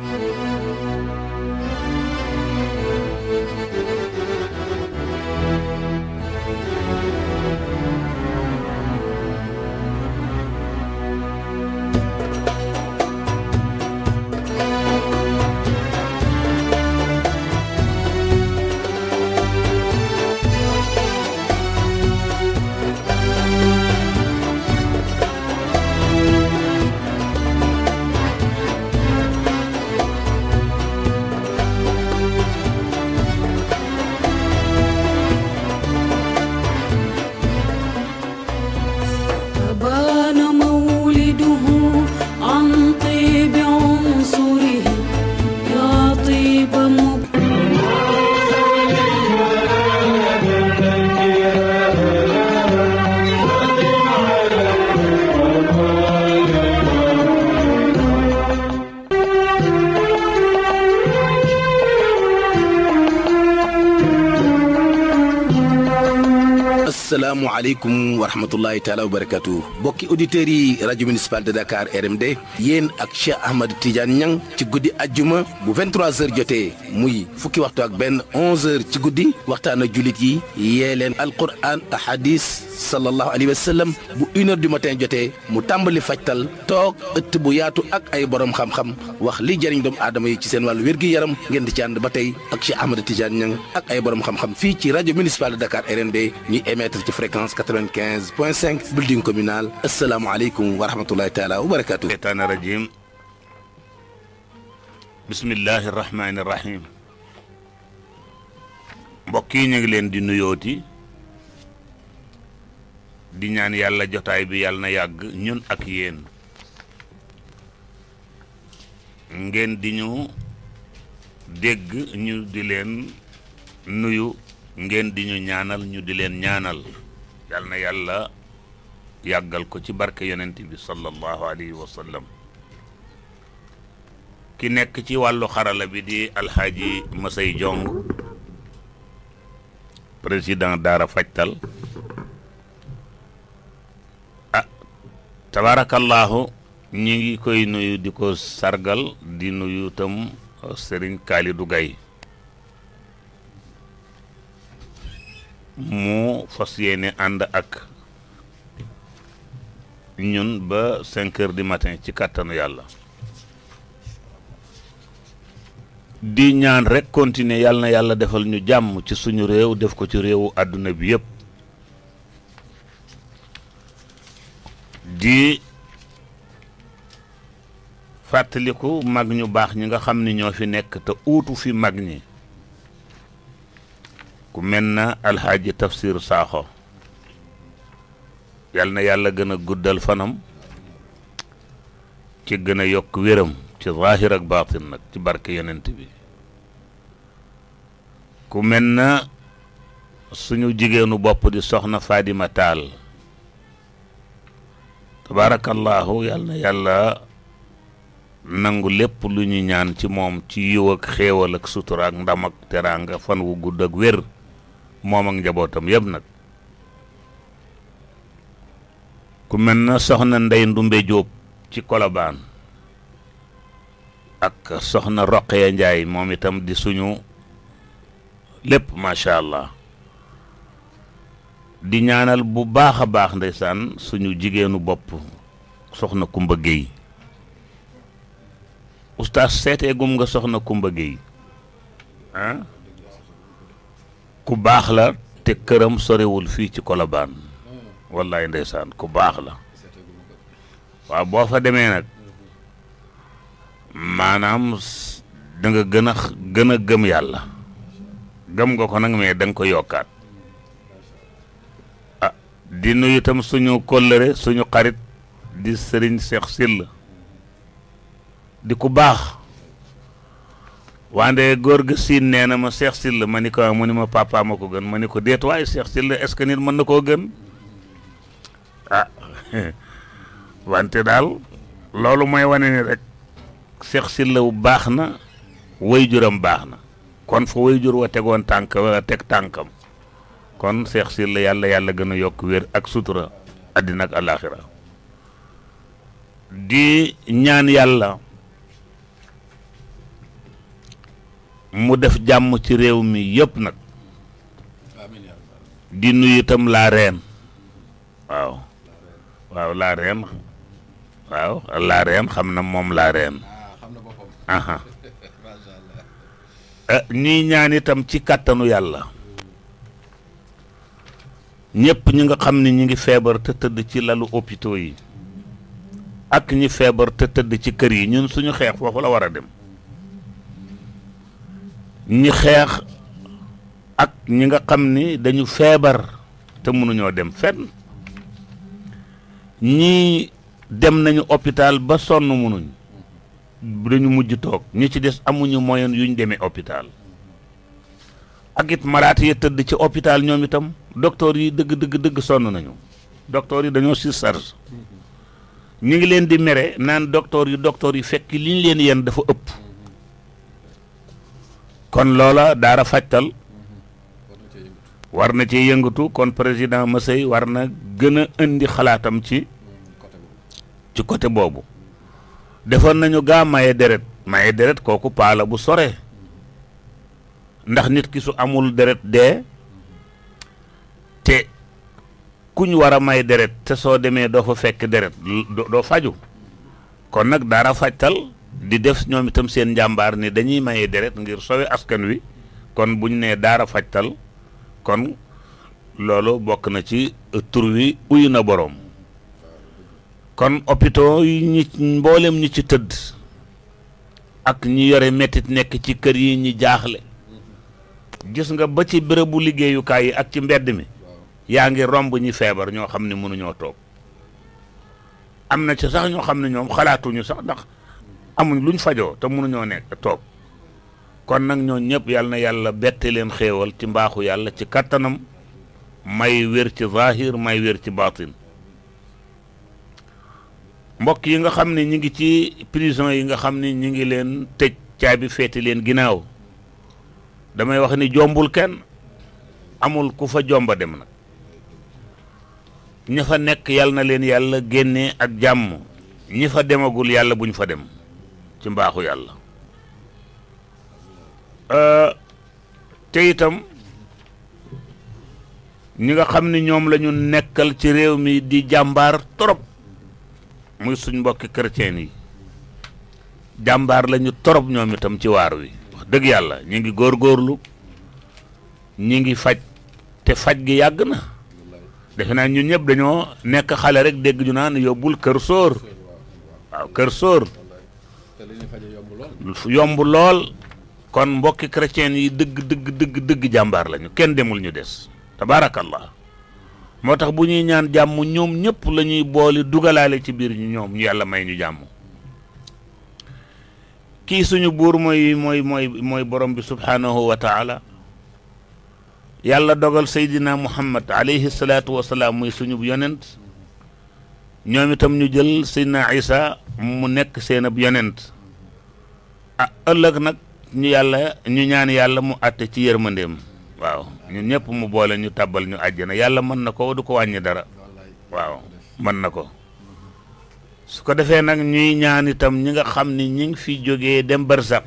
Thank you. asalaamualeykum wa rahmatullahi taala wa barakatu bokki auditeurs yi rajo municipal de Dakar yéen ak Cheikh Ahmad Tidiane Niang ci guddi ajjuma bu 23h jotee muy fukki waxtu ak benn 11h ci guddi waxtaan a jullit yi yee leen alquran ahadis sallallahu alayhi wa sallam bu 1h du matin jotee mu tàmbali fajtal tok eut bu yaatu ak ay borom xam-xam wax li jëriñ doomu adam yi ci seen wàllu wergu yaram ngeen di ci ànd ba ak ci Ahmed Tidiane ñang ak ay borom xam-xam fi ci radio municipal de Dakar rnb ñi émettre ci fréquence 95.5 building communal alaykum wa rahmatullahi taala wa barakatuh etana rajim بسم الله rahim الرحيم yi نيغي لين دي نويوتي di ñaan yàlla jotaay bi yàlla na yàgg ñun ak yéen ngeen di ñu dégg ñu di leen nuyu ngeen di ñu ñaanal ñu di leen ñaanal yàlla na yàlla yàggal ko ci barke yonent bi sallallahu alayhi wa ki nekk ci wàllu xarala bi di alxaaji Masay Jong président Daara Fajtal tabaarakallaahu ñi ngi koy nuyu di ko sargal di nuyu tam sëriñ Khalidou gay mu fas yéene ànd ak ñun ba cinq heures matin ci kàttanu yàlla di ñaan rek continuer yàlla na yàlla defal ñu jàmm ci suñu réew def ko ci réewu àdduna bi yëpp di fàttaliku mag ñu baax ñi nga xam ni ñoo fi nekk te uutu fi mag ñi ku mel na alxaaji tafsir saaxo yal na yàlla gën a guddal fanam ci gën a yokk wéram ci zaahir ak baatin nag ci barke yonent bi ku mel na suñu jigéenu bopp di soxna Fadima Taal tabaarakallahu yàlla na yàlla nangu lépp lu ñu ñaan ci moom ci yiw ak xéewal ak sutura ak ndam ak teraanga fan wu ak wér moom ak njabootam yëpp nag ku mel na soxna ndey ndumbe jóob ci kolobaan ak soxna roqee njaay moom itam di suñu lépp macha allah di ñaanal bu baax a baax ndeysaan suñu jigéenu bopp soxna Kumba Gueye oustaz seeteegum nga soxna Kumba Gueye ah? ku baax la te këram sorewul fii ci Colobane wallaay ndeysaan ku baax la waaw boo fa demee nag maanaam danga nga gën a gën a gëm yàlla gëm nga ko nag mais danga ko yokkaat di nuyu itam suñu kóllëre suñu xarit di sëriñ Cheikh Sylla di ku baax wande góor gi siin nee na ma Cheikh Sylla ma ni ko mu ni ma papa ma ko gën ma ni ko déet waaye Cheikh Sylla est-ce que nit mën na koo gën ah wante daal loolu mooy wane ni rek Cheikh Sylla bu baax na way juram baax na kon fa way jur wa tegoon tànk wa teg tànkam kon Cheikh Sylla yàlla yàlla gën a yokk wér ak sutura àddina ak alaaxira di ñaan yàlla mu def jàmm ci réew mi yépp nag di nuyu itam la reen waaw waaw la waaw la reine xam na moom laa reine ah, aha eh, ñaan itam ci kàttanu yàlla ñepp ñi nga xamni ñi ngi fièvre te teud ci lalu hôpitaux yi ak ñi fièvre te teud ci kër yi ñun suñu xex foofu la wara dem ñi xex ak ñi nga xamni dañu fièvre te ñoo dem fenn ñi dem nañu hôpital ba sonn mënuñ dañu mujj toog ñi ci des amuñu moyen yuñ demee hôpital ak it malaat ya tëdd ci hôpital ñoom itam docteur yi deug deug deug son nañu docteur yi dañoo ci charge ñi ngi leen di mere naan docteur yi docteur yi fekk liñ leen yeen dafa ëpp kon lola daara fàttal war na ci yëngatu kon président Massey war na gën a indi xalaatam ci ci côté boobu defoon nañu gaa maye deret maye deret kooku paala bu sore ndax nit ki su amul deret dee te ku ñu war a may deret te soo demee doo fa fekk deret doo faju kon nag daara fajtal di def ñoom itam seen njàmbaar ni dañuy maye deret ngir sowe askan wi kon bu ñu nee daara fajtal kon loolu bokk na ci euh, tur wi uyu na boroom kon hôpitaux yi ñi mboolem ñi ci tëdd ak ñi yore mettit nekk ci kër yi ñi jaaxle gis nga ba ci bërëbu liggéeyukaay yi ak ci mbedd mi yaa ngi romb ñi feebar ñoo xam ne mënuñoo toog am na ci sax ñoo xam ne ñoom xalaatuñu sax ndax amuñ luñ fajoo te mënuñoo nekk toog kon nag ñoo ñëpp yal na yàlla bette leen xéewal ci mbaaxu yàlla ci kattanam may wér ci zahir may wér ci baatin mbokk yi nga xam ni ñi ngi ci prison yi nga xam ne ñi ngi leen tëj caabi feeti leen ginnaaw damay wax ni jombul kenn amul ku fa jomba dem nag ña fa nekk yàlla na leen yàlla génne ak jàmm ñi fa demagul yàlla buñ fa dem ci mbaaxu yàlla euh, te itam ñi nga xam ni ñoom la nekkal ci réew mi di jambar, torop muy suñ mbokki chrétien yi jàmbaar la torop ñoom itam ci waar wi wax dëgg yàlla ñi ngi góorgóorlu ñi ngi faj te faj gi yàgg na defe naa ñun ñëpp dañoo nekk xale rek dégg ñu naan yóbbul kër soor waaw kër sóor yomb lool kon mbokki chrétien yi dëgg dëgg dëgg dëgg jàmbaar lañu kenn demul ñu des tabaarakallah moo tax bu ñuy ñaan jàmm ñoom ñëpp lañuy ñuy boole dugalaale ci biir ñoom ñu yàlla may ñu jàmm kii suñu buur mooy mooy mooy mooy borom bi subhaanahu wa yàlla dogal seydina muhammad alayhi salaatu wasalaam muy suñub yonent ñoom itam ñu jël seydina isa mu nekk seen ab yonent ah ëllëg nag ñu yàlla ñu ñaan yàlla mu àtte ci yërmandeem waaw ñun ñëpp mu boole ñu tàbbal ñu àjjana yàlla mën na ko du ko wàññi dara waaw mën na ko su ko defee nag ñuy ñaan itam ñi nga xam ni ñi fi jógee dem barzak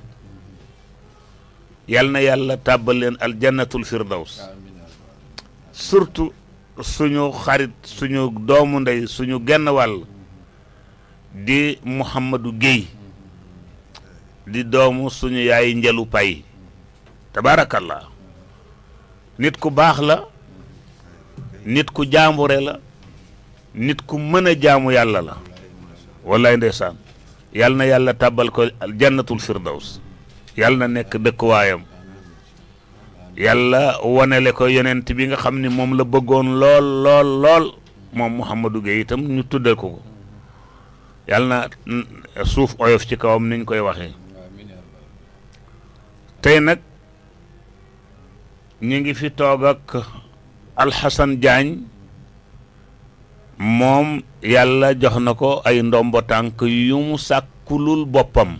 yal na yàlla tàbbal leen aljannatul firdaws surtout suñu xarit suñu doomu ndey suñu genn wàll di Mouhamadou Guèye di doomu suñu yaay njëlu pay tabaarakallah nit ku baax la nit ku jaambure la nit ku mën a jaamu yàlla la wallaay ndeysaan yal na yàlla tàbbal ko al aljannatul firdaws yàlla na nekk dëkkuwaayam yàlla wanele ko yonent bi nga xam ni moom la bëggoon lool lool lool moom Mouhamadou Gueye itam ñu tuddal ko ko yàlla na suuf oyof ci kawam niñ koy waxee tey nag ñu ngi fi toog ak Alxasan Jaañ moom yàlla jox na ko ay ndombo tànk yu mu sàkkulul boppam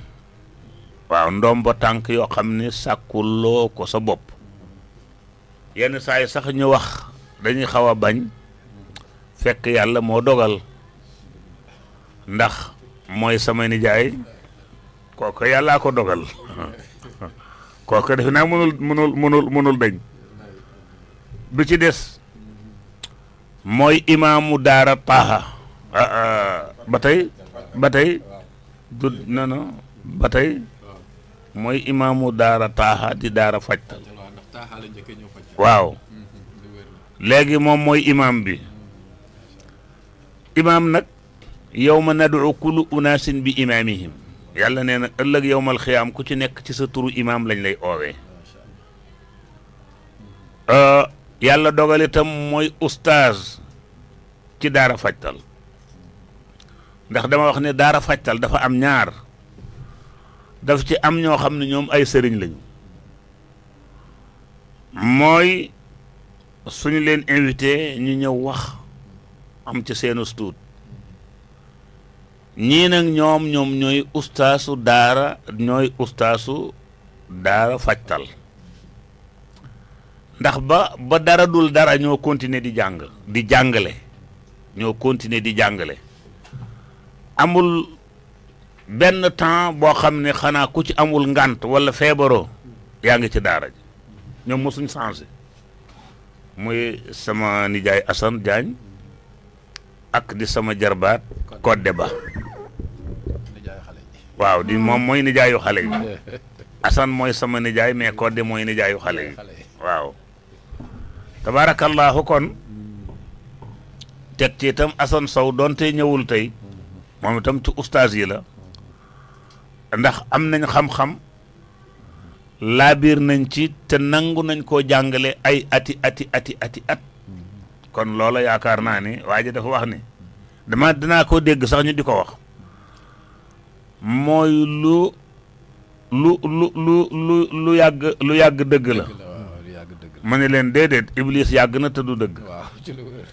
waaw ndombo tànk yoo xam ni sàkkuloo ko sa bopp yenn saa yi sax ñu wax dañuy xaw a bañ fekk yàlla moo dogal ndax mooy sama nijaay kooku yàllaa ko dogal kooku defe naa mënul mënul mënul mënul dañ bi ci des mooy imaamu daara taaha ah, ah, ba tey ba tey du non ba tey mooy imaamu daara taaxa di daara fajtal waaw léegi moom mooy imaam bi imaam nag yow ma nadu kullu unaasin bi imaamihim yàlla nee na ëllëg yowmal xiyaam ku ci nekk ci sa turu imaam lañ lay oowee euh, yàlla dogal itam mooy ustaaz ci daara fajtal ndax dama wax ne daara fajtal dafa am ñaar daf ci am ñoo xam ne ñoom ay sëriñ lañu mooy suñu leen invité ñu ñëw wax am ci seen ustuut ñii nag ñoom ñoom ñooy ustaasu daara ñooy ustaasu daara fajtal ndax ba ba dara dul dara ñoo continuer di jàng di jàngale ñoo continuer di jàngale amul benn temps boo xam ne xanaa ku ci amul ngànt wala feebaroo yaa ngi ci daara ji ñoom mosuñ changé muy sama nijaay Assane Diagne ak di sama jarbaat Codé Ba waaw di moom mooy nijaayu xale yi Assane mooy sama nijaay mais Codé mooy nijaayu xale yi waaw tabaarakallaahu kon teg ci itam Assane Sow doonte ñëwul tey moom itam ci ustaas la ndax am nañ xam-xam laabir nañ ci te nangu nañ koo jàngale ay ati ati ati ati at kon loola yaakaar naa ni waa ji dafa wax ni dama dinaa ko dégg sax ñu di ko wax mooy lu lu lu lu lu lu yàgg lu yàgg dëgg la ma ne leen iblis yàgg na te du dëgg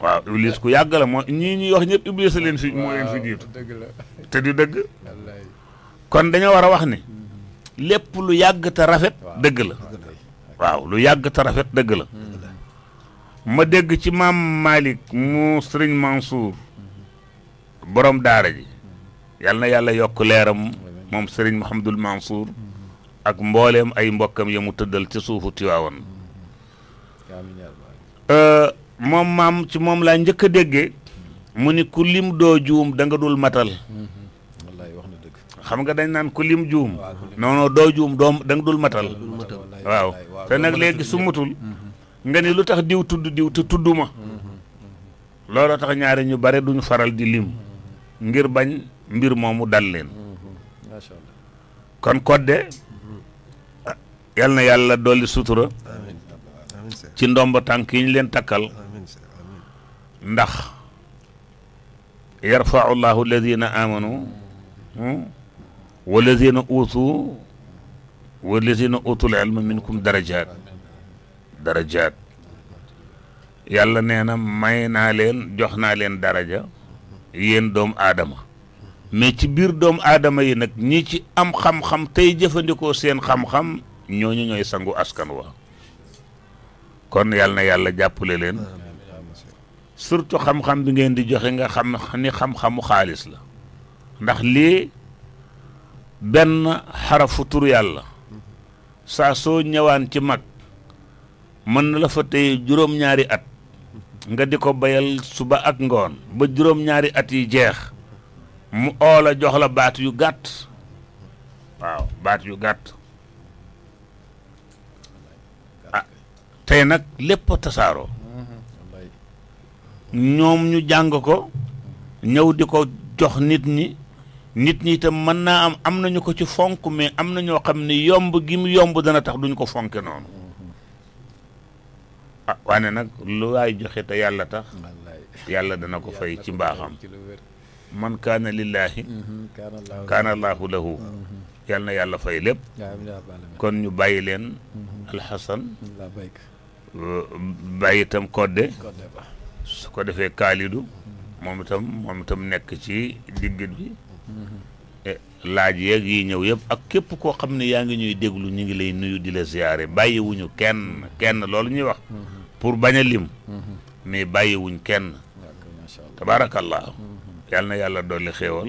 waaw iblis ku yàgg la moo ñii ñuy wax ñëpp iblis leen fi moo leen fi jiitu te du dëgg kon dañoo war a wax ni lépp lu yàgg te rafet dëgg la waaw lu yàgg te rafet dëgg la ma dégg ci maam Malick mu sëriñ Mansour borom daara ji yal na yàlla yokk leeram moom sëriñ Mouhamadul Mansour ak mbooleem ay mbokkam ya mu tëddal ci suufu Tiwaawan euh, moom maam ci moom laa njëkk a déggee mu ni ku lim doo juum da dul matal mm-hmm. xam nga dañ naan ku lim juum non doo juum doom da nga dul matal waaw te nag léegi su mm-hmm. nga ni lu tax diw tudd diw te tudd ma mm-hmm. looloo tax ñaari ñu bare duñ faral di lim mm-hmm. ngir bañ mbir moomu dal leen kon kodde yal na yàlla dolli sutura ci ndomba tànk yi leen takkal ndax yarfau llahu alladina amanu hmm? walladina utu walladina utul ilma minkum darajaat darajaat yàlla nee na may naa leen jox naa leen daraja yéen doomu aadama mais ci biir doomu aadama yi nag ñi ci am xam-xam tey jëfandikoo seen xam-xam ñooñu ñooy sangu askan wa kon yàlla na yàlla jàppale leen surtout xam-xam bi ngeen di joxe nga xam ni xam-xamu xaalis la ndax lii benn xarafu tur yàlla saa soo ñëwaan ci mag mën na la fa tey juróom-ñaari at nga di ko bayal suba ak ngoon ba juróom-ñaari at yi jeex mu oola jox la baat yu gàtt yu gàtt ah tey nag lépp tasaaroo ñoom ñu jàng ko ñëw di ko jox nit ñi nit ñi itam mën naa am am nañu ko ci fonk mais am na ñoo xam ni yomb gi mu yomb dana tax duñu ko fonke noonu ah nag lu waay joxe te yàlla tax yàlla dana ko fay ci mbaaxam man kaana lillaahi mm-hmm. kaana allaahu lahu mm-hmm. yàlla na yàlla fay lépp kon ñu bàyyi leen mm-hmm. alxasan bàyyi itam kodde su ko defee kaalidu moom itam moom itam nekk ci diggit bi Eh, laaj yeeg yi ñëw yëpp ak képp koo xam ne yaa ngi ñuy déglu ñu ngi lay nuyu di la ziyaare bàyyiwuñu kenn kenn loolu ñuy wax pour bañ a lim mais bàyyiwuñ kenn tabaarakallah yal na yàlla dolli xéewal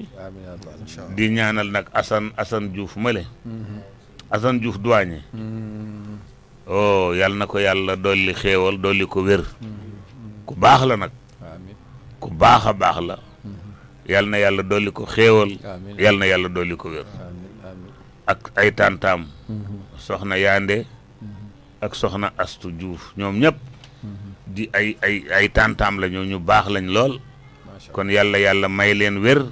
di ñaanal nag Assane Assane Diouf male Assane Diouf duwaañe oh na ko yàlla dolli xéewal dolli ko wér ku baax la nag ku baax baax la yal na yàlla dolli ko xéewal yal na yàlla dolli ko wér ak ay tàntaam mm-hmm. soxna yaande mm-hmm. ak soxna astu juuf ñoom ñëpp mm-hmm. di ay ay ay tàntaam lañu ñu baax lañ lool kon yàlla yàlla may leen wér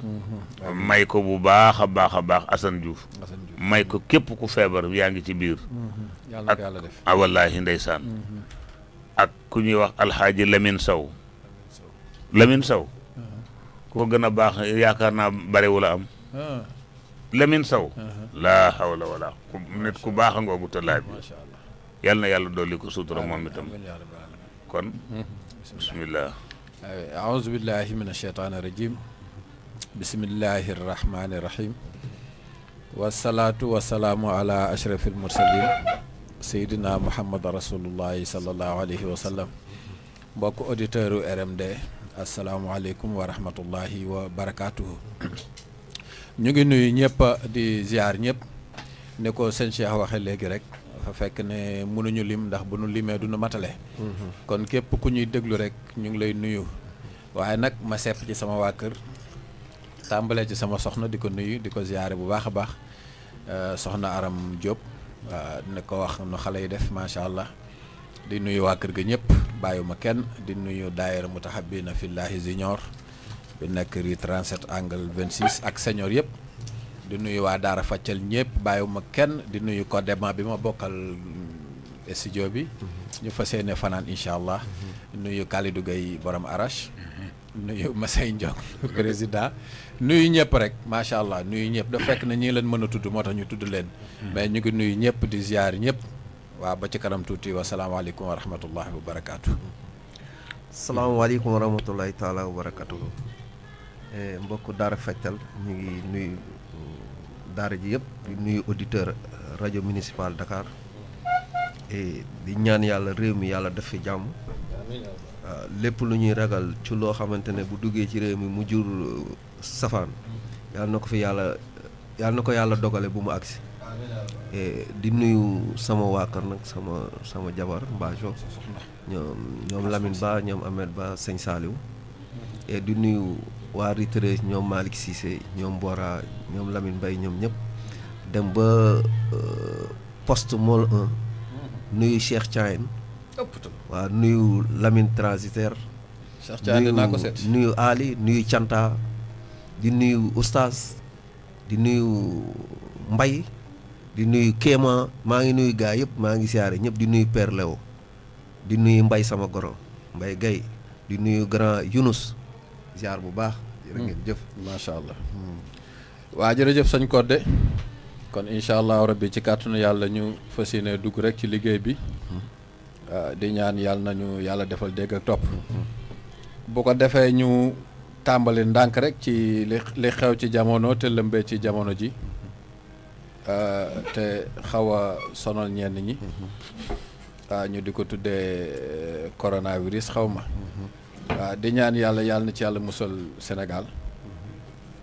may ko bu baax a baax a baax Assane Diouf may ko képp ku feebar yaa ngi ci biir ak a ah, wallaahi ndeysaan ak ku ñuy wax alxaaji Lamine Sow Lamine Sow ko gën a baax yaakaar naa bariwul a am. Lamine saw la xawla wala nit ku baax a ngoogu tëllaay bi. yal na yàlla dolli ko sutura moom itam kon. bismillah aouzu billahi min asheytaani rajim. bisimilahi rahmaani rahim. wasalaatu wasalaamu ala ashrafil mursalin sayidina muhammad rasulullahi salallahu alayhi wa sallam mbokk auditeurs u RMD. asalaamualeykum wa rahmatullahi wa barakaatuhu ñu ngi nuyu ñëpp di ziar ñëpp ne ko sëñ waxe léegi rek dafa fekk ne mënuñu lim ndax bu nu limee du nu matale. Mhm. kon képp ku ñuy déglu rek ñu ngi lay nuyu. waaye nag ma sepp ci sama waa kër tàmbalee ci sama soxna di ko nuyu di ko ziare bu baax a baax euh, soxna Aram Diop ne ko wax nu xale yi def macha allah. di nuyu wa kër ga ñëpp bayuma kenn di nuyu daayira mutahabbina fillahi junior bi nek ri 37 angle 26 ak senior yëpp di nuyu wa daara nyep, ñëpp bayuma kenn di nuyu codément bi ma bokal mm, studio bi mhm. ñu fas yéene fanaan mhm. nuyu Kalidou gay borom arash mhm. nuyu Masay ndiok président nuyu ñëpp rek sha allah nuyu ñëpp da fekk na ñi leen mëna tuddu tudd tax ñu tuddu leen mais ñu ngi nuyu ñëpp di ziar ñëpp waaw ba ci kanam tuuti wa salaamaaleykum wa rahmatullahi wa barakaatu. salaamaaleykum wa rahmatullahi taala wa barakaatu. Eh, mbokk Daara Fajtal ñu ngi nuyu Daara ji yëpp nuyu auditeur rajo municipal Dakar eh, di ñaan yàlla réew mi yàlla def fi jàmm. Ah, lépp lu ñuy ragal ci loo xamante ne bu duggee ci réew mi mu jur safaan. yàlla na ko fi yàlla yàlla na ko yàlla dogale bu mu agsi Eh, di nuyu sama waa kër nag sama sama jabar Mbajo ñoom ñoom Lamine Ba ñoom Ahmed Ba sëñ eh, di nuyu waa Ritre ñoom Malick Cissé ñoom Bora ñoom Lamine Mbaye ñoom ñëpp dem ba euh, poste Mol 1 nuyu Cheikh cain waaw nuyu Lamine transitaire Cheikh Thiagne naa ko nuyu Ali nuyu Canta di nuyu Oustaz di nuyu mbay di nuyu Kéema maa ngi nuyu gaa yëpp maa ngi siyaare ñëpp di nuyu Père Léo di nuyu Mbay sama goro Mbay Gay di nuyu grand Younous ziar bu baax. jërë ngeen hmm. jëf macha allah. Hmm. waa jërëjëf sëñ Codé kon incha allah rabbi ci kàttanu yàlla ñu fas yéene dugg rek ci liggéey bi. Hmm. Ah, di ñaan yàlla nañu yàlla defal dégg ak topp. boo ko defee ñu tàmbali ndànk rek ci li li xew ci jamono te lëmbee ci jamono ji. Euh, te xaw a sonal ñenn ñi ah, ñu di ko tuddee euh, coronavirus xaw ma ah, di ñaan yàlla yàlla na ci yàlla musal Sénégal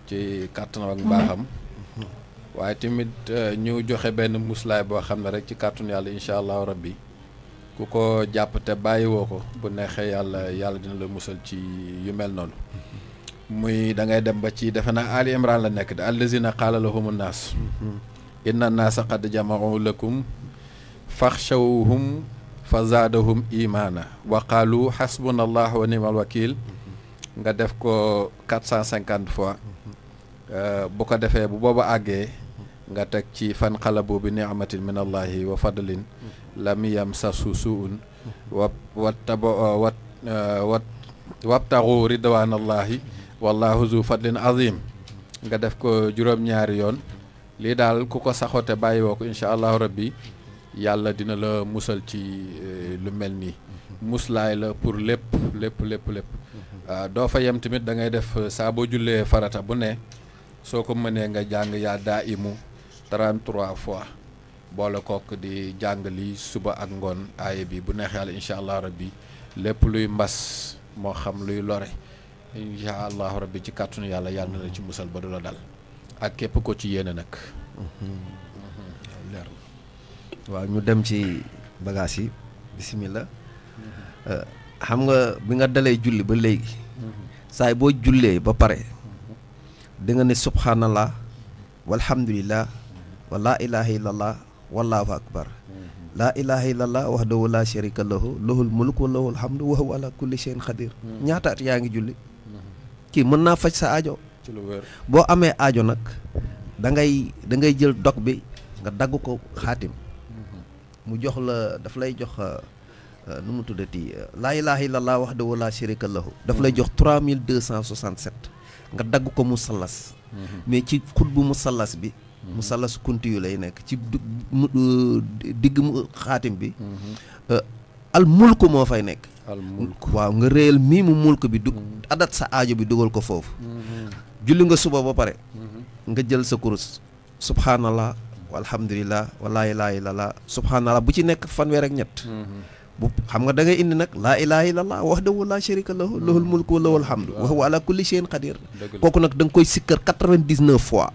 ci kàttanam ak mbaaxam waaye tamit euh, ñu joxe benn muslaay boo xam ne rek ci kàttanu yàlla incha allahu rabbi ku ko jàpp te bàyyiwoo ko bu neexee yàlla yàlla dina la musal ci yu mel noonu muy dangay dem ba ci defe naa Ali Imran la nekk de allazina qaala lahumu naas إن الناس قد جمعوا لكم فخشوهم فزادهم إيمانا وقالوا حسبنا الله ونعم الوكيل nga def ko 450 fois euh bu ko defé bu booba àggee nga tek ci fan xalabu bi ni'matin min Allah wa fadlin lam yamsasu suun wa wataba wa wa wabtaxu ridwanallahi wallahu zu fadlin azim nga def ko juróom-ñaari yoon li dal ku ko saxote te bàyyi woo rabbi yalla dina la musal ci eh, lu melni muslay la pour lepp lepp lepp lepp ah, do fa yam tamit da ngay def sa bo julle farata bu ne soko mene nga jang ya daimu 33 fois bolo kok di jang li suba ak ngon ay bi bu ne xal inshallah allah rabbi lepp luy mbass mo xam luy lore inshallah allah rabbi ci katunu yalla yalla na ci musal ba du dal ak képp ko ci yéene nag. Mhm. leer waaw ñu dem ci bagages yi bisimilah. Euh, xam nga bi nga dalee julli ba léegi. saay boo jullee ba pare. di nga ne subhanallah walhamdulillah wa laa ilaha illallah wallahu akbar. laa ilaha illallah wahdahu laa sharika lahu lahul mulku wa lahul hamdu wa huwa ala kulli shay'in qadir. Mhm. yaa ngi julli. kii mën naa faj sa aajo. ci boo amee aajo nag da ngay da jël dog bi nga dagg ko xaatim mm-hmm. mu jox la daf lay jox euh, euh, nu mu tuddati euh, laa ilaha illallah wahdahu la sharika lahu daf lay mm-hmm. jox 3267 nga dagg ko mu musallas mm-hmm. mais ci xut bu musallas bi musallas kunti yu lay nekk ci digg xaatim bi al mulk moo fay nekk waaw nga réyal mii mu mulk bi dugg adat sa ajo bi dugal ko foofu julli nga suba ba pare mm-hmm. nga jël sa kurus subhanallah walhamdulillah walaa ilaaha illallah subhanallah bu ci nekk fanweer ak ñett mm-hmm. bu xam nga da ngay indi nag laa ilaaha illallah wahdahu laa sharika lahu lahul mulku wa la hamdu wa huwa ala kulli shay'in qadir kooku nag da nga koy sikkar quatre-vingt-dix-neuf fois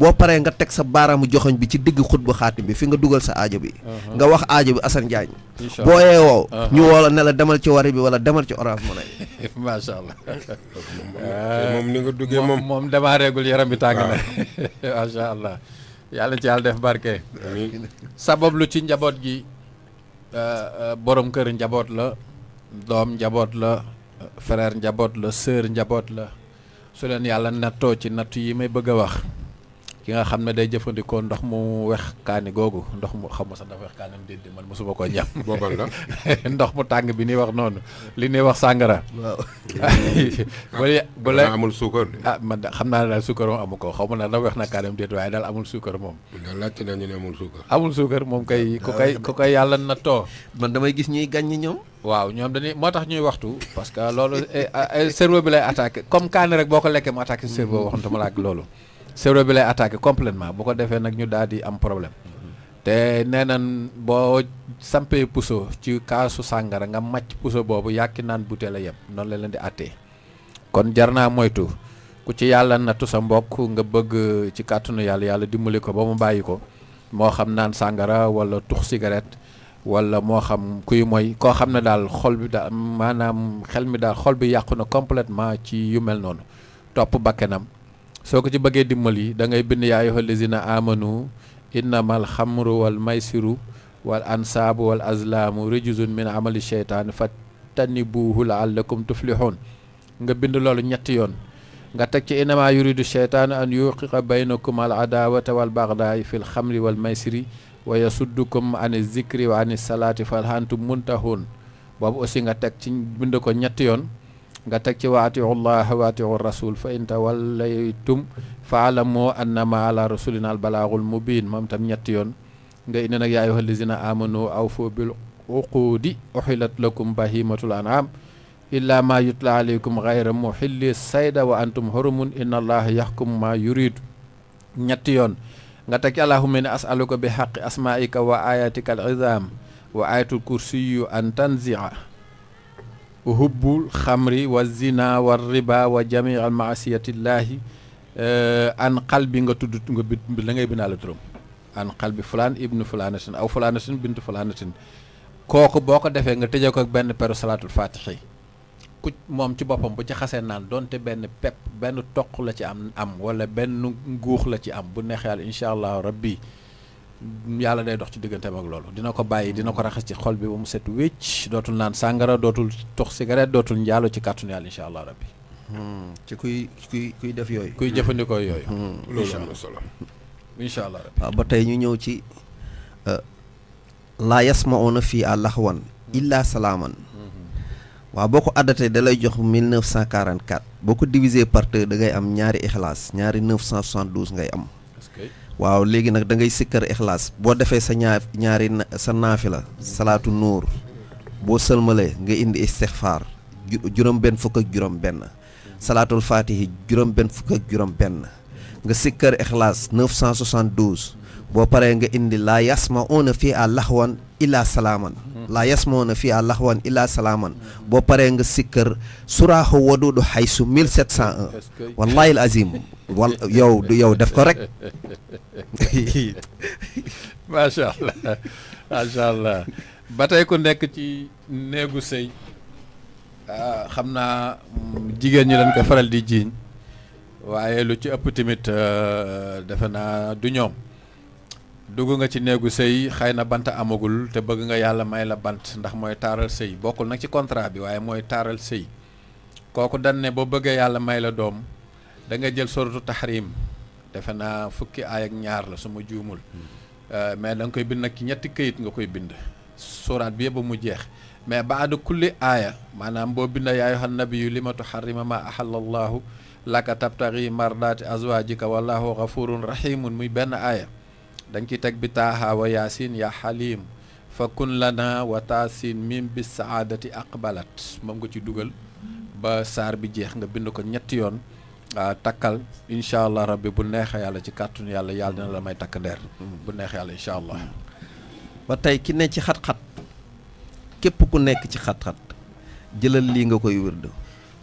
boo paree nga teg sa baaraamu joxoñ bi ci digg xutbu xaatim bi fi nga dugal sa aajo bi uh-huh. nga wax aajo bi Assane Diagne boo yeewoo uh-huh. ñu woo la ne la demal ci wari bi wala demal ci orange mu ne macha allah moom duggee moom moom damaa reegul yaram bi tàng na macha allah yàlla ci yàlla def barke sabab ci njaboot gi euh, euh, borom kër njaboot la doom njaboot la frère njaboot la sœur njaboot la su leen yàlla nattoo ci nattu yi may bëgg a wax ki nga xam ne day jëfandikoo ndox mu wex kaani googu ndox mu xam ma sax dafa wex kaani am déedéet man mosuma koo ñam. boobal la ndox mu tàng bi ni wax noonu li ñuy wax sàngara. waaw. bu la amul suukar ah man naa ne daal suukar xaw ma na kaani am déet waaye daal amul suukar moom. daal laajte nañu ne amul suukar. amul suukar moom kay ku kay ku kay yàlla na too. man damay gis ñuy ñi ñoom. waaw ñoom dañuy moo tax ñuy waxtu parce que loolu eh, ah, eh, cerveau bi lay attaqué comme kaani rek boo ko lekkee mu attaqué cerveau waxantuma la ak loolu cerveau bi lay attaqué complètement bu ko defee nag ñu daal di am problème te nee nañ boo sampee puso ci kaasu sàngara nga màcc puso boobu yàkki naan butéel a yem noonu la leen di àttee kon jar naa moytu ku ci yàlla nattu sa mbokk nga bëgg ci kàttanu yàlla yàlla dimbali ko ba mu bàyyi ko moo xam naan sàngara wala tux cigarette wala moo xam kuy mooy koo xam ne daal xol bi daal maanaam xel mi daal xol bi yàqu na complètement ci yu mel noonu topp bakkenam soo ko ci bëggee dimbali da ngay bind yaa ayyuhal lazina amanu innamal xamru wal maisiru wal ansabu wal azlaamu rijzun min amali sheytaan fattanibuhu laallakum tuflihun nga bind loolu ñetti yoon nga teg ci innama yuridu sheytaanu an yuqiqa baynakum al adaawata wal bagdaay fi l xamri wal maysiri wa yasuddukum an zikri wa an salaati fal hantum muntahun boobu aussi nga teg ci bind ko ñetti yoon غاتك واتي الله واتي الرسول فان توليتم فعلموا انما على رسولنا البلاغ المبين مام تام نيت يون غا ان نك يا ايها الذين امنوا اوفوا بالعقود احلت لكم بهيمه الانعام الا ما يطلع عليكم غير محل الصيد وانتم حرم ان الله يحكم ما يريد نيت يون غا تك اللهم ان اسالك بحق اسمائك واياتك العظام وايه الكرسي ان تنزعه وهب الخمر والزنا والربا وجميع المعصية الله آه، عن قلب بن عن قلب فلان ابن فلان أو فلان بنت فلان كوكو بوكو دافع نتجاك بن برو صلاة الفاتحة كت مام تبا بام بجا خسر نان دون تبن بب بن توك ولا أم ولا بن غوخ لا أم بنا خيال إن شاء الله ربي yàlla day dox ci digganteem ak loolu dina ko bàyyi dina ko raxas ci xol bi ba mu set wécc dootul naan sàngara dootul tox cigarette dootul njaalo ci kàttanu yàlla incha allah rabbi hmm, ci kuy kuy kuy def yooyu kuy jëfandikoo yooyu hmm, hmm, loolu solo incha allah ba tey ñu ñëw ci euh, laa yasmaoona fii à laxwan illa salaaman waaw boo ko addatee da lay jox 1944 boo ko divisé par deux da ngay am ñaari ixlaas ñaari 972 ngay am waaw léegi nag da ngay sikkar ixlaas boo defee sa ñaar ñaari sa la salaatu nuur boo sëlmalee nga indi istixfaar juróom benn salaatul faatihi juróom benn fukk ak juróom benn nga sikkar ixlaas boo paree nga indi laa ma una fii à laxwan illa salaaman la yasmoona fi à laxwan illa salaaman boo paree nga sikkër suraaxu wadudu xaysu 1701 wallahi azim wal yow du yow def ko rek macha allah macha allah ba tey ku nekk ci néegu sëy xam naa jigéen ñi lañ ko faral di jiiñ waaye lu ci ëpp tamit defe naa du ñoom dugg nga ci néegu sëy xëy na bant amagul te bëgg nga yàlla may la bant ndax mooy taaral sëy bokkul nag ci contrat bi waaye mooy taaral sëy kooku dan ne boo bëggee yàlla may la doom da nga jël soratu taxrim defe naa fukki aay ak ñaar la su ma juumul hmm. euh, mais da nga koy bind nag ci ñetti këyit nga koy bind suraat bi yëpp mu jeex mais baada kulli aaya maanaam boo bind yaa ayyuhan nabiyyu li ma tuharrima ma ahalla allahu laka tabtaghi mardaati azwaajika wallahu ghafurun muy benn aaya da nga teg bi taaha wa yaasin ya xalim fa kun lana wa taasin mim bi saadati aqbalat moom nga ci dugal ba saar bi jeex nga bind ko ñetti yoon ah, takkal incha allah rabbi bu neexee yàlla ci kàttun yàlla yàlla dina la may takk ndeer mm-hmm. bu neexee yàlla incha mm-hmm. ba tey ki ne ci xat-xat képp ku nekk ci xat-xat jëlal lii nga koy wérd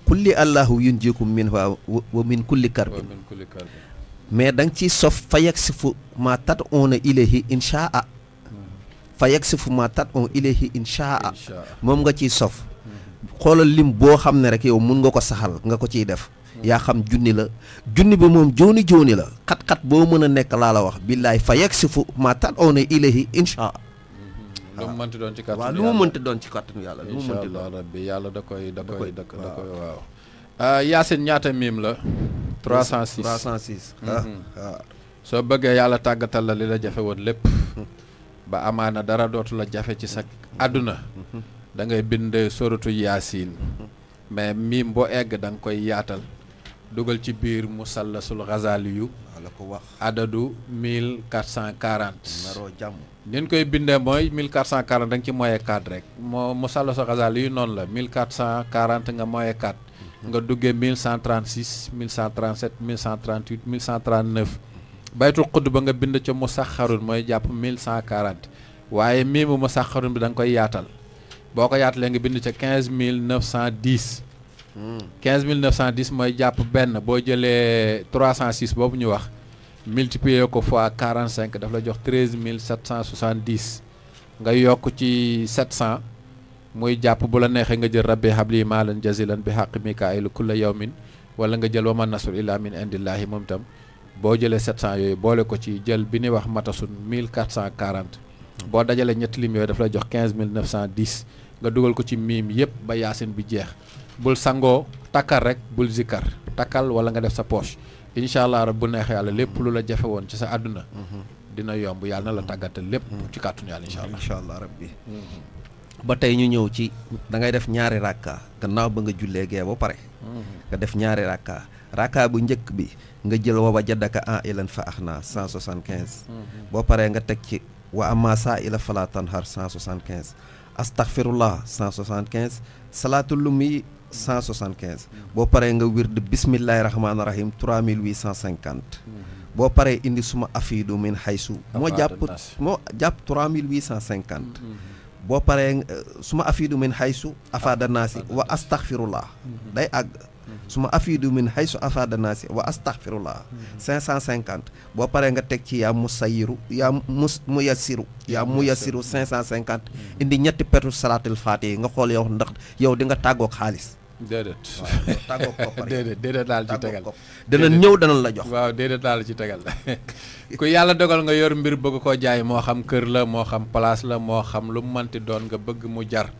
kulli allahu yunjikum min fa wa min kulli karbin mais dang ci sof fayaksifu ma tat on ilahi insha a fayaksifu ma tat on ilahi insha mom nga ci sof xolal lim bo xamne rek yow mun nga ko saxal nga ko ci def ya xam jooni la jooni bi mom jooni jooni la xat-xat bo meuna nek la la wax billaay fayaksifu ma tat on ilahi insha a lu mu mënti doon ci kàttanu lu mu mënti doon ci kàttanu yàlla lu mu mënti don rabbi yàlla da koy da koy da koy waaw Euh, Yacine ñaata miim la. 306 306. waaw soo bëggee yàlla tàggatal la li la jafe woon lépp. ba amaana dara dootu la jafe ci sa àdduna. dangay ngay bind soratu Yacine. mais miim boo egg da nga koy yaatal. dugal ci biir musallasul xazaali yu. la ko wax adadu 1440. naroo jàmm. ni ñu koy bindee mooy 1440 da nga ci moye 4 rek. moo musallasul xazaali yu noonu la 1440 nga moye 4. nga duggé 1136 1137 1138 1139 baytu xudd ba nga bind ci musakharun moy japp 1140 waaye mimu musakharun bi dang koy yatal boko ko nga bind ci 15910 15910 moy japp ben. bo jëlé 306 bobu ñu wax multiplier ko fois 45 daf la jox 13770 nga ci 700 muy jàpp bu la neexee nga jël rabbi habli maalan jazilan bi xaq mikaayil kulla yawmin wala nga jël wa ma nasru illa min indillahi moom itam boo jëlee 700 yooyu boole ko ci jël bi ni wax matasun 1440 boo dajalee ñetti lim yooyu daf la jox 15910 nga dugal ko ci miim yëpp ba yaasin bi jeex bul sangoo takkal rek bul zikkar takkal wala nga def sa poche incha allah rab bu neexee yàlla lépp lu la jafe woon ci sa àdduna mm-hmm. dina yomb yàlla na la tàggatal lépp mm-hmm. ci kàttun yàlla incha allah incha allah ba tay ñu ñew ci da ngay def ñaari rakka gannaaw ba nga jullee gee ba pare mhm. nga def ñaari rakka rakka bu njëkk bi nga jël wa ba jaddaka an ilan fa akhna 175 bo paré nga tek ci wa amma sa ila fala tanhar 175 astaghfirullah 175 salatul lumi 175 bo paré nga wird bismillahir rahmanir rahim 3850 mhm. bo paré indi suma afidu min haisu mo japp mo japp 3850 boo paree eh, su ma afiidu min haysu afaada naasi wa astaghfirullah mhm. day àgg mhm. su ma afiidu min haysu afaada naasi wa astaghfirullah mhm. cinq cent cinquante boo paree nga teg ci yaa musayiru yaa mus mu yassiru yaa mu yassiru cinq cent cinquante indi ñetti petu salaatul faati yi nga xool yow ndax yow di nga tàggoog xaalis dedet, dedet, dedet déedéet ci tegal dana ñëw dana la jox waaw déedéet daal ci tegal ku yalla dogal nga yor mbir bëgg ko jaay mo xam kër la moo xam place la moo xam lu mu manti doon nga bëgg mu jar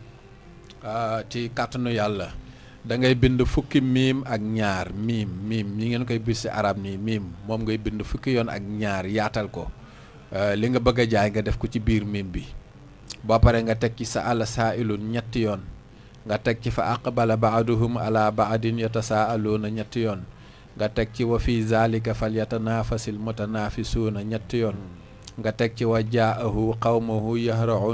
ah, ci kàttanu yàlla da ngay bind fukki miim ak ñaar miim mim ñi ngeen koy bir arab nii miim moom ngay bind fukki yoon ak ñaar yaatal ko ah, li nga bëgg a jaay nga def ko ci biir miim bi boo paree nga teg ci sa àll saa ilun nga teg ci fa aqbala baaduhum ala baadin yatasaaluuna ñetti yoon nga teg ci wa fi zalika fal yatanaafasil a ñetti yoon nga teg ci wa jaahu qawmahu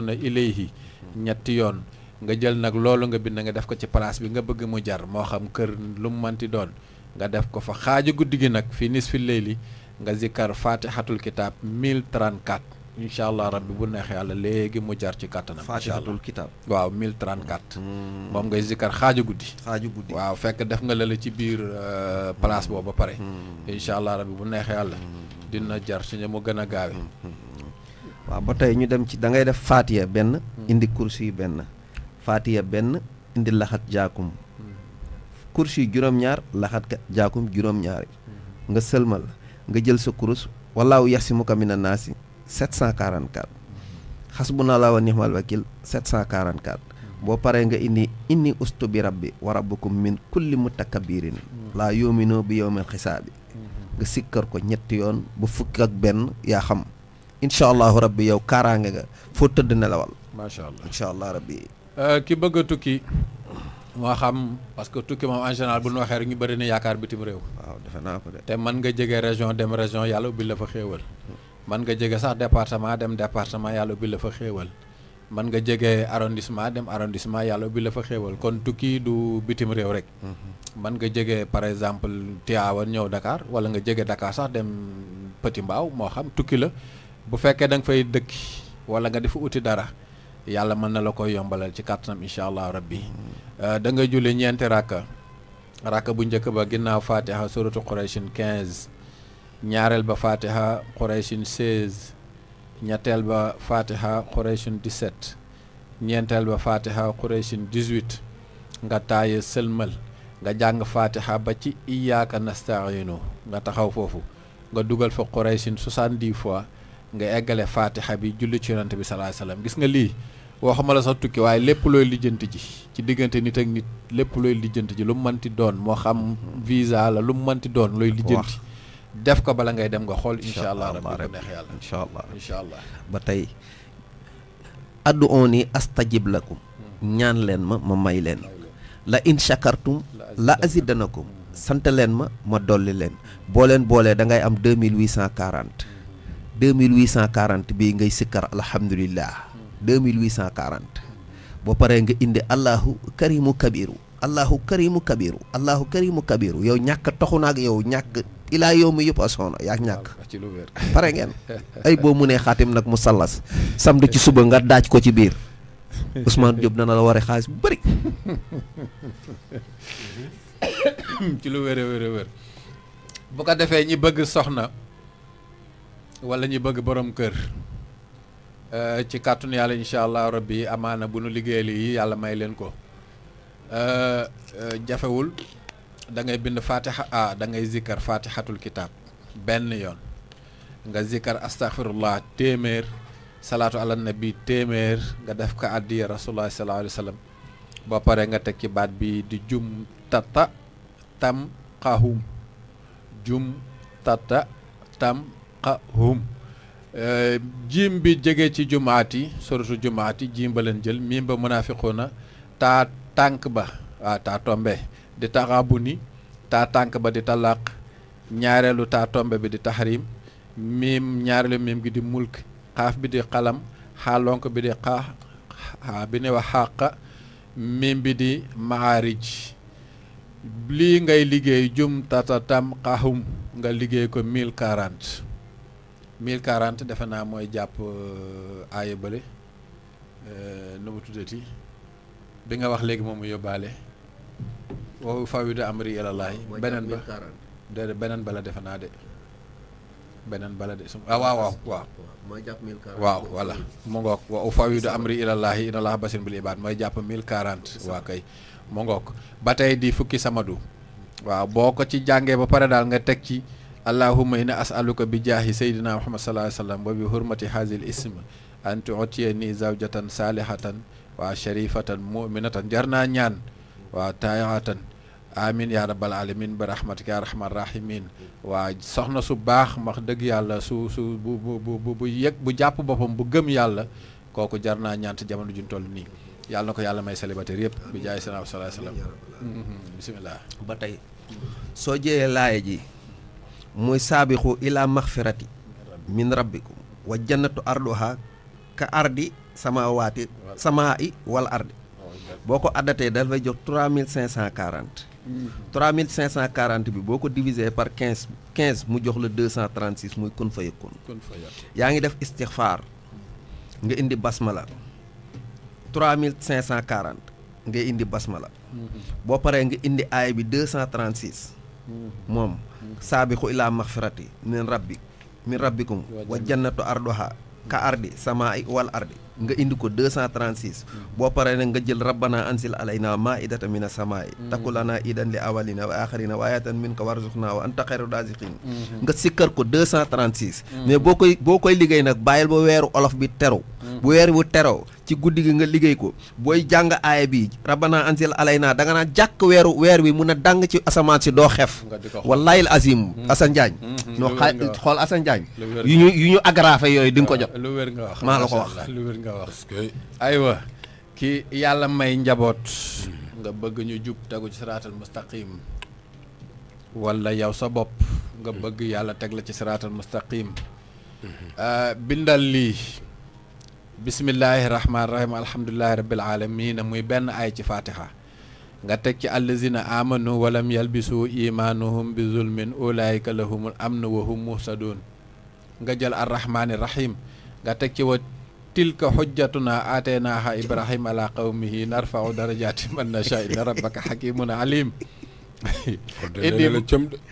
na ilayhi ñetti yoon nga jël nag loolu nga bind nga def ko ci place bi nga bëgg mu jar moo xam kër lu mu manti doon nga def ko fa xaaju guddi gi nag fii nisfi leyli nga zikkar fatihatul kitab 1034 inshallah rabbi bu nexe yalla legi mu jar ci katana fatihatul kitab waaw 1034 hmm. mom ngay zikkar xaaju gudi xaaju gudi waaw fekk def nga la ci bir euh, place boobu ba pare hmm. inshallah rabbi bu nexe yalla hmm. dina jar ci mu gëna gaawé waaw ba tay ñu dem ci da ngay def fatiya ben, indi kursi ben. fatiya ben indi lahat jaakum kursi juroom ñaar lahat jaakum juroom ñaar nga selmal nga jël sa kurus wallahu yahsimuka minan nasi xas 744 xasbuna laa wa nihmal wakil 744 boo paree nga indi indi ustu bi rab rabbi wa rabbukum min kulli mutakabirin mm-hmm. laa yuminu bi yowmil xisaabi mm-hmm. nga sikkar ko ñetti yoon bu fukk ak benn yaa xam incha rab bi yow kaaraange nga foo tëdd nelawal macha allah incha allah rabbi euh, ki bëgg tukki moo xam parce que tukki moom en général bu ñu waxee rek ñu bëri na yaakaar bitim réew waaw defe naa ko de te man nga jege région dem région yàlla ubbil la fa xéewal mm. man nga jege sax département dem département yàlla ubbi la fa xéewal man nga jege arrondissement dem arrondissement yàlla ubbi la fa xéewal kon tukki du bitim réew rek mhm. mën nga jege par exemple Tivaouane ñëw Dakar wala nga jege Dakar sax dem Petit Mbao moo xam tukki la bu fekkee da nga fay dëkk wala nga defa uti dara yàlla mën na la koy yombalal ci kàttanam incha allah rabbi mhm. euh, da nga julli ñeenti rakka rakka bu njëkk ba ginnaaw fatiha soroto Qurayshin 15 ñaareel ba fatiha quraychin 16 ñetteel ba fatiha quraychin 17 ñeenteel ba fatiha quraychin 18 nga taaye sëlmal nga jàng fatiha ba ci iyyaka nasta'inu nga taxaw foofu nga dugal fa quraychin di fois nga eggale fatiha bi julli ci yonante bi sallallahu alayhi gis nga lii waxuma la sax tukki waaye lépp looy lijjanti ji ci diggante nit ak nit lépp looy lijjanti ji lu mu mënti doon moo xam visa la lu mu mënti doon looy lijjanti def ko bala ngay dem nga xool incha allah rabbi yàlla incha allah incha ba tey addu oon yi astajib lakum hmm. ñaan leen ma ma may leen la in shakartum la azidanakum sant leen ma ma dolli leen boo leen boolee da ngay am 2840 2840 hmm. bii ngay sikkar alhamdulillah 2840 hmm. boo paree nga indi allahu karimu kabiru allahu karimu kabiru allahu karimu kabiru yow ñàkk toxu naag yow ñàkk ilaa yow mi yëpp asoona yaa ñàkk pare ngeen ay boo mu nee xaatim nag mu sallas samedi ci suba nga daaj ko ci biir Ousmane na dana la waree xaalis bu bëri ci lu wér a wér a wér bu ko defee ñi bëgg soxna walla ñi bëgg boroom kër eh, ci kàttanu yàlla incha allah rabbi amaana bu nu liggéey lii yàlla may leen ko Euh, euh, jafewul dangay bind fatiha dangay ah, da ngay zikkar fatihatul kitab benn yoon nga zikkar astaghfirullah téeméer salaatu ala téeméer nga def ko addiya rasulullah sallallahu alayhi wa sallam ba pare nga teg ci baat bi di jum tata tam xahum jum tata tam xahum euh, jiim bi jege ci jumaat yi suratu jumaat yi jiim ba leen jël miim ba munaafiquna taat tànk ba waaw taa tombe di taxaabuni taa tànk ba di talaq ñaareelu tatombe bi di taxrim miim ñaareelu miim gi di mulk xaaf bi di xalam xalonk bi di xaa bi ne wax xàqa miim bi di maarij lii ngay liggéey jum tata tam nga liggéey ko 1040 quarante defe naa mooy jàpp euh, aaya bële euh, nu bi nga wax léegi moom mu yóbbaale wa fawidu amri ilallaahi beneen ba déedéet beneen bala defe naa de beneen bala de su ah waaw waaw waaw mooy jàpp mille quarante waaw voilà mu ngoog wa fawidu amri ilallaahi inallaaha basiirun bil ibaad mooy jàpp mille quarante waa kay mu ba tey di fukki samadu waaw boo ko ci jàngee ba pare daal nga teg ci allahumma inna as'aluka bi jaahi sayyidina muhammad sallallahu alayhi wa sallam wa bi hurmati hazil ism an tu'tiya ni zawjatan wa sharifatan mu'minatan jarna nyan wa tayatan amin ya rabbal alamin bi rahmatika ya rahimin wa soxna su bax wax deug yalla su su bu bu bu bu yek bu japp bopam bu gem yalla koku jarna ñaan te jamono juñ toll ni yalla nako yalla may célibataire yep bi sallallahu alaihi wasallam bismillah batay so jeye laye ji moy sabiqu ila maghfirati min rabbikum wa jannatu arduha ka ardi samaawaati samaa i wala ardi boo ko addatee dafay jox trois mille cinq cent quarante trois mille cinq cent bi boo ko diviser par quinze quinze mu jox la deux cent trente six muy kun fa yëkkoon yaa ngi def istixfaar nga indi basmala la mille cinq cent quarante nga indi la boo paree nga indi aay bi deux cent trente six moom saabixu ilaa maxfirati min rabbi min rabbikum wa jannatu ardoha ka ardi samaa wal ardi nga indi ko 236 boo paree nag nga jël rabbana ansil alayna maa idata mina samaa'i mm-hmm. takulana idan li awalina wa axirina wa ayatan min ka warzuqna wa anta xayru raziqin mm-hmm. nga sikkar ko 236 mm-hmm. mais boo koy boo koy liggéey nag bàyyil ba weeru olof bi teru bu weer wu teroo ci guddi gi nga liggéey ko booy jàng aaya bi rabbana ansil alayna da nga naan jàkk weer weer wi mun a dàng ci asamaan si doo xef wallaayil azim Assane Diagne noo xa xool Assane Diagne yu ñu yu ñu agrafé yooyu di nga ko jot maa la ko wax nga wax aywa ki yàlla may njaboot hmm. nga bëgg ñu jub tegu ci siraatal mustaqim wala yow sa bopp nga hmm. bëgg yàlla teg la ci siraatal mustaqim hmm. ah, bindal lii bismillahi rahmaani rahim alhamdulilahi rabbil alamina muy benn ay ci fatiha nga teg ci allazina amanu walam yalbisu imanuhum bi zulmin ulaika lahumul amnu wa hum nga jël arrahmaani rahim nga teg ci wa tilka hujjatuna ateenaha ibrahima ala qawmihi narfau darajati man nasha inna rabbaka hakimun alim indi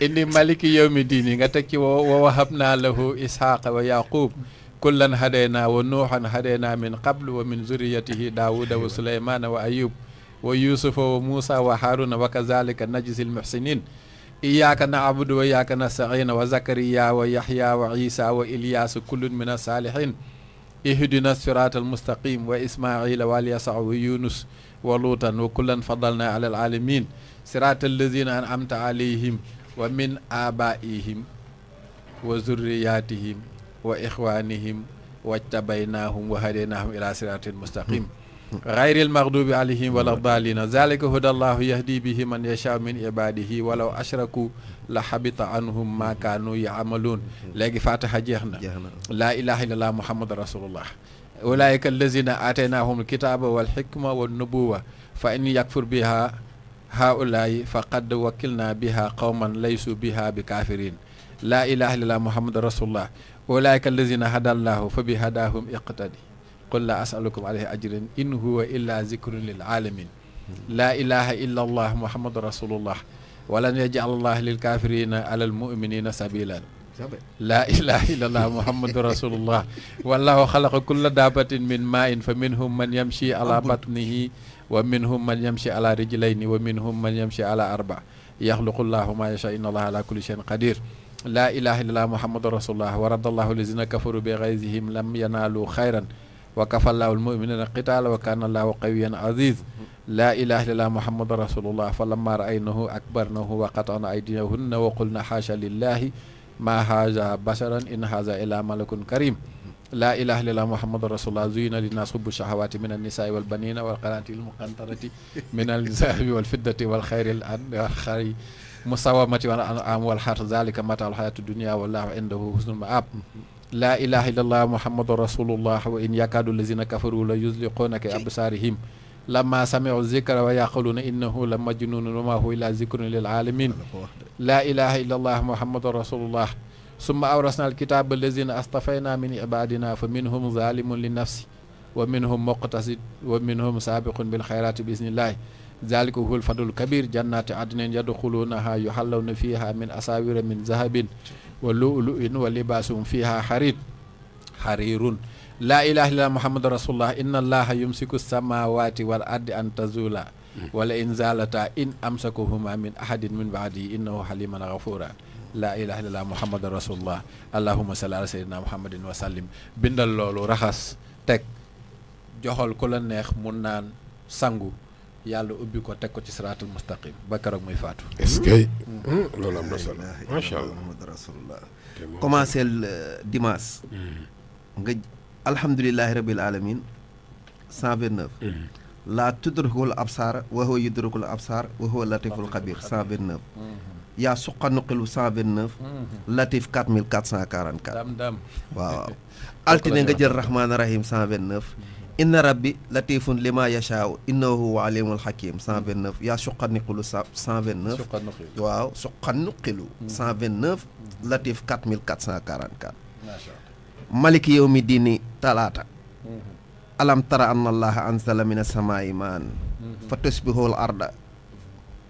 indi maliki yawmi dini nga teg ci wa wahabna lahu ishaqa wa yaqub kullan hadayna wa nuuhan hadayna min qablu wa min zurriyatihi daawuda wa sulaymana wa ayub wa yusufa wa musa wa haruna wa kazalika najzi lmuhsinin iyyaka na'budu wa iyyaka nasta'iin wa zakariya wa yahya wa isa wa ilyaasu kullun min as-salihin يهدنا الصراط المستقيم واسماعيل واليسع ويونس ولوطا وكلا فضلنا على العالمين صراط الذين انعمت عليهم ومن ابائهم وزرياتهم واخوانهم واتبعناهم وهديناهم الى صراط مستقيم غير المغضوب عليهم ولا الضالين ذلك هدى الله يهدي به من يشاء من عباده ولو أشركوا لحبط عنهم ما كانوا يعملون léegi Fatiha jeex na laa ilaaha illallaah Muhammad rasulullah أولئك الذين آتيناهم الكتاب والحكمة والنبوة فإن يكفر بها هؤلاء فقد وكلنا بها قوما ليسوا بها بكافرين لا إله إلا الله محمد رسول الله أولئك الذين هدى الله فبهداهم اقتدي قل لا أسألكم عليه أجرا إن هو إلا ذكر للعالمين لا إله إلا الله محمد رسول الله ولن يجعل الله للكافرين على المؤمنين سبيلا لا إله إلا الله محمد رسول الله والله خلق كل دابة من ماء فمنهم من يمشي على بطنه ومنهم من يمشي على رجلين ومنهم من يمشي على أربع يخلق الله ما يشاء إن الله على كل شيء قدير لا إله إلا الله محمد رسول الله ورد الله الذين كفروا بغيظهم لم ينالوا خيرا وكفى الله المؤمنين القتال وكان الله قويا عزيز لا إله إلا الله محمد رسول الله فلما رأينه اكبرناه وقطعنا أيديهن وقلنا حاشا لله ما هذا بشرا إن هذا إلا ملك كريم لا إله إلا الله محمد رسول الله زين للناس حب الشهوات من النساء والبنين والقناطير المقنطرة من الذهب والفضة والخير الأنخر مساومة والأنعام والحر ذلك متاع الحياة الدنيا والله عنده حسن المآب لا إله إلا الله محمد رسول الله وإن يكاد الذين كفروا لا يزلقونك أبصارهم لما سمعوا الذكر ويقولون إنه لمجنون وما هو إلا ذكر للعالمين لا إله إلا الله محمد رسول الله ثم أورثنا الكتاب الذين أصطفينا من عبادنا فمنهم ظالم للنفس ومنهم مقتصد ومنهم سابق بالخيرات بإذن الله ذلك هو الفضل الكبير جنات عدن يدخلونها يحلون فيها من أساور من ذهب ولؤلؤ ولباس فيها حرير حرير لا إله إلا محمد رسول الله إن الله يمسك السماوات والأرض أن تزولا ولئن زالتا إن أمسكهما من أحد من بعده إنه حليم غفورا لا اله الا محمد رسول الله اللهم صل على سيدنا محمد وسلم bindal loolu رخص تك joxal ku la neex سانغو yàlla ubbi ko tek ko ci siratul mustaqim bakkar ak muy faatu. est-ce que lolu am na solo macha allah muhammad rasulullah commencé dimanche. nga alhamdulilahi rabbil alamin 129. la tudrukul absar wa huwa yudrukul absar wa huwa latiful khabir 129. ya suqa nuqilu 129. latif 4444. dam dam waaw altine nga jël rahman rahim 129. inna rabbi latifun lima yashaaw innahu alimul hakim 129 yaa suqaniqilu 129 waaw suqaniqilu 129 mm-hmm. mm-hmm. latif 4444 maliki yawmi diini talaata mm-hmm. alam tara anna allaha anzala min asamaai maan fa tusbihul arda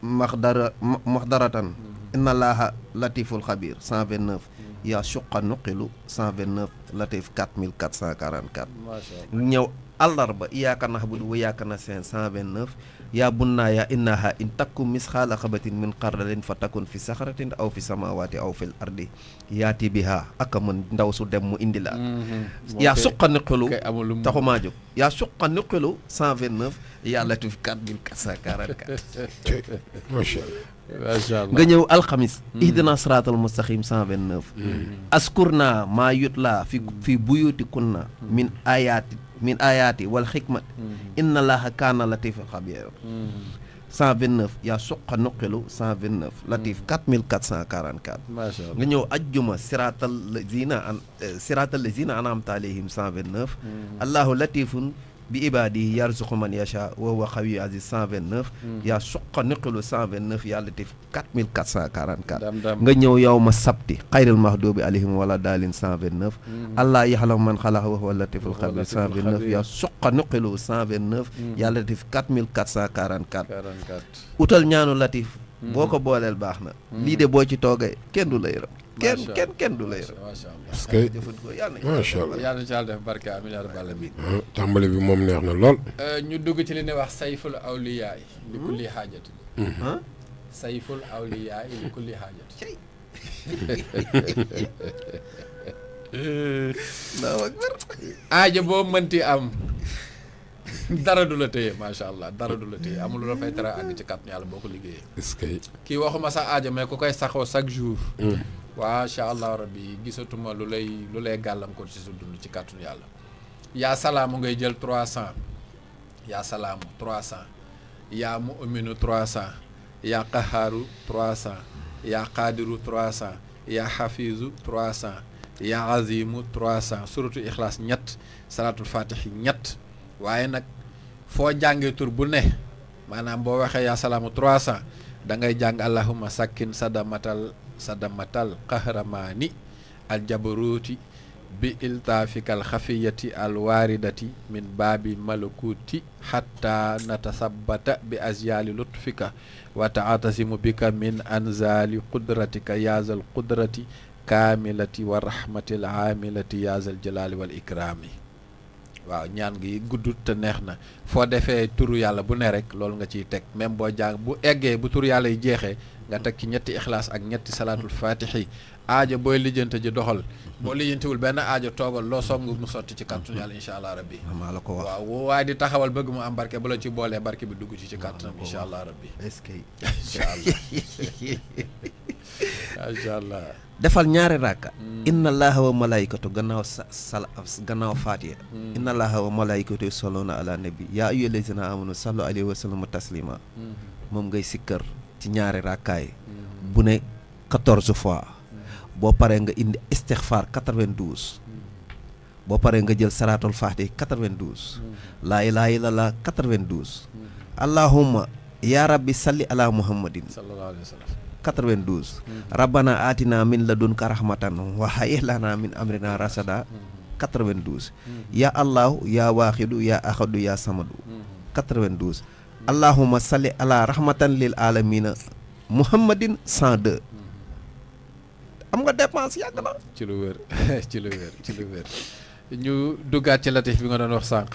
maxdara maxdaratan inna allaha latiful xabir 129 yaa suqaniqilu 129 latif 4444 ñëw الله إياكنا حبل وياكنا سين سان يا بنا يا إنها إن تكون مسخالة خبت من قرل فتكون في سخرة أو في سماوات أو في الأرض ياتي بها أكمن داو سودم إندلا يا سوق نقلو تخو ماجو يا سوق نقلو سان فين نف يا الله تفكر من كسا كارك ما شاء الله غنيو الخميس إهدنا صراط المستقيم سان أذكرنا ما يطلع في في بيوتكنا من آيات من آياتي والحكمة إن الله كان لطيف خبير 129 يا سوق نقلو 129 لطيف 4444 ما شاء الله نيو اجوما صراط الذين صراط الذين انعمت عليهم 129 الله لطيف بإبادي يرزق من يشاء وهو خوي عزيز 129 يا شق نقل 129 يا لتف 4444 نيو يوم السبت خير المهدوب عليهم ولا دال 129 الله يعلم من خلقه وهو لطيف الخبير 129 يا شق نقل 129 يا لتف 4444 اوتال نيانو لطيف بوكو بولل باخنا لي دي بو سي توغي كين دو لاي رب kenn kenn du la yërëm. macha allah que yàlla na ci yàlla def barke amiin yaa ah, tàmbali bi moom neex na lool. Euh, ñu dugg ci li wax sayful awliyaa hmm? hmm. li kulli xaajati. sayful awliyaa li kulli xaajati. aajo am dara du macha allah dara du amul lu la fay tara ci kat yàlla boo ko liggéeyee. est-ce que. kii waxuma sax aajo mais koy saxoo chaque jour. Hmm. waa incha allah rabbi gisatuma lu lay lu lay gàllankoor ci sa dund ci kàttanu yàlla yaa salaamu ngay jël trois cent yaa salaamu trois cent yaa mu aminu trois cent yaa qaxaaru trois cent yaa qaadiru trois cent yaa xafiizu trois cent yaa cent suratu ixlaas ñett salaatul fatixi ñett waaye nag foo jàngee tur bu ne maanaam boo waxee yaa salaamu trois cent da ngay jàng allahuma sakkin sadamatal صدمة القهرمان الجبروت بالتافك الخفية الواردة من باب الملكوت حتى نتثبت بأزيال لطفك وتعتزم بك من أنزال قدرتك يا ذا القدرة كاملة ورحمة العاملة يا ذا الجلال والإكرام waaw ñaan gi gudd te neex na foo defee tur yàlla bu ne rek loolu nga ciy teg même boo jàng bu eggee bu tur yàlla jeexee nga teg ci ñetti ixlaas ak ñetti salaatul faatihi aajo booy lijjante ji doxal moo hmm. lijjantewul benn aajo toogal loo soog mu sotti ci kàttanu yàlla incha allah rabbi ah, maa la ko wax waaw waaye di taxawal bëgg mu am barke bu la ci boolee barke bi dugg ci ci kàttanam incha allah rabbi est defal ñaari raaka hmm. inna allaha wa malaykatu gannaaw sal gannaaw faatiya hmm. inna allaha wa malaykatu na ala nabi yaa ayyuha allazina amanu sallu alayhi wa sallimu taslima moom ngay sikkar ci ñaari raakaay bu ne quatorze fois boo paree nga indi istixfaar nga jël saraatul faatih 92 laa ilaaha illallah allahumma yaa rabbi salli ala muhammadin mm-hmm. rabbana atina min ladunka rahmatan wa hayyi lana min amrina rasada mm-hmm. mm-hmm. yaa allahu yaa waaxidu yaa ahadu yaa samadu allahumma salli ala rahmatan lil alamina muhammadin am nga dépense yàgg na. ci lu wér ci lu wér ci lu wér ñu duggaat ci latif bi nga doon wax sànq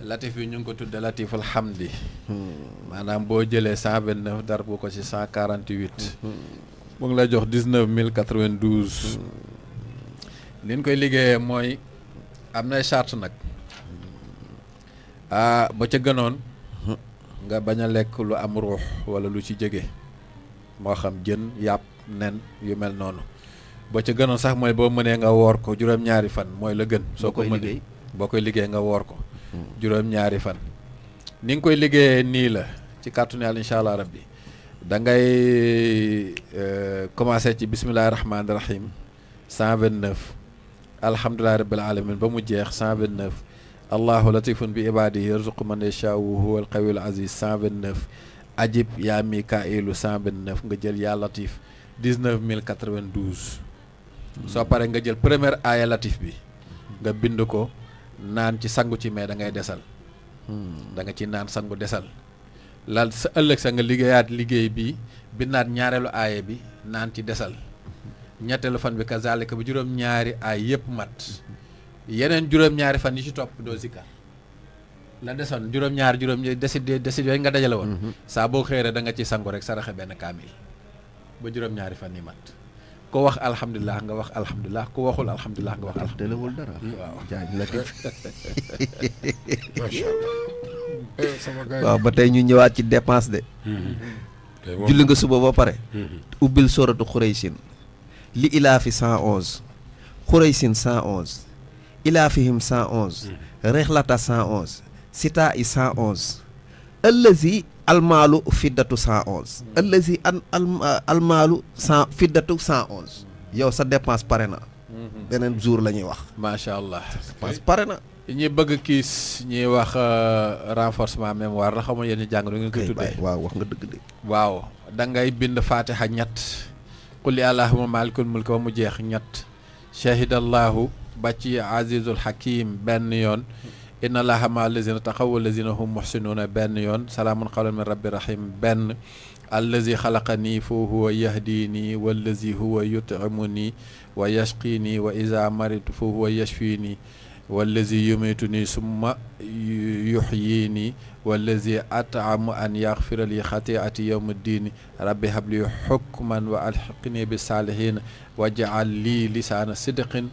latif yi ñu ngi ko tudde latiful hamdi hmm. maanaam boo jëlee cent vingt neuf dar bu ko ci cent quarante huit hmm. mu ngi lay jox dix neuf mille quatre vingt douze hmm. li koy liggéeyee mooy am nay charte nag ah ba ca gënoon nga bañ a lekk lu am ruux wala lu ci jege moo xam jën yàpp nen yu mel noonu ba ca gënoon sax mooy boo mënee nga woor ko juróom-ñaari fan mooy la gën soo ko mënee boo koy liggéey nga woor ko hmm. juróom-ñaari fan ni nga koy liggéeyee nii la ci kàttu ne yàlla incha allah rabbi da ngay euh, commencé ci bisimilahi rahmaani rahim 129 alhamdulilahi rabbil alamin ba mu jeex 129 allahu latifun bi ibadihi yarzuqu man yashaa huwa alqawiyul aziz 129 ajib yaa mikailu 129 nga jël yaa latif 1992, so paré nga jël première aya latif bi nga bind ko nan ci sangu ci mais da ngay desal hmm. da nga ci nan sangu desal lal sa ëlëk sa nga liggéeyaat ligéy bi bindaat ñaarelu aya bi nan ci desal ñettelu fan bi kazalik bi juroom ñaari ay yépp mat yeneen juroom ñaari fan yi ci top do zikar la desone juroom ñaar juroom desid desid yooyu nga dajalawon mm-hmm. sa bo boo da nga ci sangu rek raxé ben kamil ba juróom-ñaari fan yi mat ko wax alhamdulilah nga wax alhamdulilah ku waxul alhamdulilah nga wax alhamdulilah tëlewul dara waaw jaaj latif eh, waaw ba tey ñu ñëwaat ci dépense de mm-hmm. Mm-hmm. julli nga suba ba pare mm-hmm. ubbil soratu xuraysin li ilaa fi cent onze xuraysin cent onze ilaa fihim cent onze ëllësi almaalu fiddatu 111 allazi an euh, almaalu cent fiddatu 111 yow sa dépense pare na mhm. beneen jour la ñuy wax macha allah dépense pare na ñi bëgg kiis ñuy wax euh, renforcement mémoire la xam nga yéen jàng du ngeen koy tuddee waaw wax nga dëgg de waaw da ngay bind faatiha ñett qul allahumma maalikul mulk ba mu jeex ñett shahidallahu ba ci azizul hakim benn yoon inna allaha ma allazina taqaw wallazina hum muhsinuna benn yoon salaamun qawlan min rabbi rahim benn allazi xalaqani fa huwa yahdini wallazi huwa yutimuni wa yashqini wa iza maritu fa huwa yashfini wallazi yumituni summa yuhyini wallazi at'amu an yaghfira li khati'ati yawmiddin rabbi habli hukman wa alhiqni bis salihin waj'al li lisana sidqin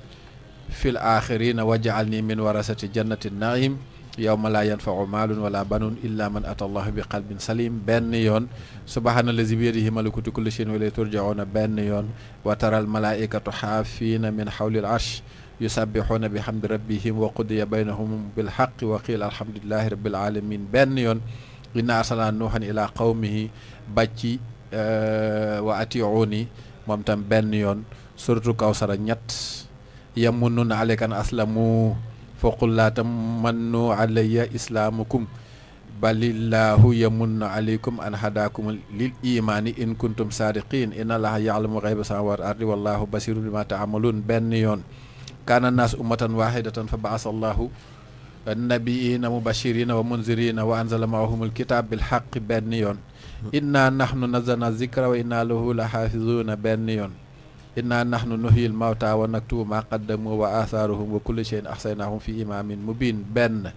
في الآخرين وجعلني من ورثة جنة النعيم يوم لا ينفع مال ولا بنون إلا من أتى الله بقلب سليم بن يون سبحان الذي بيده ملك كل شيء وإليه ترجعون بن يون وترى الملائكة حافين من حول العرش يسبحون بحمد ربهم وقضي بينهم بالحق وقيل الحمد لله رب العالمين بن يون إن أرسل نوحا إلى قومه بكي أه وأتيعوني ممتن بن يون سرت كوثر يمنون عليك أن أسلموا فقل لا تمنوا علي إسلامكم بل الله يمن عليكم أن هداكم للإيمان إن كنتم صادقين إن الله يعلم غيب السماوات والأرض والله بصير بما تعملون بنيون كان الناس أمة واحدة فبعث الله النبيين مبشرين ومنذرين وأنزل معهم الكتاب بالحق بنيون إنا نحن نزلنا الذكر وإنا له لحافظون بنيون إنا نحن نهي الموتى ونكتب ما قدموا وآثارهم وكل شيء أحصيناهم في إمام مبين بن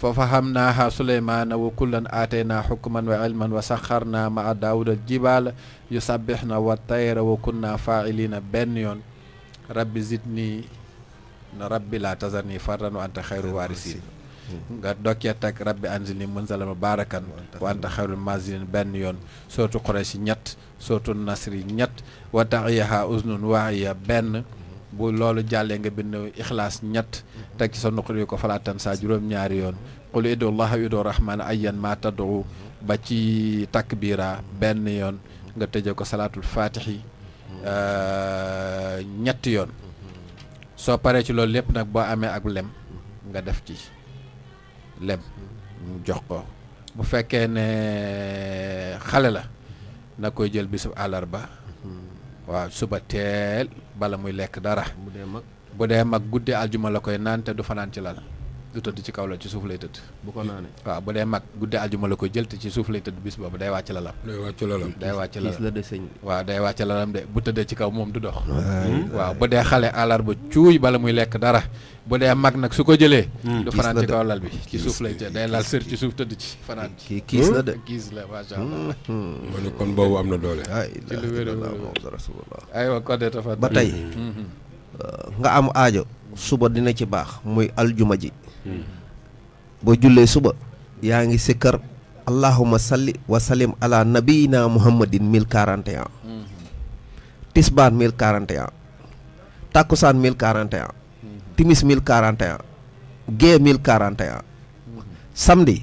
ففهمناها سليمان وكلا آتينا حكما وعلما وسخرنا مع داود الجبال يسبحنا والطير وكنا فاعلين بنيون ربي زدني رب لا تزرني فرا وأنت خير الوارثين nga dokkeet ya tak rabbi anzilni munzalama barakan wa anta khairul mazilin Soto yon sotu soto sotu Nasri nyat. wa taxiyaha usnun ya ben. Mhm. bu loolu jalle nga bin ikhlas ñett mhm. tak ci sonu nuqur ko falatan saa jurom ñaari yon qul idu rahman ayyan ma tad'u mhm. ba ci takbira ben yon nga tëje ko salatul fatihi euh, ñetti yon so paree ci lepp nak bo amé ak lem nga def ci leb mu jox ko bu fekkee ne xale la na koy jël bisub àllarba waaw suba teel bala muy lekk dara bu dee mag guddee aljuma la koy naan te du fanaan ci lal du tëdd ci kaw la ci suuf lay tëdd. bu ko naanee waaw bu dee mag guddee aljuma la koy jël te ci suuf lay tëdd bis boobu day wàcc lalam. day wàcc lalam day wàcc lalam gis la de sëñ waaw day wàcc lalam de bu tëddee ci kaw moom du dox. Hmm? waaw bu dee xale àllarba cuuy bala muy lekk dara. bu dee mag nag su ko jëlee. Hmm. du fanaan ci kaw lal bi ci suuf lay tëdd day lal sër ci suuf tëdd ci fanaan. kii kiis la de hmm? ba tey uh, nga am aajo suba dina ci baax muy aljuma ji boo jullee suba yaa ngi sikkar allahuma salli wa salim ala nabiyina muhammadin 1041 tisbaan 1041 takkusaan 1041 timis 1041 gee 1041 samedi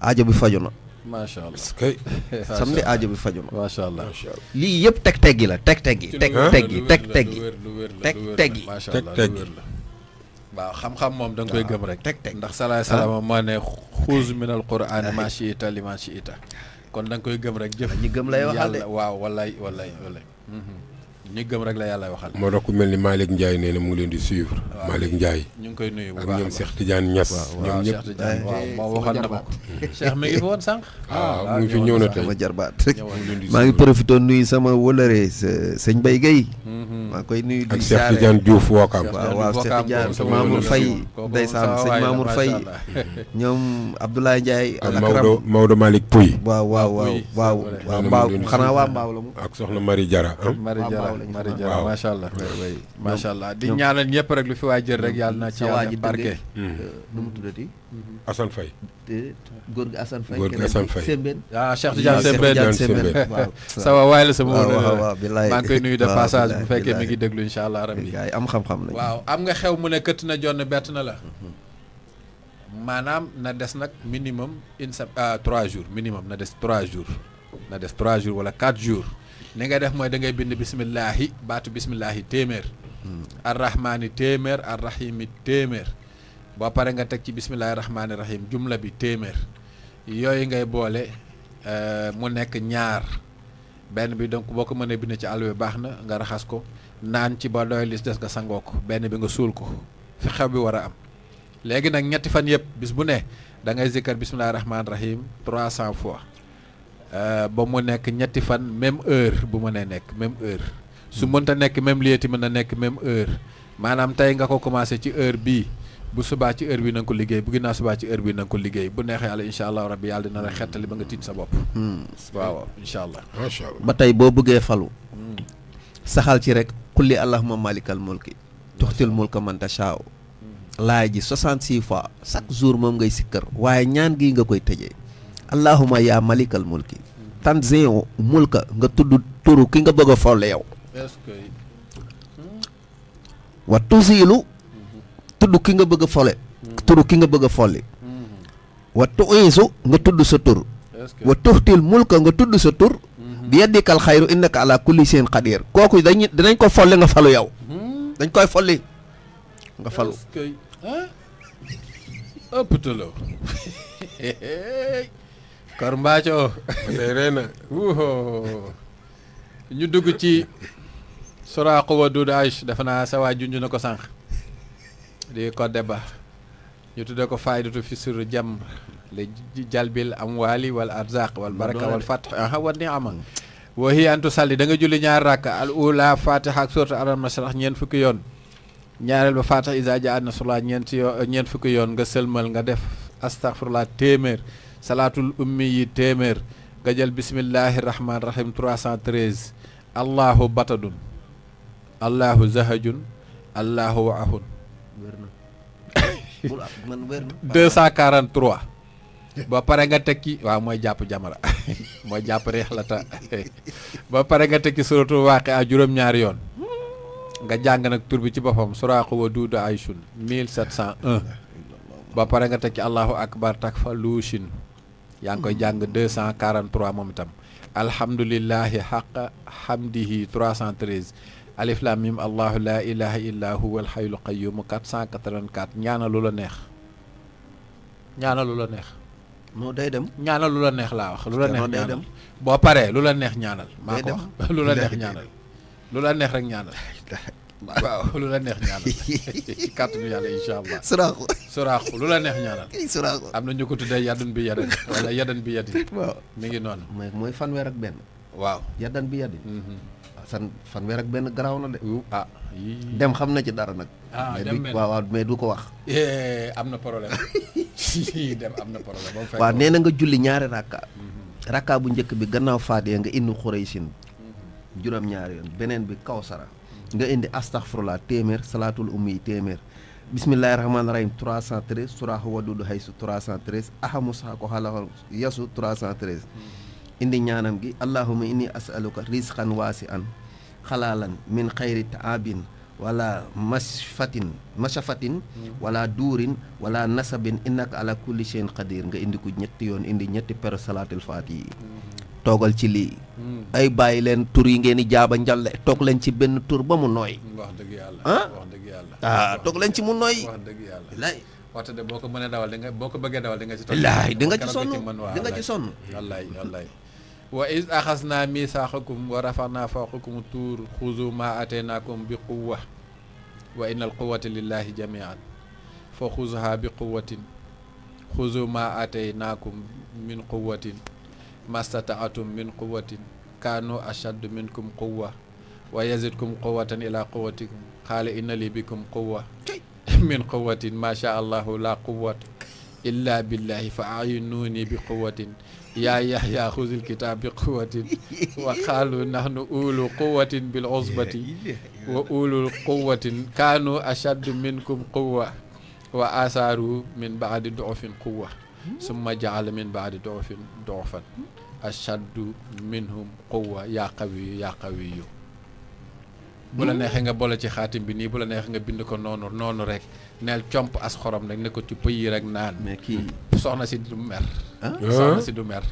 aajo bi faju na macha allah samedi bi faju na lii yëpp teg teg la teg teg teg teg teg teg waaw xam-xam moom da nga koy gëm rek teg teg ndax salaay salaama ah. moo ne xuus minal quraan ah. maa ci ita ita kon da koy gëm rek jëf ñi gëm lay waxal de waaw wallaay wallaay wallaay mhm. ñi gëm rek la yàlla waxal. moo tax ku mel ni Malick Ndiaye nee na mu ngi leen di suivre. waaw Malick koy nuyu bu baax ak ñoom Cheikh Tidiane Niass. ñoom ñëpp eh, waaw eh, waxal na ko. ngi fi woon sànq. waaw ah, ah, mu ngi fi ñëw na tey jarbaat maa ngi profité nuyu sama wëlëre sëñ Baye Guèye. Mm-hmm. maa koy ak Cheikh Tidiane Diouf Wokam. waaw waaw Cheikh Tidiane Mamour Faye. ndeysaan waaw waaw waaw waaw. xanaa waa mbaaw la mu. Marie Diarra macha allah way macha allah di ñaanal ñëpp rek lu fi waay jël rek yàlla na ci yàlla barke mm-hmm. euh, nu mu tuddati mm-hmm. Assane Faye góor gi góor gi Assane Faye Sembène ah Cheikh Tidiane Sembène Sembène waaw sa waa waay la sama koy nuyu de passage bu fekkee mi ngi déglu incha allah rabbi gaa yi am xam-xam la waaw am nga xew mu ne këtt na jonn bett na la mm-hmm. maanaam na des nag minimum une sa euh, trois jours minimum na des trois jours na des trois jours wala quatre jours ni ngay def mooy da ngay bind bisimillahi baatu bisimillahi téeméer hmm. arrahmaani téeméer arrahimi téeméer boo pare nga teg ci bisimillahi rahmaani rahim jumla bi téeméer yooyu ngay boole euh, mu nekk ñaar benn bi donc boo ko mënee bind ci àll bi baax na nga raxas ko naan ci ba doy lis des nga sangoo ko benn bi nga suul ko fi xew bi war a am léegi nag ñetti fan yëpp bis bu ne da ngay zikkar bisimillahi rahmaani trois 300 fois Euh, ba mu nekk ñetti fan même heure bu nee nekk même heure su mënta nekk même lieu mën a nekk même heure maanaam tey nga ko commencé ci heure bii bu subaa ci heure bi na ko liggéey bu ginnaaw subaa ci heure bi na nga ko liggéey bu neexee yàlla incha allah rabbi yàlla dina la xettali ba nga tiit sa bopp. Hmm. waaw incha allah. macha allah ba tey boo bëggee falu. Hmm. saxal ci rek kulli allahumma malikal mulki. tuxtil mulka man tashaa hmm. laay ji 66 fois chaque jour moom ngay sikkër waaye ñaan gii nga koy tëjee. allahumma yaa malikal mulki. tanzihu mulka nga tudd turu ki nga bëgg fole folle ki nga bëgg fole folle hmm. turu ki nga bëgg a hmm. wa tuisu nga tudd sa tur wa tuxtil mulka nga tudd sa tur hmm. bi yeddikal xayru innaka ala kulli seen xadir kooku dañ ko fole nga falu yow dañ koy folli nga falu kor mbaacoo tey ñu dugg ci soraaku wa duud dafa naa sa waa na ko sànq di ko ba ñu tudde ko faydatu fi sur jam li jalbil amwaali wal arzaq wal baraka wal fath aha wa niama wa hiya antu salli da nga julli ñaar rakka al ula fatiha ak suratu alam nasrah ñeent fukki yoon ñaareel ba fatiha isa ja an ñeent fukki yoon nga sëlmal nga def astaghfirullah téeméer salaatul ummi yi téeméer nga jël bismillahi rahmaani rahim 313 allahu batadun allahu zahajun allahu waahun 243 ba pare nga tekki waa mooy jàpp jamara mooy jàpp reex la ta pare nga tekki suratul waaqi a juróom-ñaari yoon nga jàng nag tur bi ci boppam suraaku wa duuda ayshun 1701 ba pare nga tekki allahu akbar takfa luushin yaa ngi koy jàng 243 moom itam alhamdulillahi xaqa hamdihi 313 alif lam mim allahu laa ilaha illa huwa alxayul qayumu 484 ñaana lu la neex ñaana lu la neex moo day dem ñaanal lu la neex laa wax lu la neex ñaanal boo paree lu la neex ñaanal maa ko wax lu la neex ñaanal lu la neex rek ñaanal waaw lu la neex ñaanal ci kàttanu yàlla incha allah suraaxu suraaxu lu la neex ñaanal suraaxu am na ñu ko tuddee bi wala yadan bi yadin waaw mi ngi noonu mooy mooy fanweer ak benn waaw yadan bi yadin san fanweer ak benn garaaw na de ah dem xam na ci dara nag ah dem waaw waaw mais du ko wax am na problème dem am na problème waaw nee na nga julli ñaari rakka mhm. rakka bu njëkk bi gannaaw faatiya nga indi xuraysin mhm. juróom ñaari yoon beneen bi kawsara nga indi astaghfirullah téeméer salaatul ummi téeméer bismillahi rahmaani rahim 313 suraaxu wadudu haysu 313 ahamu saako xalaxo yasu 313 indi ñaanam gi allahuma inni asaluka risqan waasi an xalaalan min xayri taabin wala masfatin mashafatin wala duurin wala nasabin innaka ala kulli shay'in qadir nga indi ko ñetti yoon indi ñetti per salaatul faati yi toogal ci lii ay bàyyi leen tur yi ngeen di jaaba njalle toog leen ci benn tur ba mu nooy. wax dëgg yàlla ah wax dëgg yàlla. ah toog leen ci mu nooy. wax dëgg yàlla lay. waxte de boo ko mënee dawal di nga boo ko bëggee dawal di nga ci. laay di nga ci sonn di nga ci sonn. wallaay wallaay. wa is axasnaa miisaaxakum wa rafanaa fawqakum tuur xuzu maa ateenaakum bi quwwa wa innal quwwata lillahi jamian fa xuzuhaa bi quwwatin xuzu maa ateenaakum min quwwatin mastataatum min quwwatin kaanu ashaddu minkum quwwa wa yazidkum quwwatan ila quwwatikum qaala inna li bikum quwwa min quwwatin ma sha allahu la quwwata illa billahi fa ayinuni bi quwwatin yaa yaxya xuzil kitaab bi quwwatin wa qaalu nahnu ulu quwwatin bil usbati wa ulul quwwatin kaanu ashaddu minkum quwwa wa asaaru min baadi doofin quwwa hmm. summa jaala min baadi doofin doofan ashaddu minhum quwwa yaa qawiyu yaa qawiyu bu la hmm? neexee nga boole ci xaatim bi nii bu la neexee nga bind ko noonu noonu rek neel comp as xorom rek ne ko ci pëyi rek naan. mais kii soxna si du mer. Ah? soxna si du mer.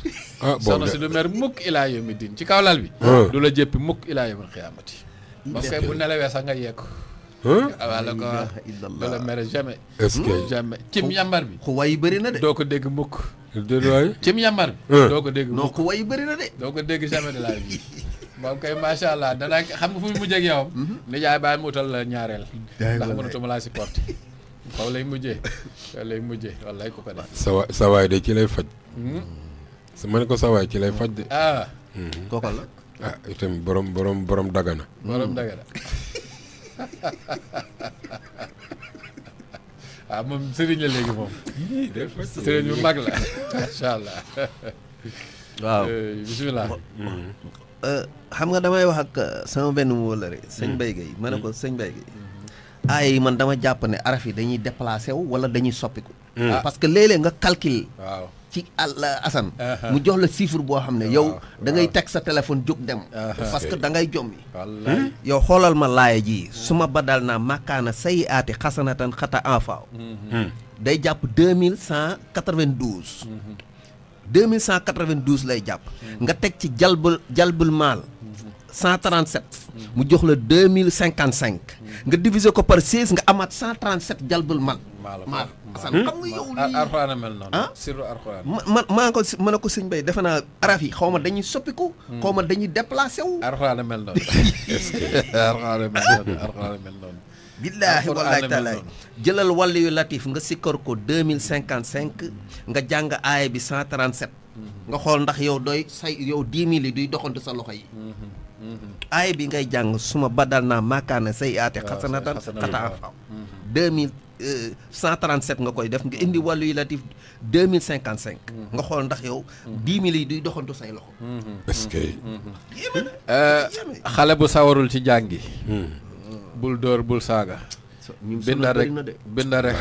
Ah, soxna si du mer mukk ilaa yawmi din ci kaw lal bi. Ah. du la jéppi mukk ilaa yawmil qiyaamati. parce que bu nelawee sax nga ko Ah, waaw la ko la mere jamais. est-ce que hmm? jamais cim yàmbar bi. xuwa yi bëri na de. doo ko dégg mukk. déedéet cim yàmbar bi. doo ko dégg mukk xuwa yi bëri na de. doo ko dégg jamais de la vie. moom kay macha allah danaa xam nga fu mu mujjee ak yow. Mhm. nijaay bàyyi mu utal la ñaareel. ndax mënatuma laa supporter. kaw lay mujjee lay mujjee wallaay de ci lay faj. Hmm? su ma ko sa ci lay faj de. ah. Mhm. kooku la. ah itam borom borom borom dagana. borom dagana. Hmm. ah moom sëriñ la léegi moom. sëriñ bu mag la macha allah. waaw eh, bisimilah. Mm-hmm. Eh, xam nga damay wax ak uh, sama benn wóolare. sëñ Baye Gueye ma ne ko sëñ Baye Gueye. aay mm-hmm. man dama jàpp ne araf yi dañuy déplacé wu wala dañuy soppiku. Mm-hmm. parce que nga calcul. ci àll Assane mu jox la chiffre boo xam ne yow da ngay teg sa téléphone jóg dem parce que da ngay jommi hmm? yow xoolal ma laaya ji su ma badal naa màkkaana sayi aati xasanatan xata enfaaw mhm. hmm. day jàpp deux mille cent quatre-vingt-douze mhm. deux mille cent quatre vingt lay jàpp mhm. nga teg ci jalbul jalbul maal cent trente mu jox la deux mille cinquante-cinq nga diviser ko par seize nga amaat cent trente-sept jalbul maal maalo asan xam nga yow lii ah? ma maa ko mën a ko sëñ bay defe naa araf yi xaw ma dañuy soppiku hmm. xaw ma dañuy déplacé wu arxuraan mel noonu arxuraan mel noonu billaahi wallaahi taalaay jëlal wàll yu latif nga sikkar ko mille cinquante cinq nga jàng aay bi cent trente sept hmm. nga xool ndax yow doy say yow dix mille yi duy doxantu sa loxo yi hmm, aaya bi ngay jàng suma badal naa maakaana say aate ah, xasanatan xataa faw deux 137 euh, nga koy def nga indi walu latif 2055 nga xol ndax yow 10000 mm-hmm. mille yi duy doxantu say loxo mm-hmm. est-ce que mm-hmm. euh, xale bu sawarul ci jangi bul dor bul saga bindal rek bindal rek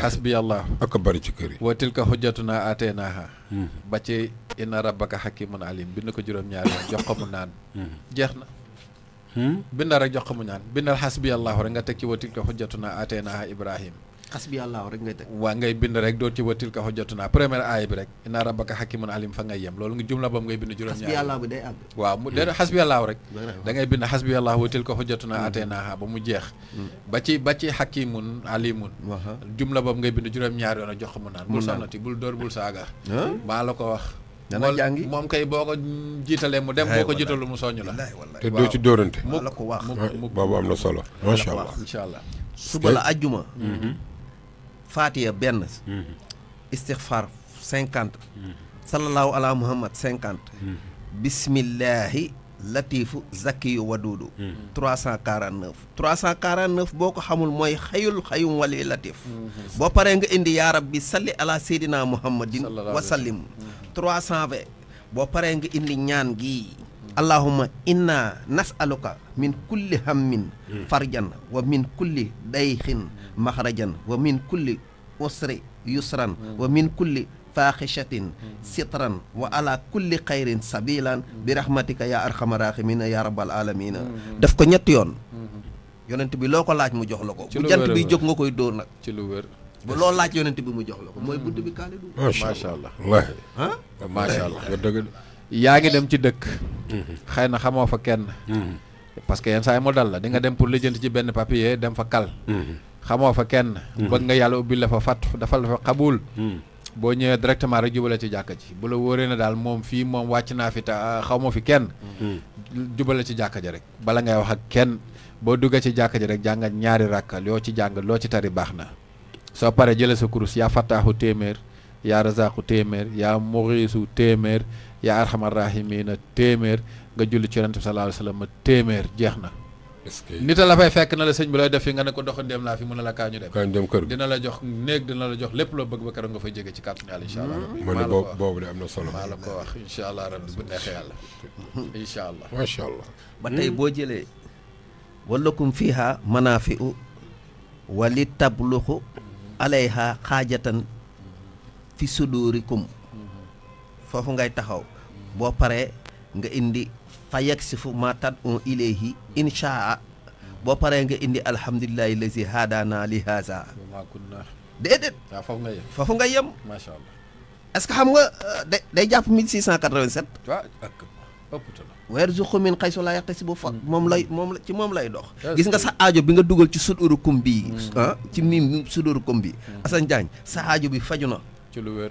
ci keri wa tilka hujjatuna atainaha ba ci inna rabbaka hakimun alim bind ko juróom-ñaar jox ko mu naan jeexna hmm? na rek jox ko mu naan bindal hasbi allah rek nga teg ci wa tilka hujjatuna atainaha ibrahim xas bi yàlla rek ngay teg waa ngay bind rek doo ci ko ka xojjatunaa première aaya bi rek inna rabbaka hakimun alim fa ngay yem loolu nga jumla boobu mm. ba mu mm. boobu ngay bind juróom ñaar yoon a jox mu naan bul sonnati bul dóor bul saaga maa la ko wax dana jàngi moom kay boo ko jiitalee mu dem boo ko jiitalu mu soññ la te doo ci dóorante maa la ko wax boobu am na solo macha allah incha allah suba la ajjuma mm-hmm. faatiya benn mm-hmm. istixfaar cinquante mm-hmm. sallallahu ala muhammad cinquante mm-hmm. bismillahi latifu zakiyu wadudu trois cent boo ko xamul mooy xayul xayum wali boo paree nga indi yaa bi salli ala seydina muhammadin wa sallim trois cent vingt boo paree nga indi ñaan gii Allahumma inna nas'aluka min kulli hammin hmm. farjan wa min kulli dayhin makhrajan wa min kulli usri yusran hmm. wa min kulli fakhishatin hmm. sitran wa ala kulli khairin sabilan bi rahmatika ya arhamar rahimin ya rabbal alamin daf ko ñet yoon yonent bi loko laaj mu jox lako bu jant bi jog ngakoy door nak ci lu wër bu lo laaj yonent bi mu jox lako moy bi du ma sha Allah wallahi ha ma sha Allah yaa ngi dem ci dëkk. Mhm. xëy na xamoo fa kenn. Mhm. parce que yenn saa mu dal la dinga nga dem pour lijjanti ci benn papier dem fa kal. Mhm. xamoo fa kenn. bëgg nga yàlla ubbil la fa fat dafa la fa xabul. boo ñëwee directement rek jubale ci jàkka ji bu la wóoree na daal moom fii moom wàcc naa fi te ah, xaw ma fi kenn. jubale ci jàkka ji rek bala ngay wax ak kenn boo duggee ci jàkka ji rek jàngat ñaari rakka yoo ci jàng loo ci tari baax na. soo paree jëlee sa kurus yaa fattaaxu téeméer yaa razaaku téeméer yaa téeméer. yaa arhamar na téeméer nga julli ci yonent bi sallallahu alayhi wasallam téeméer jeex na. nit a la fay fekk na la sëñ bi looy def fi nga ne ko doxa dem laa fi mun a la kaa ñu dem kaa ñu dina la jox néeg dina la jox lépp loo bëgg ba keroog nga fay jege ci kàttu yàlla incha allah mm-hmm. ma ne boobu de am na solo la ko allah rabbi bu neexee yàlla incha allah macha allah ba tey boo jëlee walakum fiha manafiu wali tabluxu alayha xaajatan fi sudurikum foofu ngay taxaw boo paree nga indi fa yaksifu ma tad un ilayhi inchaa boo paree nga indi alhamdulilahi lazi haadana li haza déedéet waaw foofu nga yem foofu nga yem macha allah est ce que xam nga euh, day day jàpp 1687 waaw weerzuqu min xaysu laa yaxtasibu fa mm. moom lay moom ci moom lay dox gis nga sa aajo bi nga dugal ci sudurukum bi mm. ah ci miim sudurukum bi mm. Assane Diagne sa aajo bi faju na ci lu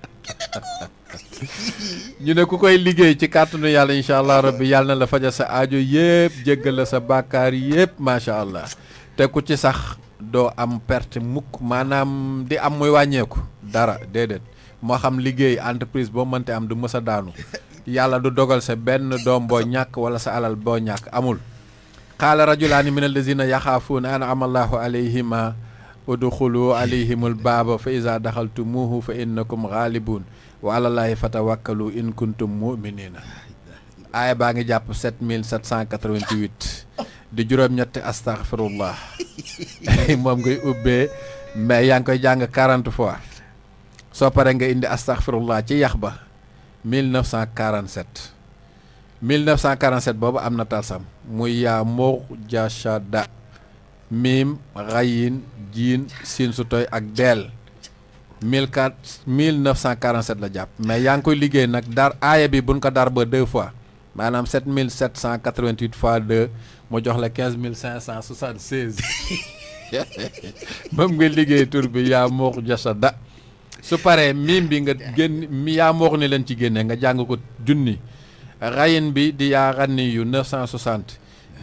ñu ne ku koy liggéey ci kàttanu yàlla incha allah rabbi yàlla na la faja sa aajo yëpp jéggal la sa bàkkaar yëpp macha allah te ku ci sax doo am perte mukk maanaam di am muy wàññeeku dara déedéet moo xam liggéey entreprise boo mënte am du mës a daanu yàlla du dogal sa benn doom boo ñàkk wala sa alal boo ñàkk amul xaala rajulaani min allazina yaxaafuuna an amallaahu alayhima udxulu alayhimul baaba fa iza daxaltumuuhu fa innakum xaalibuun wa alallaahi fatawakkalu in kuntum muminina aaya baa ngi jàpp 7788 di juróom-ñetti astaghfirullah moom ngay ubbee mais yaa ngi koy jàng 40 fois soo paree nga indi astaghfirullah ci yax ba 1947 1947 boobu am na talsam muy yaa moo jaashada miim rayin jiin siin su tooy ak deel mille quatre mille neuf cent la jàpp mais yaa ngi koy liggéey nag dar aaya bi buñ ko dar ba deux fois maanaam sept mille sept cent quatre vingt huit mu jox la quinze mille cinq cent soixante liggéey tur bi yaa moox jasa da su paree miim bi nga génn mi yaa moox ni leen ci génnee nga jàng ko junni rayin bi di yaa ranni yu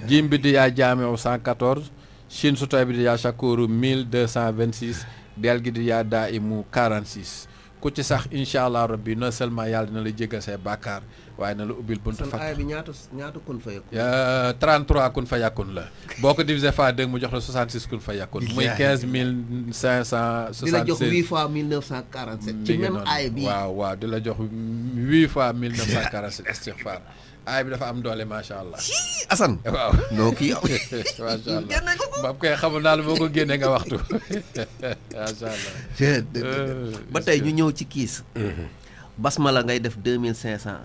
jiim bi di yaa jaamiu cent quatorze Chine sotobidi yaa shakuru mille deux cent vingt six del gi di yaa daa imu quarante six ku ci sax incha allah rabbi no seulement yàlla dina la jéggal say bàkkaar waaye na la ubbil buntu fat bi ñaata ñaata kun fa yàkkun 33 kun fa la boo ko divisé fa dégg mu jox la 66 kun fa yàkkun muy 15 566 di la jox 8 fois 1947 ci même aaya bi waaw waaw di la jox 8 fois aay bi dafa am doole macha allah. asan waaw non kii. macha allah koy xamul daal boo ko génne nga waxtu euh, ba tey ñu ñëw ci kiis. Mhm. basmala ngay def deux mille cinq cent.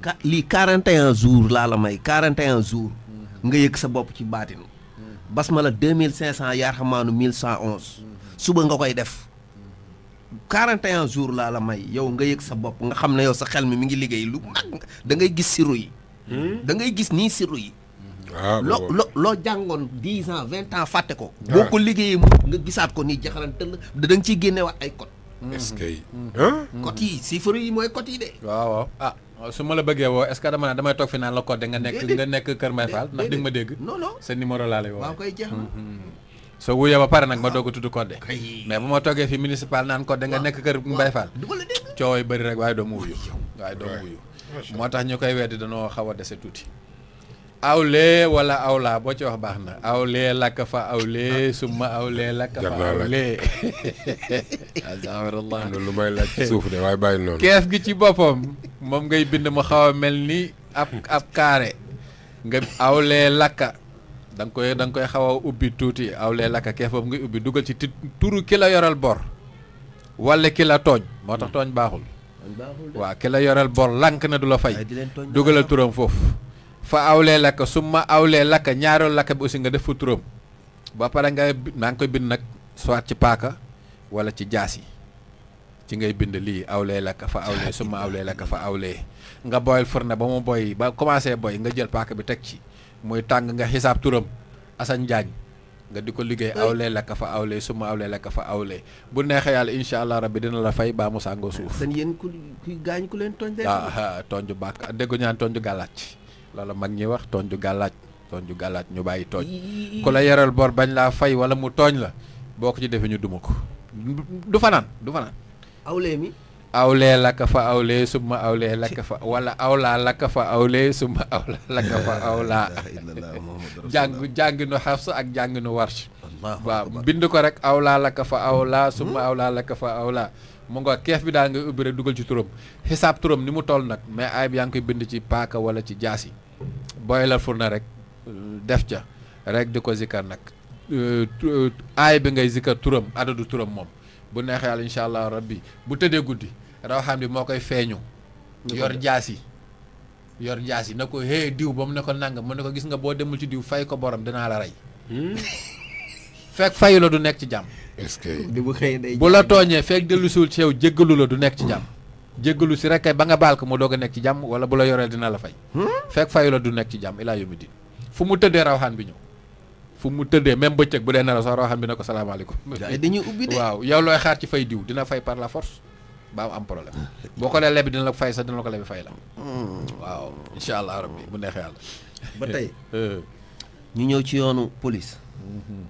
ka lii quarante et jours laa la may quarante et jours. Mhm. nga yëg sa bopp ci baatin. Mhm. basmala deux mille cinq cent yaar xamaanu mille cent suba nga koy def. 41 jours laa la may yow nga yëg sa bopp nga xam ne yow sa xel mi mi ngi liggéey lu mag da ngay gis siru yi. Hmm? da ngay gis nii siru yi. Ah, waaw loo loo loo jàngoon 10 ans 20 ans fàtte ko. Ah. boo ko liggéeyee mu nga gisaat ko nii jaxaran tëll da nga ciy génneewaat ay code. Hmm. est-ce que. code yi hmm. chiffres yi mooy cot yi de. waaw waaw ah. su ma la bëggee woo est-ce que dama ne damay toog fi naan la code nga nekk nga nekk Kër Mbaye Fall ndax di ma dégg. non non sa numéro laa lay koy jeex na. soo wuyoo ba pare nag ma doog a tudd Codé mais bu ma toogee fi municipal naan Codé nga nekk kër Mbaye Fall coow yi bëri rek waaye doo ma wuyu waaye doo ma moo tax ñu koy weddi danoo xaw a dese tuuti walla aw awlaa boo ci wax baax na aw lakka fa lakka fa awlee astaghfirullah lu may laaj ci suuf de waaye bàyyi keef gi ci boppam moom ngay bind mu xaw a mel ni ab ab carré nga awlee lakka dang koy dang koy xawa ubbi tuuti awlee laka kee foofu ngay ubbi dugal ci turu ki la yoral bor wala ki la tooñ moo tax hmm. tooñ wa waa ki la yoral bor lank na dula fay dugalal turum foofu fa awlee laka summa ma awlee laka ñaareel laka bi aussi nga def fa turam ba pare nga maa ngi koy bind nag soit ci paaka wala ci jaas ci ngay bind lii awlee laka fa awlee summa ma awlee laka fa awlee nga boyal furna ba mu boy ba commencé boy nga jël paaka bi teg ci muy tàng nga xisaab turam Assane Diagne nga di ko liggéey awlee lakk fa awlee suma awlee lakka fa awlee bu neexee yàlla incha allah rabbi dina la fay baa mu sàngoo suuf seen yéen ku kuy gaañ ku leen tooñ waaw ah, ah, tooñ ju bàkk déggu ñaan tooñ ju gàllaaj loolu mag ñi wax tooñ ju gàllaaj tooñ ju gàllaaj ñu bàyyi tooñ ku la yaral bool bañ laa fay wala mu tooñ la boo ko ci defee ñu duma ko du fanaan du fanaan awlee mi awlee lakka fa awlee summa awlee lakka fa wala awlaa lakka fa awlee summa awlaa lakka fa awlaa jàng jàng nu xafs ak jàng nu warsh waaw bind ko rek awlaa lakka fa awlaa hmm? summa awlaa lakka fa awlaa mu nga keef bi daal nga ubbi rek dugal ci turam xisaab turam ni mu toll nag mais ayib yaa ngi koy bind ci paaka wala ci jaas yi booy la fur na rek def ca rek di ko zikkar nag euh, euh, aay bi ngay zikkar turam adadu turam moom bu neexee yàlla incha allah rabbi bu tëddee guddi rawaxaan bi moo koy feeñu yor jaas yi yor jaas yi na ko hee diw ba mu ne ko nangam mu ne ko gis nga boo demul ci diw fay ko borom danaa la rey hmm? fekk fayu la du nekk ci jàmm est-ce que bu la tooñee fekk dellusiwul ci yow jéggalu la du nekk ci jàmm jéggalu si rek ba nga baal ko mu doog a nekk ci jàmm wala bu la yoreel dina la fay hmm? fekk fayu la du nekk ci jàmm ilaa yawmi diin fu mu tëddee rawaxaan bi ñëw fu mu tëddee même bëccëg bu dee nelaw rawaxaan bi ne ko salaamaaleykum dañuy ubbi de waaw yow looy fay diw dina fay par la force ba am problème boo ko lee lebi dina la ko fay sax dina la ko lebi fay la waaw incha allah rabbi bu neexee yàlla ba tey euh. ñu ñëw ci yoonu police mhm.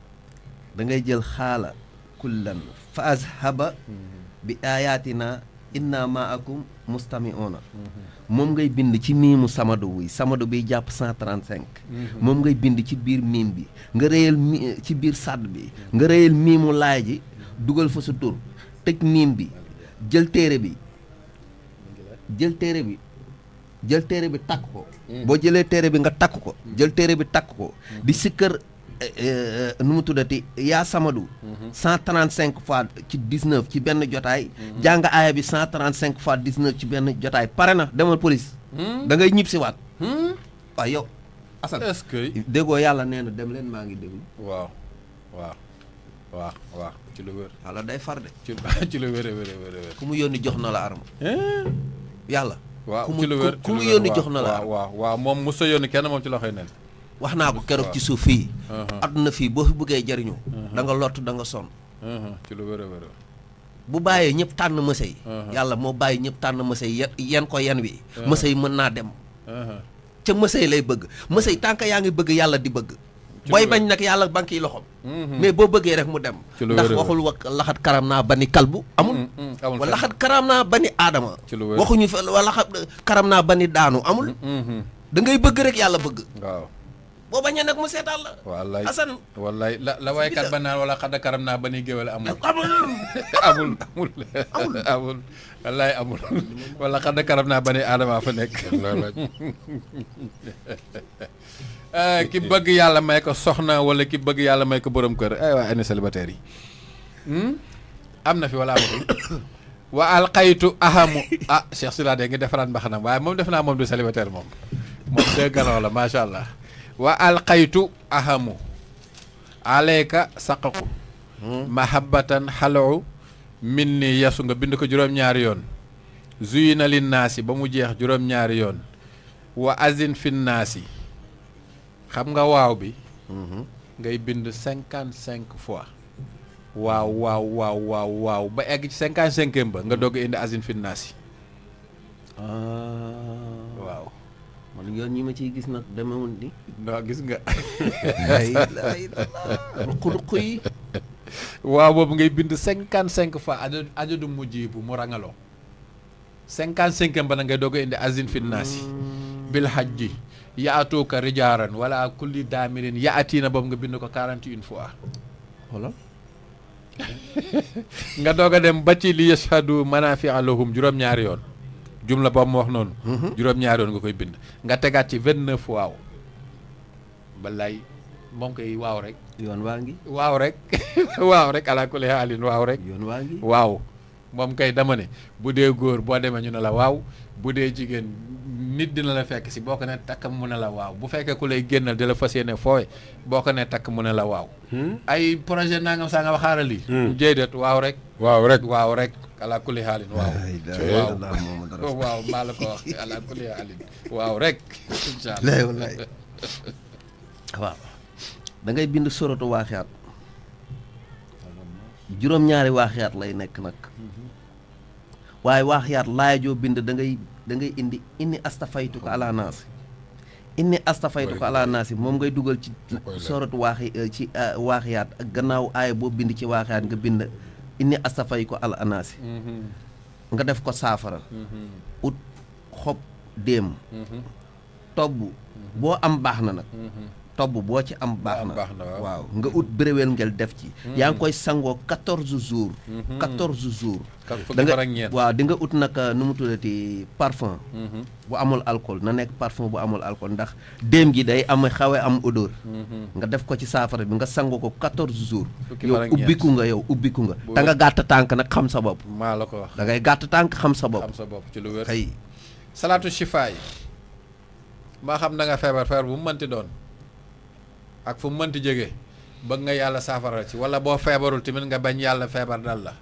dangay jël xaala kullan fa azhaba bi ayatina inna maakum mustamiuna mhm. moom ngay bind ci miimu samado wuy samado biy jàpp 135 mhm. moom ngay bind ci biir miim bi nga réyal mi ci biir sàdd bi nga réyal miimu laay ji dugal fa sa tur tëj miim bi jël téere bi jël téere bi jël téere bi takk ko hmm. boo jëlee téere bi nga takk ko hmm. jël téere bi takk ko hmm. di sikkër eh, eh, nu mu tuddati yaa samadu cent trente cinq fois ci dix neuf ci benn jotaay jàng aaya bi cent trente cinq fois dix neuf ci benn jotaay pare na demal police da ngay si waat waaw yow Assane est-ce yàlla nee na dem leen maa ngi déglu waaw waaw waaw waaw ci lu wér. yàlla day far de. ci ci lu wér wér wér. ku mu yónni jox na la arme. Eh? yàlla. waaw ci lu ku mu yónni jox na la arme waaw waaw moom mos a yónni kenn moom ci loxoy nen. wax naa ko keroog ci suuf fii. Uh-huh. àdduna fii boo fi bëggee jariñu uh-huh. da nga lott da nga sonn. Uh-huh. ci bu bàyyee ñëpp tànn mësa yi. yàlla moo bàyyi ñëpp tànn mësa yi yen ko yen wi. mësa yi mën naa dem. ca mësa lay bëgg mësa yi tant yaa ngi bëgg yàlla di bëgg. booy bañ nag yàlla banque yi loxoom mm-hmm. mais boo bëggee rek mu dem ndax waxul wa laxat karam naa bani kalbu amul mm-hmm. Mm-hmm. wa laxat karam naa bani aadama waxuñu fa wa laxat karam naa bani daanu amul da ngay bëgg rek yàlla bëgg waaw boo bañee nag mu seetaan la wallaay la la waaykat ba naan wala xadda karam naa bani géwél amul amul amul amul wallaay amul wala xadda karam naa bani aadama fa nekk Eh, ki bëgg yàlla may ko soxna wala ki bëgg yàlla may ko borom kër ay eh, waa ana célibataire yi hmm? am na fi wala amatul wa alqaytu ahamu ah Cheikh Sida de ngi defaraat mbaxanam waaye moom def naa moom du célibataire moom moom de galaw la macha allah wa alqaytu ahamu aleyka saqaku hmm? mahabbatan xalawu min ni yasu nga bind ko juróom-ñaari yoon zuyina linnaasi ba mu jeex juróom-ñaari yoon wa azin finnaasi xam nga waaw bi mhm. ngay bind 55 fois waaw waaw waaw waaw waaw ba egg ci 55 cinquième ba nga dogg indi asine finnaasi ah. waaw man yoon ñi ma ciy gis nag demewul ni non gis nga ruq-ruq yi waaw boobu ngay bind cinquante fois adadu adadu mujibu mu rangaloo 55 cinquième ba na ngay dogg indi asine finnaasi mm. bil hajji yaatuuka rijaaran wala kulli daamirin yaatiina boobu nga bind ko quarante une fois voilà nga doog a dem ba ci li yashadu manafia lahum juróom-ñaari yoon jumla boobu mu wax noonu mhm. juróom-ñaari yoon nga koy bind nga tegaat ci vingt neuf waaw balay moom koy waaw rek yoon waa ngi waaw rek waaw rek ala kulli waaw rek yoon waaw moom kay dama ne bu dee góor boo demee ñu ne la waaw bu dee jigéen nit dina la fekk si boo ko ne takk mu ne la waaw bu fekkee ku lay génnal di la fas yéene fooy boo ko ne takk mu ne la waaw. Hmm? ay projet nangam saa nga waxaaral lii. Hmm. déedéet waaw rek. waaw rek waaw rek. ala kulli xaalin waaw. waaw waaw maa la ko wax ala kulli xaalin waaw rek. incha allah waaw. da ngay bind sorotu waaxiyaat juróom-ñaari waaxiyaat lay nekk nag mhm. waaye waaxiyaat laaya bind da ngay. da ngay indi inni astafaytu ko ala naas inni astafaytu ko ala moom ngay dugal ci sorat waaxi euh, ci euh, waaxiyaat ak gannaaw aaya boo bind ci waaxiyaat nga bind inni astafay ko ala mm-hmm. nga def ko saafara mm-hmm. ut xob déem mm-hmm. tobb boo am baax na nag tobb boo ci am baax na waaw nga ut béréwél ngel def ci hmm. yaa ngi koy sangoo quatorze jours hmm. quatorze jours da nga waaw di nga ut nag euh, nu mu tuddati parfum hmm. bu amul alcool na nekk parfum bu amul alcool ndax déem gi day am xawee am odeur nga def ko ci saafara bi nga sangoo ko quatorze jours yow ubbiku nga yow ubbiku nga te nga gàtt tànk nag xam sa bopp maa la ko wax da ngay gàtt tànk xam sa bopp ci lu wér salaatu shifaay maa xam na feebar feebar bu mu mënti doon ak fu mu mënti jóge bëgg nga yàlla saafara ci wala boo feebarul tamit nga bañ yàlla feebar dal la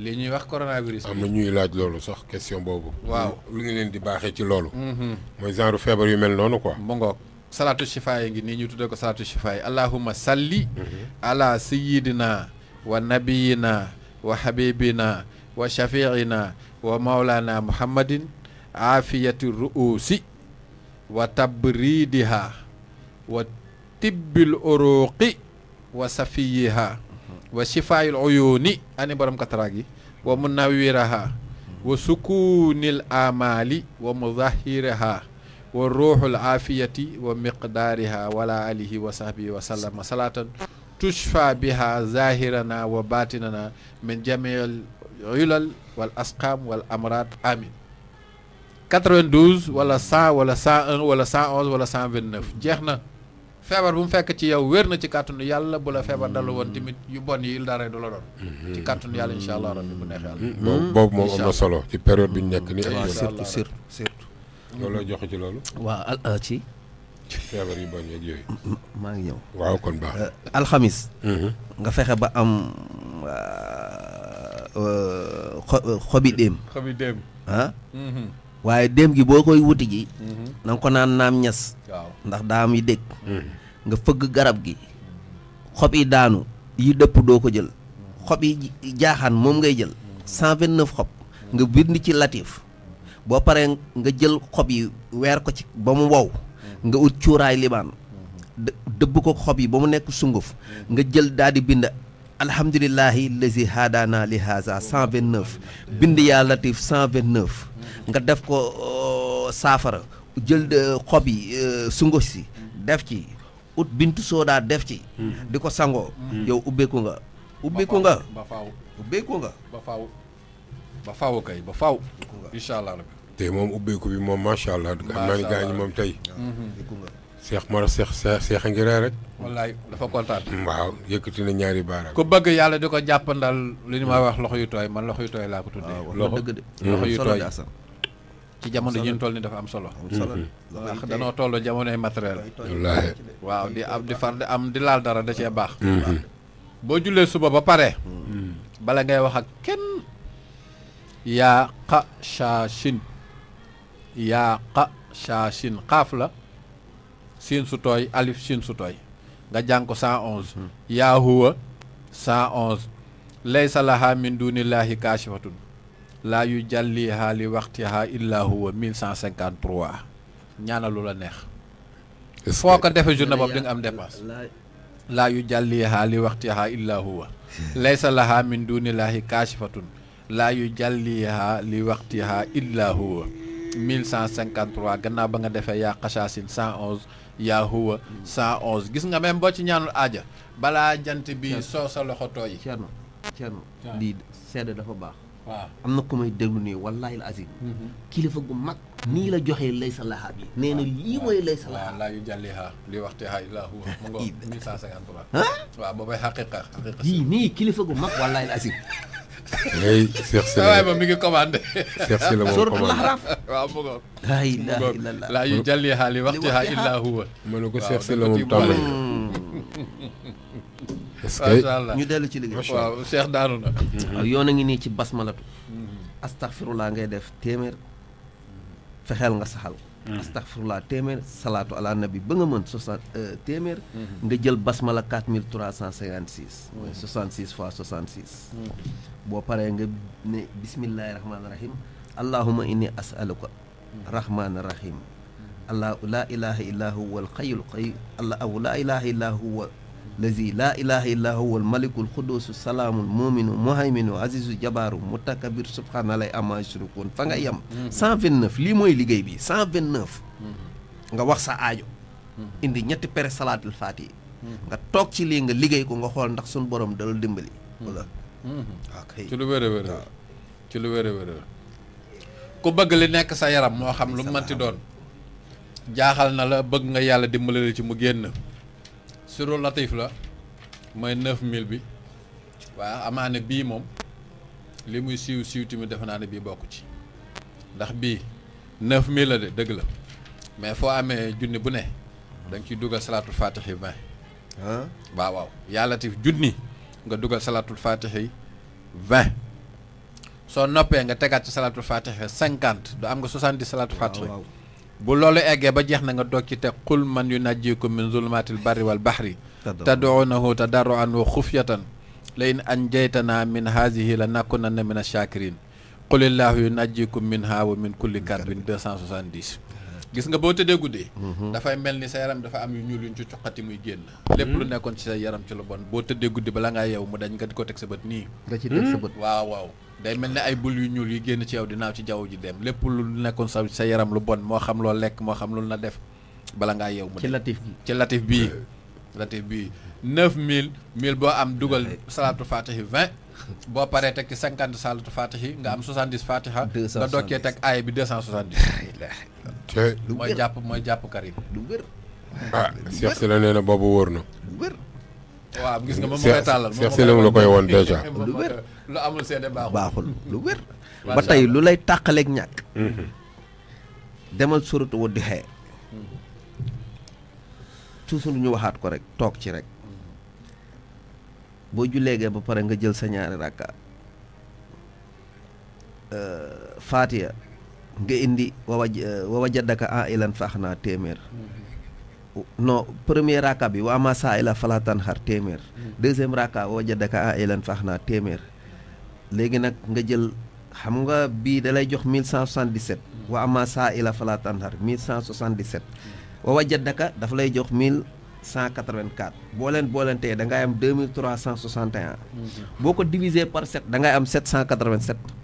li ñuy wax coronavirus. am na ñuy laaj loolu sox question boobu. waaw lu ngi leen di baaxee ci loolu. Mm-hmm. mooy genre feebar yu mel noonu ko mu ngoog salaatu shifa ngi nii ñu tuddee ko salaatu shifa yi allahumma salli. Mm-hmm. ala sayyidina wa nabiyina wa habibina wa shafiina wa maulana muhammadin aafiyati ruusi wa tabridiha tibbil uruqi wa safiyiha wa shifail uyuni ani borom kataragi wa munawwiraha wa sukunil amali wa mudahhiraha wa ruhul afiyati wa miqdariha wala alihi wa sahbihi wa sallam salatan tushfa biha zahirana wa batinana min jami'il ulal wal asqam wal amrad amin 92 wala 100 wala 101 wala 111 wala 129 jeex na feebar bu mu fekk ci yow wér na ci kàttanu yàlla bu la feebar dalu woon tamit yu bon yi dara du la doon. Mm-hmm. ci kàttanu yàlla incha allah rabbi bu neex yàlla. Mm-hmm. boobu boobu moom am na solo ci période bi ñu nekk nii. waaw surtout surtout surtout. loolu la joxe ci loolu. waaw euh, ci. ci feebar yu bon yeeg yooyu. ngi ñëw. waaw kon baax euh, alxamis. Mm-hmm. nga fexe ba am euh, xobi dém xobi déem. ah. waaye dém gi boo koy wuti ji. na ko naan naam ñas. waaw ndax daa am yi dégg. nga fëgg garab gi xob yi daanu yi dëpp doo ko jël xob yi jaaxaan moom ngay jël cent vingt xob nga bind ci latif boo paree nga jël xob yi weer ko ci ba mu wow nga ut cuuraay libaan dëbb ko xob yi ba mu nekk sunguf nga jël daal di bind alhamdulilahi lazi haadana li haza cent vingt neuf bind yaa latif cent vingt neuf nga def ko euh, saafara jël euh, xob yi euh, sunguf si def ci ut bintu soodaa def ci. Hmm. di ko sangoo. Hmm. yow ubbeeku nga. ubbeeku nga ba faw ubbeeku nga. ba faw ba faaw kay ba faw incha allah rabbi. te moom ubbeeku bi moom macha allah. macha allah xam naa gaañu moom tey. Hmm, ubbeeku nga. seex seex seex a ngi ree rek. wallaay dafa kontaan. waaw yëkkati na ñaari baaraam. ku bëgg yàlla di ko jàppandal li ñu ma wax loxo yu tooy man loxo yu tooy laa ko tuddee. loxo yu tooy ci jamono ji ñu toll ni dafa am solo. ndax danoo toll jamonoy matériel. wallaahi waaw di am di far di am di laal dara da cee baax. Mm-hmm. boo jullee suba ba pare. bala ngay wax ak kenn. yaa qa shaa shin yaa qa shaa shin xaaf la siin su tooy alif siin su tooy nga jàng ko cent onze mm-hmm. yaa huwa cent onze laysa laha min dunillahi kaashifatun laa yu jàlliha li waxtiha illa huwa 1153 ñaanalu la neex foo ko defe journée boobu di nga am dépense laa yu jàlliha li waxtiha illa huwa laysa laha min dunillahi kaashifatun laa yu jàlliha li waxtiha illa huwa 1153 gannaaw ba nga defee yaa xasaasin 111 yaa huwa 111 gis nga même boo ci ñaanul aaja balaa jant bi soo sa loxo tooy. baax waaw am na ku may déglu nii wallaahi al azim kilifa gu mag nii la joxee lay sa laxaab yi nee na lii mooy lay sa laxaab laa yu jàllihaa li waxtehaa illaa huwa mu ngo 1153 ah waaw boobay xaqiqa xaqiqa yii nii kilifa gu mag wallaahi al azim ay Cheikh Sylla waaye moom mi ngi commandé Cheikh Sylla moom commandé suratul Ahraf waaw mu ngoog laa ilaaha illallah laa yu jàllihaa li waxtehaa illaa huwa mu ne ko Cheikh Sylla moom tàmbali ñu dellu ci liggéey waaw cheikh daanu na waaw mm-hmm. yoon a ngi nii ci basmalatu mm-hmm. astaghfirullah ngay def téeméer mm-hmm. fexeel nga saxal astaghfirullah téeméer salaatu ala nabi ba nga mën soixante euh, téeméer nga jël basmala 4356 mooy 66 fois 66 boo paree nga ne bismillahi rahmaani rahim allahumma inni as'aluka rahmaani rahim allah la ilaha illa huwa al qayyul qayyum allah la ilaha illa huwa lazi laa ilaha illa huwa al malikul xudusu salaamul muminu muhayminu azizu jabaaru mutakabir subhanalay ama yushrikun fa nga yem 129 mm-hmm. lii mooy liggéey bi 129 mm-hmm. nga wax sa aajo mm-hmm. indi ñetti pere salaatul faatihi nga toog ci lii nga liggéey ko nga xool ndax suñu borom dalal dimbali wala ci lu wér a ku bëgg li nekk sa yaram moo xam lu mu mënti doon jaaxal na la bëgg nga yàlla dimbali la ci mu génn suro latif la mooy 9000 bi waaw amaane bii moom li muy siiw siiw tamit defe naa bii bokk ci ndax bii 9000 la de dëgg la mais foo amee junni bu ne da nga dugal salaatul faatixi 20. ah waaw waaw yaa latif junni nga dugal salaatul faatixi 20 soo noppee nga tegaat ci salaatul faatixi 50 du am nga 70 salaatul faatixi. bu loolu eggee ba jeex na nga doog ci te qul man yunajjikum min zulumaatil barri wal baxri tad'uunahu tadarruan wa xufyatan la in anjaytanaa min haadihi la nakunanna min ash-shaakiriin qul illaahu yunajjikum minhaa wa min kulli karbin 270 gis nga boo tëddee guddee mhm. dafay mel ni sa yaram dafa am yu ñuul yuñ ci cuqati muy génn mhm. lépp lu nekkoon ci sa yaram ci lu bon boo tëddee guddi bala ngaa yeew mu dañ nga di ko teg sa bët nii nga ci teg sa bët hmm? waaw waaw day melni ay bul yu ñuul yu genn ci yow di naaw ci jaww ji dem lepp lu nekkon sa sa yaram lu bon mo xam lo lek mo xam lu na def bala nga yow mu ci latif bi ci latif bi latif bi 9000 mille bo am dugal salatu fatihi 20 bo paré tek 50 salatu fatihi nga am 70 fatiha da doké tek ay bi 270 moy japp moy japp karim du wër ah Cheikh si na waa gis nga moom mooy tàllal Cheikh Sélém la koy woon dèjà. lu wér lu amul seede baaxul baaxul lu wér. ba tey lu lay tàqaleek ñàkk. Mm-hmm. demal suratu Wadduha mm-hmm. toujours ñu waxaat ko rek toog ci rek. boo julleegee ba pare nga jël sa ñaari rakka euh, Faatiya nga indi wa waj euh, wa wajadaka ailan faax naa téeméer. Mm-hmm. non premier raka bi waa ama saa ila falatan xar téeméer mm. deuxième raka woo jadaka a ilan fax naa téeméer léegi nag nga jël xam nga bii dalay jox 1177 mm. wa ama saa ila falatan xar 1177 wa wa jadaka dafa lay jox 1184 boo leen boolentee da ngay am 2361 mm-hmm. boo ko diviser par 7 da ngay am 787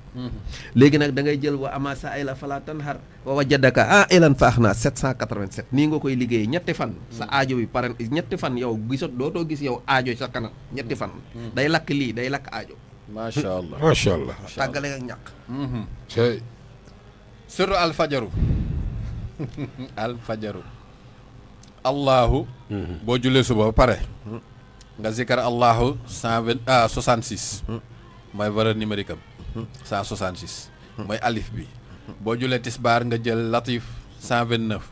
léegi nag da ngay jël wa ama sa ayla fala tanhar wa wajadaka ah ilan faax naa 787 nii nga koy liggéey ñetti fan sa mm. ajo bi pare ñetti fan yow gisat dootoo gis yow aajo sa kanam ñetti fan mm. day lakk lii day lakk aajo macha allah macha allah tàggale ak ñàkk mm-hmm. surtout alfajaru alfajaru allahu mm-hmm. boo jullee suba ba pare nga zikkar allahu cent vingt ah soixante mm. cent soixante six mooy alif bi boo julee tisbaar nga jël latif cent vingt neuf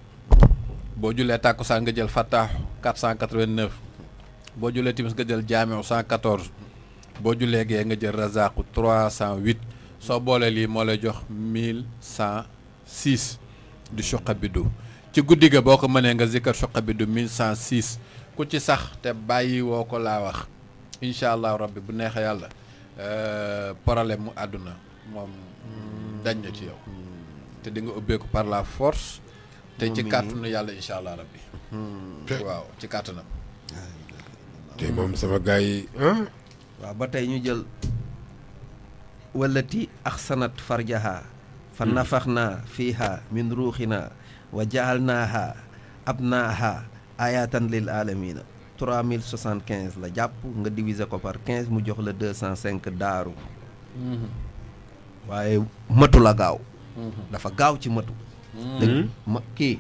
boo julee tàkkusaan nga jël fattaaxu quatre cent boo julee timis nga jël jaameewu cent quatorze boo julee gee nga jël razaqu trois cent huit soo boolee lii moo lay jox mille cent six du suqa biddu ci guddi ga boo ko mënee nga zikkar suqa biddu mille cent six ku ci sax te bàyyi woo ko laa wax incha allah rabbi bu neexee yàlla Euh, problème mu aduna moom dañ na ci yow te di nga ko par la force te ci carte nu yalla allah rabbi waaw ci na te mom sama gars yi ba tay ñu jël walati ahsanat farjaha fa hmm. fiha min ruhina wa jaalnaaha abnaaha ayatan lil alamin. mille 3075 la jàpp nga diviser ko par 15 mu jox la 205 daaru. Mhm. waaye matu la gaaw. Mhm. dafa gaaw ci matu. léegi mhm. ma kii.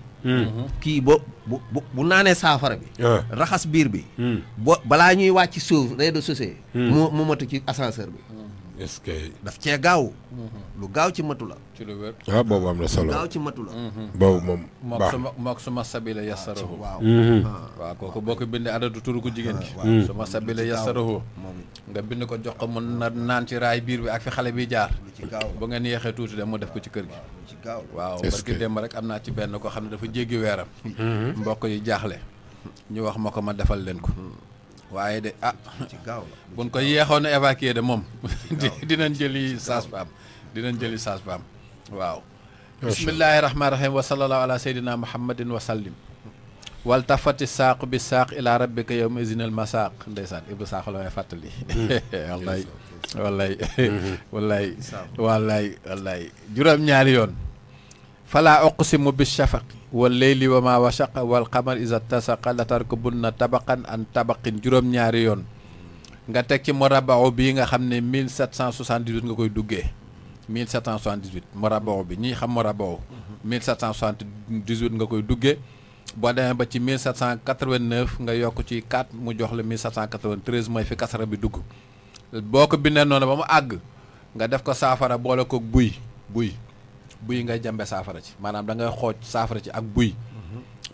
kii bo bu bu bu naanee saafara bi. Ah. raxas biir bi. Hmm. bo balaa ñuy wàcc suuf rez-de-chaussée. Hmm. mu matu ci ascenseur bi. Hmm. ce que. daf cee gaaw. Mhm. lu gaaw ci matu la. ci lu wér waaw ah, boobu am na solo lu gaaw ci matu la. Mhm. boobu moom baax mook su mook suma sabila yassarahu. Ah, waaw mhm. ah. waaw kooku boo ko bindee adadu turu ko jigéen ki. suma sabila yassarahu. nga bind ko jox ko mun na naan ci raay biir bi ak fi xale bi jaar. ba ngeen yeexee tuuti de mu def ko ci kër gi. waaw parce que rek am naa ci benn ko xam ne dafa jéggi weeram. mbokk yi jaaxle. ñu wax ma ko ma defal leen ko. waaye de ah buñ ko yeexoon a évacuer de moom dinañ jëli saas ba am dinañ jëli saas ba am waaw bismillahi rahmaani rahim wa sallallahu ala sayyidina muhammadin wa sallim wal tafati saaqu bi saaq ila rabbika yawma izinal masaaq ndeysaan ibnu saaq la may fàttali wallay wallay wallay wallay wallay juróom-ñaari yoon fala uqsimu bi shafaqi wal leyli wa ma wachaqa wal xamar isa tasaqa la tarkabunna tabaqan an tabaqin juróom-ñaari yoon nga teg ci morabao bii nga xam ne 1778 nga koy duggee 1778 morabao bi ñi xam morabao mhm. 1778 nga koy duggee boo demee ba ci 1789 nga yokk ci 4 mu jox la 1793 mooy fi kasara bi dugg boo ko bindee noonu ba mu àgg nga def ko saafara boole ko buy buy buy nga jambe safara ci manam da nga xoj safara ci ak buy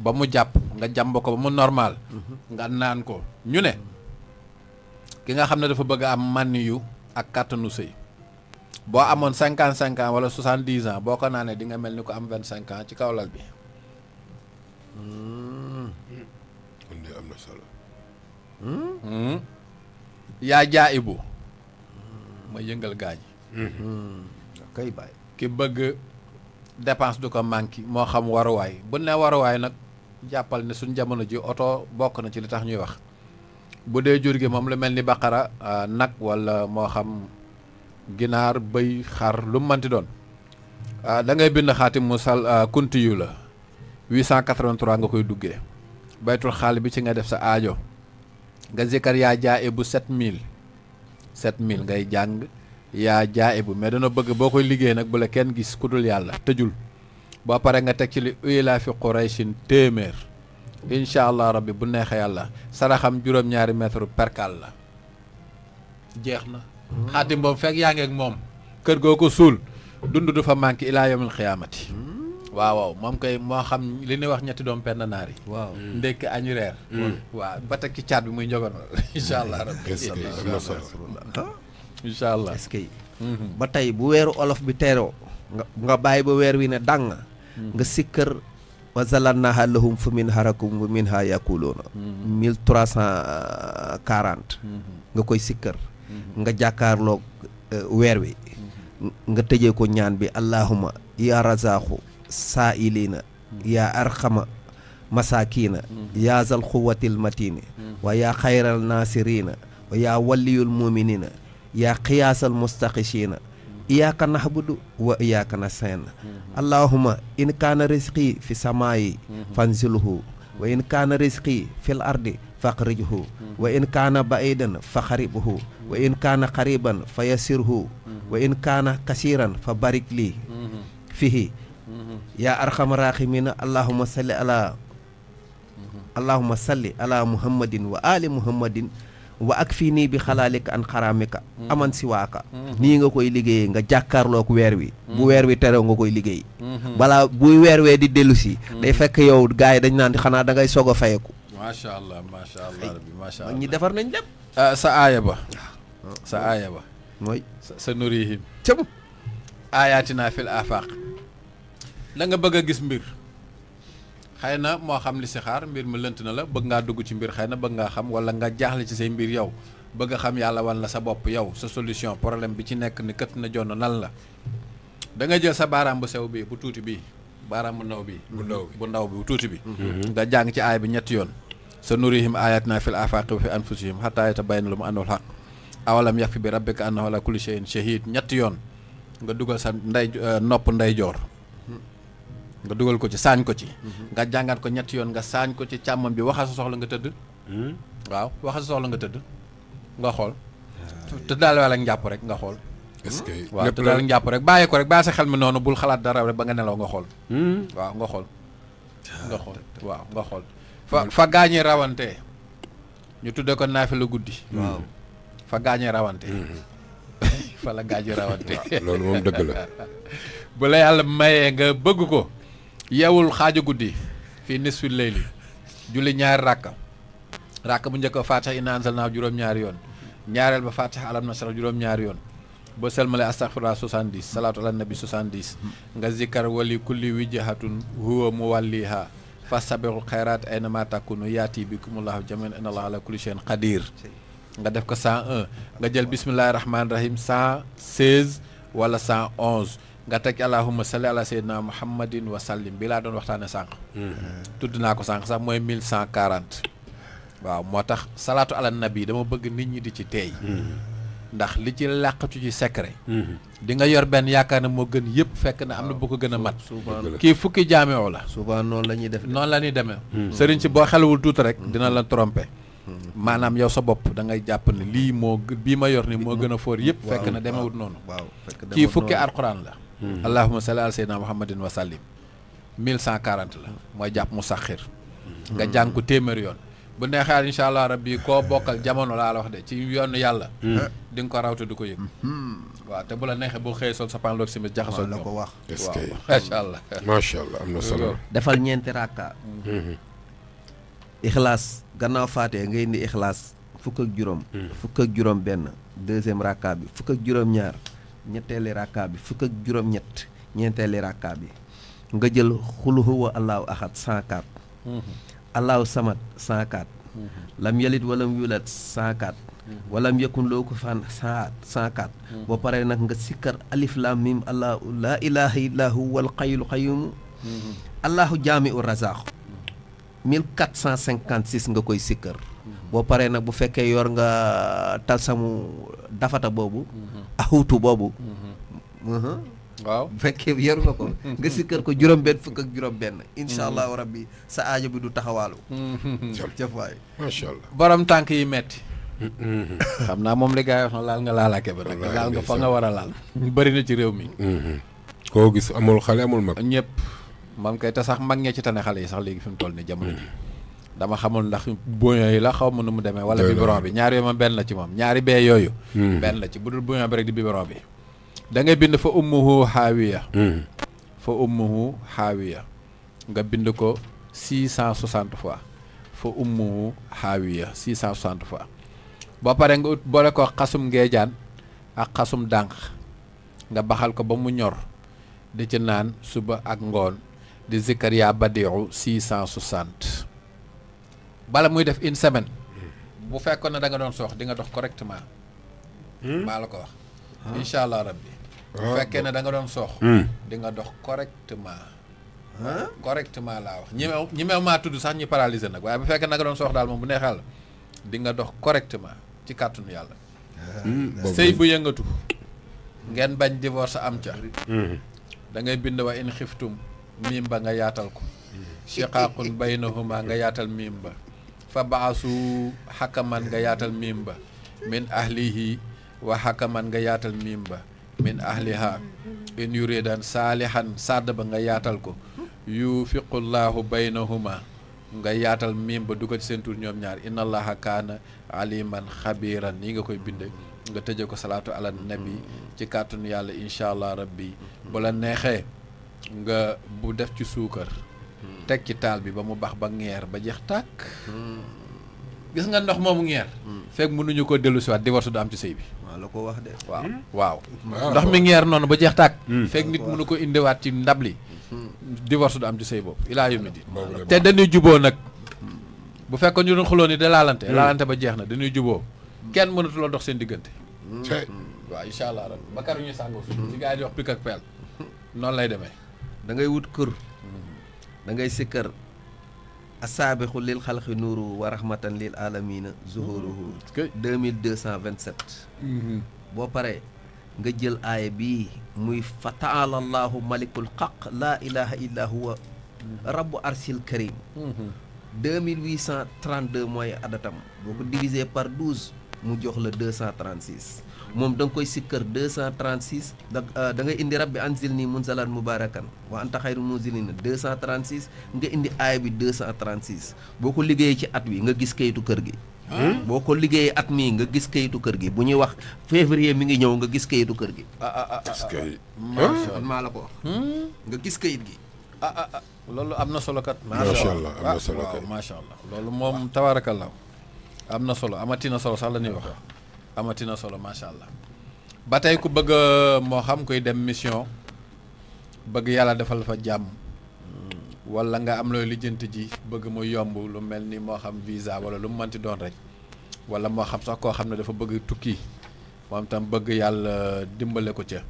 ba mu japp nga jambo ko ba mu normal nga nan ko ñu ne ki nga xamne dafa bëgg am maniyu ak kàttanu sëy boo amoon cinquante cinq ans wala 70 ans boko nané di nga melni ko am 25 ans ci kawlal bi hmm ndé amna solo hmm ya jaibu ma yëngal gaaji hmm. hmm kay bay ki bëgg dépense du ko manqué moo xam waruwaay bu ne waruwaay nag jàppal ne suñ jamono ji oto bokk na ci li tax ñuy wax bu dee jur gi moom lu mel ni baqara ah, nag wala moo xam ginaar bëy xar lu mu doon ah, da ngay bind xaati mu sal ah, kunti yu la nga koy duggee baytul xaal bi ci nga def sa aajo nga zikar yaa jaa e bu 7000 7000 ngay jàng Ya bu mais dana bëgg bokoy liggéey bu la kenn gis kudul yalla tejul tëjul ba pare nga tek ci li fi temer inshallah allah rabbi bu neexee yalla saraxam juroom ñaari mètre perkal la jeexna xati mom fek fekk yaa ak mom kër goko sul dundu du fa manki ila yawmil qiyamati waaw waaw mom kay mo xam li ni wax ñetti doom penn naari waaw mm. ndek añu reer mm. waaw ba teg ci bi muy allah rabbi incha allah est mhm. ba tey bu weeru olof bi teeroo nga bàyyi ba weer wi ne dàng mhm. nga sikkër wa zalannaha lahum fa min yakuloona mhm. nga koy sikkër nga jàkkaarloog eh, weer wi nga tëjee ko ñaan bi allahuma yaa razaaxu saa yaa arxama masaakiina yaa zal quwwatil matiini wa yaa xayral naasiriina yaa walliyul muminina yaa qiyaasal mustaqishiina iyaaka nahbudu wa iyaaka nastain allahuma in kaana risqi fi samaayi fanzilhu wa in kaana risqi fil ardi faqrijhu wa in kaana baidan fa xaribhu wa in kaana xariban fa yasirhu wa in kaana kasiran fa barik fihi yaa arxama raximina allahuma salli ala muhammadin wa ali muhammadin wa ak fii nii bi xalaalika an xaraamika mm. aman siwaaka mm-hmm. nii nga koy liggéeyee nga jàkkaarlook weer wi mm-hmm. bu weer wi terew nga koy liggéey mm-hmm. balaa buy weer wee di dellu si day fekk yow gars yi dañ naan xanaa da ngay soog a fayeku macha macha allah rabbi ñi defar nañ lépp ah, sa aaya ba ah. sa aaya ba mooy sa nurihim cam aayaatinaa fil afaq da nga bëgg a gis mbir xay na moo xam li si xaar mbir mi lënt na la bëgg ngaa dugg ci mbir xëy na bëgg ngaa xam wala nga jaaxle ci say mbir yow bëgg xam yàlla wan la sa bopp yow sa solution problème bi ci nekk ni kët na jonn nan la da nga jël sa baaraam bu sew bii bu tuuti bii baaraam bu ndaw bii bu ndaw bi bu ndaw bi tuuti bi mhm. nga jàng ci aay bi ñetti yoon sa nurihim ayatina fil afaqi wa fi anfusihim hatta yatabayyana lahum annahu al-haqq awalam yakfi bi rabbika annahu ala kulli shay'in shahid ñetti yoon nga dugal sa nday eh, nopp ndeyjoor nga dugal ko ci saañ ko ci. Mhm. nga jàngat ko ñetti yoon nga saañ ko ci càmmam bi waxal sa soxla nga tëdd. Hmm? waaw waxal sa soxla nga tëdd nga xool. Ah. te daal wala njàpp rek nga xool. est-ce que hmm? waaw te daal njàpp rek bàyyi ko rek bàyyi sa xel mi noonu bul xalaat dara ba nga nelaw nga xool. Hmm? waaw nga xool. Ah, nga xool waaw nga xool. fa fa gaañee rawante ñu tuddee ko la guddi. fa gaañee rawante. fa la gaañee rawante. loolu moom dëgg la. bu la yàlla mayee nga bëgg ko. yeewul xaaja guddi fii nisfil layli julli ñaari ràkka ràkka bu njëkk a faatiha inna anzalnaahu juróom-ñaari yoon ñaareel ba faatiha alam nasrah juróom-ñaari yoon ba selmale astaghfirullah 70 salaatu ala nabi 70 nga zikkar wali kulli wijhatun huwa muwalliha fastabiqul xayraat aynama takunu yaati bikumullahu jamian inna allaha ala kulli shay'in qadir nga def ko 101 nga jël bismillahi rahmaani rahim 116 wala 111 nga tek allahumma salli ala sayyidina muhammadin wa sallim bila don doon sank sànq hmm. ko sank sax moy 1140 waaw motax salatu ala nabi dama bëgg nit ñi di ci tey hmm. ndax li ci laqatu ci secret hmm. di nga yor ben yakarna mo gën yépp fekk na amna bu ko gëna mat ki fukki la subhan non lañuy def non lañuy demé sëriñ ci bo xelawul tout rek dina la tromper manam yow sa bop da ngay japp ni li mo yor ni mo gëna for yépp fekk na demewut ki fukki alquran la Mm-hmm. allahuma salli ala sayyidina muhammadin wa sallim mille cent quarante la mooy jàpp mu saxir mm-hmm. nga jàng ko téeméeri yoon bu neexaat incha allah rabbi koo bokkal jamono laa la wax de ci yoon yàlla mm-hmm. dinga nga ko rawte du ko yëg waaw te bu la neexee boo xëyee sol sa panloog simis jaxasoo la ko wax waaw macha allah macha allah am na solo defal ñeenti rakka ixlaas gannaaw faatee ngay indi ixlaas fukk ak juróom fukk ak juróom benn deuxième rakka bi fukk ak juróom ñaar ñetteeli rakka bi fukk ak juróom-ñett ñeenteeli rakka bi nga jël xul huwa allahu ahad 104. Mhm. allahu samad 104. Mhm. lam yalit walam yulat 104. Mhm. walam yakun loo ko fan 104. boo paree nag nga sikkar alif lam mim allahu laa ilaha illa huwa xayumu allahu jaami u razaaxu nga koy sikkar bo paré nak bu féké yor nga talsamu dafata bobu mhm. ahutu bobu mhm. Mhm. waaw fekkee yor nga ko nga sikkar ko juróom benn fuk ak juróom benn inshallah rabbi sa aajo bi du taxawalu jëf waay masha allah borom tank yi metti xam naa moom li gay wax na laal nga ke ba nak laal nga fa nga wara laal bari na ci réew mi ko gis amul xale amul mak ñëpp mam kay te sax mag ñe ci tane xale sax léegi fim tolni jamono ji dama xamone ndax bouillon yi la xaw ma nu mu demé wala biberon bi ñaar yooyu ma benn la ci mom ñaari be yoyu hmm. ben la ci budul bouillon bi rek di biberon bi da ngay bind fa ummuhu hawiya hmm. fa ummuhu hawiya nga bind ko 660 fois fa ummuhu hawiya 660 fois ba pare nga ut boole ko xasum ngeejaan ak xasum dank nga baxal ko ba mu ñor di ci nan suba ak ngoon di zikar badiu 660 bala muy def une semaine hmm. bu fekkone da nga don sox di nga dox correctement la ko wax inshallah rabbi bu fekkene da nga doon soox di nga dox correctement hmm? ah. ah, hmm. correctement ah? la wax ñi ñi ma tuddu sax ñi paralyser nak waaye bu fekkene na nga don sox dal mom bu neexal di nga dox correctement ci kàttanu yàlla sey bu yëngatu ngeen bañ divorce am ca da ngay bind wa in khiftum mimba nga yaatal ko shiqaaqun nga yaatal fa baasu xakaman nga yaatal miim ba min ahlihi wa xakaman nga yaatal miim ba min ahliha in yuridan saalihan sadd ba nga yaatal ko yufiqullaahu baynahuma nga yaatal miim ba du ko ci seen tur ñoom ñaar inna allaha kaana aliman xabiran nii nga koy bind nga tëje ko salaatu ala nabi ci kàttanu yàlla incha allah rabbi bu la neexee nga bu def ci suukar tek ci tal bi ba mu bax ba ngeer ba jeex tak hmm. gis nga ndox momu ngeer fek hmm. fekk ñu ko delu ci wat di divorce do am ci sey bi wa la ko wax de waaw hmm? waaw ndox mi ngeer non ba jeex tak fek nit mënu ko indi wat ci ndabli di divorce do am ci sey boobu ila yumi di te dañuy jubo nak bu fekkoon ñu doon xuloo ni da laalante laalante ba jeex na dañuy jubo kenn lo dox seen diggante wa inshallah allah rab ba karuñu ci gaay di wax pikk ak pel non lay demee da ngay wut kër da ngay sikkar asaabixu lil xalqi nuuru wa rahmatan lil alamina zuhuruhu deux mille deux cent vingt sept boo paree nga jël aaya bii muy fa taala allahu malikul xaq laa ilaha illa huwa rabbu arsil karim deux mille huit cent trente deux mooy adatam boo ko divisé par douze mu jox la deux cent trente six moom si kër da nga koy sikkër 236 da da ngay indi rabbi anzil nii munzalan mubarakan wa anta xayru munzilin 236 nga indi aay bi 236 boo ko liggéeyee ci at wi nga gis kayitu kër gi hmm? boo ko liggéeyee at mii nga gis kayitu kër gi bu ñuy wax février mi ngi ñëw nga gis kayitu kër gi ah, ah, ah, hmm? maa la ko wax hmm? nga gis kayit gi ah loolu am na solo kat macha allah am na solo kat macha allah loolu moom tabaarakallaa am na solo amatina solo sax la ñuy wax amatina solo macha allah ba tey ku bëgg moo xam kuy dem mission bëgg yàlla defal fa jàmm wala nga am looy lijjanti ji bëgg mu yomb lu mel ni moo xam visa wala lu mu mënti doon rek wala moo xam sax koo xam ne dafa bëgg tukki moom tam bëgg yàlla dimbale ko ca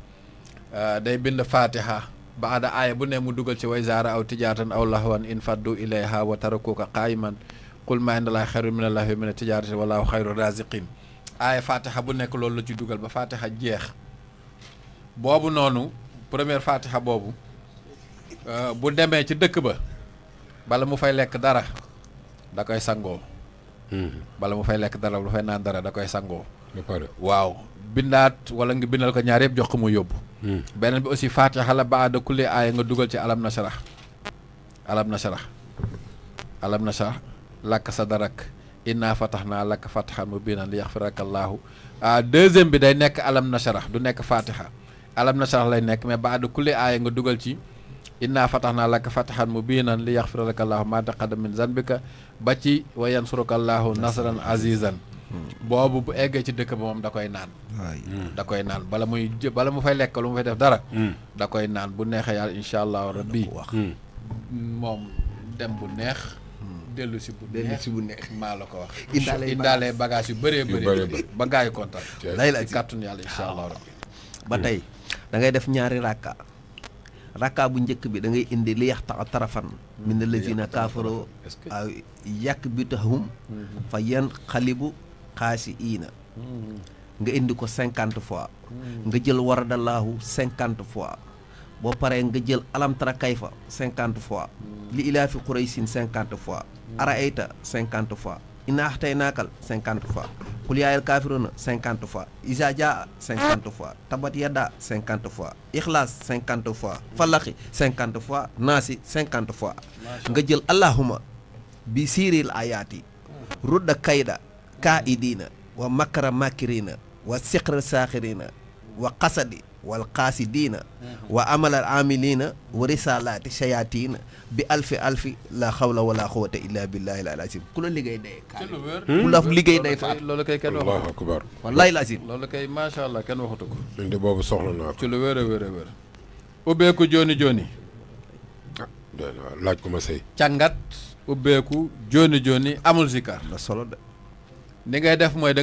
euh, day bind fatiha ba ada aaya bu ne mu dugal ci way zaara aw tijaatan aw lahwan in faddu ilayha wa tarakuka qaayiman qul ma indalaa xayru min allahi wa min tijaarati wallahu xayru raziqin aaya fatiha bu nekk loolu la ci dugal ba fatiha jeex boobu noonu première fatiha boobu euh, bu demee ci dëkk ba bala mu fay lekk dara da koy sangoo mm-hmm. bala mu fay lekk dara lu fay naan dara da koy sangoo waaw bindaat wala nga bindal ko ñaar yëpp jox ko mu yóbbu mm. beneen bi aussi fatiha la ba àdda kulli aaya nga dugal ci alam nasarah alam nasarah alam nasarah lakk sa darak inna fatahnaa laka fathan mubiinan li yaxfiraka llaahu ah, deuxième bi day nekk alam nasharah du nekk fatiha alam nasharah lay nekk mais ba àdd kulli aaya nga dugal ci inna fatahnaa laka fathan mubiinan li yaxfiraka llaahu maa taqaddama min zanbika ba ci wa yansuruka llaahu nasran azizan boobu bu eggee ci dëkk ba moom da koy naan da koy naan bala muy bala mu fay lekk lu mu fay def dara mm. da koy naan bu neexee yàlla incha allahu rabbi mm. moom dem bu neex dellu si la ko wax. indaale bagage yu bëree bëri ba gaa yi kontaan. Ah. ba tey da ngay def ñaari rakka rakka bu njëkk bi da ngay indi li yax taxa tarafan min allazina kaafaro yàq bi taxum fa yan xalibu xaasi iina mm-hmm. nga indi ko cinquante fois mm-hmm. nga jël waradallaahu cinquante fois boo paree nga jël alam kayfa cinquante fois li ilaa fi quraysin cinquante fois araayta cinquante fois inaax tey naakal fois cinquante fois isa fois tabat yadda cinquante ixlaas cinquante naasi cinquante nga jël allahuma bi siiril ayaati rudda kayda kaa wa makara makirina wa siqra saaxirina wa qasadi والقاسدين وعمل العاملين ورسالات الشياطين بألف ألف لا حول ولا قوة إلا بالله العلي العظيم كل اللي جاي ده كل اللي جاي ده فات الله أكبر والله العظيم لولو كي ما شاء الله كانوا وخطوك عند باب سخنا النار كل وير وير وير ubbeeku جوني جوني آه، لا ko سي sey càngat جوني جوني jooni amul zikar la solo de ni ngay def mooy da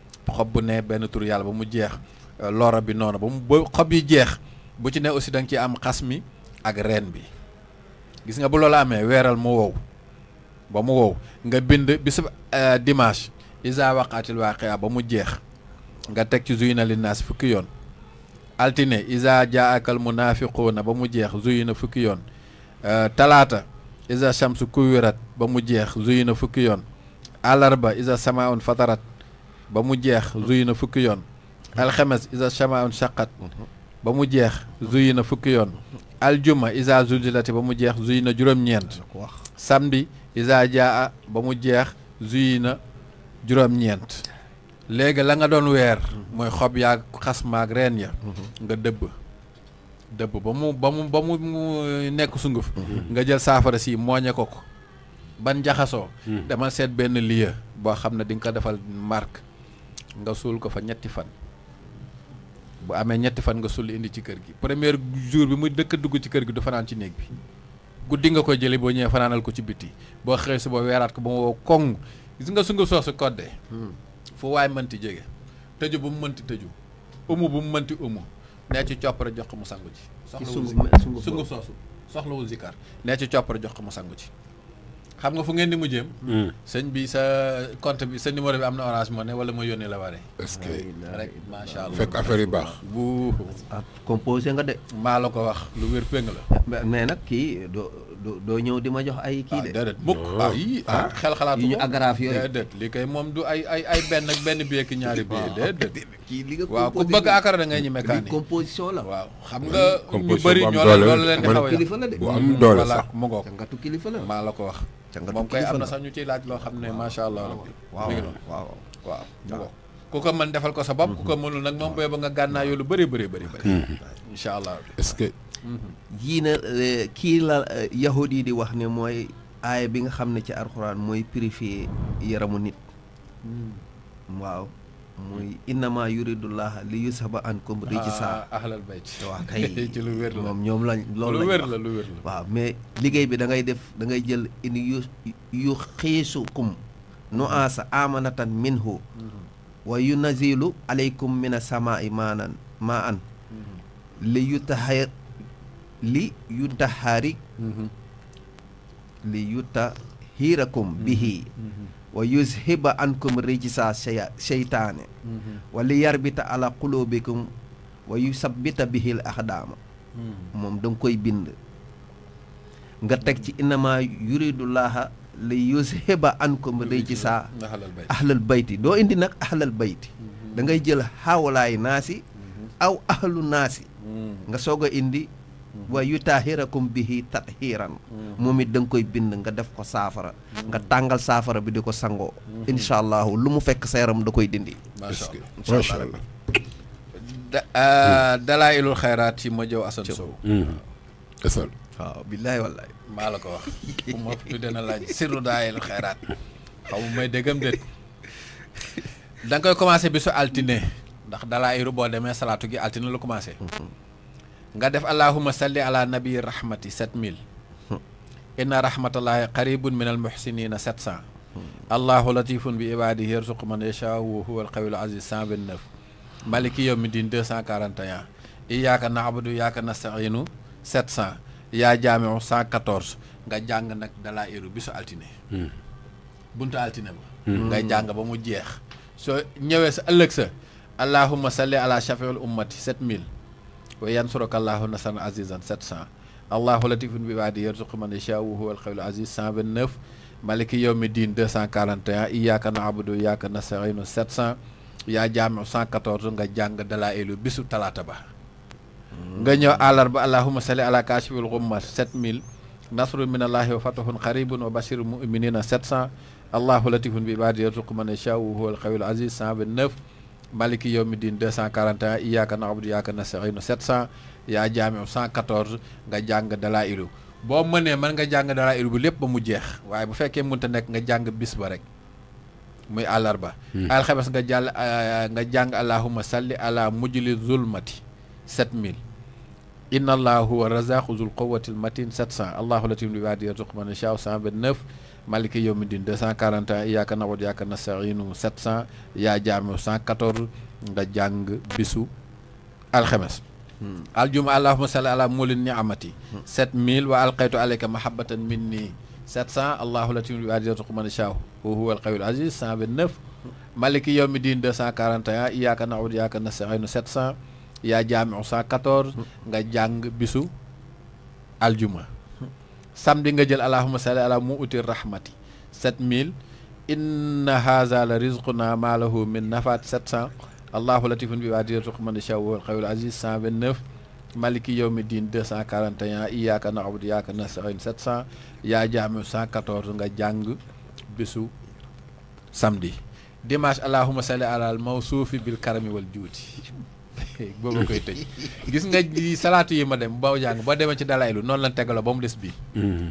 xob bu ne benn tur yàlla ba mu jeex euh, lora bi noonu ba mu ba xob yi jeex bu ci ne aussi da nga ciy am xas mi ak reen bi gis nga bu loolu amee weeral mu wow ba mu wow nga bind bisu euh, dimanche isa waqaatil waaqia ba mu jeex nga teg ci zuyina linnaas fukki yoon altine isa jaakal na ba mu jeex na fukki yoon euh, talaata isa shamsu kuwirat ba mu jeex na fukki yoon àllarba sama samaun fatarat ba mu jeex zuyi na fukki yoon alxemes isa shamaun shaqat ba mu jeex zuyi na fukki yoon aljuma isa zulzilati ba mu jeex zuyi na juróom-ñeent samedi isa jaa ba mu jeex zuyi na juróom léegi la nga doon weer mooy xob yaa xas maag reen ya nga dëbb dëbb ba mu ba mu ba mu nekk sunguf nga jël saafara si mooñe ko ko ban jaxasoo hmm. dama seet benn lieu boo xam ne di nga ko defal marque nga suul ko fa ñetti fan bu amee ñetti fan nga suul indi ci kër gi premier jour bi muy dëkk dugg ci kër gi du fanaan ci néeg bi guddi nga koy jëlee boo ñëwee fanaanal ko ci biti boo xëy su boo weeraat ko ba mu wow koŋ gis nga su nga soosu koddee hmm. fu waay mënti jege tëju bu mu mënti tëju umu bu mu mënti umu nee ci coppare jox ko mu sangu ci soxlawul sunguf soosu wu zikar nee ci coppare jox ko mu sangu ci xam nga fu ngeen di mu jëm hmm. sëñ bi sa compte bi sa numéro bi am na orange money wala ma yónnee la waré. est-ce que rek macha allah fekk affaire yu baax bu ah, composé nga de maa la ko wax lu wér péng la mais nag kii do do ñëw di ma jox ay kii de ah, déedéet mukk ah yi ah, ah xel xalaat yi ñu agraf yooyu déedéet li kay moom du ay ay ay benn ak benn bi ak ñaari bi déedéet kii li nga composé waaw ku bëgg akara da ngay ñu mécanique composition la waaw xam nga ñu bëri ñoo la leen di xaw a bu am doole sax mu ngoog nga tu kilifa la maa la ko wax jàngat moom kay am sax ñu ciy laaj loo xam ne macha allah rabbi waaw waaw waaw waaw ku ko mën defal ko sa bopp ku ko mënul nag moom boobu nga lu allah est-ce que jii la di wax ne mooy aaya bi nga xam ne ci alxuraan mooy purifier yaramu nit hmm. waaw muy innama yuridullah li yusaba ankum rijsa ah, ahlal moom ñoom lañ loolu wér la lu wér la waaw mais liggéey bi dangay def dangay jël in yu yu xiisukum nu aasa amanatan minhu mm-hmm. wa yu nazilu aleykum mina samaai maa an mm-hmm. li yu taxar li yu taxaari mm-hmm. li wa yuzhiba ankum rijsa seytaane mm-hmm. wa li yarbita ala qulubikum wa yusabbita bihil axdaama mm-hmm. moom danga koy bind nga teg ci innama yuridullaha li yuzhiba ankum rijsa ahlal bayti doo indi nag ahlal bayti mm-hmm. dangay ngay jël xawlaay naasi aw ahlu naasi nga soog a indi wa yutahirakum bi tathiran mm-hmm. moom it danga koy bind nga def ko saafara nga tàngal saafara bi di ko sangoo mm-hmm. incha allahu lu mu fekk sa yaram da koy dindi macha allah ah, mm. dalaayilul xayraat ci ma jëw asan sow mm-hmm. waaw la ko wax bu ma tuddee na laaj sirru xayraat xaw may déggam déet da koy commencé bi su altine ndax dalaayiru boo demee salaatu gi altine la commencé nga def allahumma salli ala nabi rahmati 7000 inna rahmatallahi qaribun min al muhsinina 700 allahu latifun bi ibadihi yarzuqu man yashaau wa huwa al qawiyul aziz 129 maliki yawmi din 241 iyyaka na'budu iyyaka nasta'inu 700 yaa jaamiu 114 nga jàng nak dalaa iru bisu altine bunta altine ba nga jàng ba mu jeex so ñewé sa ëlëk sa allahumma salli ala shafiul ummati 7000 wa yansuraka allahu nasran azizan 700 allahu latifun bi baadi yarzuqu man yashaa wa huwa alqawil aziz 129 maliki yawmi diin 241 iyyaka na'budu iyyaka nasta'inu 700 yaa jaamiu 114 nga jàng dalaa'ilu bisu talaata ba nga ñëw àllarba allahumma salli ala kaashifil ghumma 7000 nasru minallahi wa fatahun qaribun wa bashiru mu'minina 700 allahu latifun bi baadi yarzuqu man yashaa wa huwa alqawil aziz 129 maliki yawmi diin 241 iyyaka na'budu iyyaka nasta'iin 700 yaa jaamiu 114 nga jàng dalaa ilu boo mënee mën nga jàng dalaa ilu bu lépp ba mu jeex waaye bu fekkee mënta nekk nga jàng bis ba rek muy àllarba alxames nga jàll nga jàng allahumma salli ala mujli zulmati 7000 inna allah huwa razaqu zul quwwatil matin 700 allahu latif li ibaadihi yarzuqu man yashaa'u 129 maliki yawmi din 241 iyyaka na'budu wa iyyaka nasta'iinu 700 yaa jaarme 114 nga jàng bisu alxemes hmm. aljuma allahuma salli ala mulin ni amati 7000 hmm. wa alqaytu alayka mahabbatan minni 700 allahu latifun bi ibadihi man yashaa wa huwa alqawiyyu al-aziz 129 maliki yawmi din 241 iyyaka na'budu wa iyyaka nasta'iinu 700 yaa jaarme 114 hmm. nga jàng bisu aljuma samedi nga jël allahuma salli ala mu uti rahmati 7000 inna haza la rizquna ma lahu min nafaat 700 allahu latifun bi ibaadihi yarzuqu man yashaa wal qawiyyul aziz 129 maliki yawmi diin 241 iyyaka na'budu wa iyyaka nasta'iin 700 yaa jaami 114 nga jàng bisu samedi dimanche allahuma salli ala al mawsuufi bil karami wal booba koy tëj gis nga salaatu yi ma dem boo jàng boo demee ci dalay dalaylu noonu lan tegaloo ba mu des bii mm-hmm.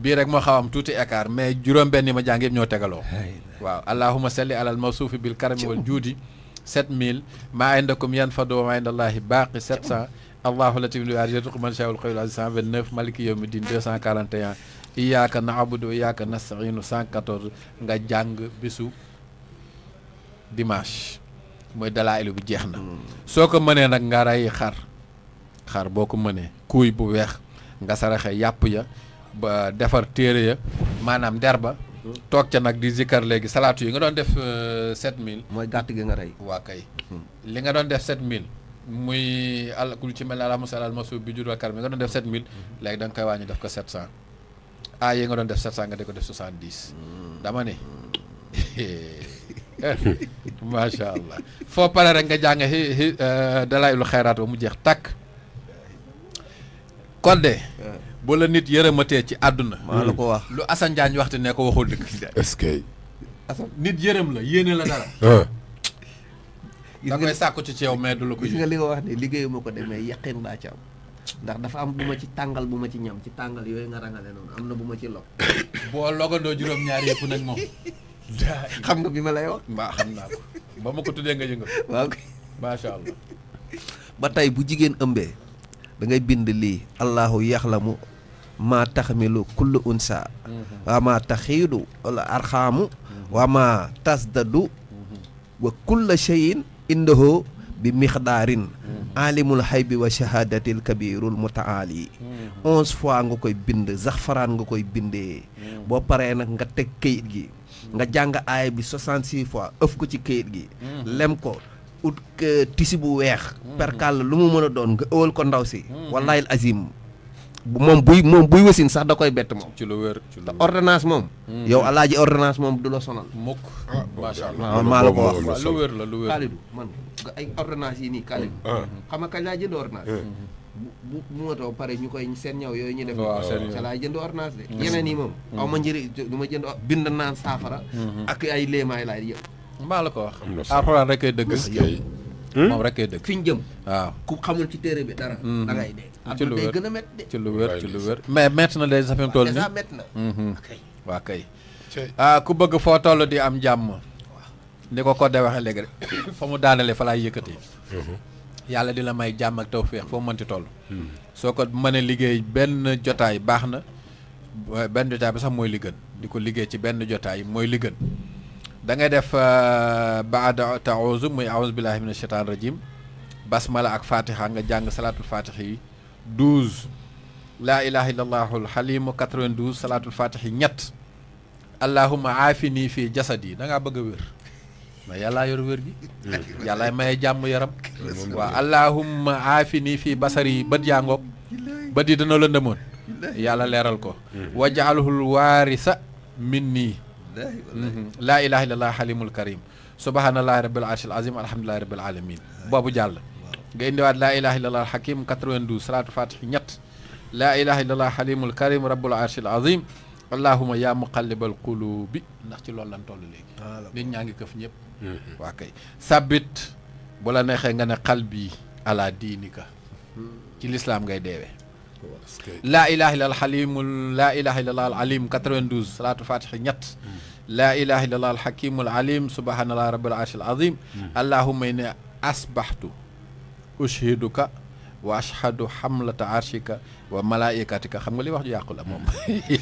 bii rek moo xaw am tuuti écart mais juróom benn yi ma jàng yëpp ñoo tegaloo waaw allahuma salli alal mawsuufi bil karami wal juudi sept mille maa indakum yan fadu wa maa indallahi baaqi sept cent allahu latif li yarzuqu man shaa'ul xayrul aziz cent vingt neuf maliki yawmi din deux cent quarante et un iyaaka naabudu wa iyaaka nastainu sent quatorze nga jàng bisu dimanche mooy dalaa ilu bi jeex na hmm. soo ko mënee nag nga rey xar xar boo ko mënee kuuy bu weex nga saraxe yàpp ya ba defar téere ya maanaam der ba hmm. toog ca nag di zikkar léegi salaatu yi nga doon def euh, sept mille mooy gàtt gi nga rey waa kay hmm. li nga doon def sept mille muy al ku ci mel ne alhamdulilah salal masu bi judwal kar mi nga doon def 7000 léegi da nga koy wàññi def ko 700 ah yi nga doon def 700 nga di ko def 70 dama ne macha allah foo pare rek nga jàng hi hi euh, dalaaylu xayraat ba mu jeex tàkk kon de bu la nit yërëmatee ci àdduna maa la ko wax lu Assane Diagne waxte ne ko waxul dëgg est-ce que Assane nit yërëm la yéene la dara ah. da ngay sàkku ci yow mais du la ko wax ne liggéeyu ma ko demee yaqin laa ci am ndax dafa am bu ma ci tàngal bu ma ci ñam ci tàngal yooyu nga rangale noonu am na bu ma ci log boo logandoo juróom-ñaar yëpp nag moom xam nga bi ma lay wax. mbaa xam naa ko ba ma ko tuddee nga yëngal. waaw kay macha allah. ba tey bu jigéen ëmbee da bind lii allahu yaxlamu maa taxmilu kullu unsa mhm. waa maa arxaamu mhm. waa maa tasdadu mhm. wa kulla cheyin indahu bi mixdaarin alimul xaybi wa shahadatil kabirul mutaali onze fois nga koy bind zaxfaraan nga koy bindee boo paree nag nga teg kayit gi nga jàng aay bi 66 fois ëf ko ci këyit gi. Mm-hmm. lem ko ut tisi bu weex. Mm-hmm. perkal lu mu mën a doon nga ëwal ko ndaw si. Mm-hmm. wallaayil azim. moom buy moom buy wasin sax da koy bett moom. ci lu wér ci lu wér moom. yow alaaji ordinance moom du la sonal. mokk ah, macha allah ah, maa la ko wax. lu wér la ay ordonnance yi nii Kalidou. xam a kañ laa jënd ordonnance. bu bu matoo pare ñu koy seen ñaw yooyu ñu def ca laa jënd ordonnance de mm-hmm. yeneen yi moom mm-hmm. aw ma njëriñ ma jënd bind naan saafara mm-hmm. ak ay léemaay laay yëpp la ko wax alxuraan rek hmm? rek ay dëgg fi ñu jëm ku xamul ci téere bi a métti de ci lu lu wér mais métti na léegi sax fi mu na waa kay ah, ku bëgg foo toll di am jàmm ko ko de waxee léegi rek fa mu daanale fa laay yëkkati yàlla di la may jàmm ak tawféex foo mënti toll. Hmm. soo ko mënee liggéey benn jotaay baax na benn jotaay ba sax mooy li gën di ko liggéey ci benn jotaay mooy li gën. da ngay def euh, baada taawuzu muy aawuzu billaahi mina shaytaan rajim basmala ak fatiha nga jàng salaatul fatiha yi douze. laa ilaha illallahul xalimu 92 salaatul fatiha yi ñett. allahumma aafini fii jasadi da ngaa bëgg a wér. mais yàllaa yor wér gi yàllaay maye jàmm yaram waaw allahumma aafini fii basari bët yaa ngoog bët yi dana lëndëmoon yàlla leeral ko mm-hmm. wajaalhul waarisa min nii mm-hmm. laa ilaha illallah xalimul karim subhanallahi rabbil arshil azim alhamdulilahi rabbil alamin boobu jàll nga indiwaat laa ilaha illallah xakim 92 salatu fatih ñett laa ilaha illallah xalimul karim rabbul arshil azim allahuma yaa muqallibal qulubi ndax ci loolu lan toll léegi nit ñaa ngi këf ñëpp waa kay sàbbit bu la neexee nga ne xal bi ala diinika ci lislaam ngay deewee laa ilaha illa alxalimul laa ilaha illa allah alalim 92 salaatu fatixi ñett laa ilaha illa allah alxakimul alim subhanallah rabbil arshil azim allahumma inni asbaxtu ushiduka واشهد حملة عرشك وملائكتك خم لي واخ ياكل موم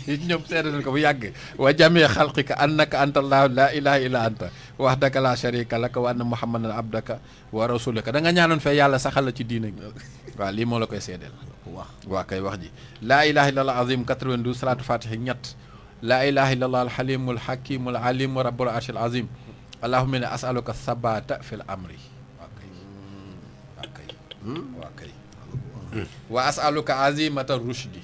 نيوم سيدنا كو ياغ وجميع خلقك انك انت الله لا اله الا انت وحدك لا شريك لك وان محمد عبدك ورسولك دا نغا نيانون في يالا ساخال لا سي دينك وا لي مو لاكاي سيدل واخ وا كاي واخ جي لا اله الا الله العظيم 92 صلاه فاتح نيات لا اله الا الله الحليم الحكيم العليم رب العرش العظيم اللهم اسالك الثبات في الامر واكاي واكاي واكاي wa asaluka azimata rushdi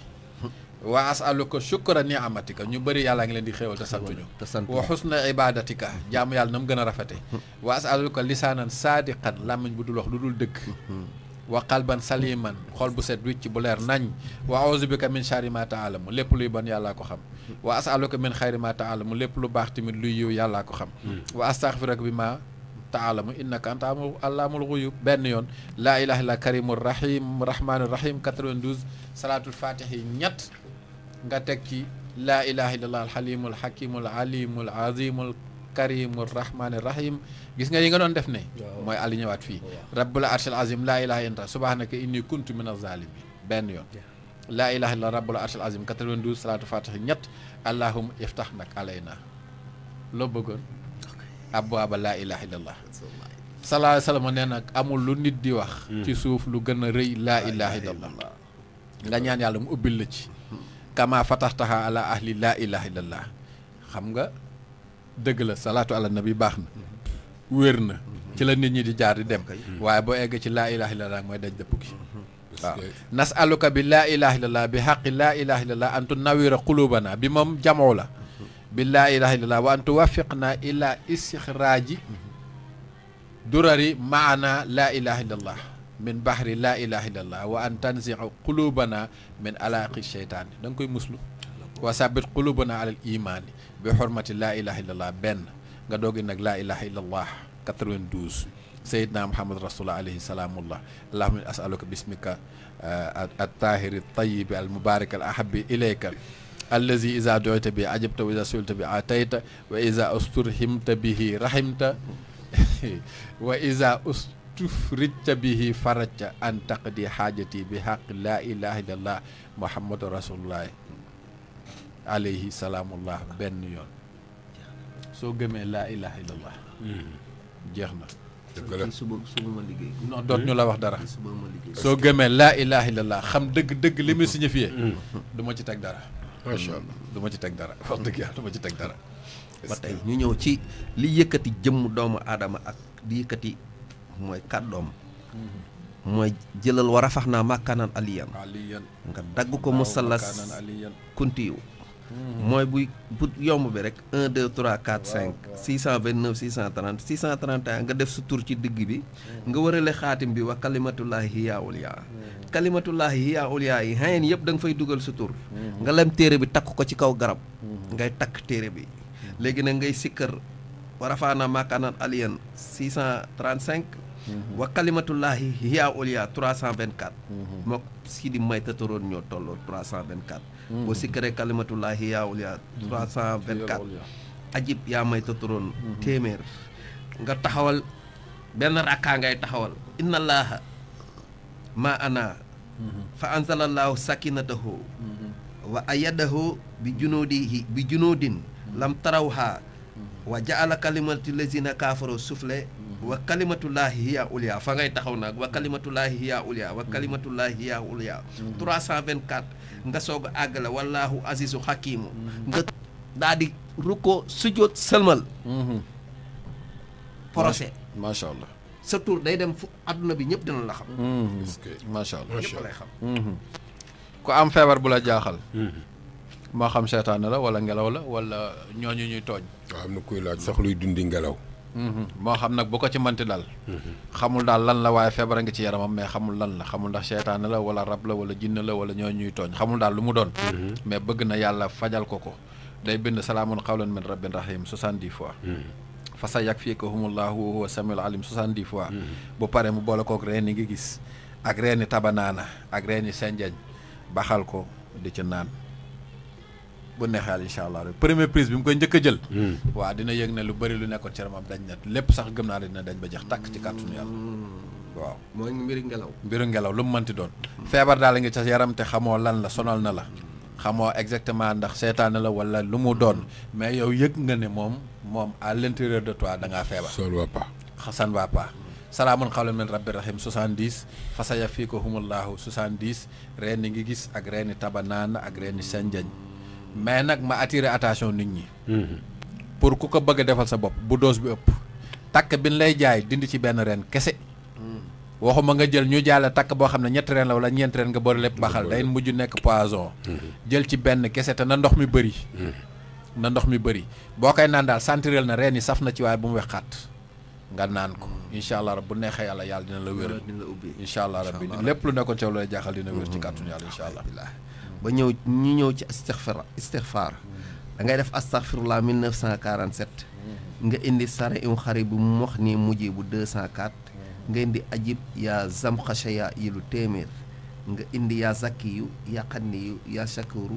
wa asaluka shukra niamatika ñu bari yàlla ngi leen di xéewal te santuñu wa xusna ibadatika jaamu yàlla na mu gën a rafete wa asaluka lisaanan saadiqan làmmiñ bu dul wax lu dul dëkk wa qalban saliman xool bu set wicc bu leer nañ wa auzu bika min shari ma taalamu lépp luy bon yàllaa ko xam waa wa asaluka min xayri ma taalamu lépp lu baax tamit luy yiw yàllaa ko xam wa astaxfiruka bi ma taalamu innaka anta allaamul xuyub benn yoon laa ilaha illa karimur rahim rahmanir rahim 92 salaatul fatihi ñett nga teg ci laa ilaha illallah alxalimul xakimul alimul azimul karimul rahmanir rahim gis nga yi nga doon def ne mooy ali ñëwaat fii rabbul arshil azim laa ilaha illa anta subhanaka inni kuntu minaz zalimin benn yoon laa ilaha illa rabbul arshil azim 92 salaatul fatih ñett allahum iftah nak alayna loo bëggoon abwaaba laa ilaha illallah sallallahu alayhi wasallam nak amul lu nit di wax hmm. ci souf lu gëna reuy la ilaha illallah nga ñaan yalla mu ubbil la ci kama fatahtaha ala ahli la ilaha illallah xam nga deug la salatu ala nabi baxna werna ci la nit ñi di jaar di dem waye bo egg ci la ilaha illallah moy daj depp ki mhm. nas'aluka bi la ilaha illallah bi haqqi la ilaha illallah an qulubana bi mom la mhm. bi la ilaha illallah wa an tuwaffiqna ila istikhraji mhm. درر معنا لا إله إلا الله من بحر لا إله إلا الله وأن تنزع قلوبنا من ألاقي الشيطان دونك كوي مسلو وثبت قلوبنا على الإيمان بحرمة لا إله إلا الله بن nga dogi لا إله إلا الله allah 92 سيدنا محمد رسول الله عليه السلام الله اللهم أسألك باسمك آه، الطاهر الطيب المبارك الأحب إليك الذي إذا دعيت به أجبت وإذا سئلت به آتيت وإذا أسترهمت به رحمت wa isa ustufrijta bihi farajta an taqdi xaajati bi xaq laa ilaha illallah muhammadu rasulullah alayhi salaamullah benn yoon soo gëmee laa ilaha illallah jeex na suba suba ma liggéey non doot ñu la wax dara soo gëmee laa ilaha illallah xam dëgg-dëgg li mu signifié mm. du ma ci teg dara macha allah ci teg dara wax dëgg yàlla ma ci teg dara ba tey ñu ñëw ci li yëkkati jëmm doomu aadama ak li yëkkati mooy kàddoom mm-hmm. mooy jëlal wa rafax naa aliyan nga dagg ko musallas kuntiyu mm-hmm. mooy buy bu yomb bi rek 1 2 3 4 5 629 630 631 nga def su tour ci digg bi mm-hmm. nga wërale xaatim bi wa kalimatullahi hiya ulya kalimatullahi hiya ulya yi hayen yëpp da nga fay dugal su tour nga lem téere bi takk ko ci kaw garab ngay takk téere bi léegi nag ngay sikkar wa rafaana makaanan aliyan 635 mhm. wa kalimatullahi hiya uliya 324 mook Sidi May tataroon ñoo tolloo mhm. boo sikkaree kalimatullahi hiya uliya mhm. ajib yaa may tataroon téeméer nga taxawal benn rakkaa ngay taxawal inna allaha ma fa anzala allahu sakinatahu wa bi junuudihi lam tarawha wa jaala kalimatu lazina kaafaro sufle wa kalimatullahi hiya ulia fa ngay taxaw nag wa kalimatullahi hiya ulia wa kalimatullahi hiya ulia 324 nga soog a àgg la wallahu azizu hakimu nga daa di ruko sujjoot sëlmal procès macha allah sa tur day dem fu àdduna bi ñëpp dina la xam hmm. xam hmm. ku am feebar bu la jaaxal hmm. moo xam seetaan la wala ngelaw la wala ñooñu ñuy tooñ. waaw am na kuy laaj sax luy dundi ngelaw. Mhm. moo xam nag bu ko ci manti dal. Mhm. xamul daal lan la waaye feebar a ngi ci yaramam mais xamul lan la xamul ndax seetaan la wala rab la wala jinn la wala ñooñu ñuy tooñ xamul daal lu mu doon. Mhm. mais bëgg na yàlla fajal ko ko day bind salaamun xawlan min rabbin rahim soixante-dix fois. fa sa yakfiikahumullaahu wa huwa samiul alim soixante-dix fois. bu paree mu boole kook reen yi ngi gis ak reeni tabanaana ak reeni senjeñ baxal ko di ci naan. bu neexal inshallah rek Premier prise bi mu koy njëkk jël. Hmm. wa dina yegg ne lu bari lu nekkoon ceramam dañ na lepp sax gëm naa dina dañ ba jax tak ci kàttanu yàlla. Hmm. waaw moy mbir ngelaw. mbir ngelaw lu mu mënti doon. febar daal nga ci yaram te xamoo lan la sonal na la. xamoo exactement ndax setan la wala lu mu doon mais yow yëg nga ne moom moom à l'intérieur de toi da ngaa feebar. sol wa Paa. xasan wa Paa. salamun xawlan min rabbi rahim 70 fasaya fii humullahu 70 reeni ngi gis ak reeni tabanan ak reeni mais nag ma attire attention nit ñi. Mhm. pour ku ko bëgg a defal sa bopp bu dose bi ëpp. takk bi ñu lay jaay dindi ci benn reen kese. Mhm. waxuma nga jël ñu jaale takk boo xam ne ñetti reen la wala ñeenti reen nga boole lépp baxal day mujj nekk poison. Mhm. jël ci benn kese te ndox mi bëri. na ndox mi bëri boo koy naan daal na reen yi saf na ci waaye bu mu wexaat nga naan ko incha allah rab bu neexee yàlla yàlla dina la wér. dina la ubbi incha allah rabbi lépp lu nekkoon ci lay jaaxal dina wér ci kàttun yàlla incha allah. ba ñëw ñu ñëw ci istixfar istixfar da ngay def astaghfirullah 1947 nga indi sare im xari bu mu wax nii mujj bu 204 nga indi ajib yaa zam xashaya yi lu téeméer nga indi yaa zakki yu yaa xanni yu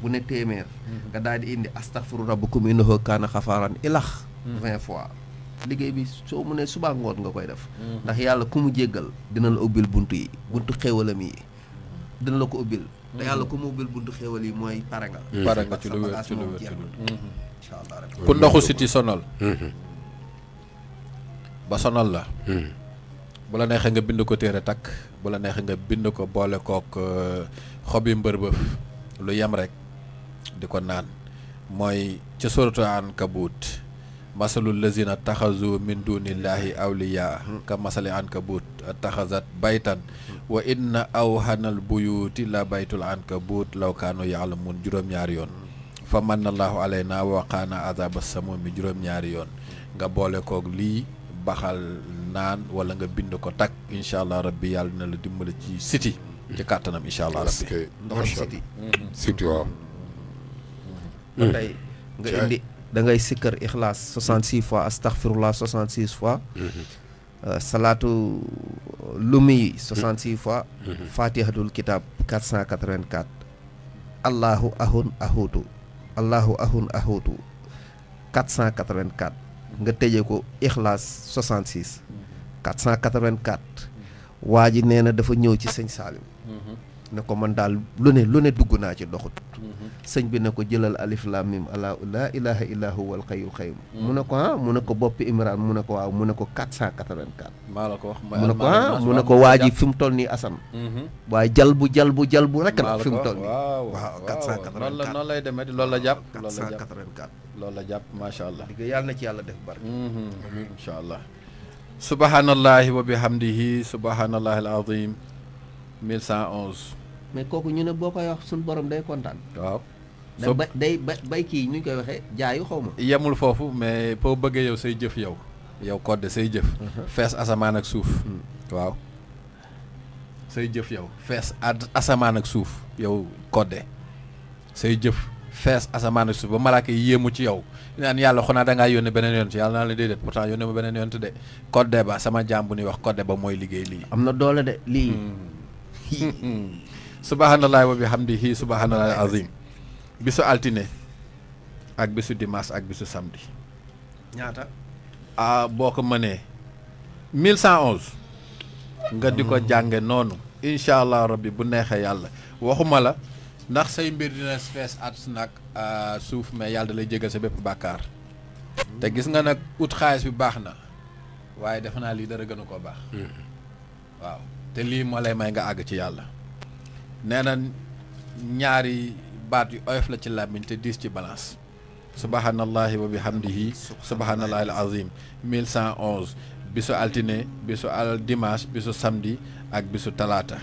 bu ne téeméer nga daal di indi astaghfiru rabbakum innahu kaana xafaaran ilax vingt fois liggéey bi soo mu ne subaa ngoon nga koy def mm-hmm. ndax yàlla ku mu jéggal dina la ubbil bunt yi buntu xéewalam yi dina la ko ubbil mm-hmm. te yàlla ko mu ubbil buntu xéewal mooy pare nga mm-hmm. pare nga ci lu wér ci mm-hmm. ku ndoxu siti sonal ba sonal la bu la neexee nga bind ko téere takk bu la neexee nga bind ko boole kook euh, xobi mbërbëf lu yem rek di ko naan mooy ca suratu an kabut masalul lazina taxazu min awliya ka masali an kabut taxazat baytan wa aw awhanal buyuuti la baytul ankabuut law kaanu yaalamuun juróom-ñaari yoon fa mannallaahu alaynaa wa waqaana azaaba samuum mi juróom-ñaari yoon nga boole koog lii baxal naan wala nga bind ko takk incha allah rabbi yàlla dina la dimbali ci siti ci kàttanam incha allah rabbi ndoxu siti siti waaw mm-hmm. tey nga indi da ngay sikkar ixlaas 66 fois astaghfirullah 66 fois mm-hmm. Euh, salaatu euh, lu 66 mm-hmm. fois fatihatul kitab 484 allahu ahun ahutu allahu ahun ahutu nga tëje ko ixlaas 66 484 waa ji nee na dafa ñëw ci sëñ Saliou mm-hmm. ne ko man daal lu ne lu ne dugg naa ci doxut señ bi ne ko jëlal alif lam mim ala la ilaha illa huwa al qayyul qayyum mu ne ko ha mu ne ko bop imran mu ne ko waaw mu ne ko 484 mala ko wax mu ne ko ha mu ne ko waji fim fi mu toll nii asan mhm. jalbu jalbu jalbu rek la fim mu toll nii waaw 484 non la noonu lay demé lool la japp loolu la jàpp 484 lool la japp ma sha allah diga yalla na ci yalla def barke mhm, amin insha allah subhanallahi wa bihamdihi subhanallahi al azim 1111 mais koku ñu ne bokay wax sun borom day contane waaw so ba day ba bay kii nu ñu koy waxee jaayu xaw ma. yemul foofu mais boo bëggee yow say jëf yow yow code say jëf. Uh-huh. fees asamaan ak suuf. Hmm. waaw say jëf yow fees asamaan ak suuf yow code say jëf fees asamaan ak suuf ba malaaka yi yéemu ci yow naan yàlla xonaa dangaa ngaa yónnee beneen yonent yàlla naa la déedéet pourtant yónnee ma beneen yonent de code ba sama jaam bu ñuy wax code ba mooy liggéey lii. am na doole de lii. xam hmm. hmm. subhaanallaahi wa bihamdihi subhaanallaahi azim bisu altine ak bisu Dimas, ak bisu samedi. ñaata. ah boo ko mënee. 1111. nga di ko mm. jànge noonu. allah rabbi bu neexee yàlla waxuma la ndax say mbir dina fees at nag ah, suuf mais yàlla da lay jégal sa bépp bàkkaar. Mm. te gis nga nag ut xaalis bi baax na waaye defe dara gënu ko mm. waaw lay may nga ci ñaari baat yu oyof la ci lamine te diis ci balance subhanallahi wa bihamdihi subhanallahi alazim 1111 biso altiné biso al dimanche biso samedi ak biso talata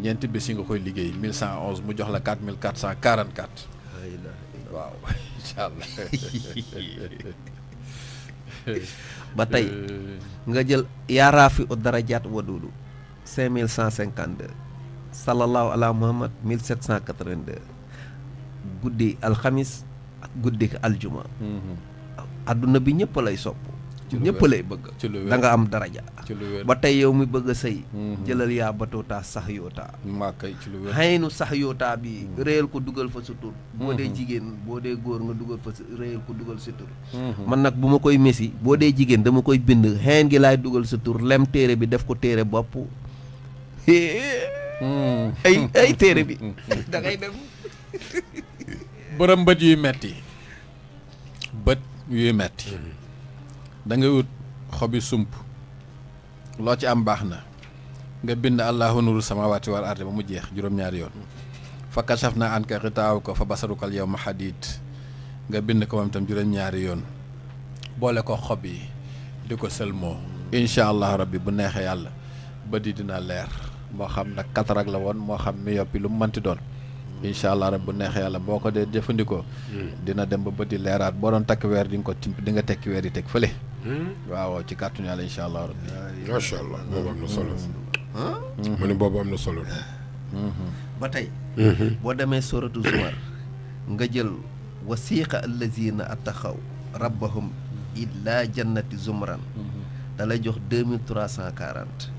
ñent bis yi nga koy liggéey 1111 mu jox la 4444 waaw incha allah ba tey nga jël yaaraafi u darajaat wadudu 5152 sallallahu ala muhammad 1782 guddi alxamis ak guddi aljuma mhm. adduna bi ñëpp lay sopp ñëpp lay bëgg da nga am daraja ba tey yow mi bëgg a sëy mhm. jëlal yaa batootaa sax yootaa xaynu sax yootaa bi mhm. réyal ko dugal fa sa tur boo jigéen boo dee góor nga dugal fa réyal ko dugal sa man nag bu ma koy mesi boo dee jigéen dama koy bind xeen gi lay dugal sa tur lem téere bi def ko téere bopp ay ay téere bi da dem borom bët yuy metti bët yuy metti mhm. da nga ut xobi sump lo ci am baax na nga bind allahu nuru samawati wal ardi ba mu jeex juróom ñaar yoon fa kashafna anka xitaaw ko fa basarukal yow ma hadid, nga bind ko mom tam juróom ñaar yoon bolé ko xobi diko selmo inshallah allah rabbi bu neexee yalla ba di dina leer mo xam nak katarak la won mo xam mi yopi lu mu manti doon incha allah rab bu neexee yàlla boo ko dee jëfandikoo. Hmm. dina dem ba bëti leeraat boo doon takk weer di ko di nga tekki weer yi teg fële. Hmm. waaw ci kàttanu yàlla incha allah rabbi. macha allah boobu am na solo. mu hmm. na solo. ba tey. boo demee Sóoratu Zumar nga jël wasiqa allazina attaxaw rabbahum illa jannati zumran da lay jox deux mille trois cent quarante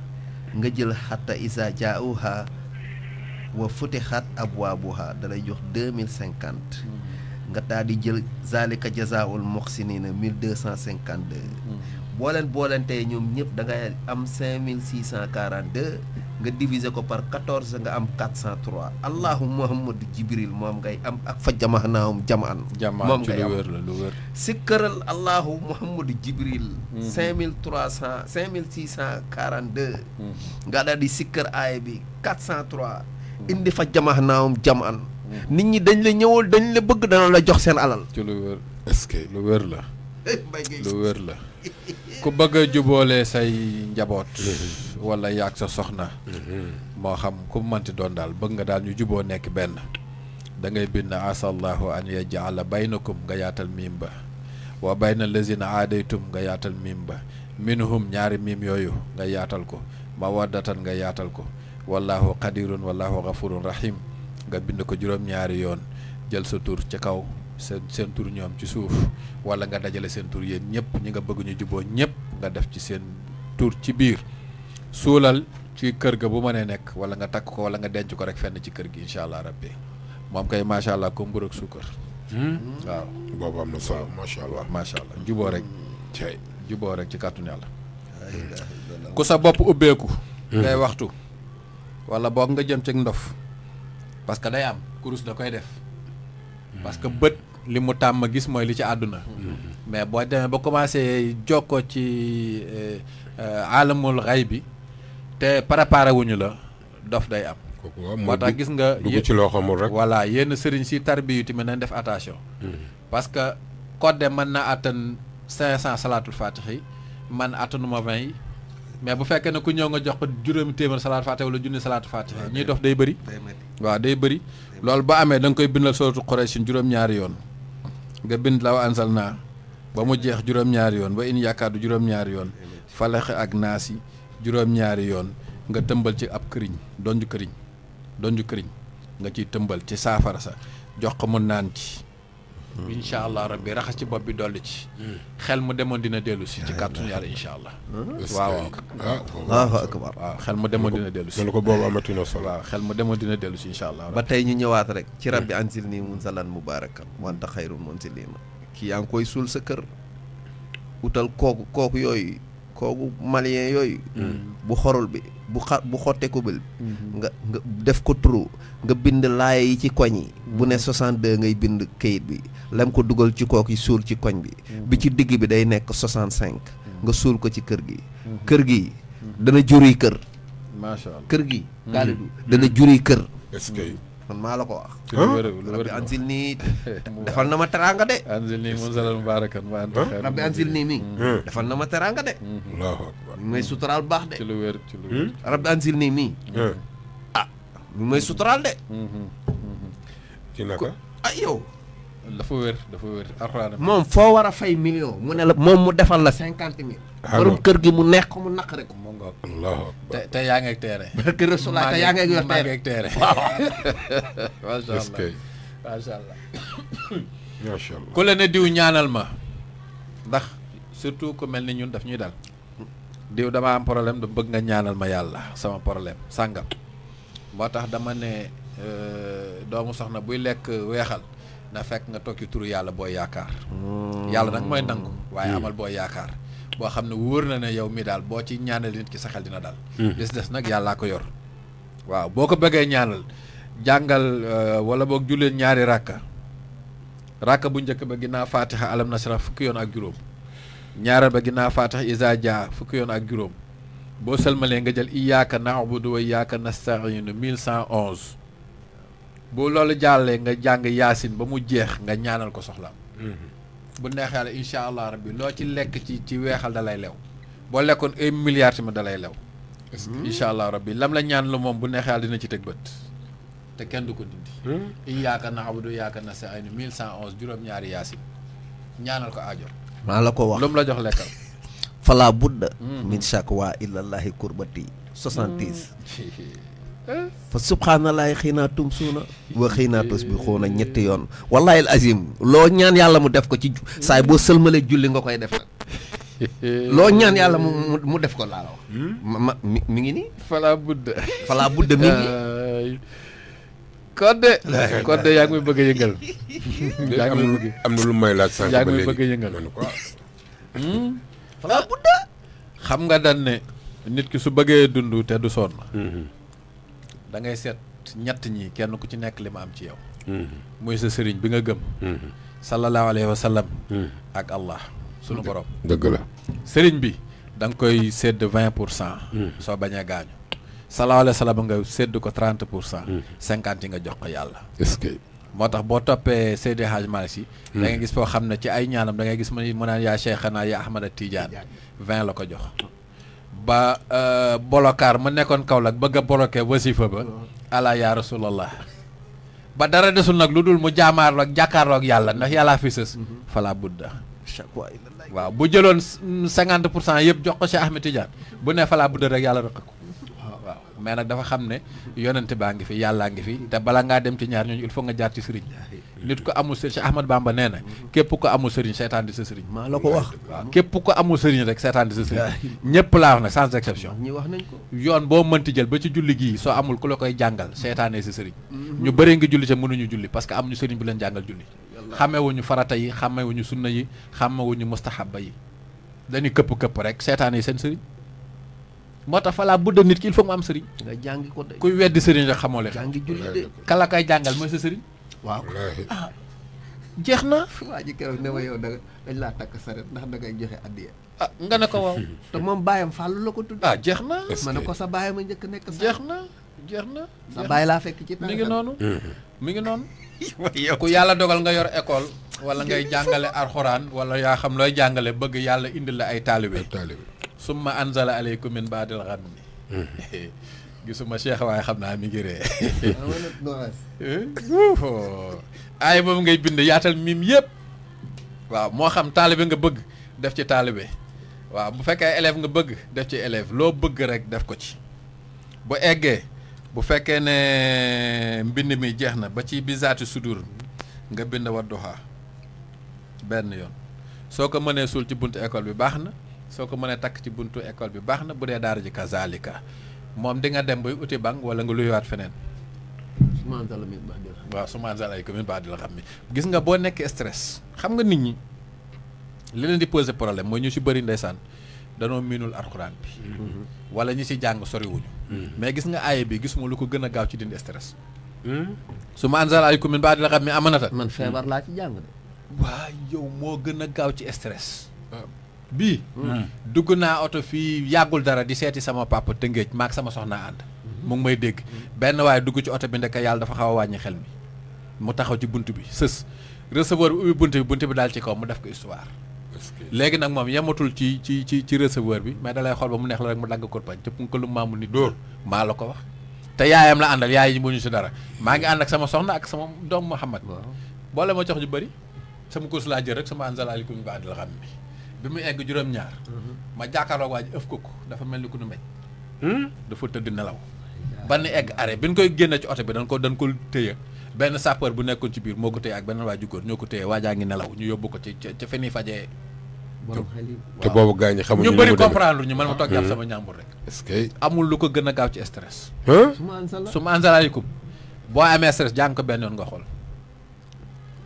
nga jël xatta isa jaauha wa futixat abwaabuha da lay jox deux mille cinquante mm-hmm. nga daal di jël zalika jazaul moxsinina mille deux cent cinquante deux mm-hmm. boo leen boolentee ñoom ñëpp da ngay am cinq mille six cent quarante deux nga diviser ko par quatorze nga am quatre cent trois allahu muhammadu jibril moom ngay am ak fa jamaxnaahum jamaan moom ngay am si këral allahu muhammadu jibril mm-hmm. cinq mille trois cent cinq mille six cent quarante nga daal di sikkër aaya bi quatre indi fa jamax naaw jam nit ñi dañ la ñëwal dañ la bëgg dana la jox seen alal ci lu wér que lu wér la eh, lu wér la ku bëgg a juboolee say njaboot wala yaag sa soxna moo xam ku mënti doon daal bëgg nga daal ñu juboo nekk benn da ngay bind asallahu an yaj'ala baynakum nga yaatal miim ba wa bayna lazina aadaytum nga yaatal miim ba minhum ñaari miim yooyu nga yaatal ko mawaddatan nga yaatal ko wallahu qadirun wallahu ghafurun rahim nga bind ko on. ñaari yoon jël sa tur ci kaw sen tour ñoom ci suuf wala nga dajale sen tour yeen ñepp ñi nga bëgg ñu jubo ñepp nga def ci sen tour ci biir suulal ci kër ga bu mané nek wala nga tak ko wala nga denc ko rek fenn ci kër gi inshallah allah rabbi moom kay machallah ko mburuk ak hmm? waaw bobu am na allah jubo allah rek hmm. rek ci kàttun yàlla hmm. ko sa bop ubbeeku ngay waxtu wala boog nga jëm ci ndof parce que day am kurus da koy def parce que bët li mu tàmm gis mooy li ci àdduna mais boo demee ba commencé jokko ci euh, euh, alamul xay bi te préparé parewuñu la dof day am moo tax gis nga dugg ci loo xamul rek voilà yenn sëriñ si tarbiyu tamit nañ def attention mm-hmm. parce que code mën na attan cinq cent salaatul faatix yi man attanuma vingt yi mais bu fekkee ne ku ñëw nga jox ko juróomi téeméer salaatu faatiha wala junni salaatu faatiha ñuy dox day bëri waaw day bëri loolu ba amee da koy bindal sootu Quraysh juróom-ñaari yoon nga bind law ansal naa ba mu jeex juróom-ñaari yoon ba in yaakaadu juróom-ñaari yoon falaxe ak naas yi juróom-ñaari yoon nga tëmbal ci ab këriñ donju këriñ donju këriñ nga ciy tëmbal ci saafara sa jox ko mu naan ci Mm. incha allah rabbi raxas ci bopp bi dolli ci. Mm. xel mu demoon dina dellu si ci kàttanu yàlla incha allah. Mm. waaw ah, waaw akbar waaw xel mu ah. demoon dina dellu si. ko boobu amatuna solo. waaw xel mu demoon dina dellu si incha allah. ba tey ñu ñëwaat rek. ci rabbi ansil nii mun salan mubaarakan wanta xayrun mun si lii ma kii yaa ngi koy suul sa kër utal kooku kooku yooyu kooku malien yooyu mm. bu xorul bi bu xa bu xotte kubal bi mm-hmm. nga nga def ko trou nga bind laaya yi ci koñ yi bu ne 62 mm-hmm. ngay bind kayit bi lam ko dugal ci kook yi suul ci koñ bi mm-hmm. bi ci digg bi day nekk 65 nga suul ko ci kër gi kër gi dana juri kër macha allah kër gi gaalidu dana juri kër kon maa la ko wax. rabbi ansil nii defal na ma teraanga de. ansil nii mun salal mubarakan rabbi ansil nii mi defal na ma teraanga de. allahu akbar ñu baax de. ci lu ci lu wér. rabbi ansil nii mii. ah ñu may suturaal de. ci naka ah yow. dafa wér dafa wér moom foo war a fay million mu ne la moom mu defal la cinquante mille. borom kër gi mu neex ko mu naqare ko. te te yaa ngi ak teere. barke Rasulullah te yaa ngi ak la ne diw ñaanal ma. ndax surtout ku mel ni ñun daf ñuy dal. diw dama am problème da bëgg nga ñaanal ma yàlla sama problème sàngam. moo tax dama ne euh, doomu soxna buy lekk weexal. na fekk nga toog ci turu yàlla booy yaakaar. Hmm. yàlla nag mooy nangu. waaye hmm. amal booy yaakaar. boo xam ne wóor na ne yow mii daal boo ci ñaanal nit ki sa xel dina daal. des hmm. des nag yàllaa ko yor. waaw boo ko bëggee ñaanal jàngal euh, wala boog julleen ñaari ràkka ràkka bu njëkk ba ginnaaw faatiha alam nasra fukki yoon ak juróom ñaareel ba ginnaaw faatiha isa dia fukki yoon ak juróom boo sëlmalee nga jël naa iyyaka na'budu wa iyyaka nasta'inu 1111 boo loolu jàllee nga jàng yaasin ba mu jeex nga ñaanal ko soxla mm-hmm. bu neex incha allah rabbi loo ci lekk ci ci weexal da lay lew boo lekkoon ay milliard tamit da lay lew mm-hmm. incha allah rabbi lam la ñaan lu moom bu neex yàlla dina ci teg bët te kenn du ko dindi mm-hmm. iyyaka na iyyaka nasta'in mille cent onze juróom-ñaari yaasin ñaanal ko aajo maa la ko wax lu mu la jox lekkal fala budda min shakwa ilallahi kurbati soixante-dix fa subhaanallaahi xiinaa tumsuuna wa xiinaa tasbixuuna ñetti yoon wallaahi al loo ñaan yàlla mu def ko ci saay boo sëlmalee julli nga koy def nag loo ñaan yàlla mu mu def ko laa wax hmm? ma mi ngi nii falaa budda mi ngi Codé Codé yaa ngi bëgg a na lu may laaj sànq ba bëgg a yëngal hmm? falaa xam nga daan ne nit ki su bëggee dund te du sonn hmm, da ngay seet ñett ñi kenn ku ci nekk li ma am ci yow. Mhm. muy sa sëriñ bi nga gëm. Mhm. sallallahu alayhi wa sallam. Mhm. ak Allah sunu borom. dëgg la sëriñ bi da nga koy sedd vingt pour cent. soo bañ a gaañu. sallallahu alayhi wa nga sedd ko trente pour cent. cinquante yi nga jox ko yàlla. est que. moo tax boo toppee Seydi Hadj Malick si da gis foo xam ne ci ay ñaanam da ngay gis mu naan yaa Cheikhana yaa Ahmada Tidiane vingt la ko jox. ba euh, bolokaar ma nekkoon Kaolack bëgg a boloke wasifa ba ala yaa rasulallah ba dara desul nag lu dul mu jaamaarloog jàkkaarloog yàlla ndax yàllaa fi sës mhm. fala budda waaw bu jëloon mm, cinquante pour cent yëpp jox ko Cheikh Ahmed Tidiane bu ne falaa budda rek yàlla rëq ko waaw mais nag dafa xam ne yonente baa ngi fi yàllaa ngi fi te balaa ngaa dem ci ñaar ñooñu il faut nga jaar ci sëriñ nit ko amul sëriñ Cheikh Ahmad Bamba nee na képp ko amul sëriñ seetaan di sa sëriñ maa la ko wax képp ko amul sëriñ rek seetaan di sa sëriñ ñëpp laa wax ne sans exception ñi wax nañ ko yoon boo mënti jël ba ci julli gii soo amul ku la koy jàngal seetaanee sa sëriñ mhm. ñu bari ngi julli te mënuñu julli parce que amuñu sëriñ bu leen jàngal julli xamewuñu farata yi xamewuñu sunna yi xamewuñu mustaxaba yi dañuy këpp-këpp rek seetaanee seen sëriñ moo tax falaa budda nit kii il faut mu am sëriñ nga jàngi ko de kuy weddi sëriñ rek xamoo leen kala kay jàngal mooy sa sëriñ waaw ah jeex na. waa ji keroog dañ laa takk saret ndax da ngay joxe addiya. ah nga ne ko waaw. te moom bàyyam fàllu la ko tudd. Ah, jeex na. ma ne ko sa bàyyi ma njëkk nekk jeex na. jeex na sa bàyyi laa fekk ci mi ngi noonu mm-hmm. mi ngi noonu ku yàlla dogal nga yor école wala ngay jàngale alxuraan wala yaa xam looy jàngale bëgg yàlla indil la ay taalibe summa anzala aleykum min baadil ghammi mm-hmm. gisuma Cheikh waaye xam naa mi ngi ree ah, eh, aay boobu ngay bind yaatal miim yëpp waaw moo xam taalibe nga bëgg def ci taalibe waaw bu fekkee élève nga bëgg def ci élève loo bëgg rek def ko ci bu eggee bu fekkee ne mbind mi jeex na ba ci bisaati sudur nga bind Wadduha benn yoon soo ko mënee suul ci buntu école bi baax na soo ko mënee takk ci buntu école bi baax na bu dee daara ji kazalika mom di nga dem bu uti bank wala nga luyuwaat feneen waaw sumaan sal ay commune ba di la xam ni gis nga bo nek stress xam nga nit ñi li leen di poser problème mooy ñu ci bari ndaysan danoo minul alquran bi mm-hmm. wala ñi ci sori wuñu mm-hmm. mais gis nga ay bi gisuma lu ko gëna gaaw ci dind stress su anzal ay ba la man febar la ci jang de waa yow mo gëna gaaw ci stress ah. bii. Hmm. Hmm. dugg naa oto fii yàggul dara di seeti sama papa Tëngéej maak sama soxnaa ànd. Hmm. mu ngi may dégg benn waaye dugg ci oto bi ndeka yàlla dafa xaw a wàññi xel mi mu taxaw ci bunt bi sës receveur bi ubbi bi daal ci kaw mu def ko histoire. léegi nag moom yematul ci ci ci ci receveur bi mais dalay xool ba mu neex la rek mu dagg kurpañ te ko lu maamul ni dóor maa la ko wax. te yaayam la àndal yaay yi mu ñu si dara maa ànd ak sama soxna ak sama doom Mouhamad. boole ma jox ju bëri sama course laa jël rek sama anzal aleykum bi àddil bi bi muy egg juróom-ñaar ma jàkkaarloog waa ji ëf ko ko dafa mel ni ku nu mbéj hmm? dafa tëdd nelaw ban egg arrêt bi koy génne ci oto bi dañ ko dañ ko téye benn sapeur bu nekkoon ci biir moo ko ak beneen waa ju góor ñoo ko téye waajaa ngi nelaw ñu yóbbu ko ci ca feni fajee te boobu gars ñi xamuñu ñu bari comprendre ñu man ma toog jàpp hmm. sama ñàmbur rek est-ce que amul lu ko gën a gaaw ci stress su ma ansalaayikum boo amee stress jàng ko benn yoon nga xool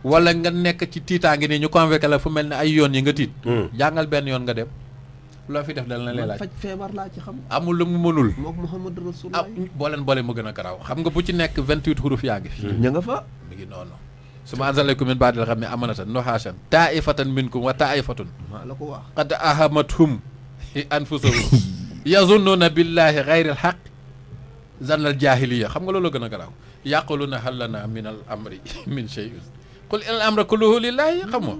wala nga nekk ci tiitaange nii ñu convoqué la fu mel ne ay yoon yi nga tiit. Hmm. jàngal benn yoon nga dem. loo fi def dal na leen laaj faj feebar laa xam. amul lu mu mënul. moom Muhammad Rasulullah boo leen boole mu gën a garaaw xam nga bu ci nekk 28 xuruf yaa ngi fi. Hmm. ña nga fa. mi ngi noonu. su ma anzalaykum min baadil xam ne amanatan noxaasan taaifatan minkum wa taaifatun. maa la ko wax. qad ahamathum anfusahum yazunnuuna billahi xayril xaq zanal jaahiliya xam nga loolu gën a garaaw yaquluna hal lana min al amri min shay'in kul in amra kulluhu lillahi xam nga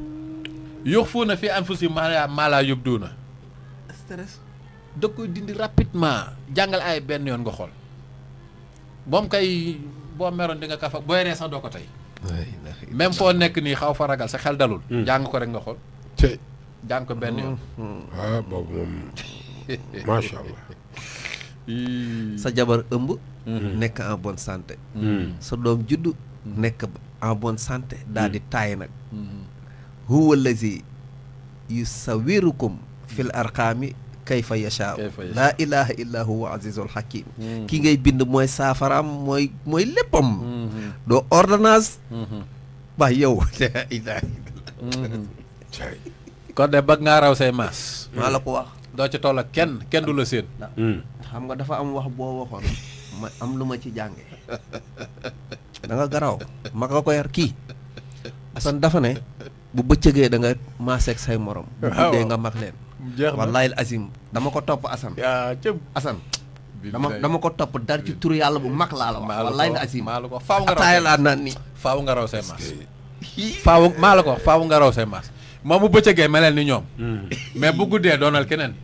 yukhfuna fi anfusihim ma la yubduna stress da koy dindi rapidement Jangal ay ben yon nga xol bom kay bo meron di nga kafa bo ree sax do ko tay même fo nek ni xaw fa ragal sa xel dalul hmm. jang ko rek nga xol te jang ko ben yon hmm. ah boobu ma sha allah sa jabar ëmb hmm. nek en bonne santé sa dom juddu nek en bon santé daal di hmm. taay nag hmm. huwa allazi yusawirukum fil hmm. arqaami kayfa yashaa laa ilaha illa huwa azizul hakim ki ngay bind mooy saafaraam mooy mooy léppam doo ordonnance ba yow kon de bëgg ngaa raw say maas maa la ko wax doo ci toll kenn kenn du la seen xam nga dafa am wax boo waxoon ma am lu ma ci jànge da nga garaw ma ko yar ki asan dafa ne eh? bu beccege da nga maaseeg say morom de nga mak len wallahi azim dama ko top asan ya, asan dama dama ko top dar ci tour yalla bu mak la la wallahi al azim faaw nga raw laa naan ni faaw nga raw say mas faaw maa ko faaw nga raw say mas mo bu beccege melen ni ñom mais hmm. bu guddee donal kenen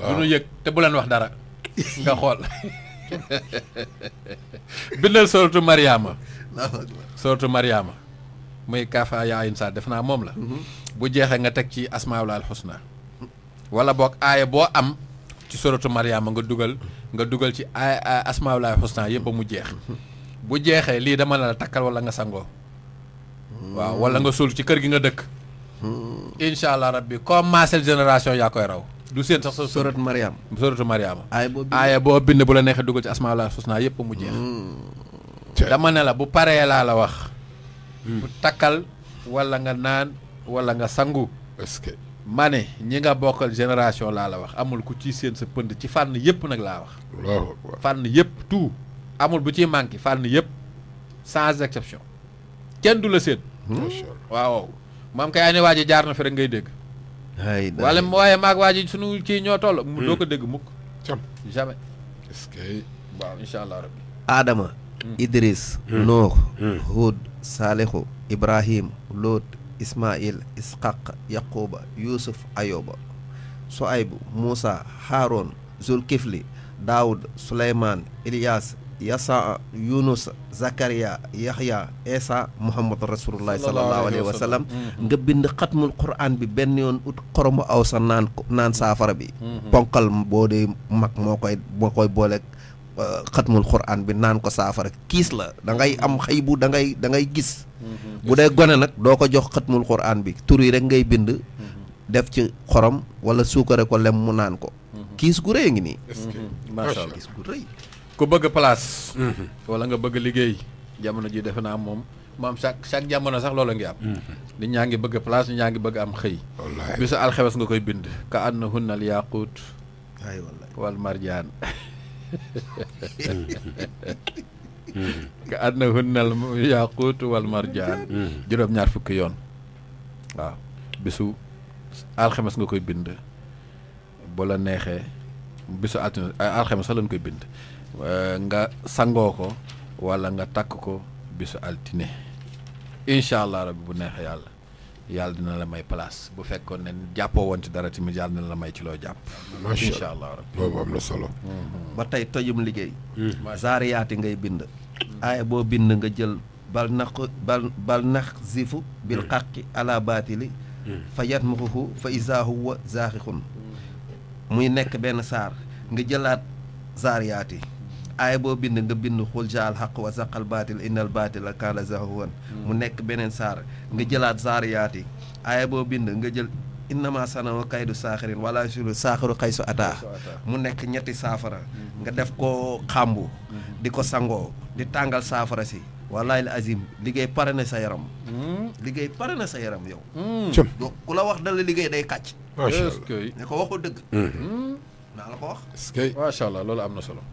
bu ñu yek te bu len wax dara nga xol bindal sortu Mariama. sortu Mariama. muy Kaafa yaayin saa def naa moom la. Mhm. bu jeexee nga teg ci asmaawlaal xusna wala boog aaya boo am ci soratu Mariama nga dugal nga dugal ci aaya asmaawlaal xusna yëpp mu jeex. bu jeexee lii dama la takkal wala nga sangoo. waaw wala nga suul ci kër gi nga dëkk. Hmm. incha allah rabbi comme ma génération yaa koy raw. du seen sax sa sorat Mariam. soratu aaya boo bind aaya bu la neexee dugal ci asmaa laa sus naa yëpp mu jeex. Hmm. dama ne la bu paree laa la wax. Hmm. takkal walla nga naan wala nga sangu. est que ma ne ñi nga bokkal génération laa la wax amul ku ci seen sa pënd ci fànn yëpp nag laa wax. fànn yëpp tout. amul bu ciy manqué fànn yëpp sans exception. kenn du la seen. Hmm. waaw maam kay yaa ne waa ji jaar na fi ngay dégg. wala waaye maag waa ji suñu kii ñoo toll hmm. doo ko dégg mukk cam jamais est-ce que waaw aadama hmm. idris hmm. nuux huud saalihu ibrahim loot ismail isxaq yaquba yuusuf ayoba suaybu muusa haaroon zulkifli daawud suleymaan ilias yasa yunus zakaria yahya isa muhammad rasulullahi salallahu alayhi wa sallam mm-hmm. nga bind xatmul quran bi benn yoon ut xoromu aw sa naan naan saafara bi mm-hmm. ponkal boo dee mag moo koy moo koy booleeg euh, xatmul quran bi naan ko saafara kiis la dangay am xëy bu da ngay da ngay gis mm-hmm. bu dee gone nag doo ko jox xatmul quran bi tur yi rek ngay bind def ci xorom walla suukare ko lem mu naan ko kiis gu rëy a ngi nii ku bëgg place. Mhm. wala nga bëgg liggéey jamono ji defe naa moom maam chaque chaque jamono sax loola ngi am. Mhm. nit ñaa ngi bëgg place nit ñaa ngi bëgg am xëy. wallaahi bisu nga koy bind. ka annahunna al yaqut. waay wallaahi wal marjaan. Mhm. ka ñaar fukki yoon. waaw alxemes nga koy bind. bu la neexee bisu altine alxemes sax lañ koy bind. Eh, nga sangoo ko walla nga takk ko bisu altine incha allah rab bu neexee yàlla yàlla dina la may place bu fekkoon ne jàppoo woon ci dara tamit yàlla dina la may ci loo jàpp. macha allah mhm. ba tey tojum liggéey. Hmm. zaariyaati ngay bind. aaya boo bind nga jël bal naq bal bal nax zifu. bil hmm. xaqi ala baatili. Hmm. fa yat muxuxu fa isaahu wa zaaxixun muy nekk benn saar nga jëlaat zaariyaati. ay bo bind nga bind khul jaal haqq wa zaqal batil innal baatil kaala zahuwan hmm. mu nek benen sar nga jëlaat zariyati ay bo bind nga jël innama sanawa kaydu saaxirin wala shuru saaxiru qaisu ata mu nek ñetti safara hmm. nga def ko xambu hmm. di sango di tangal safara si wallahi alazim ligay parane sa yaram ligay yo. sa yaram yow ku kula wax dal ligay day kàcc ne ko waxul dëgg na la ko wax sha allah lolu amna solo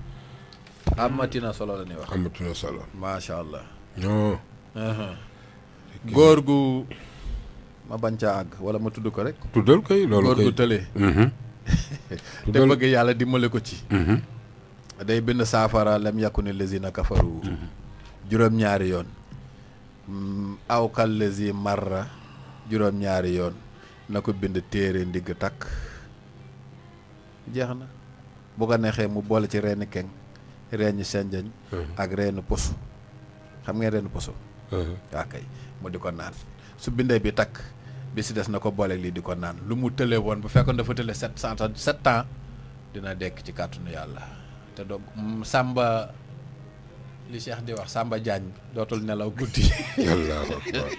amatina solo la ñuy wax. amatina solo. macha allah. góor gu ma bañ ca àgg wala ma tudd ko rek. tuddal kay loolu góor gu tëlee. Mhm. te bëgg yàlla dimbale ko ci. Mhm. day bind saafara ne yakuni lazina kafaru mhm. juróom-ñaari yoon. Mm, aw kal lazi marra juróom-ñaari yoon na ko bind téere ndigg takk jeex na bu ko neexee mu boole ci reeni keng reenu senjañ uh-huh. ak reenu posu xam ngeen reenu poso waa uh-huh. ah, kay mu di ko naan su bindee bi takk bi si des na ko booleeg lii di ko naan lu mu tëlee woon bu fekkoon dafa tëlee sept cent sept ans dina dekk ci kàttanu yàlla te donc mm, Samba li Cheikh di wax Samba Diagne dootul nelaw guddi. yàllaahu akbar.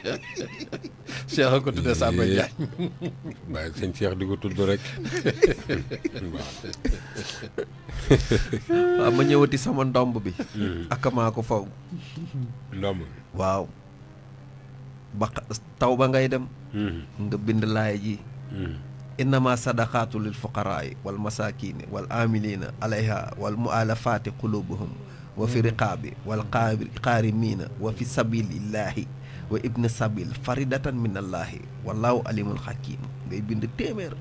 Cheikh ko tuddee Samba Diagne. waaye sëñ Cheikh di ko tudd rek. waaw ma ñëwati sama ndomb bi. Hmm. akamaa ko faw. ndomb. waaw. ba taw ba ngay dem. Hmm. nga bind laay ji. Hmm. innama sadaqaatu lil fuqaraa'i wal masaakiini wal aamiliina alayha wal mu'allafaati quluubuhum wa fi riqaabi wal qaarimiina wa fi sabilillahi wa ibni sabil faridatan min allahi wallahu alimul hakim ngay bind téeméer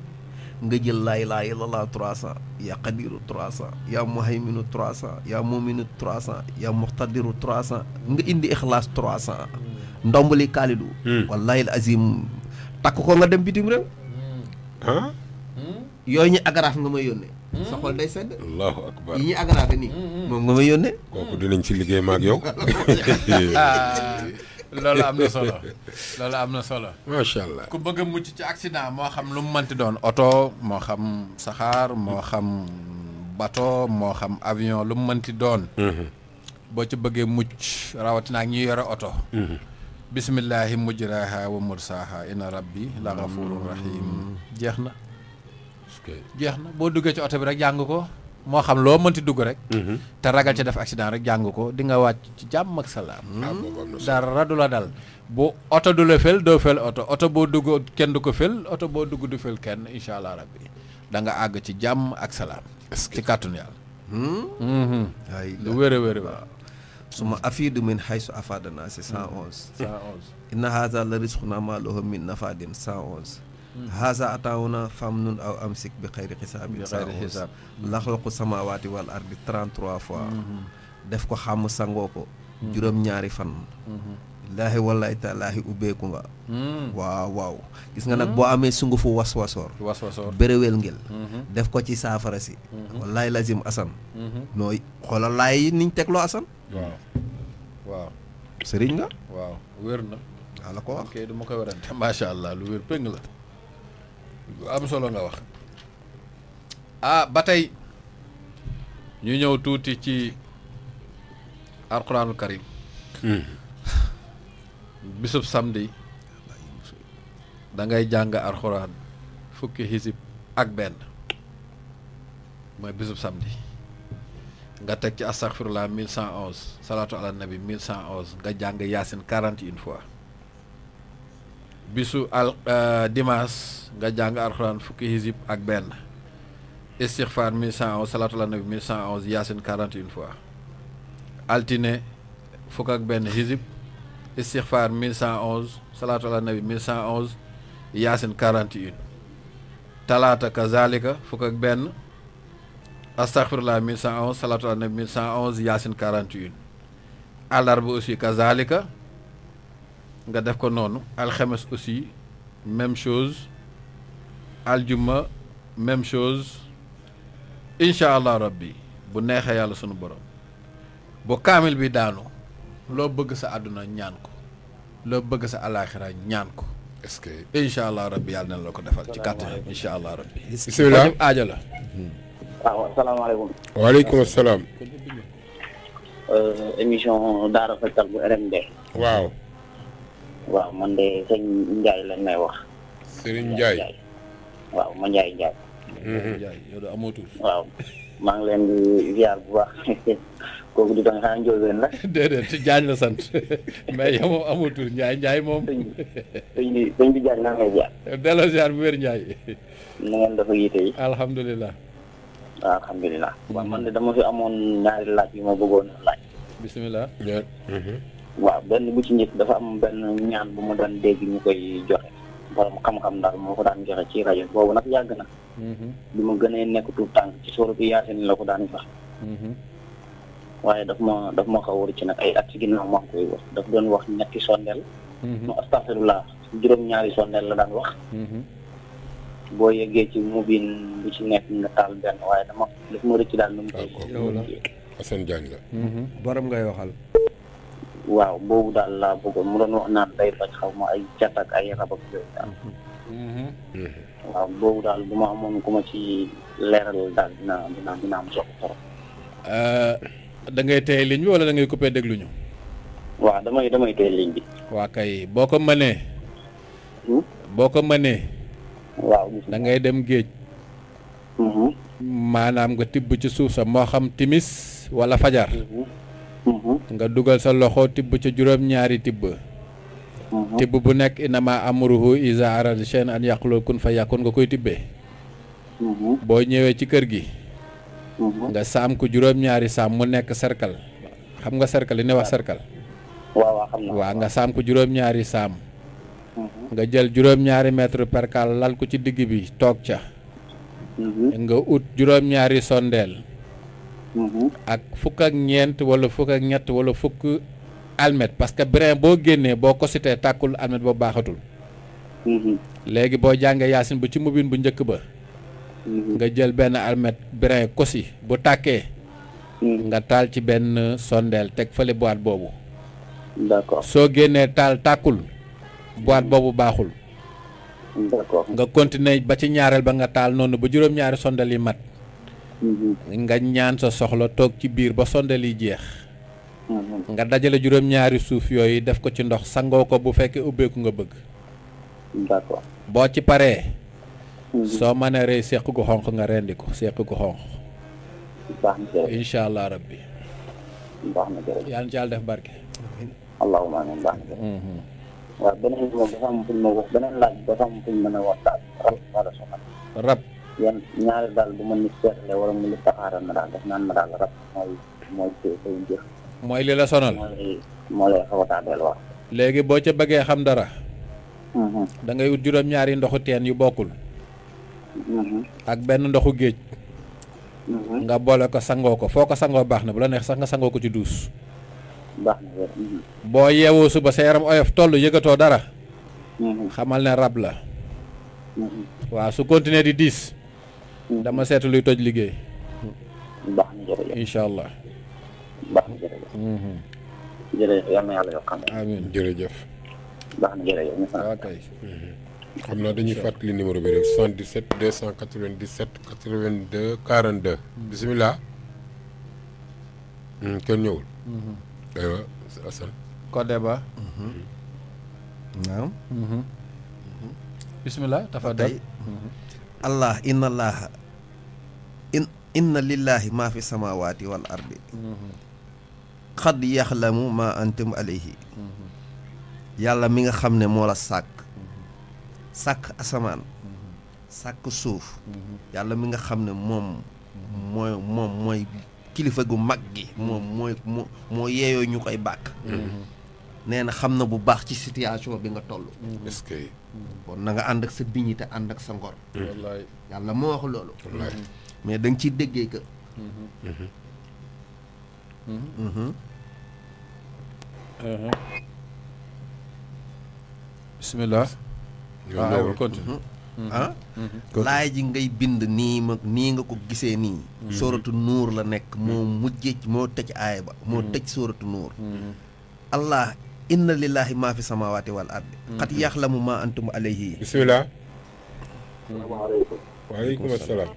nga jël laa ilaaha illallah 300 yaa qadiru 300 yaa muhayminu 300 yaa muminu 300 yaa muqtadiru 300 nga indi ixlaas 300 ndombali kaalidu hmm. wallahi al takk ko nga dem bitim réew hmm. yooyu ñu agaraaf nga may yónnee sa xol day sedd. allahu akbar yi ñuy nii. Hmm, hmm. moom nga ma yónnee. kooku dinañ ci liggéey ma ak yow. Ah, loolu am na solo loolu am na solo. macha allah ku bëgg a mucc ci accident moo xam lu mu mënti doon oto moo xam saxaar moo xam bato moo xam avion lu mu mënti doon. Mm-hmm. boo ci bëggee mucc rawatina ak ñi yore oto. Mm-hmm. bismillahi mujraha wa mursaha inna rabbi la gafurun rahim jeex na. jeex na boo duggee ci oto bi rek jàng ko moo xam loo mënti dugg rek. Mhm. te ragal ci def accident rek jàng ko dinga nga wàcc ci jàmm ak salaam. Ah, dara du la dal. bu oto du la fel doo fel oto oto boo dugg kenn du ko fel oto boo dugg du kenn incha allah rabbi da nga àgg ci jàmm ak salaam. ci kàttun yàlla. Hmm? Mhm. lu wér a wér waaw. suma afiidu min haysu afaadana si 111. 111 inna haza la risquna ma lahu min nafaadin 111. haasa ataawuna fam nun aw am sik bi xayri xisaabin saab laxlaqu samawaati wal ardi 33 fois def ko xàmm sangoo ko juróom ñaari fan laahi wallaahi taalaahi ubbeeku nga waaw waaw gis nga nag boo amee sungufu waswasoor waswasoor béréwél ngel def ko ci saafara si wallaahi lazim asan nooy xoolal laay niñ tegloo asan waaw waaw sëriñ nga waaw wér na waa la ko wax ok dama allah lu wér péng la lu am solo nga wax ah ba tey ñu ñëw tuuti ci alquranul karim hmm. bisub samedi da ngay jàng alquran fukki xisib ak benn mooy bisub samedi nga teg ci astaghfirullah mille cent onze salaatu ala nabi mille cent onze nga jàng yaasin quarante une fois bisu al euh, dimanche nga jàng alxuraan fukki hizib ak benn istixfaar 1111 salaatul nabi 1111 yaasin fois altine fukk ak benn hizib istixfaar 1111 salaatul nabi 1111 yaasin 41 talaata kazalika fukk ak benn astaxfirullah 1111 salaatul yaasin 41 aussi kazalika nga def ko noonu alxames aussi même chose aljuma même chose incha allah rabbi bu neexee yàlla sunu borom bu kaamil bi daanu loo bëgg sa àdduna ñaan ko loo bëgg sa alaaxira ñaan ko. est-ce que incha allah rabbi yàlla nañ la ko defal ci kàttan incha allah rabbi. bisimilah aajo la. waaw salaamaaleykum. waaleykum salaam. émission Daara Fajtal bu RMD. waaw. waaw man de sëñ Ndiaye lañ may wax. Serigne Ndiaye waaw ma Ndiaye Ndiaye. Mhm. Ndiaye yow de amoo waaw maa ngi leen di ziar bu baax kooku di doon xanaa njóobeen la. déedéet Diagne la sant mais yow moom amoo tur Ndiaye Ndiaye moom. sëñ bi sëñ bi Diagne naa ngay ziar. delloo ziar bu wér Ndiaye. ngeen dafa yite yi. alhamdulilah. waaw man de dama fi amoon ñaari laaj yi ma bëggoon a laaj. bisimilah. waa benn bu ci njëkk dafa am benn ñaan bu ma daan dégg ñu koy joxe borom xam-xam daal moo ko daan joxe ci rajo boobu nag yàgg na mhm. bu ma gënee nekk tuut tànk ci sóoratu Yaasin la ko daan sax mhm. waaye daf ma daf ma xaw wër ci nag ay at ci ginnaaw maa ngi koy wax daf doon wax ñetti sondeel mhm. mu astafirullah juróom-ñaari sondeel la daan wax boo yeggee ci mubin bu ci nekk nga taal benn waaye dama daf ma rëcc daal nu mu koy ko Assane Diagne la ngay waxal waaw boobu daal laa bëggoon mu doon wax naan day faj xaw ma ay cat ak ay rab ak yooyu daal waaw boobu daal bu ma amoon ku ma ci leeral daal dina dina dina am solo trop da ngay téye ligne bi wala da ngay coupé déglu ñu waaw damay damay téye ligne bi waa kay boo ko mënee boo ko mënee waaw da ngay dem géej mm-hmm. maanaam nga tibb ci suuf sa moo xam timis wala fajar mm -hmm. Mm-hmm. nga dugal sa loxo tibb ci nyari ñaari tibb mm-hmm. tibb bu nekk inama amruhu iza arad shay'an an yaqlu kun fayakun nga koy tibbee mm-hmm. bo ñewé ci kër gi nga sam ku juróom ñaari sam mu nekk cercle xam nga cercle ni wax cercle waaw waaw nga sam ku juróom ñaari saam nga jël juróom ñaari mètre lal ko ci digg bi tok ca nga ut juróom ñaari sondel Mm-hmm. ak fukk ak ñeent wala fukk ñett wala fukk almet parce que brin boo génnee boo kositee tàkkul almet boobu baaxatul mm-hmm. léegi boo jàngee yaasin bu ci mubin bu njëkk ba mm-hmm. nga jël benn almet brin kosi bu tàkkee nga taal ci benn sondeel teg fële boîte boobu soo génnee taal tàkkul boîte boobu baaxul nga continuer ba ci ñaareel ba nga taal noonu ba juróom-ñaari sondeel yi mat nga ñaan sa soxla toog ci biir ba sondeel yi jeex nga dajale juróom-ñaari suuf yooyu def ko ci ndox sangoo ko bu fekkee ubbeeku nga bëgg boo ci paree mhm. soo mënee rey seq gu xonq nga rendi ko seq gu xonq incha allah rabbi baax na def barke allahumma amiin mhm. rab yan ñaari daal bu ma nit le e wala mu li taxaaral ma daal def naan ma daal rab mooy mooy ci say mbir mooy li la sonal moo lay xaw a taadeel waaw léegi boo ca xam dara mhm. da ngay ut juróom ñaari ndoxu teen yu bokkul mhm. ak benn ndoxu géej mhm. nga boole ko sangoo ko foo ko sangoo na bu la neex sax nga sangoo ko ci duus baax na boo suba sa yaram oyof toll yëgatoo dara xamal ne rab la waaw su continuer di diis dama seetu luy toj liggéey. baax allah. baax na jërëjëf. Mhm. jërëjëf yal xam ne. amiin jërëjëf. baax na jërëjëf ñu sant. ok. xam naa dañuy fàttali numéro bi rek 77 297 82 42. bisimilah. kenn ñëwul. Mhm. aywa Assane. Codé Ba. Mhm. naam. bisimilah dafa Day. allah inna allaha in inna lillahi ma fi samawati wal ardi xad yaxlamu ma antum alayhi yàlla mi nga xam ne moo la sàkk sàkk asamaan sàkk suuf yàlla mi nga xam ne moom mooy moom mooy kilifa gu mag gi moom mooy moo moo yeeyoo ñu koy bàkk nee na xam na bu baax ci situation bi nga toll est-ce que kon na nga ànd ak sa dignité ànd ak sa ngor. Mm-hmm. yàlla moo wax loolu. mais danga ciy déggee que. Mm-hmm. Mm-hmm. bisimilah. Ah, waaw ah? laay ji ngay bind nii ma nii nga ko gisee nii. sooratu nuur la nekk moo mujjee moo tëj aaya ba moo tëj sooratu nuur. allah إن لله ما في السماوات والأرض قد يعلم ما أنتم عليه بسم الله وعليكم السلام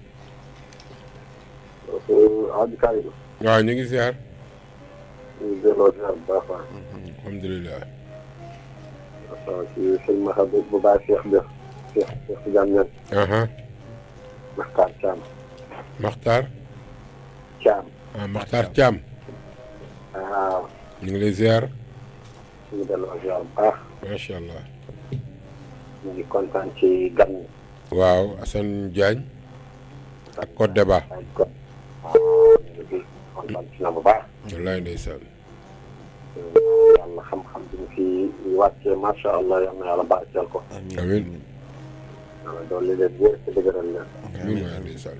عبد كريم نعم نجي زيار الحمد لله شيخ مختار كام مختار كام مختار كام اه نجي زيار ñu delloo ziar allah. ñu ngi kontaan ci gan ñi. waaw Assane Diagne. ak Côte d'Ivoire. waaw ñu ngi kontaan ci baax. wallaay ndeysaan. yàlla xam-xam bi ñu fi wàccee macha allah yal na yàlla barkeel ko. amiin. yàlla dolli leen wér te dëgëral leen. amiin waay ndeysaan.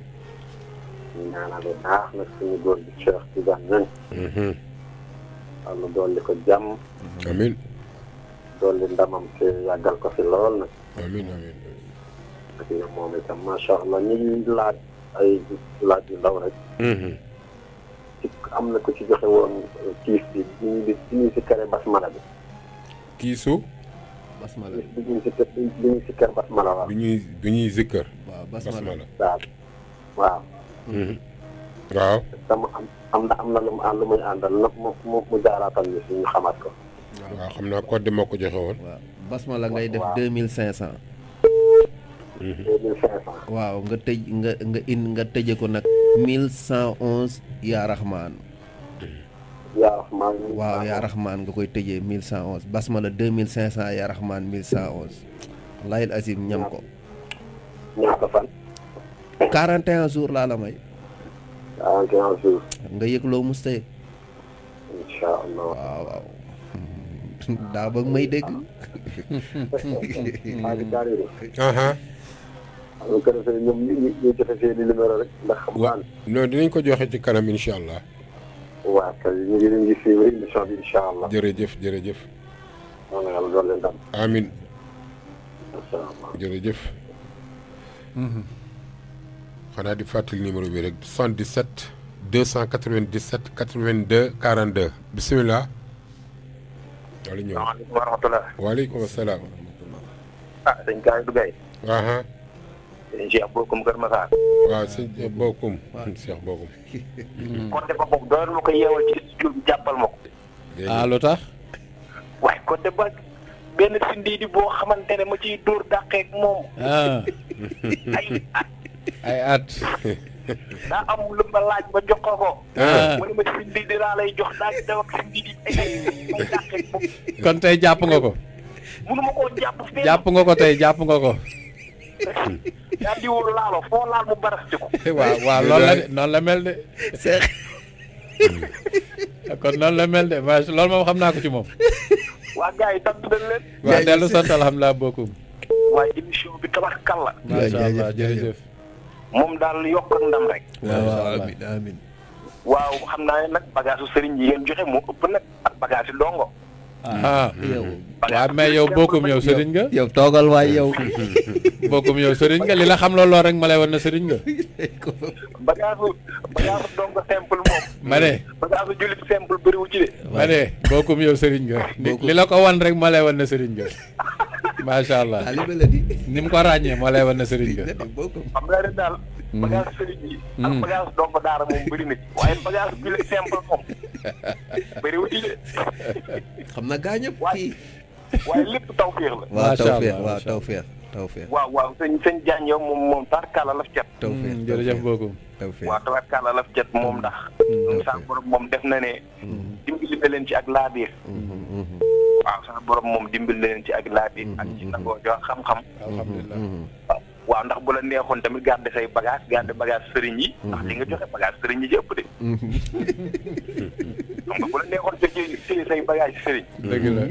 ñu ñaanale baax nag suñu góor bi Cheikh Tidiane Niang. yàlla dolli ko jàmm. amiin. dolli ndamam te yàggal ko fi lool nag. amiin amiin. parce que moom itam allah ñu laaj ay laaj yu ndaw rek. Mhm. am na ko ci joxe woon kiis bi bi di bi ñu basmala bi. kiisu. basmala bi ñu si bi ñu si kere basmala waaw. bi ñuy bi ñuy zikkër. waaw basmala waaw. Mhm. waaw na am na lu mu ànd ko. waaw xam naa code bi moo ko joxe woon. basma la ngay def deux mille cinq cent. Mhm. deux mille cinq cent. waaw nga tëj nga nga in nga tëje ko nag mille cent onze yaa raxmaan. yaa raxmaan. waaw yaa nga koy tëjee mille cent onze basma la deux mille cinq cent yaa raxmaan mille cent onze. layil asim ñam ko. ñam ko jours laa la may. 45 ah, nga yëg loo mus tey. incha allah waaw waaw. daa bëgg may dégg. ñu ko dinañ ko joxe ci kanam incha allah. waaw kay ñu jëf leen di suivre xanaa di fàttali numéro bi rek 77 297 82 42 bisimilah. waaleykum wa rahmatulah. waaleykum salaam. ah sëñ Kaay du Gaye. waaw sëñ Bokum. waaw sëñ Cheikh Bokum. kon de bopp doyal ma ko yeewal ci studio bi jàppal ma ko. ah lu tax. waaye kon ba benn sindi di boo xamante ne ma ciy dóor dàqeeg moom. Ah. ay at. ko ko. Ah. jox daa di kon tey jàpp nga ko. munu jàpp nga ko tey jàpp nga ko. daa di wóor ko. waaw waaw la de noonu la mel de. seex. kon noonu la mel de ma loolu moom xam naa ko ci moom. waa gars yi sant nañ waa dellu sant alhamdulilah bi tabarkalla. macha allah jërëjëf. moom daal yokk ak ndam rek. waaw xam naa ne nag bagage su sëriñ yi ngeen joxe moo ëpp nag ak bagage yu dongo. ah yow. waaw ah, yow bokkum yow sëriñ nga. yow toogal waay yow. bokkum yow sëriñ nga li la xam lool rek ma lay wan na sëriñ nga. bagaasu bagaasu donc simple bokkum yow sëriñ nga. li la ko wan rek ma lay wan na sëriñ nga. macha allah ni mu ko ràññee ma lay wan na sëriñ nga. Mm-hmm. bagage sëriñ yi. Mm-hmm. ak daara moom bëri na waaye bagage bi la moom bëri wu xam na gaa ñëpp kii. waaye lépp tawféex la. waaw tawféex waaw tawféex tawféex. waaw waaw sëñ sëñ Diagne yow moom moom tarkala laf cet. tawféex mm-hmm, jërëjëf boobu. tawféex waaw tarkala laf cet moom ndax. tawféex saa borom moom def na ne. dimbali na leen ci ak laabiir. waaw saa borom moom dimbil na leen ci ak laabiir. ak ci nangoo jox xam-xam. alhamdulilah waaw ndax bu la neexoon tamit garde say bagage garde bagage sëriñ yi ndax li nga joxe bagage sëriñ yi ci ëpp de donc bu la neexoon te téye say bagage sëriñ dëgg la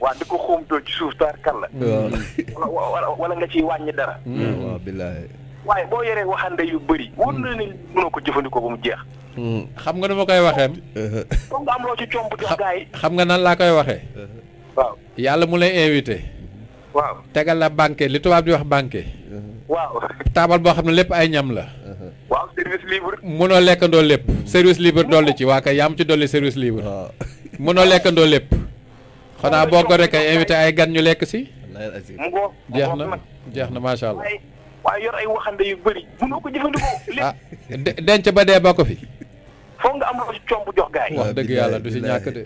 waaw di ko xóomtoo ci suuf taar kal la wala wala nga ciy wàññi dara mm. Mm. waaw bilaay waaye boo yoree waxande yu bëri wóor na ko jëfandikoo ba mu jeex mm. xam nga nu koy waxee foog nga am loo ci comb jox xam nga nan laa koy waxee waaw yàlla mu lay invité waaw tegal la banquet li tubaab di wax banquet. taabal boo xam ne lépp ay ñam la. waaw service mënoo lekkandoo lépp service libre dolli ci waa kay yaa am ci dolli service libre. mënoo lekkandoo lépp. xanaa boo ko rekk ay invité ay gan ñu lekk si. jeex na jeex na macha allah. waaye ah, denc ba dee bokk fi. foog nga am loo si coom bu jox gaay wax dëgg yàlla du si ñàkk de.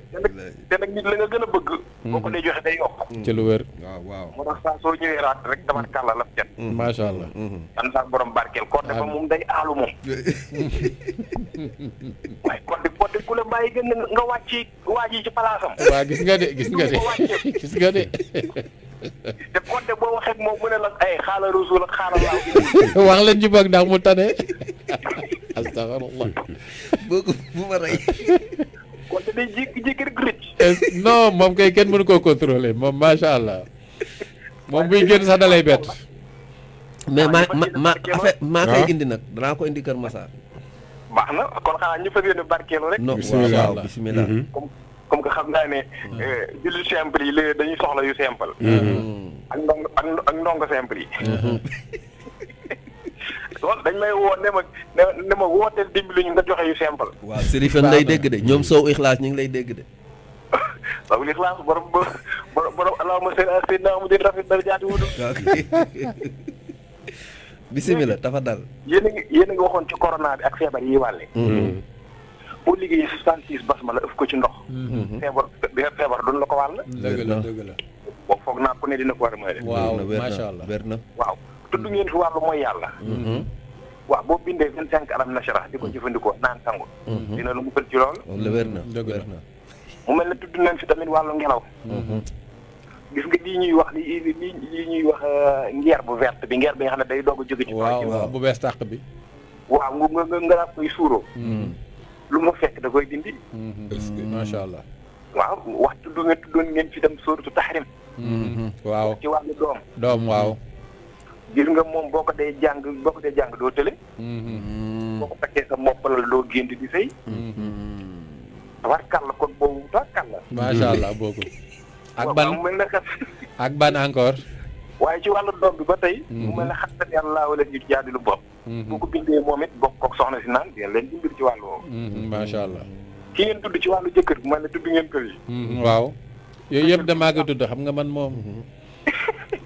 te nag nit la nga gën a bëgg. Mm. boo ko dee joxe day yokk. ci lu wér. waaw waaw moo tax saa soo ñëwee raat rek dama kàlla la jot. Mm. macha allah. am mm, saa borom barkeel. waaw kon moom day aalu moom. waaye kon te ku la bàyyi gën nga wàcc waa ci palaasam. waa gis nga de gis nga de gis nga de. te côté boo waxee ak moom mu ne la ay xaaral ruusul ak xaaral laa. wax leen ci ndax mu tane. bu ma non kay contrôler allah. mais ma maa maa koy indi nag danaa ko indi baax na kon xanaa ñu fas yéene barkeelu rek. bisimilah waaw bisimilah. Mm-hmm. comme que xam naa ne. Mm-hmm. Euh, julli simple yi léegi dañuy soxla yu simple. Mm-hmm. ak ndong ak ndongo simple yi. loolu dañ may wo ne ma ne ma wooteel dimbali ñu nga joxe yu simple. waaw sëriñ lay dégg de ñoom sow ixlaas ñu ngi lay dégg de. waaw ixlaas borom borom borom allahumma salli ala sayyidina Muhammadin rafet darajaati wudu bisimilah dafa dal. yéen a ngi yéen ngi waxoon ci corona bi ak feebar yi wàlle. boo liggéeyee 66 bas ma la ëff ko ci ndox. Mm-hmm. feebar feebar duñ la ko wàll. dëgg la dëgg la. boo foog naa ku ne dina ko war a mën a waaw macha allah na waaw tudd ngeen fi wàllu mooy yàlla. Mm-hmm. waaw boo bindee 25 alam nasara di ko mm-hmm. jëfandikoo naan sangu. dina lu mu ci lool. wala wér na wér na. mu mel ne tudd nañ fi wàllu ngelaw. gis nga lii ñuy wax li lii ñuy wax euh, ngeer bu verte bi ngeer bi nga xam ne day doog a jóge ci waaw bu bees tàq bi waaw nga nga nga koy suuroo hmm. lu mu fekk da koy dindi hmm, masha allah waaw wax tudd nga tuddoon ngeen fi dem sóoratu taxrim hmm, waaw ci wàllu doom doom waaw gis nga moom boo ko dee jàng boo ko dee jàng doo tële boo ko fekkee sa moppalal doo génn di sëy tabarkàlla kon boobu tabarkàlla masha allah boobu Akban, Akban mel na xas ak ban encore waaye ci wàllu doom bi ba tey mu mhm. mel ne xastan yàlla wala ñu jaadilu bopp mhm. bu ko bindee moom it bokk soxna si naan dina leen dimbir ci wàllu woowu mhm, macha allah ki ngeen tudd ci wàllu jëkkër bu mel ne tudd ngeen ko yi waaw yooyu yëpp damaa ko tudd xam nga man moom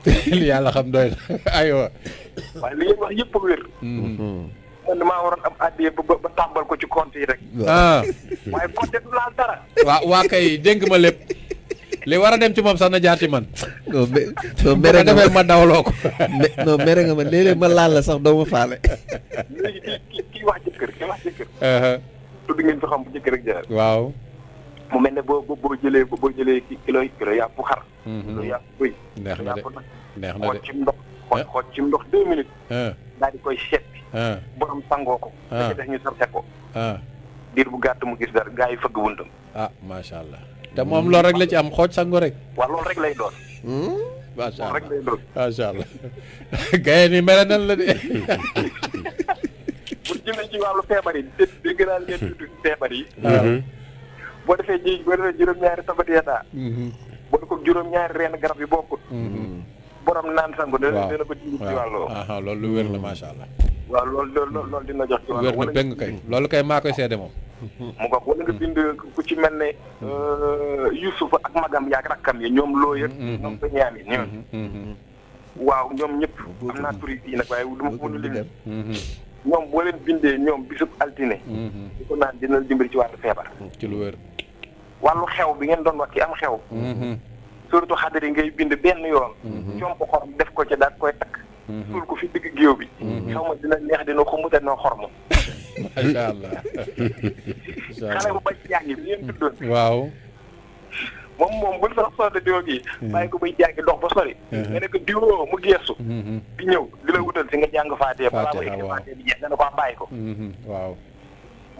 li yàlla xam doy na aywa waaye li ngeen wax yëpp a wér man damaa waroon am àddiya ba ba ko ci compte yi rek ah waaye compte du laal dara waa waa kay dénk ma lépp li war a dem ci moom sax na jaar ci man. no mere nga ma dawloo ko. no mere nga ma léeg ma laal la sax doo ma faale. léegi kii ci wax jëkkër kii wax jëkkër. Uh-huh. tudd ngeen fi xam bu jëkkër ak jaar. waaw. mu mel ne boo boo jëlee boo jëlee kilo kilo yàpp xar. Mm-hmm. kilo yàpp bëy. neex na de neex na de xool ci ndox. xool uh-huh. ci ndox deux minutes. Uh-huh. daal di koy seppi. borom sangoo ko. da def ñu sarse ko. diir bu gàtt mu gis dara yi fëgg buntam. ah macha allah. te moom loolu rek la ci am xooj sangu rek. waaw loolu rek lay doon. Hmm? macha allah lay doon. macha allah gaye ni mel nan la de. bu ci wàllu feebar yi dé dégg yi. Hmm. boo defee ji boo defee juróom-ñaari tabat yadaa. Hmm. boo ko juróom-ñaari reen garab yi bokkut. borom naan sangu. waaw dina ko jiwu ci wàllu. loolu lu wér la macha allah. waaw loolu loolu loolu dina jox ci wàllu. wér na beng maa koy seede moom. mu ko wala nga bind ku ci mel ne. Euh, Youssouf ak Magam yaak rakkam yi ñoom loo yëg. Mm-hmm, mm-hmm. ñoom Beñaam yi mm-hmm, waaw ñoom ñëpp am naa tur yi nag waaye du ma bindee ñoom bisub altine. di ko naan dina dimbali ci wàll feebar. ci lu wér. wàllu xew bi ngeen doon wax ci am xew. surtout xadar yi ngay bind benn yoon. comp mhm. xorom def ko ci daal koy takk. Mhm. suul ko fi digg géew bi. Mhm. xaw ma dina neex dina xumb te dina xormu. incha allah moom moom bul sax soxla diwa gi. bàyyi ko bay jàngi dox ba sori. nga ne ko diwoo mu geesu. di ñëw di la wutal si nga jàng faatee. balaa muy egg bi jeex nga ne ko am ah, bàyyi ko. waaw.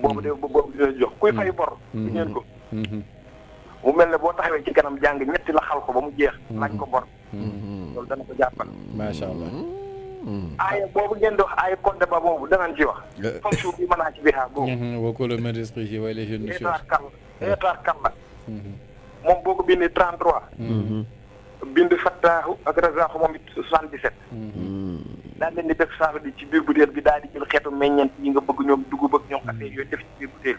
boobu de boobu dina jox kuy fay bor. ngeen ko. mu mel ne boo taxawee ci kanam jàng ñetti la xal ko ba mu jeex. Mm-hmm. laaj ko bor. Mm-hmm. loolu dana ko jàppal. macha allah. Mm-hmm. aaya boobu gën di wax aaya konte ba boobu danañ ci wax. fonction eh. bi mën naa ci biir boobu. woo ko le ministre yi waaye kan la moom boo ko bindee 33. bind fattaahu ak razaaxu moom it 77. daal leen di def saafara di ci biir butéel bi daal di jël xeetu meññeent ñi nga bëgg ñoom dugub ak ñoom affaire yooyu def ci biir butéel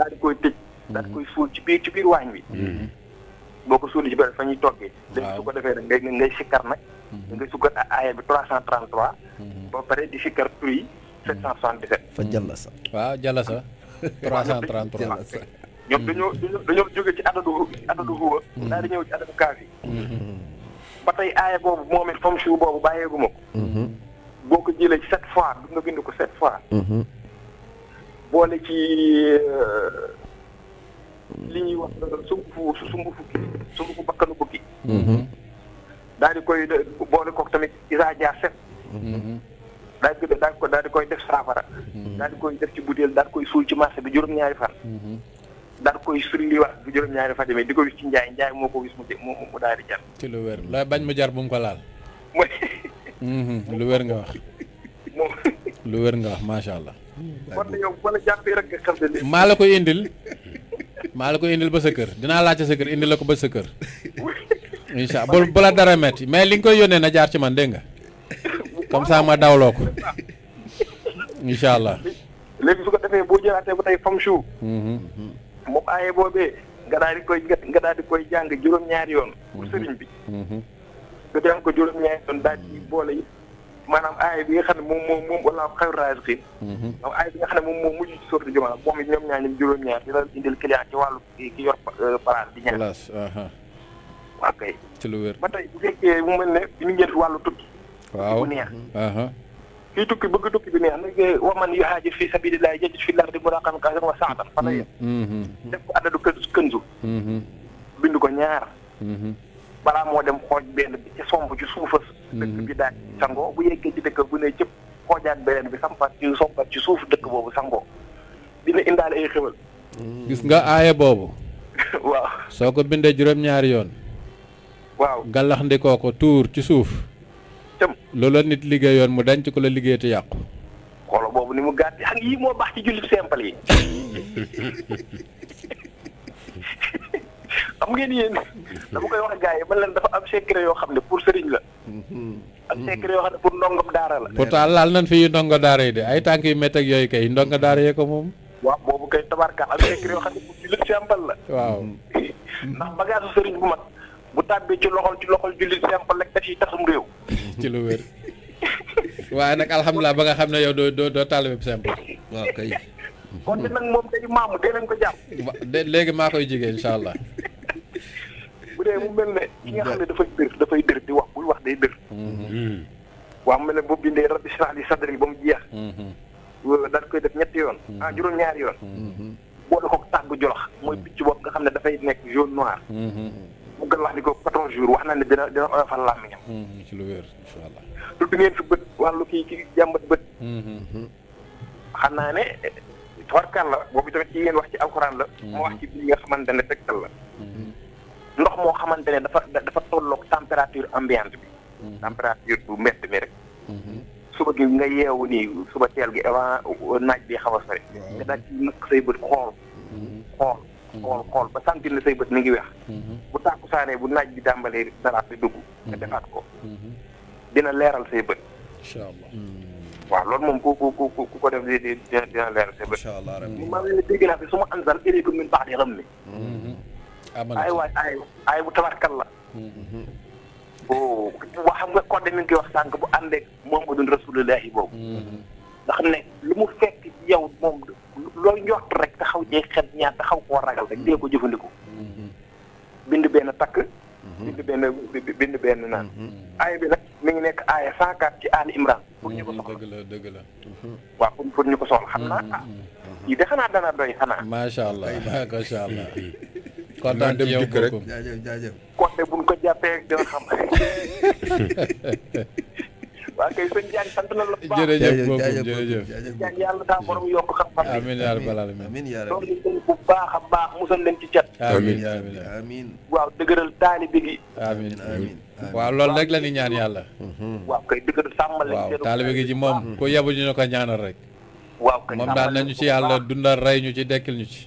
daal di koy tëj. daal mhm. koy suul ci biir ci biir waañ bi mhm. boo ko suul ci biir fa ñu toggee. waaw su ko defee nag ngay ngay sikkar nag. Mhm. nga sukkat aaya bi 333. ba pare di sikkar tur yi 777. fa Jallasa. waaw Jallasa. 333 Jallasa. ñoom dañoo dañoo jóge ci adadu adadu huwa. daal di ñëw ci adadu kaafi. ba tey aaya boobu moom it fam siw boobu bàyyeegu ko. boo ko jëlee sept fois nga bind ko sept fois. boole ci. Euh, li ñuy sumbu sumb fu sumb fu sumb fu bakkanu bukki daal di koy boole kook tamit isaa jaar set daal di daal ko daal di koy def saafara daal di koy def ci butéel daal koy suul ci marché bi juróom-ñaari fan daal koy sulli wax bu juróom-ñaari fan demee di ko wis ci njaay njaay moo wis mu mu mu daal di jar ci lu wér la bañ mu jar bu ko laal lu wér nga wax lu wér nga wax macha allah kon yow wala jàppee rek nga maa la ko indil maa la ko indil ba sa kër dinaa laajte sa kër indil la ko ba sa kër incha allah bu la dara metti mais li nga koy yónnee na jaar ci man dégg nga comme ça ma dawloo ko incha allah. léegi su ko defee boo jëlaatee ba tey famchu. Mhm, mu aaye boobee nga daal di koy nga daal di koy jàng juróom-ñaari yoon. Mhm. pour sëriñ bi. Mhm. nga jàng ko juróom-ñaari yoon daal di boole yi maanaam aay bi nga xam ne moom moom moom wala xayru raasixiin moom aay bi nga xam ne moom moom mujj ci juróom-ñaar dina indil client ci wàllu ki yor euh, place di ñaan waaw kay ci lu wér ba tey bu fekkee mu mel ne ñu ngeen wàllu tukki bu neex fii tukki bëgg tukki bi neex nag euh, wa man yuhaajir fii sabiilillaahi yajid fil ardi muraaqan kasiiran wa sa'atan fa la mm, yem mm, mm. def ko adadu kën kënsu mm-hmm. bind ko ñaar mm-hmm. balaa moo dem xooj benn bi ci somb ci suufas mm-hmm. dëkk bi daal ci bu yeggee ci dëkk bu ne cëpp xoojaat beneen bi sampat ci sompat ci suuf dëkk boobu sangoo dina indaale ay xewal mm-hmm. gis nga aaya boobu waaw soo ko bindee juróom-ñaari yoon waaw gàllax ndikoo ko tuur ci suuf la nit liggéey yoon mu denc ko la liggéey yàqu xoolo boobu ni mu gàtt ak yii moo baax ci jullit simple yi xam ngeen yéen dama koy wax gars yi man leen dafa am secret yoo xam ne pour sëriñ la am secret yoo xam ne pour ndongam daara la pourtant laal nañ fi yu ndongo daara yi de ay tànk yu métt ak yooyu kay ndongo daara yee ko moom waaw boobu kay tabarka am secret yoo xam ne pour jullit simple la waaw ndax bagage sëriñ bu mat bu tàbbee ci loxol ci loxol jullit simple rek daf yi taxum réew ci lu wér waaye nag alhamdulilah ba nga xam ne yow simple waaw kay kon nit nag moom day maamu dee leen ko jàpp. léegi maa koy jigéen incha allah. bu dee mu mel ne ki nga xam ne dafay dër dafay dër di wax buy wax day dër. Mm-hmm. Mm-hmm. waaw mu mel ne boo bindee rabbi shrah li sadri ba mu jeex. Mm-hmm. daal koy def ñetti yoon. ah juróom ko tàggu jolox mooy picc bopp nga xam ne dafay nekk jaune noir. mu gën wax ko quatorze jours wax na ne dina dina oyofal làmmiñam. ci lu wér incha allah. tudd ngeen fi bët wàllu kii kii jàmbat bët. xam naa ne. tubarkaan la boobu tamit ci yéen wax ci alquran la hmm. moo wax ci bi nga xamante ne tegtal la hmm. ndox moo xamante dafa dafa tolloog température ambiante bi hmm. température bu mbett mi rek suba gi nga yeewu nii suba teel gi avant euh, naaj bi xaw a sori nga daal ci nëkk say bët xool xool xool xool ba sentir ne say bët ngi weex bu tàkku saanee bu naaj bi dugg nga ko dina leral say bët waaw loolu moom ku ku ku ko def di di di dina leer sa bët. incha allah rabbi maa ma mm-hmm. waay ay ay mm-hmm. xam nga code mi ngi koy wax sànq bu ànd ak Muhammadun Rasulullahi boobu. nga xam mm-hmm. ne lu mu fekk yow moom looy rek taxaw jee xel ñaar taxaw koo ragal rek ko jëfandiku. bind benn takk. Mhm. bind benn bind benn naan. Mhm. aaya bi nag mi ngi nekk aaya 104 ci Al Imran. pour ñu ko soxla dëgg mhm. ñu ko soxla xam naa ah. yi defe naa dana doy xanaa. macha allah macha allah. kontaan ci yow kooku jaajëf jaajëf. kon de bu ñu ko jàppee dina waa kay sëñ Diagne sant na la bu baax jërëjëf boobu jërëjëf Diagne yàlla yaa rabbal aalamiin amiin yaa rabbi leen bu a baax waaw dëgëral taalibe gi amiin waaw loolu rek la ñaan yàlla mhm. waaw kay dëgëral sàmmal leen ci moom ku yebu ñu ne ko ñaanal rek waaw kay moom daal nañu ci yàlla dundal rey ñu ci dekkil ñu ci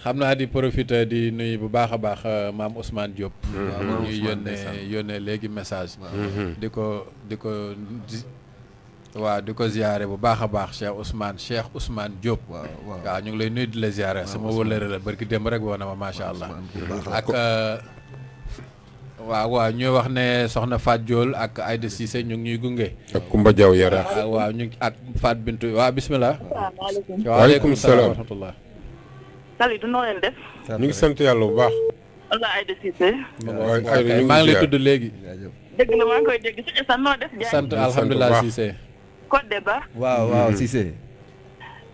xam naa di profiteur di nuyu bu baax a baax euh, maam Ousmane Diop. Mm-hmm. waaw yónnee léegi message. Mm-hmm. di ko di ko waaw di ko ziare bu baax a baax Cheikh Ousmane Cheikh Ousmane Diop. waaw waaw ñu ngi lay nuy di la ziare sama wëllëre la barki démb rek woon na ma macha allah. ak euh, waaw waaw ñuy wax ne soxna faat Diol ak Aïda Cissé ñu ngi ñuy gunge. ak Kumba Diaw Yara. waaw ñu ak Fat Bintu waaw bisimilah. waaleykum salaam salaam wa Saly du noo leen def. ñu ngi sant yàlla bu baax. wala Aïda Cissé. waaw maa ngi lay tudd léegi. dégg na maa koy dégg si sa noo def. sant alhamdulilah Cissé. Codé Ba. waaw waaw mm-hmm. Cissé.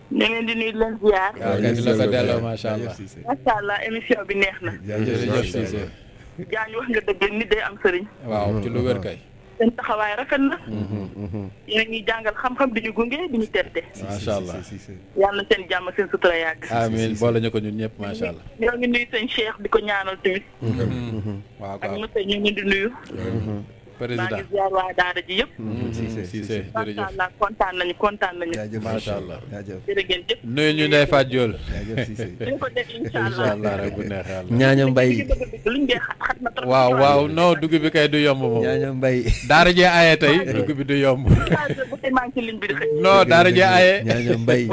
ñu ngi leen leen ziar. waaw kay allah. macha bi neex na. jaa ñu wax nga dëgg nit day am sëriñ. waaw ci lu wér kay. seen taxawaay rafet na. Mhm, mhm. yéen a ngi jàngal xam-xam di ñu gunge di ñu tette. macha allah yàlla na seen jàmm seen sutura yàgg. amiin boole ñu ko ñun ñëpp macha allah. ñoo ngi nuyu seen Cheikh di ko ñaanal tamit. Mhm, waaw ak monsieur ñu ngi di nuyu. président maa ngi kontaan nañu kontaan nañu. jaajëf macha allah jaajëf jërë ngeen jëf. nuyu ñu Ndeye Fatou Diol. ñaaña mbay waaw waaw non dugg bi kay du yomb moom. ñaaña mbay daara jee aye tey dugg bi du yomb. non daara jee aye. ñaaña mbay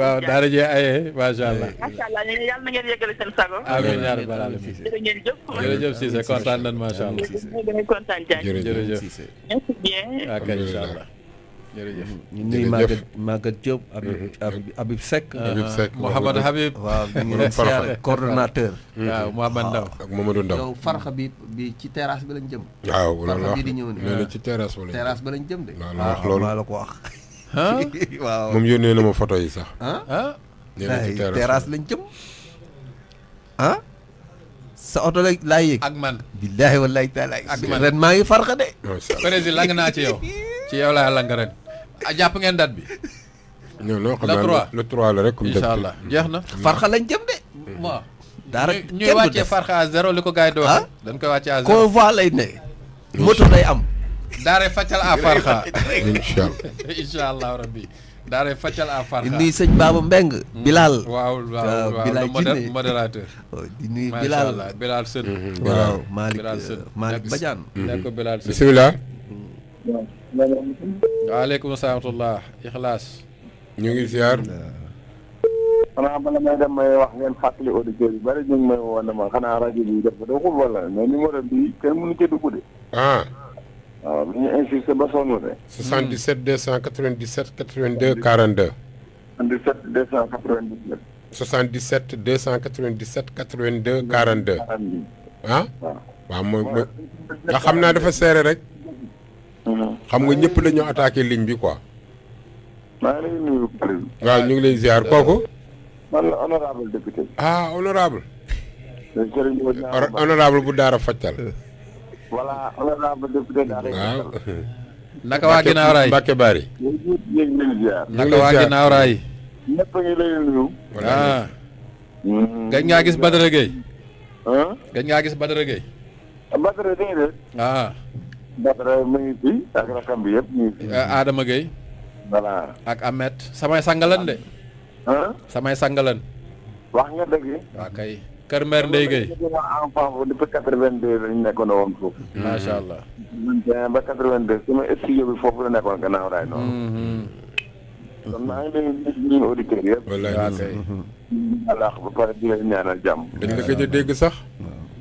waaw daara jee aye macha allah. macha allah yàlla ngeen yeggale seen sago. amiin yaa rabbal aalamiin jërë ngeen jëf. jërëjëf Cissé kontaan nañu Cissé dañuy kontaan jërëjëf jërëjëf ñu nuyu Maguette Maguette Diop. Habib Habib Seck. Habib ah, Seck Mouhamed Habib. waaw ñu ngi leen coordonnateur. waaw Mouhamed Ndaw bi bi ci teraas bi lañ jëm. waaw loolu la wax loolu ci terrasse bi lañ jëm terrasse ba lañ jëm la ko wax. waaw moom yónnee na ma photo yi sax. ah lañ jëm ah. sa oto la laa yëg. ak man billaahi wallaahi taala. ak ren maa ngi farxa de. président lang naa ci yow. ci yow laa lang ren. a jàpp ngeen date bi. non non la rek. comme incha allah mm. jeex na farxa lañ jëm de. Mm. waaw. daara kenn ñuy wàccee farxa à zéro li ko gars yi di ah? dañ koy wàccee à zéro convoi lay ne. moto day am. daare fàccal à farxa. incha allah rabbi. daaray Fatial à Farha di nuyu sëñ Baba Mbeng mm. Bilal waaw waaw Bilal Jinne modérateur oh, di nuyu Bilal Bilal Sën mm-hmm. waaw Malick euh, Malick nekk mm-hmm. Bilal Sën bisimilah mm. waaleykum salaam wa rahmatulah Ikhlaas ñu ngi ziar xanaa bala may dem may wax ngeen fàttali auditeurs yi bari ñu ngi may woon ne ma xanaa rajo bi dafa doxul wala mais numéro bi kenn mënu ci dugg de ah. waaw bu ñu insisté ba sonn de. 77 297 82 42. 77 297. 77 297 82 42. ah waaw mooy mooy. nga xam naa dafa seere rek. Mm-hmm. xam nga ñëpp la ñu attaqué ligne bi quoi. maa ngi nuyu waaw ñu ngi lay ziar euh, kooku. man la honorable député. ah honorable. honorable bu daara faccal euh. voilà honorable naka waa ginnaaw raay raay ñëpp a ngi lay nuyu voilà ah. hmm. gañ ngaa gis Badara Gueye gañ ngaa gis Badara Gueye Badara nii de ah. ak rakam ah, samay sangalan de samay sangalan wax kay Kër Mère Ndeye Gueye. depuis quatre-vingt-deux la ñu nekkoon woon foofu. macha allah. ba quatre-vingt-deux sama studio bi foofu la nekkoon gannaaw raay noonu. Mm-hmm. kon maa ngi leen di nuyu auditeurs yëpp. wallaahi kay. allah ba pare di leen ñaanal jàmm. dañ la gëj a dégg sax.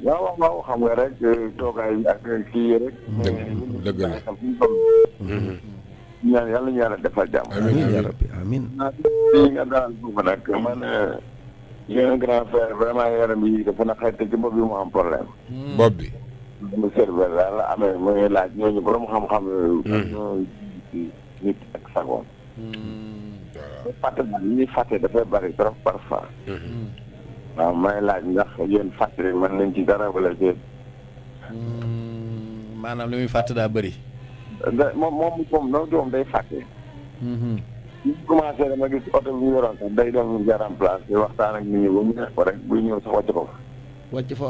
waaw waaw xam nga rek euh, toogaay bi ak euh, kii yi rek. Euh, mm-hmm. yàlla ñu yàlla defal jàmm. amiin yéen a grand frère vraiment yaram bi dafa na xayte ci bopp bi mu am problème. Hmm. bopp bi. mu serveur daal la amee ngi laaj ñooñu borom xam-xam yooyu. Hmm. nit ak sagoon. Hmm. fàtte li ñuy fàtte dafay bari trop parfois. waaw may laaj ndax yéen fàttali mën nañ ci dara wala déet. maanaam li muy fàtte daa bëri. moom moom moom doom day fàtte. bi mu commencé dama gis oto bi mu yoroon day doon ñu waxtaan ak nit ñi ba mu neex ko rek buy ñëw sax wàcc ko fa. bi. wàcc fa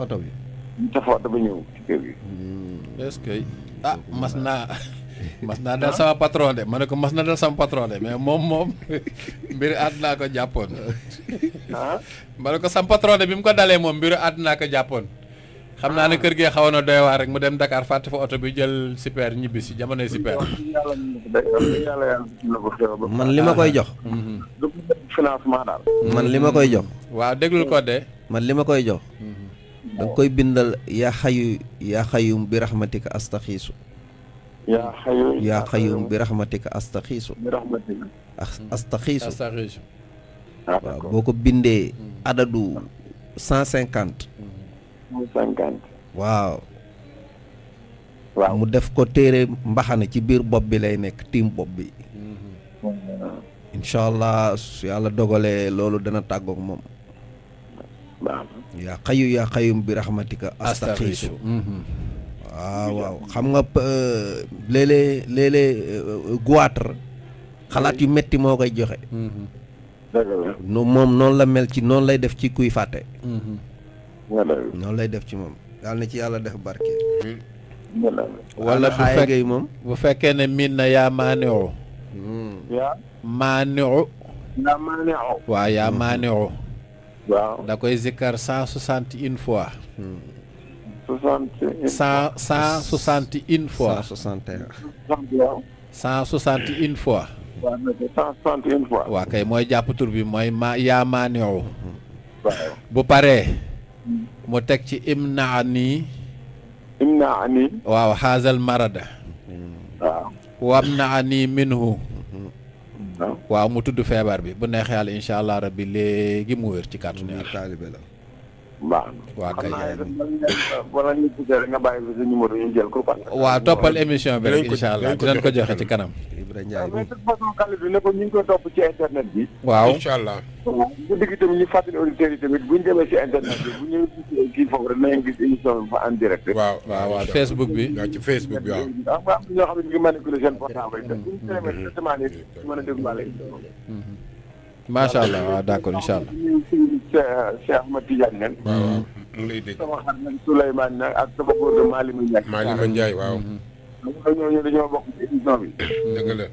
ñëw ci hmm. ah, mas na mas naa dal sama patron de ma ne ko mas na dal sama patron de mais moom moom mbiru àddinaa ko jàppoon. ma ne ko sama patron de bi mu ko dalee moom mbiru àddinaa ko jàppoon. xam naa ne kër gee xaw na doy waar rek mu dem dakaar fàtte fa oto bi jël super ñibbi si jamonoy super. man li ma koy jox. Mm-hmm. man li ma koy jox. waaw déglul ko de. man li ma koy jox. Mm-hmm. da nga koy bindal yaa xayu yaa xayum bi rahmatika astaxiisu. yaa yaa xayum bi rahmatika astaxiisu. bi rahmatika. astaxiisu ah, waaw boo ko bindee. Mm-hmm. adadu cent cinquante. cent waaw mu def ko téere mbaxana ci biir bopp bi lay nekk tiim bopp bi mm-hmm. incha su yàlla dogalee loolu dana tàggoog moom yaa xayu yaa xayum bi raxmatika astaxiisu mm-hmm. waaw waaw xam nga euh, léeg-léeg léeg euh, xalaat yu metti moo koy joxe mm-hmm. moom noonu la mel ci noonu lay def ci kuy fàtte noonu lay def ci moom daal na ci yàlla def barke. wala bu fekkee moom. bu fekkee ne miin na yaa maanixu. yaa. yaa maanixu. waaw da koy zikkar cent soixante une fois. soixante une fois cent soixante une fois. waa kay mooy jàpp tur bi mooy ma yaa maanixu. bu paree. mu teg ci imnaa nii imnaa nii waaw xaazal marada waaw wamnaa nii minhu waaw mu tudd feebar bi bu neexee yàlla incha allah rabbi léegi mu wér ci kàttanu yàlla taalibe la baax na xam naa nga bàyyi sa numéro jël ko. waaw toppal émission bi rek incha allah dinañ ko joxe ci kanam. Ibra Ndiaye ah, mais de toute façon Kalidou ne ko ñu ngi koy topp ci internet bi. waaw incha allah. bu digg tamit ñu fàttali auditeurs yi tamit bu ñu demee ci internet bi bu ñu gis kii foofu rek nañu gis émission bi fa en direct. waaw waaw waaw Facebook bi. waaw ci Facebook bi waaw. waaw nga am ñoo xam ne ñu ngi manipuler seen portable yi. Mm-hmm. bu ñu demee directement nii mën a dégluwaale. Mm-hmm. macha allah waaw d'accord incha allah. Cheikh Ahmed Tidiane nen. waaw waaw mu ngi lay dégg. sama xarit nag Souleymane nag ak sama góor gi Malima Ndiaye. Malima Ndiaye waaw. Mm-hmm. ñooñu dañoo bokk ci émission bi. dëgg la.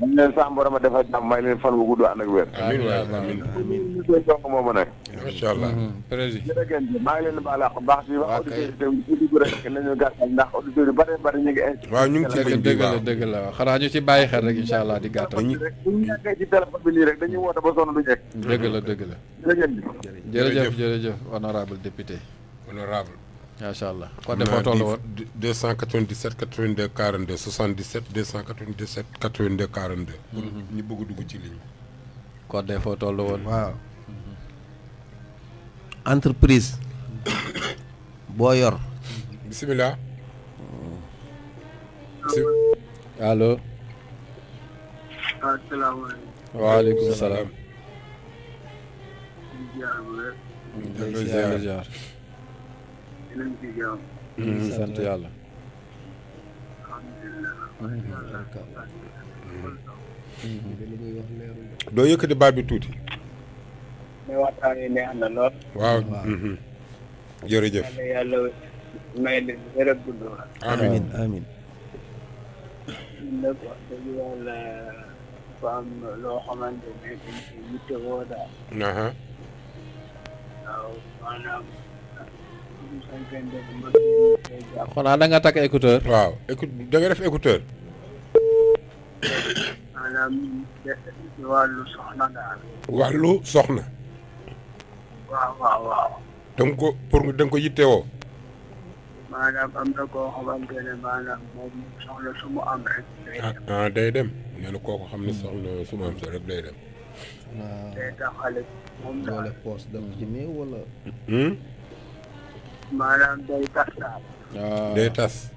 ñu leen sax a defal leen fan wu gudd ànd ak wér. amiin waay amiin a. incha allah mm-hmm. président. leen di baal a baax si wax auditeurs yi ndax auditeurs yi bari bari ñu ñu ngi ci ligne bi dëgg la dëgg la xanaa ñu ci bàyyi xel rek incha allah di gàttal. ñu nekkee ci téléphone bi nii rek dañuy woote ba sonn du ñekk. la dëgg la. jërëjëf jërëjëf honorable député honorable macha allah code de port la woon 297 82 42 77 297 82 42. pour ñu bëgg dugg ci ligne bi. code de port la woon. waaw entreprise. boo yor. bisimilah. allo. asalaamaaleykum. waaleykum salaam. di ziar. dinañ ci jàmm. sant yàlla. doo yëkkati baat bi tuuti. mais waxtaan yi neex na lool. waaw. Mhm. jërëjëf yàlla xanaa danga nga takk écouteur. waaw écoute da nga def écouteur. maanaam wàllu soxna daal. wàllu ko pour da nga ko yittewoo. maanaam am na koo xamante ne maanaam moom soxla su mu day ah, dem ah day dem nee xam ne soxla day dem. waaw day tax moom daal. wala poos dem ci maanaam day ah. day tas.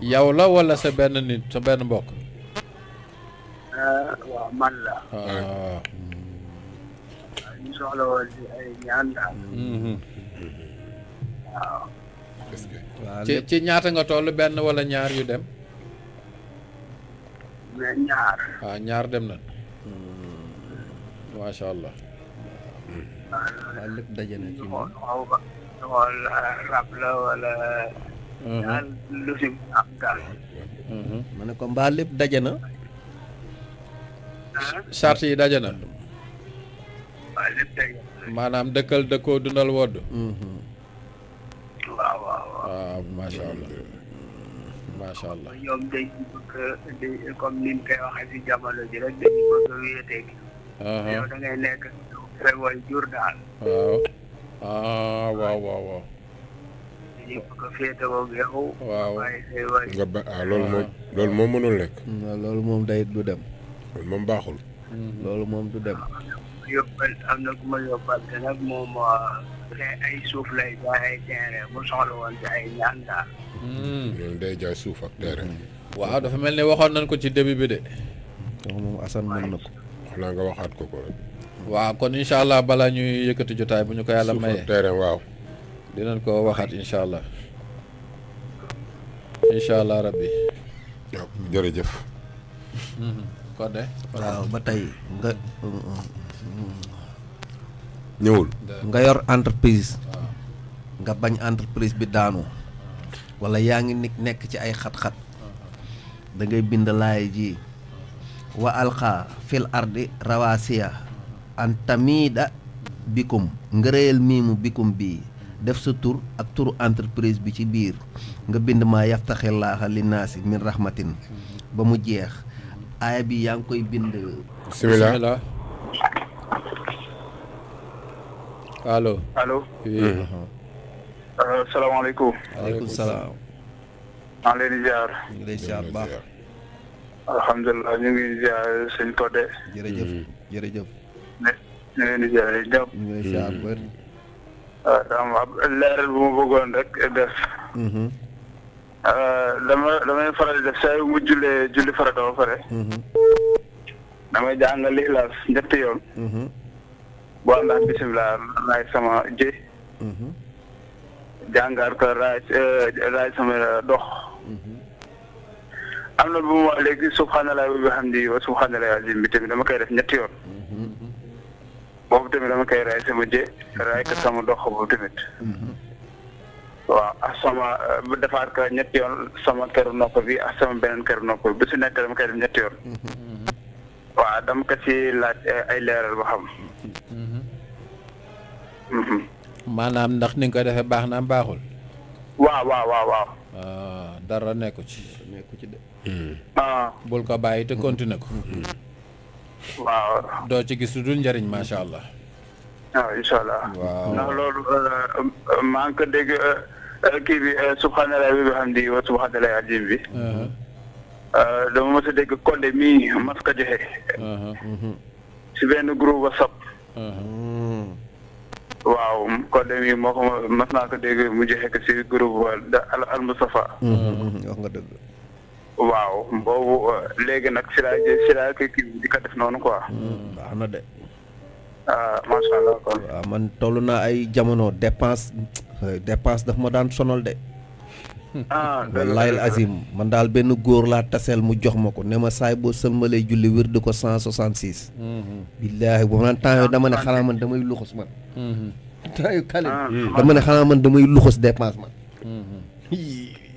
yow la wala sa benn nit sa benn mbokk. Ah, ah. mm-hmm. ci ñaata nga toll benn wala ñaar yu dem. mais ñaar. waaw ñaar dem na. Mm. allah. waaw lépp daje ci moom. xool ah, rab la wala. Mhm. daal mhm. ko mbaa lépp daje na. charte yi daje na. maanaam dëkkal dëkkoo dundal wodd. Mhm. waaw waaw allah macha allah. ñoom dañ comme ni mu koy waxee si jamono ji rek dañu yow da nekk sa waajur daal. waaw. ah waaw waaw waaw. ñëpp ah, loolu moom ah. loolu moom mënul nekk. loolu moom day du dem. loolu moom baaxul. Mm-hmm. loolu moom du dem. ma yóbbal te nag moom ah, ay suuf lay jaay ay terrain bu soxla woon ci ay ñaan daal. Mm-hmm. day jaay suuf ak terrain. Mm-hmm. waaw dafa mel ne waxoon nañ ko ci début bi de. moom Assane mën na ko. xanaa nga waxaat ko ko rek. waaw kon insha allah balaa ñuy yëkkati jotaay bu ñu ko yàlla maye terrain waaw dinañ ko waxat insha allah insha allah rabbi jërëjëf mhm. kon de waaw ba tey nga ñëwul nga yor entreprise nga bañ entreprise bi daanu wala yaa ngi nit nekk ci ay xat-xat da ngay bind laay ji wa alqa fil ardi rawasiya antamida bikum ngeureel mimu bikum bi def sa tour ak tour entreprise bi ci bir nga bind ma yaftaxillaha linnaasi min rahmatin ba mu jeex aya bi yang koy bind bismillah allo allo assalamualaikum mm-hmm. uh-huh. euh, salaamaaleykum aleykum salaam maa leen di ñu ngi lay ziar baax ñu ngi ziar jere ñu dama ab leeral bu ma bëggoon rek def. Mm-hmm. Euh, dama damay faral def saa yu mu jullee julli farata ba pare. Mm-hmm. damay jàngal lixlaas ñetti yoon. Mm-hmm. boo ànd ak bisimilah raay sama ji. jàngaar ko raay euh, raay sama dox. am na bu ma wax léegi subhanallah bi xam ne wa subhanallah azim dama koy def ñetti yoon. boobu tamit dama koy raay sama jë raay ko sama dox boobu tamit waaw ak sama euh, defaat ko ñetti yoon sama këru nopp bi ak sama beneen këru nopp bi su nekk dama koy def ñetti yoon waaw dama ko ci laaj euh, ay leeral ba xam maanaam ndax ni nga ko defee baax na baaxul waaw waaw waaw waaw ah, dara nekku ci ah. bul ko bàyyi te continuer ko waaw doo ci gis lu dul njariñ macha allah. waaw incha allah. waaw ndax loolu euh, euh, maa ngi ko dégg euh, kii bi subhanallah bi nga xam di wa subhanallah aljim bi. dama mos dégg Konde mii mas ko joxe. Uh-huh, uh-huh. si benn groupe WhatsApp. Uh-huh. Mm. waaw Konde mii moo ko mas naa ko dégg mu joxe ko si groupe al al Moustapha. wax nga dëgg. waaw boobu euh, léegi nag si laay si kii kii di ko def noonu quoi. Hmm, baax na de. ah man toll naa ay jamono dépense euh, depanse daf ma daan sonal de. ah wallaay azim man daal benn góor laa taseel mu jox ma ko ne ma saay boo sëlmalee julli wér di ko cent soixante six. Hmm. billaahi boobu naan temps dama ne xanaa man damay luxus man. Hmm. temps yu kale ah, dama ne xanaa man damay luxus dépense man.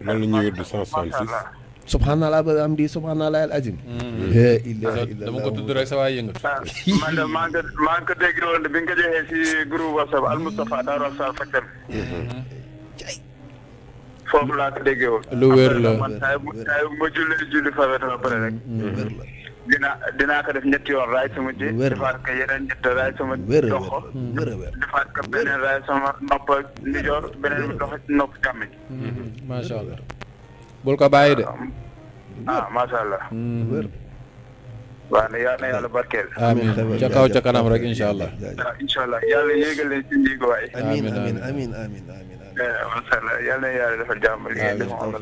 loolu la subhanallah ba am di subhanallah al azim. Mm-hmm. la ilaha dama ko tudd rek sa waay yëngatu. Ah, man de maa ngi maa ngi bi nga joxee si groupe WhatsApp Al Moustapha Darou Assane Fatel. Mm-hmm. foofu laa ko déggee lu wér la man saa yu ma julli julli fa ba pare rek. Mm-hmm. dina dinaa ko def ñetti yoon raay sama ji. defaat ko yeneen ñett raay sama doxo. defaat ko beneen raay sama nopp ndijoor beneen bi doxo nopp càmmiñ. macha allah. bul ko bàyyi de. ah, ah macha allah. Hmm. waaw ne yàlla na yàlla barkeel. amiin ca kaw ca kanam rek incha allah. Ah, incha allah yàlla yéegal leen ci njëg waay. amiin amiin amiin amiin amiin. Eh, macha allah yàlla na yàlla defal jàmm li ngeen def am na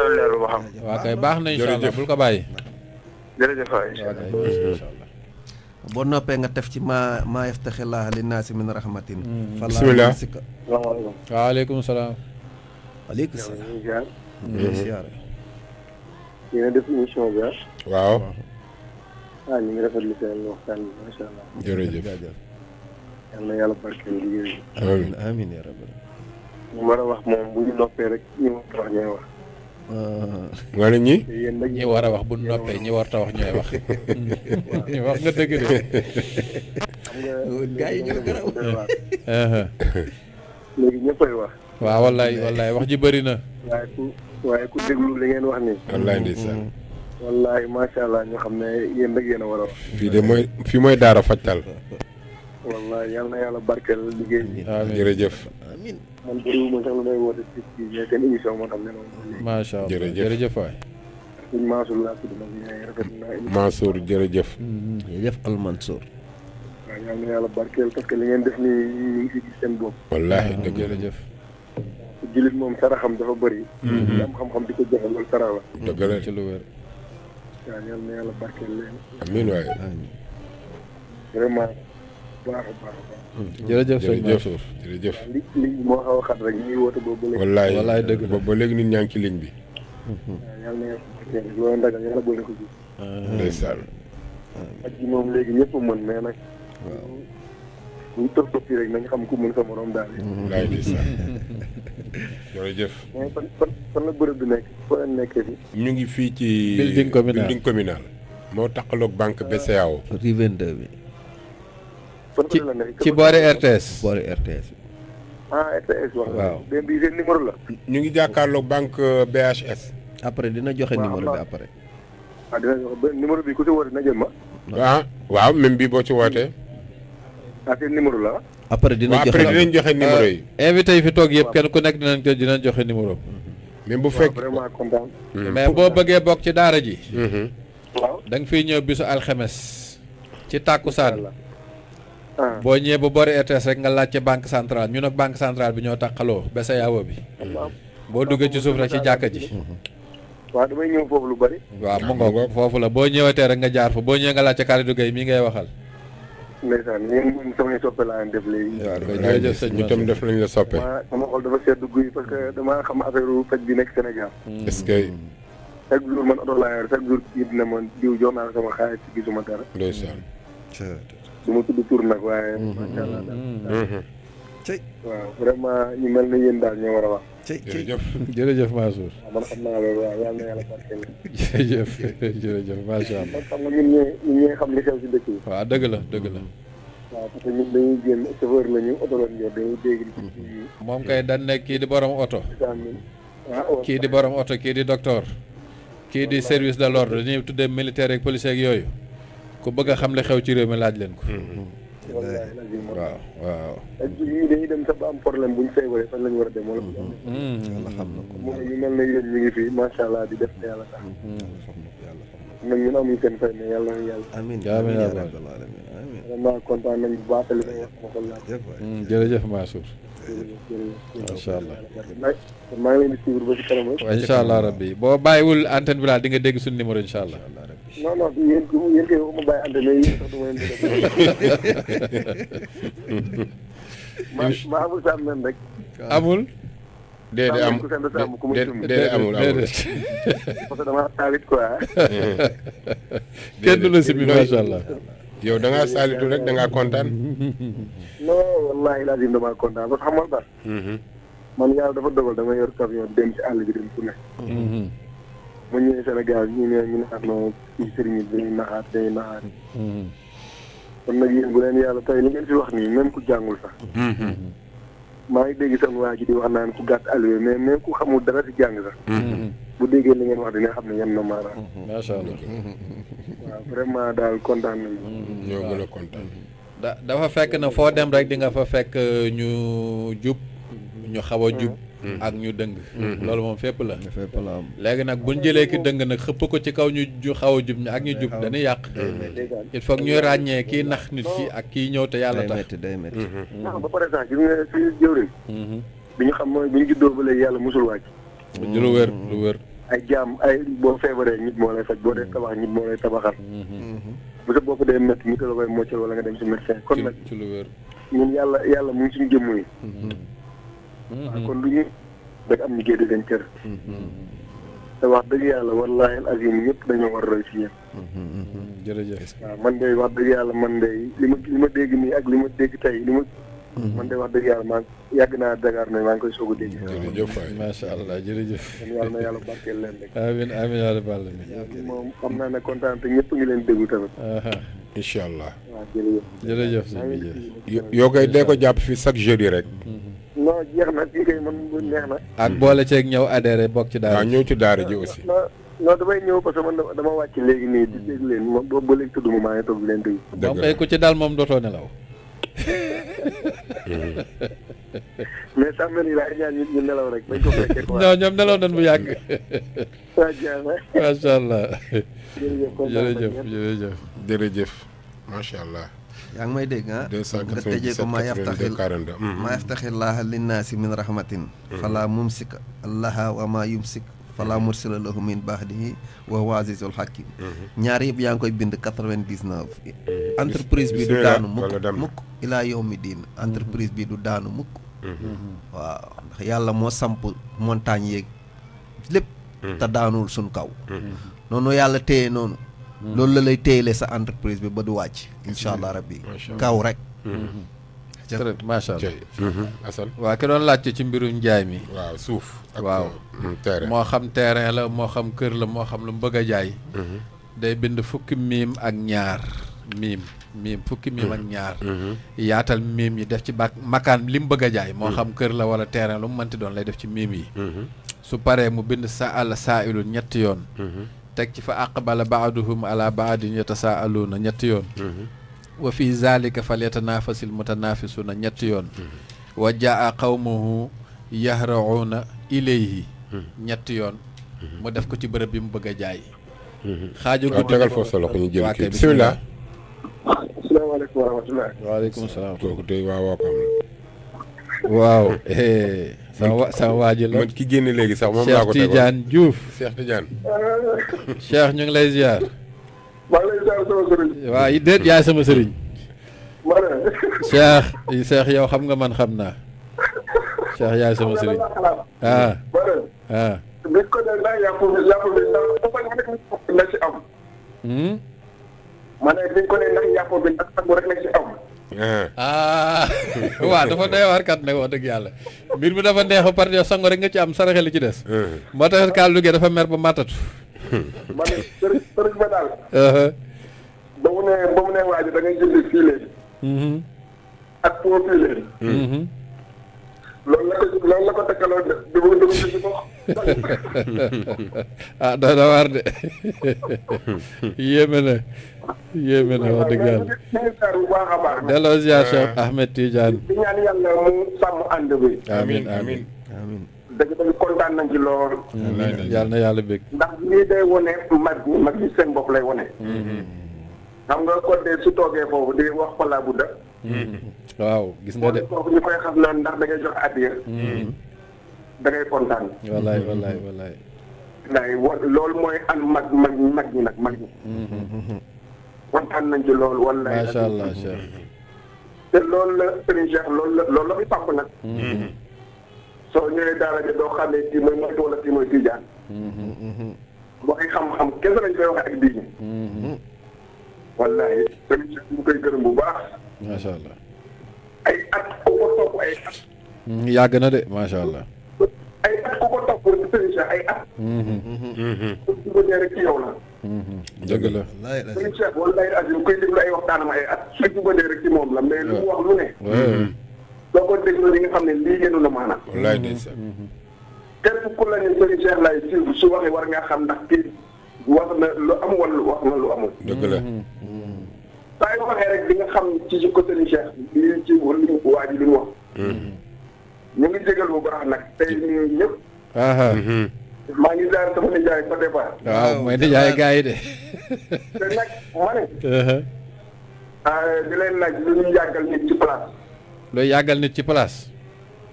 solo. xam. baax na incha allah ko bàyyi. jërëjëf waay incha allah. boo noppee nga tef ci maa maa yaftaxi laaha li naasi min rahmatin. Hmm. bisimilah. waaleykum salaam. waaleykum salaam yéen a def émission bi waaw. ñu ngi rafetlu seen na yàlla barkeel liggéey war a wax moom bu ñu noppee rek ñu war a wax ñooy wax. wala ñi. ñi war a wax bu ñu noppee ñi warta wax ñooy wax. ñu wax nga dëgg de. xam nga gars yi ñoo gën a wax. léegi ñëppay wax. waaw wallaay wallaay wax ji bëri na. waaye ku waaye li ngeen wax nii. wallaay ndeysaan. wallaay macha allah ñu xam ne yéen rek yéen a war fii de mooy fii mooy Daara Fajtal. wallaay yal na yàlla barkeel liggéey bi. amiin jërëjëf. amiin man bëriwuma sax lu may woote moo tax ne moom. macha allah jërëjëf jërëjëf laa tudd nag ñu rafet naa. Mansour jërëjëf. Mm-hmm. jërëjëf Al Mansour. waaw yal na yàlla barkeel parce li ngeen def nii ñu ngi si gis seen bopp. wallaahi dëgg jërëjëf. jullit moom saraxam dafa bëri. di mhm. am xam-xam di ko joxe loolu sara la. dëgg la ci lu wér. waaw yal na yàlla barkeel leen. amiin waay. vraiment baax a baax a baax. Mm, jërëjëf sëñ Ba jërëjëf li ligne moo xaw a xat rek ñuy woote boobu ba léegi. wallaay wallaay dëgg la ba léegi nit ñaa ngi ci ligne bi. Mm-hmm. yal na yàlla barkeel loolu ndagal yàlla boole ko ji. ndeysaan. ak ji moom léegi ñëpp mën mais nag. waaw. bu ñu topp topp rek xam ku mën sa morom daal. waaw jërëjëf. fan fan fan la bërëb bi nekk foo ñu ngi fii ci. building communal building moo taqaloog banque BCEAO. rue 22 bi. la ci boori RTS. boori RTS. Ah, waaw démb bi seen numéro la. ñu ngi jàkkaarloog banque euh, BHS. après dina joxe numéro bi après. ah bi ku ci woote na jël ma. Ah, waaw même boo ci wootee. ah seen la. après dinañ joxe après dinañ joxe numéro yi. Euh, invité yi fi toog yëpp kenn ku nekk dinañ ko dinañ joxe numéro. même bu fekk vraiment kontaan. Hmm. mais boo bëggee bokk ci daara ji. Hmm. waaw da nga fiy ñëw bisu alxemes. ci tàkkusaan ah. boo ñëwee bu boori RTS rek nga laaj ci banque centrale ñu ak banque centrale bi ñoo tàqaloo ba sa yaawoo bi. Hmm. boo duggee ci suuf rek ci jàkka ji. waaw damay ñëw foofu lu bari. waaw mu ngoog foofu la boo ñëwatee rek nga jaar fa boo ñëwee nga laaj ci Kalidou Gueye mii ngay waxal. ndeysaan yéen moom samay soppe laa leen def léegi. waaw kay def nañ la soppe. waaw sama dafa sedd guy parce que damaa xam affaire faj bi nekk Sénégal. Mm. est-ce que. Mm. chaque jour man oto laa yor chaque jour kii dina ma diw jox naa sama xaalis gisuma dara. ndeysaan. du ma tudd tur nag waaye. Mm-hmm. waaw vraiment ñu mel na yéen daal ñoo war a wax. jërëjëf jërëjëf Mansour. waaw ah, man xam naa loolu waaw yal na yàlla xam nga ñun ñoo ñun xam li xew si dëkk dëgg la dëgg la. waaw parce que ñun dañuy moom kay dan nekk kii di borom oto. Ah, oh. kii di borom oto kii di docteur. kii di service de l'ordre ñuy tuddee militaire ak policier yooyu. ku bëgg a xam li xew ci réew mi laaj leen ko. Hmm, hmm. wallaahi waaw waaw. ak yii dañuy ba am problème bu ñu feebaree fan lañ war a dem wala. Mm-hmm. Mm-hmm. yàlla xam na ko mu ne ñu ngi fi macha allah di def te yàlla tax. Mm-hmm. nag ñun amuñ seen fay mais yàlla na yàlla. amiin amiin yaa rabbal bu baax te li may wax ma ko laaj. jërëjëf Mansour. macha allah. maa ngi leen di suivre ba ci kanam. incha allah boo bàyyiwul antenne bi daal di nga dégg suñu numéro incha non non yéen du yéen kay waxuma bàyyi àndale yéen sax du ma ma amul sa am rek. amul. déedéet am déedéet amul amul parce que dama saalit quoi. kenn du la bi macha allah. yow da ngaa saalitu rek da ngaa kontaan. non wallaahi laazim damaa kontaan ba xamal ba. man dafa dogal dama yor camion dem ci bi dem bu ñëwee ñu ne ñu ne non ci sëriñ bi day naxaat day hmm. bu leen yàlla tey li ngeen fi wax nii même ku jàngul sax. Hmm. maa ngi dégg seen waa ji di wax naan ku gàtt alluwa mais même ku xamul dara di jàng sax. Hmm. bu déggee li ngeen wax dina xam ne ngeen na maanaam. macha allah. waaw vraiment daal kontaan na ñoo gën kontaan. da dafa fekk na foo dem rek di nga fa fekk euh, ñu jub ñu xaw a jub. Mm-hmm. ak ñu dëng mm-hmm. loolu moom fépp la fépp léegi nag buñ jëlee ki dëng nag xëpp ko ci kaw ñu xaw a jub ñu ak ñu jub dana yàq il faut ñuy ràññee kii nax nit yi ak kii ñëw te yàlla tax day métti mm-hmm. ba pare exemple gis nga si jëwriñ ñu xam mooy bi ñu juddoo ba léegi yàlla musul wàcc lu wér lu wér ay jaam ay boo feebaree nit moo lay faj boo dee tabax nit moo lay tabaxal bu sa bopp day métti nit la koy moccal wala nga dem si médecin kon nag ñun yàlla yàlla mu ngi jëmm yi Mm-hmm. waaw kon lu ñu dag am ñu génne seen cër. Mm-hmm. te wax dëgg yàlla wallaahi al azim ñëpp dañoo war a roy si yéen. jërëjëf. waaw man de wax dëgg yàlla man de li ma li ma dégg nii ak li ma dégg tey li ma. Mm-hmm. man de wax dëgg yàlla maa yàgg naa Dakar mais maa ngi koy soog a dégg. jërëjëf waay macha allah jërëjëf. kon yàlla na yàlla barkeel leen rek. amiin amiin yaa rabbal aalamiin. moom xam naa ne kontaan te ñëpp ngi leen déglu tamit. incha allah. waaw jërëjëf. jërëjëf sëñ bi jërëjëf. yoo koy dee ko jàpp fii chaque jeudi rek. non jeex na fii kay man neex na. ak boole ceeg ñëw adhéré bokk ci daara ñëw ci daara ji aussi. non ñëw parce que man dama léegi nii di dégg leen moom boobu maa ngi toog leen dégg. dëgg la ci daal moom dootoo nelaw. Mm-hmm. mais sax mel ni daal ñaan ñu nelaw rek bañ ko fekkee quoi. non ñoom nelaw nañ bu yàgg. waaw jërëjëf macha allah. jërëjëf jërëjëf jëf macha allah. yaa ngi may dégg ah nga tëjee ko maa yaftaxil mm. maa yaftaxil laaha linnaasi min rahmatin mm-hmm. fala mumsik allaha wa ma yumsik fala mm-hmm. mursila lahu min ba'dihi wa huwa azizul hakim mm-hmm. ñaar yëpp yaa ngi koy bind quatre-vingt-dix-neuf entreprise bi du daanu mukk mukk ilaa yawmi diin entreprise bi du daanu mukk waaw yàlla moo samp montagne yeeg lépp te daanuwul suñ kaw noonu yàlla téye noonu Hmm. loolu la lay téyelee sa entreprise bi ba du wàcc incha allah rabbi kaw rek hmm. Hmm. jërëjëf macha allah Assane ki doon laajte ci mbirum njaay mi waaw suuf waaw moo xam terrain la moo xam kër la moo xam lu mu bëgg a jaay day bind fukki miim ak ñaar miim miim fukki miim ak ñaar yaatal miim yi def ci ba makaan li mu bëgg jaay moo xam kër la wala terrain lu mu manti doon lay def ci miim yi su paree mu bind sa àll saa ilul ñetti yoon teg ci fa aqbala baaduhum ala baadin yatasaaluuna ñetti yoon mhm. wa fi zalika fal yatanaafasil mutanaafisuuna ñetti yoon mhm. wa jaa qawmuhu yahrauna ilayhi mhm. ñetti yoon mu def ko ci bërëb bi mu bëgg a jaay xaaju guddi tegal foofu sa ñu jël kii bisimilah asalaamaaleykum wa waaw sama sama waaji la man ki génn léegi sax moom laa ko Cheikh Tidiane Diouf Cheikh Tidiane. Cheikh ñu ngi lay ziar. maa ngi lay ziar sama sëriñ. waaw it déet yaay sama sëriñ. ma ne. Cheikh Cheikh yow xam nga man xam naa. Cheikh yaay sama sëriñ. ah ah. bi ko dee nag yàpp bi yàpp bi ndax hmm? rek la ci am. ma ne bi ko dee nag yàpp bi ndax rek la ci am. Ah. ah waaw dafa doy waar kat nag wax dëgg yàlla mbir mi dafa neex ba pare yow sango rek nga ci am saraxe li ci des. Ah. moo tax Kaal Louga dafa mer ba màttatu. ma ne sëriñ sëriñ ba daal. Ah. ba mu ne ba mu ne waa ji da fii léegi. Mm-hmm. ak foo fii léegi. loolu la ah da da waar de yéeme na yéeme na wax dëgg yàlla. bu baax a baax. delloo Ahmed Tidiane. yàlla mu sàmm ànd bi. amiin amiin amiin. dëgg kontaan nañ ci lool. yàlla na yàlla bég. ndax lii day wone mag mag ñi seen lay wone. Mm-hmm. xam nga Conte su toogee foofu di wax Fala Bouda. Hmm. waaw gis moo de foofu ñu koy xam naan ndax dangay ngay jox addiya. Hmm. da ngay kontaan. wallaay wallaay wallaay. ndaay loolu mooy an mag mag mag ñi nag mag ñi. Hmm. kontaan nañ ci loolu. wallaay macha te loolu la Serigne loolu la loolu la fi soo ñëwee daara ja doo xam ne kii mooy Murit wala kii mooy Tijaan. waxi xam-xam kese lañ koy waxee ak diine. wallahi tamit ñu koy gërëm bu baax allah ay at ku ko topp ay at mm, de allah ay at ku ko topp ci sëriñ Cheikh ay at su mm-hmm. mm-hmm. ko rek ci yow la mm-hmm. dëgg la sëriñ Cheikh wallahi azim koy déglu ay waxtaanam ay at su ko rek ci moom la mais lu wax lu ne loo ko déglu li nga xam ne lii yenu na maanaam wallahi ndeysaan képp ku la lay su war nga xam ndax wax na lu am wala wax na lu amul la saa yu waxee rek di nga xam ci ci côté Cheikh li ci wàllu waa ji li mu wax. ngi jégal bu baax nag tey ñun ñëpp. maa ngi ziare sama nijaay côté Ba. waaw mooy nijaay gars yi de. te nag ma ne. Ah, di leen laaj lu ñuy yàggal nit ci place. looy yàggal nit ci palaas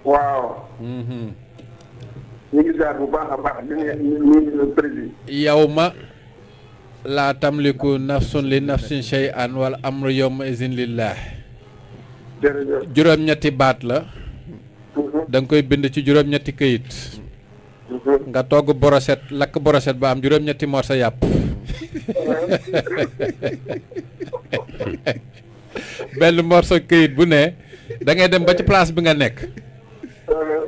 waaw. Mhm. ñu ngi ziare bu baax a baax di ngeen ñu président. yow ma. la tamliku nafsun li nafsin shay'an wal amru yawma izin lillah jurom ñetti bat la mhm. dang koy bind ci jurom ñetti keuyit mhm. nga togg boroset lak boroset ba am jurom ñetti morsa yap bel morso mhm. keuyit bu ne da ngay dem ba ci place bi nga nek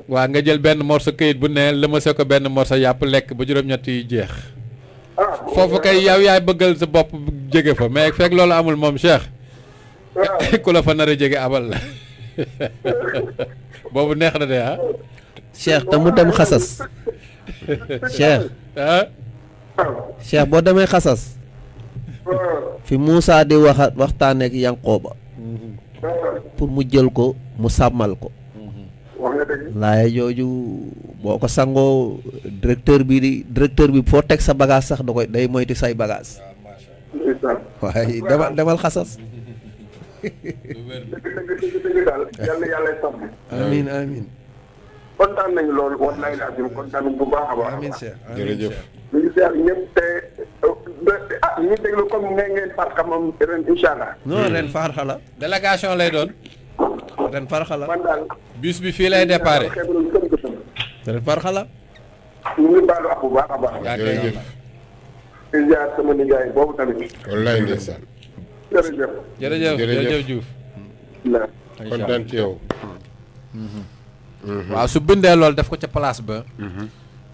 wa nga jël ben morso keuyit bu ne lëmase ko ben morsa yap, lek bu jurom ñetti je. jeex Ah, foofu kay yow yaay bëggal sa bopp jege fa mais fekk loolu amul moom Cheikh. Ah. ku la fa nar a jege abal la boobu neex na de ah. Cheikh te mu dem xasas. Cheikh. Ah. Cheikh boo demee xasas. fi Moussa di wax waxtaanee ak Yankooba mhm. pour mu jël ko mu sàmmal ko. wax nga laaya jooju boo ko sangoo directeur bi di directeur bi foo teg sa bagage sax da koy day moytu say bagage ah, waaye demal demal xasas. yàlla yàlla sàmm. amiin amiin. kontaan nañu loolu wallaay la asim a baax. amiin Cheikh jërëjëf. ñu ngi seetlu euh, ah, lay doon. ren parxala bus bi fii lay déparé ren parxala ñu ngi baalu ak bu baax a baax. jërëjëf di ziar sama nijaay boobu tamit. wallaay ndeysaan. jërëjëf jërëjëf jërëjëf Diouf. kontaan ci yow. waaw su bindee loolu def ko ca place ba.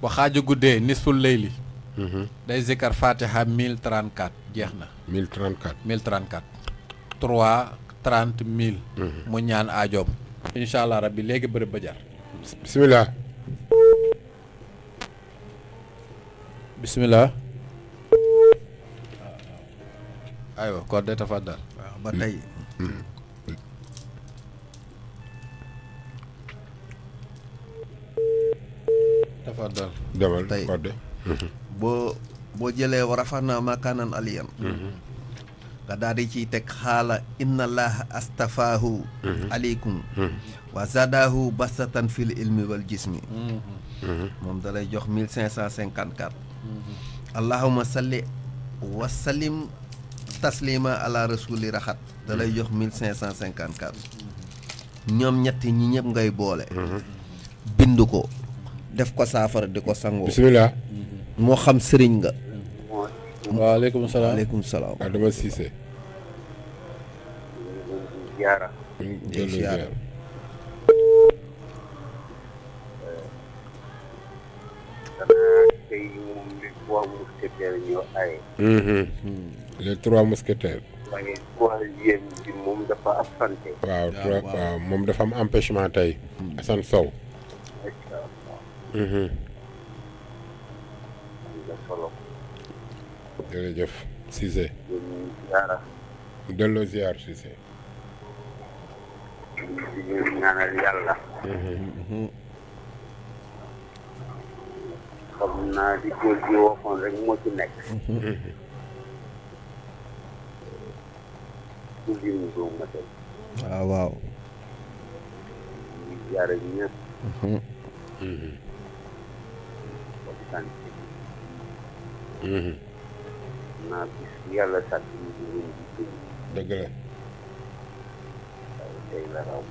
ba xaaju guddee nisful layli. day zikar fatiha 1034 jeex na. 1034 1034. 3. trente mil mhm. mu ñaan aajoom incha allah rabbi léegi bërëb ba bismillah bismillah ah, Ayo kon de tafaddal waaw ba tey mhm. tafaddal demal ko de mhm. bo bo jele warafana makanan aliyan mm -hmm. nga daal di ciy teg xaala inna allaha astafaahu mhm. aleykum mhm. wa basatan fil ilmi wal jismi mhm. moom da jox mille cinq cent cinquante quatre allahuma salli wa taslima ala rasuli raxat da lay jox mille cinq cent cinquante quatre ñoom ñetti ñi ñëpp ngay boole bind ko def ko saafara di ko sangoo bismillah moo xam sëriñ nga waaleykum salaam waaleykum salaam. Adama Cissé. ziara. ziara. trois mousquetaires. Mm-hmm. moom dafa absenté. waaw ah, waaw moom dafa empêchement tey. Mm-hmm. Assane Sow. jërëjëf Cissé. delloo ziar Cissé. ñu ñaanal yàlla. xam naa di góor gi waxoon rek moo ci nekk. naa bis yàlla sàkk ñu ngi leen di gën. dëgg la. waaye tey la raw.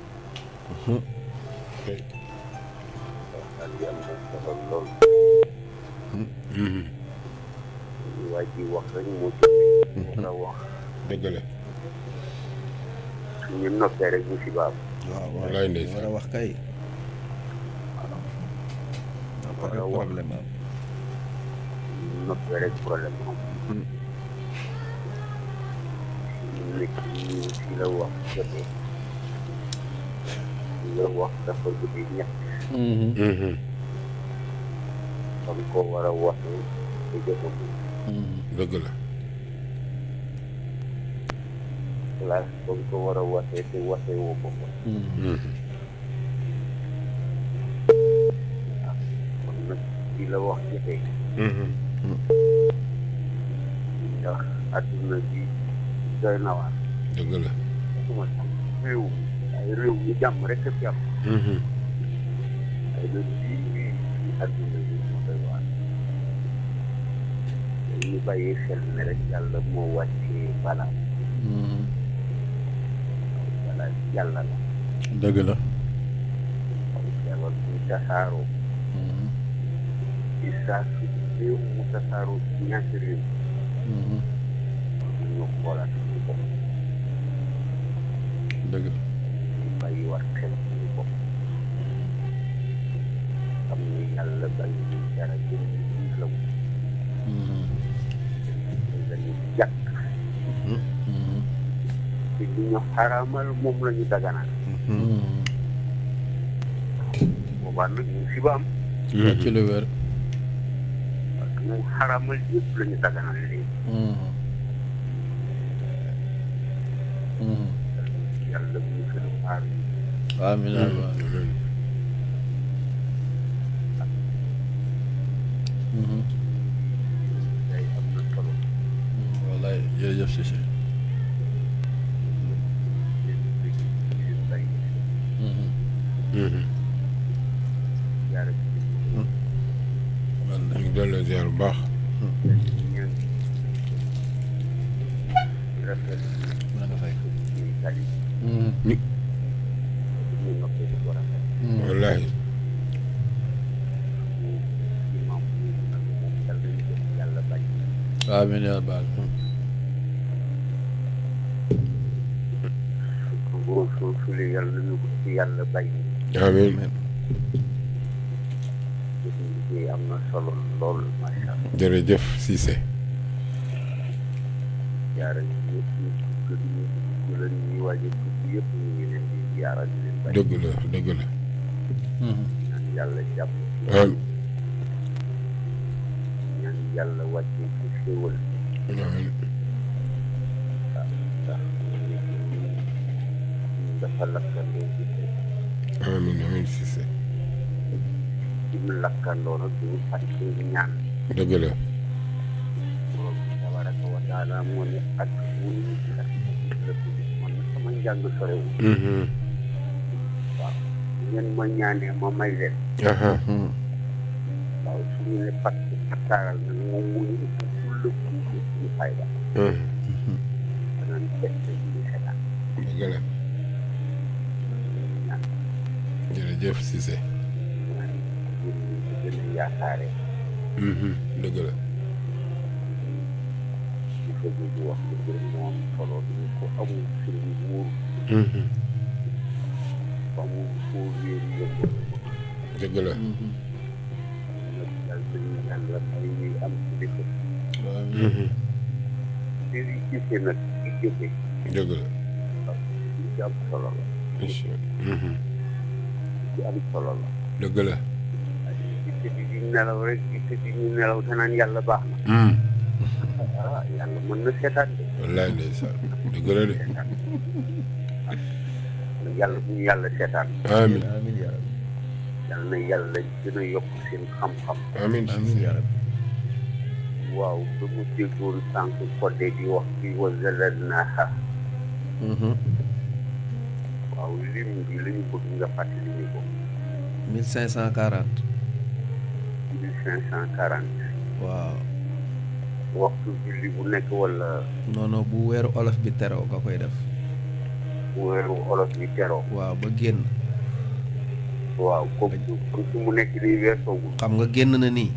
tey. Mhm. waxtaan bi am na solo lool. Mhm. waa ji wax rek moo tudd. la mhm. wax. dëgg la. suñu noppee rek ñu si baax. waaw wallaay ndeysaan war a wax rek fii fii la wax jotee fii la wax dafa guddee ñett xam ko war a waxee te jotagul dëgg la place bam ko war a waxee te waxee woo ko ko kon nag fii la wax jotee ndax adduna bi doy na waar. dëgg la. réew mi ay réew mi jàmm rek fi am. Mhm. ay réew yi ñuy àdduna bi moo doy waar. dañuy bàyyi xel ne rek yàlla moo wàccee balaa. Mhm. balaa yàlla la. dëgg la. feebar buy tasaaroo. di mhm. saa su réew mu tasaaroo ci ñaari réew. ñu xoolaat. Very good. Mm-hmm. jag ci li ñu xaramal moom la ñu daganal boobaa nag ñu si ba am ci lu wér parce que moom xaramal yëpp la ñu daganal léegi الذي يكرم آمين آمين آمين والله جرجف شيء man dañ delloo ziar bu baax ñu. wallaahi. amiin yaa baal. amiin. jërëjëf Cissé. jaarale yëpp ñu ngi leen wa taala jàng sorewul mm-hmm. waaw ngeen ma ñaanee ma may leen uh-huh. mm-hmm. waaw suñu ne pat pattaaral na nga muñ ëpp fulla fulla suñu fayda mm-hmm. danaan bette ñu xetaan dëgg la jërëjëf Cissé gën yaakaare dëgg la dëgg ñu wax ne mbir moo am solo ñu ko baax ah yàlla mën na seetaan de. wallaay ndeysaan dëgg la de. yàlla bu ñu yàlla seetaan. amiin amiin yaa rabbi. yàlla na yàlla gën xam-xam. amiin amiin waaw ba mu déggoon sànq Codé di wax ci wa zallalnaaha. Mhm. waaw lim bi la ko. mille cinq cent quarante. waaw. waktu julli bu nekk wala. non non bu weeru olof bi teroo nga koy def. bu weeru olof bi teroo. waaw ba génn. waaw comme su mu nekk nii weer soogul. xam nga génn na nii.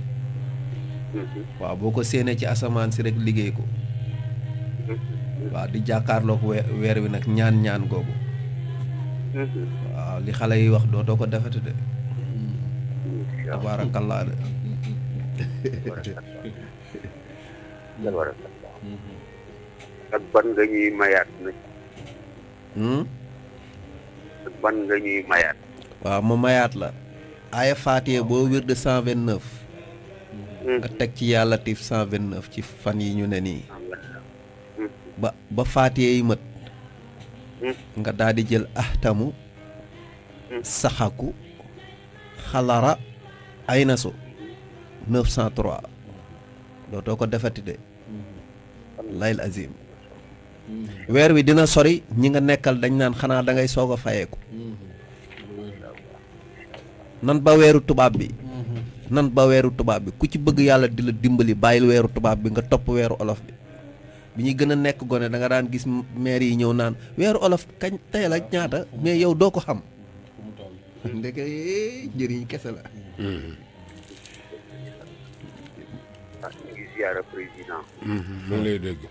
waaw boo ko ci asamaan si rek liggéey ko. Mhm. waaw di jàkkaarloog weer weer wi nag ñaan ñaan googu. Mhm. waaw li xale yi wax dootoo ko defati de. tabaarakallah de. la war mm-hmm. ak ban nga ñuy mayaat nag. Hmm? waaw ma mayaat la. aaya faatiye boo wér de cent vingt neuf. Mm-hmm. nga teg ci yàlla tif vingt neuf ci fan yi ñu ne nii. Mm-hmm. ba ba faatiye yi mët. nga daal jël ahtamu. saxaku. xalara aynasu. 903. dootoo ko defati de. layl azim weer wi dina sori ñi nga nekkal dañ naan xanaa dangay ngay soog a fayeeku nan ba weeru tubaab bi ba weeru tubaab bi ku ci bëgg yàlla di la dimbali bàyyil weeru tubaab bi nga topp weeru olof bi bi ñuy gën a nekk gone danga daan gis maire yi ñëw naan weeru olof kañ tey la ñaata mais yow doo ko xam ndeke kese la hmm. ziara président. mu mhm. ngi lay dégg.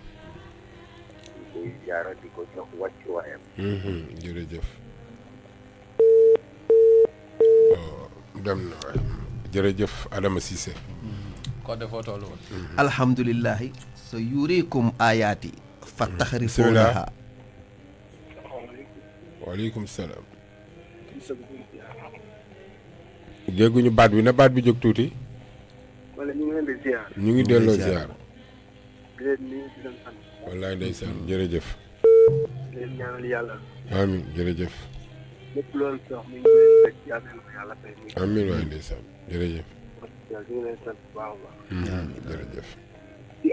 di mhm. jërëjëf. Adama Cissé. Mhm. ko sa yurikum ayaati. fattaxrifuunaha. waaleykum salaam. dégguñu baat bi na baat bi jóg tuuti. wala ñu ngi ñu ngi delloo ziar. di leen nuyu di leen sant. wallaay ndeysaan jërëjëf. di leen ñaanal yàlla. amiin jërëjëf. lépp loolu sax mi ngi na hmm,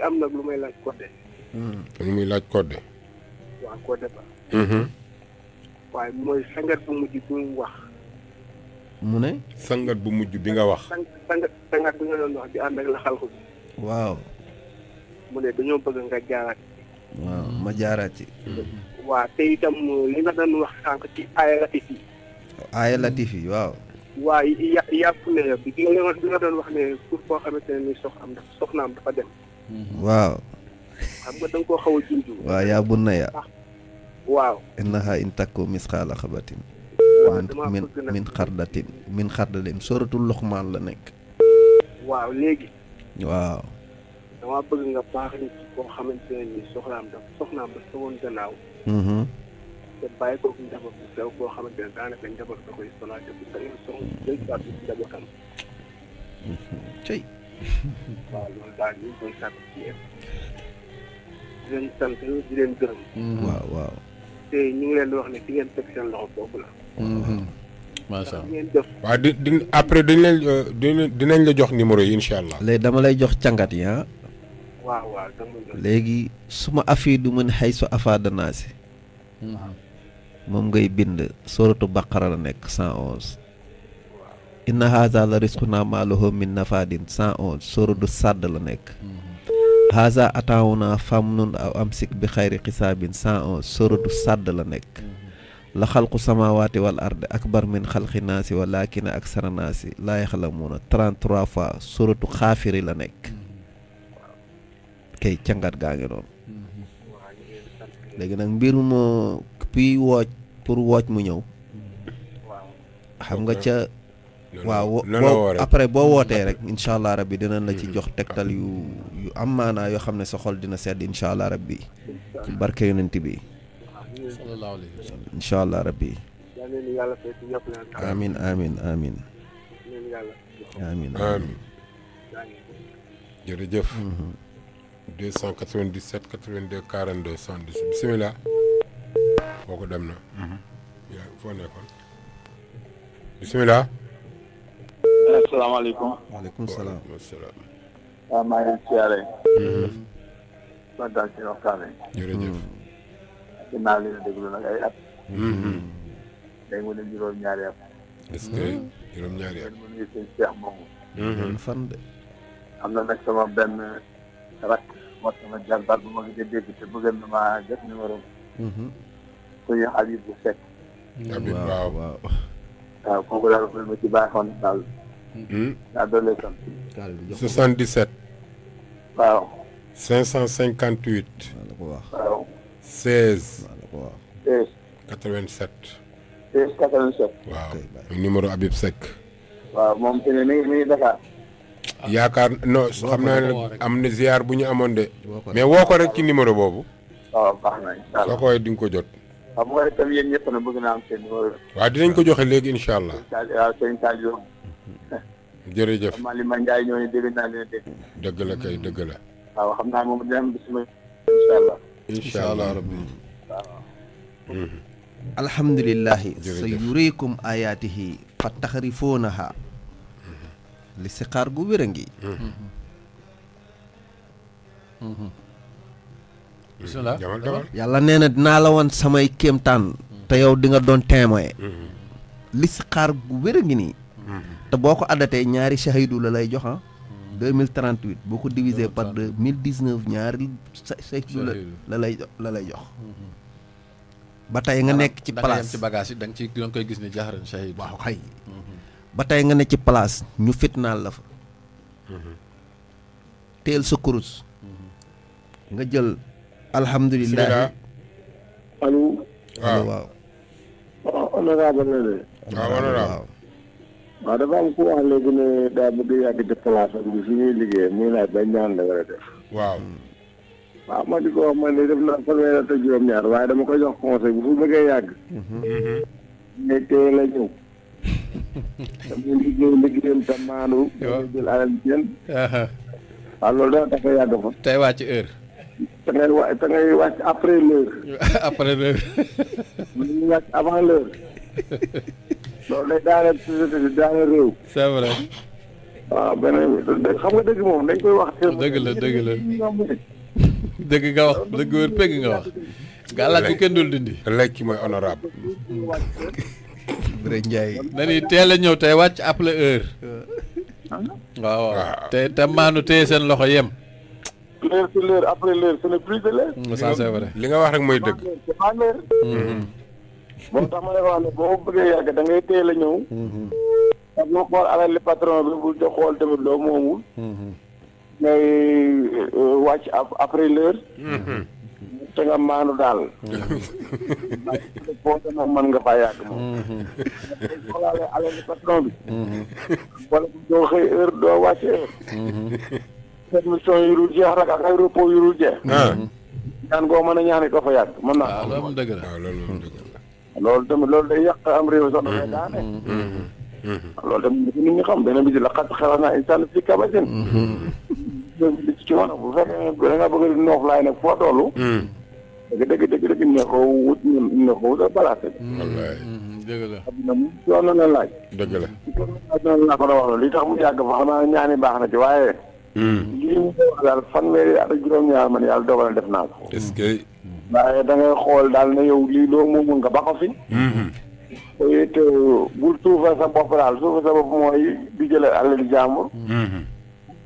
am nag lu may laaj Codé. Hmm. lu muy laaj Codé. Hmm. waaye mooy sangat bu mujj bu mu wax. mu ne sangat bu mujj bi nga wax sangat sangat bi nga don wax di and ak la xalxu waaw mu ne dañoo bëgg nga jaarat waaw ma jaaraat ci waa te itam li nga don wax sank ci aaya latif yi aaya latif yi waaw ya yàpp ne bi nga bi nga don wax ne pour ko xamantene ni sox am ndax dafa soxnaam dafa dem waaw xam nga dang ko koo xaw wa ya waaw yaa bunna ya ah, waaw innaha intakum misqala khabatin an min min khardatin min xardalin suratul luqman la nek waaw léegi waaw dama bëgg nga baax ni koo xamante ne ni soxlaam dafa soxnaam ba sa woon hmm te bay ko dafa ko sew koo xamante ne daanaka njaboot da koy sonal te bu sa yoon sox jël sa bu njabootam mm-hmm. cey waaw loolu daal ñu koy sàkk ci yéen di leen sant di leen gërëm mm-hmm. waaw waaw te ñu ngi leen wax ne fi ngeen teg seen loxo foofu la Mm-hmm. macha allah waaw di di après dañ leen euh, dinañ la jox numéro yi incha allah. léegi dama lay jox càngat yi ah. waaw waaw léegi suma afiidu min haysu afaada naasi mm-hmm. moom ngay bind sooratu baqara la nekk 111. inna haza la risquna maaluhu min nafaadin 111 sooratu sàdd la nekk. Mm-hmm. haza ataawuna famnun aw amsik bi xayri xisaabin 111 sooratu sàdd la nekk. la sama samawati wal ardi akbar min xalqi naasi walaakina aksara naasi laa yaxlamuuna 33 fois suratu xaafiri la nekk kay cangat gaa ngi noonu léegi nag mbir mu kuy wooj pour wooj mu ñëw xam nga ca waaw boo après boo wootee rek incha allah bi dinañ la ci hmm. jox tegtal yu yu am maanaa yoo xam ne sa xol dina sedd incha allah rab bi barke yonent bi sallallahu allah rabbi amin amin amin amin amin jërëjëf 297 82 42 70 bisimilah kooku dem na yaa foo nekkoon bisimilah asalaamaaleykum waaleykum salaam waaw ah, maa ngi siyaare kontaan mhm. ci waxtaan ginnaaw li ñu déglu nag ay at. day mhm. mu ne juróom-ñaari at. est-ce que mhm. juróom-ñaari at. Mhm. am na nag sama benn rakk moo sama jarbaat bu ma ko dégg te bëggoon na maa bu Seck. Habib waaw waaw. waaw kooku daal ma ci baaxoon daal. Hmm? daa doole sant. 77. waaw. 558. waaw. 16. 16. 87. 16 87. waaw numéro Habib Seck. waaw moom fi mu ne mi ngi Dakar. yaakaar non xam naa ne am na ziar bu ñu amoon de. mais woo ko rek ci numéro boobu. waaw baax na incha allah soo koy di nga ko jot. waaw bu ko defee tamit yéen ñëpp nag bëgg naa am seen numéro. waaw dinañ ko joxe léegi incha allah. waaw sëñ Sadio. jërëjëf Malima Ndiaye ñoo ne dégg naa leen dégg. dëgg la kay dëgg la. waaw xam naa moom dina am bisimilah. incha allah. incha allah rabbi alhamdulilahi sa yureykum fa taxarifoonaha li si xaar gu wér a ngi yàlla nee na dinaa la woon samay kéemtaan te yow dinga doon témoin li si xaar gu wér ngi nii te boo ko addatee ñaari shahidu la lay joxa mille 2038 boo ko diviser par deux mille dix neuf ñaari siècle la la la lay jox mhm. ba tey nga nekk ci place ci bagage yi da nga ci koy gis ne jaaxaran shahid waaw xay mhm. ba tey nga nekk ci place ñu fitnaal la fa mhm. teel sa kurus nga jël alhamdulilah allo waaw ah, waaw dafa am ku wax léegi ne daa bëgg yàgg ci place bi fi liggéey muy laaj ba ñaan la war a def. waaw. waaw ma di ko wax man de def naa fanweeri mm-hmm. uh-huh. loolu dafa tax a yàgg fa. tey wàcc heure. da ngay wa da ngay wàcc après l'heure. après wàcc avant l'heure. loolu day daaneel société bi waaw beneen xam nga dëgg moom dañ koy wax. dëgg la dëgg la dëgg nga wax dëgg wér pegg nga wax. gàllankoor kenn dul dindi. lekk mooy honorable. Biré Ndiaye. dañuy teel a ñëw tey wàcc après heure. waaw waaw te te maanu seen loxo yem. l'heure sur l'heure après li nga wax rek mooy dëgg. moo tax ma lay wax ne boo bëggee yàgg da ngay teel a ñëw. Mhm. ak nga xool alal li patron bi bu jox xool tamit loo moomul. Mhm. ngay euh, wàcc après l'heure. Mhm. te nga maanu daal. boo ko nag mën nga faa yàgg moom. xoolaale alal li patron bi. wala doo xëy heure doo wàcc heure. permission yu dul jeex rek ak ay repos yu dul ah. ñaan goo mën a ñaani doo yàgg mën naa. waaw ah, loolu dëgg la waaw ah, loolu dëgg la. loolu tamit loolu day yàq am réew sax dafay mm-hmm. daane. Mm-hmm. loolu tamit nit ñi xam beneen bi ci la xat xalaat naa insaan fi kabatin. ci mën a mm-hmm. bu fekkee da nga laay foo toll. Mm. dëgg dëgg dëgg dëgg ne ko wut ne ko wut a balaase. la. la. coono na laaj ko wax li tax mu jàgg fa xam naa ñaani baax na ci waaye. Mm. lii mu wax daal fanweeri juróom-ñaar man yàlla dogal na def naa ko. waaye da xool daal ne yow lii loo moomul nga ba ko fi. Mhm. te it euh, bul suufal sa bopp daal suufal sa bopp mooy di jëlee àll di jàmbur. Mhm.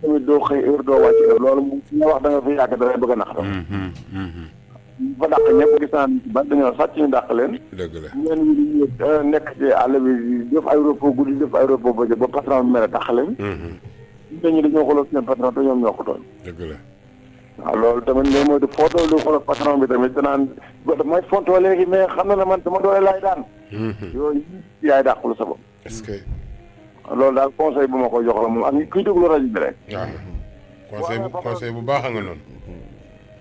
tamit doo xëy heure doo wàcc loolu moom su wax da nga fi yàgg da bëgg a nax. Mhm. ñu fa dàq ñëpp gis naa ban dañoo sàcc ñu dàq leen. dëgg la ñi euh, nekk ci àll bi def ay repos guddi ay repos ba patron bi mel ne dàq leen. ñenn ñi dañoo xoolal patron te ñoom ñoo ko tooñ. waaw loolu tamit ngay moytu foo toll xoolal patron bi tamit danaan damay fontoo léegi mais xam na ne man dama doole laay daan. Mhm. yooyu yaay dàqul sa bopp. est-ce que. loolu daal conseil bu ma ko jox la moom ak kuy déglu rajo bi rek. waaw conseil bu conseil bu baax a nga noonu.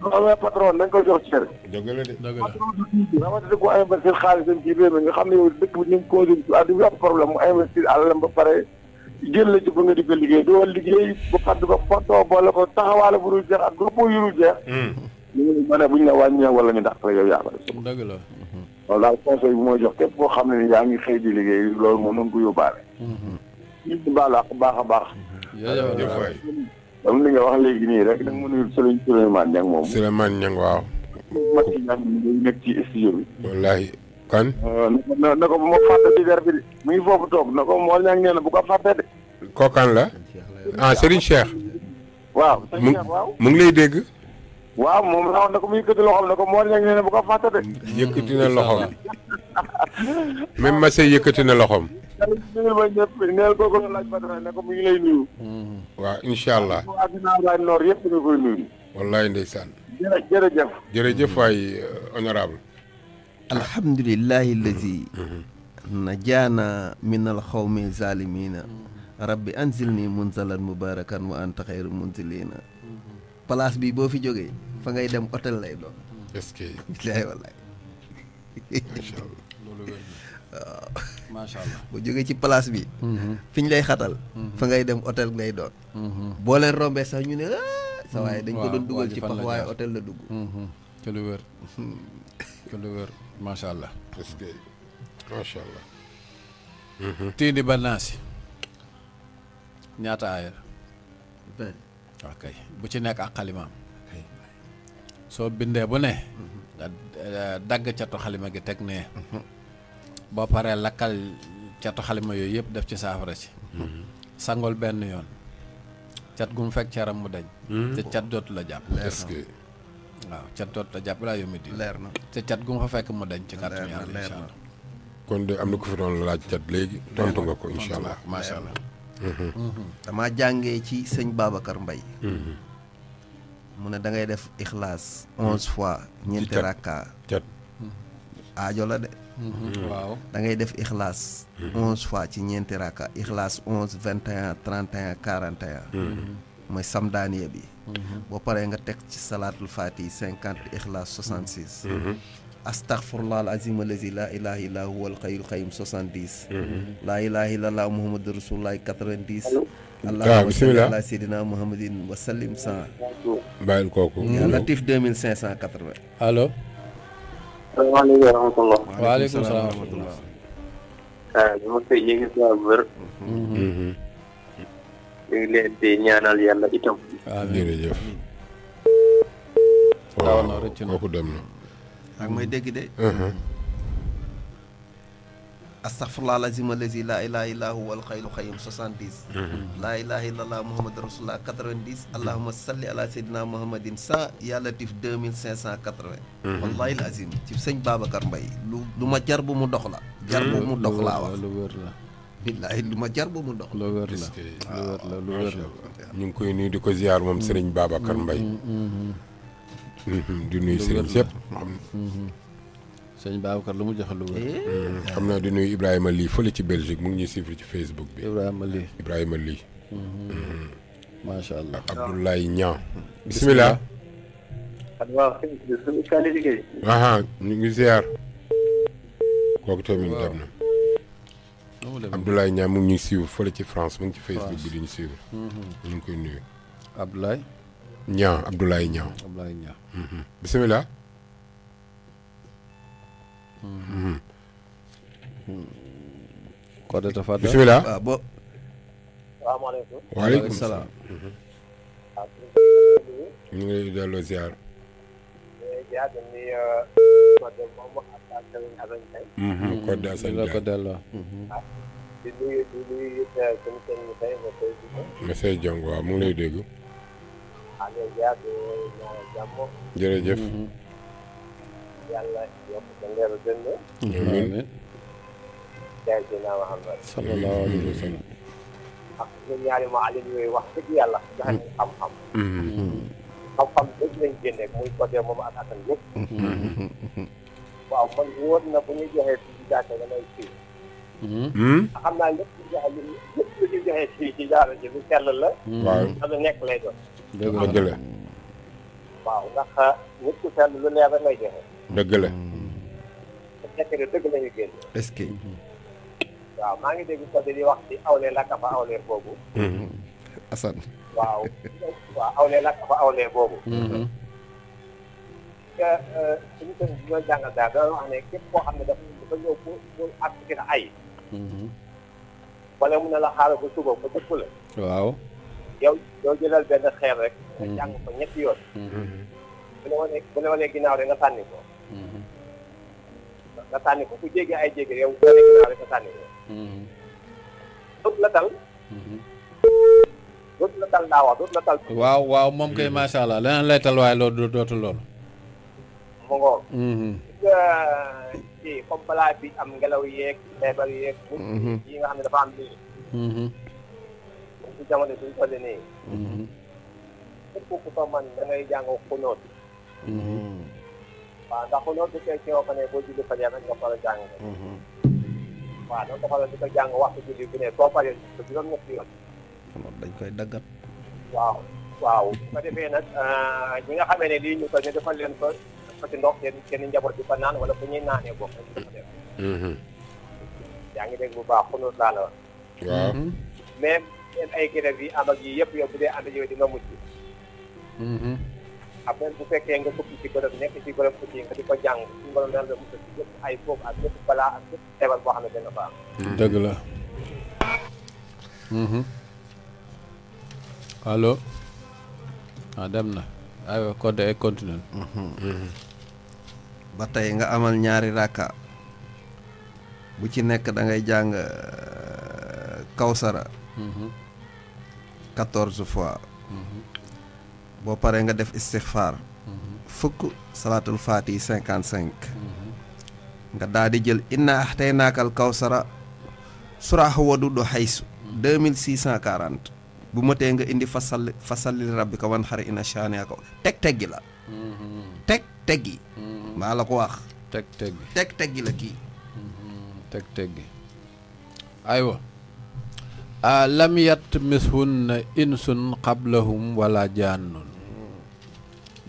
bu amee patron dañ koy jox cër. dëgg la de dëgg la patron bi rawatina ku investir xaalisam ci réew mi nga xam ne yow dëkk bi ñu ngi ko conduire àdduna bi am problème mu investir àllam ba pare. jël la ci ba nga di ko liggéey doo liggéey ba fàdd ko fottoo boole ko taxawaale bu dul jeex ak goppoo yu dul jeex hmm. ñu ma ne bu ñu la wàññee wala ñu dàq la yow yaa ko def dëgg la loolu daal conseil bu mooy jox képp koo xam ne ni yaa ngi xëy di liggéey loolu moom nañ ko yóbbaale ñu hmm. ci baal ak baax a baax dam li nga wax léegi nii rek nag mënul sëriñ Souleymane Niang moom Souleymane Niang waaw ma ci ñaan nekk ci studio bi wallaahi kan eh, na ko mo fatte ci der bi mi fofu tok na mo ñang bu ko fatte de ko kan la ah serigne cheikh waaw mu ngi lay dégg waaw moom raw na ko muy yëkkati loxom na ko moo bu ko fàtte de yëkkati na loxom même na ma ñëpp ko ko laaj mu ngi lay nuyu waaw inshallah na yëpp koy nuyu wallahi jërëjëf jërëjëf eh, honorable alhamdulillahi allazi mm-hmm. najaana min alxawmi zalimina rabbi anzilni munzalan mubarakan wa anta xayru munzilina mm-hmm. place bi boo fi jógee fa ngay dem hôtel lay doon que bilaay wallaay waaw ci place bi. Mm-hmm. fi lay xatal. fa ngay dem hôtel ngay doon. boo leen rombee sax ñu ne ah, sa waaye dañ ko doon dugal ci pax waaye la dugg. mashallah allah parce que macha allah tindi bannaasi ñaata aaya benn ok bu ci nekk ak xalimaam soo bindee bu ne nga eh, dagg catu xalima gi teg ne boo paree lakkal catu xalima yooyu yëpp def ci saafara si sangol benn yoon cat gu mu fekk caram mu dañ te la est-ce que waaw cat doot a jàpp laa yombi di leer na te cat gu ma fa fekk mu dañ ci kàttu yàlla incha allah kon de am na ko fi doon laaj cat léegi tontu nga ko incha allah macha mm-hmm. allah mm-hmm. damaa jàngee ci sëñ Babacar Mbaye mm-hmm. mu ne da ngay def ixlaas onze fois ñeenti rakka cat aajo la de waaw da ngay def ixlaas onze fois ci ñeenti rakka ixlaas onze vingt et un trente et un quarante et un mooy samdaaniya bi boo paree nga teg ci salaatul faatihi cinquante ixlaas soixante six astaghfirullah alazim allazi la ilaha illa huwa alxayyul qayyum soixante dix la ilaha illallah muhammadu rasulullah quatre-vingt dix allahumma salli ala sayyidina muhammadin wa sallim cent bàyyil kooku latif deux mille cinq quatre-vingt allo ñu ngi leen di ñaanal yàlla itam. waaw jërëjëf. waaw na na ko uh-huh. laa ilaha illa huwa alxayru xayim 70 laa ilaha illa allah muhammad rasulullah 90 salli ala sayyidina muhammadin 100 ya latif wallahi lazim ci sëñ Babacar Mbaye lu lu ma jar bu mu dox la jar bu mu dox laa wax billaay lu ma jar ba mu dox. lu wër la lu wër ñu ngi koy nuyu di ko ziar moom Serigne Babacar mm-hmm, Mbaye. Mm-hmm. Mm-hmm, di nuyu Serigne Sepp. sëñ Babacar lu mu joxe lu wër. xam eh. naa du nuy Ibrahima Ly fële ci Belgique mu ngi ñuy suivre ci Facebook bi. Ibrahima Ly Ibrahima Ly. macha allah ak Abdoulaye Niang. bisimilah. ñu ngi ziar. kooku tamit dem na. Abdoulaye Niang mu ngi ñuy suivre fële ci France mu ngi ci Facebook bi di ñu suivre. Mhm. ñu ngi koy nuyu. Abdoulaye. Niang Abdoulaye Niang. Abdoulaye Niang. bisimilah. Codé Tafada bisimilah. salaam. Mhm. ngi lay Lamine Assane Ndiaye. Codé ko delloo. waaw mm-hmm. di nuyu di nuyu it suñu sëñ bi mu ngi lay dégg. waaw ñoom Dia di ñaanal jàmm. Mm-hmm. wax dëgg yàlla. waaw kon wóor na bu ñuy joxee fii ci jàkka ga lay fii xam naa lépp lu joxe hmm. nekk lay doon dëgg la waaw ndax ah, nit ku sell lu leer rek lay joxe dëgg la te dëgg lañu génn est hmm. waaw maa ngi dégg ko di wax ci awleel ak fa awleel boobu hmm. Assane waaw waaw awleel ak fa awleel boobu Euh, ca koo xam ne dafa mhm. wala mun la xaaral ba suba ba dëpp rek. nga mhm. jàng ko ñetti yoon. Mhm. bu la wanee sànni ko. nga sànni ko ku jéggi ay jéggi yow bu nga sànni ko. dootu la tal. dootu la tal waaw waaw moom kay macha allah leneen lay tal loolu dootu loolu. mu ngoog. Mhm. ci comme balaa bi am ngelaw yeeg feebar yeeg. Mhm. yi nga xam ne dafa am léegi. Mhm. ci jamono suñ toll nii. képp ku ko man da ngay jàng bu ne boo a jàng. waaw paree dañ koy daggat. waaw waaw bu ko defee nag ah, ñi nga xamee ne lii ñu ko ñu defal leen ko. sotti ndox seen seen njaboot bi fa naan wala fu ñuy naanee bokk mhm. yaa ngi bu baax xunóot laa la wax waaw mais mhm. seen ay grève yi am ak yi yëpp yow bu dee ànd yow di nga après bu fekkee nga fukki ci bërëb nekk ci bërëb fukki nga di ko jàng suñu la musal ci ay foofu ak yëpp balaa mhm. ah, dem na aywa code et continue ba tey nga amal ñaari ràkka bu ci nekk da ngay jàng euh, kawsara mm-hmm. quatorze fois mm-hmm. boo paree nga def istixfaar mm-hmm. fukk salaatul faati cinquante cinq nga daal di jël inna tey naakal kawsara suraax wadu do xaysu deux mille six cent quarante bu matee nga indi fasal fasalil rabbi ko wan xare ina shaani ko teg teggi la teg teggi maa la ko wax. teg teg gi teg teg gi la kii. teg teg gi aywa. lam yat mishunna insun qablahum wala jaannun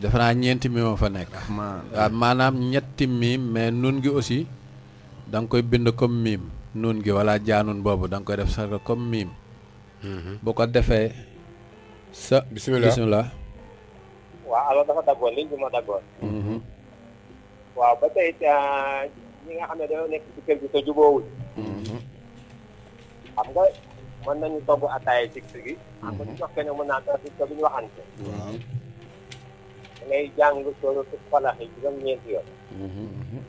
defe naa ñeenti mi fa nekk waaw maanaam ñetti miim mais nun gi aussi da koy bind comme miim nun gi wala jaanun boobu danga koy def sarka comme miim mm-hmm. bu ko defee sa bismillah bismillah waaw dafa daggoon liñ bi ma daggoon waaw ba tey ñi nga xam ne dañoo nekk ci kër gi te jubóowul mm-hmm. xam nga mën nañu togg ataaya ci kër gi xam mm-hmm. nga ñu jox kenn mën naa tax ko duñu waxante waaw da ngay jàng sóoratu falax yi juróom-ñeenti yoon mm-hmm.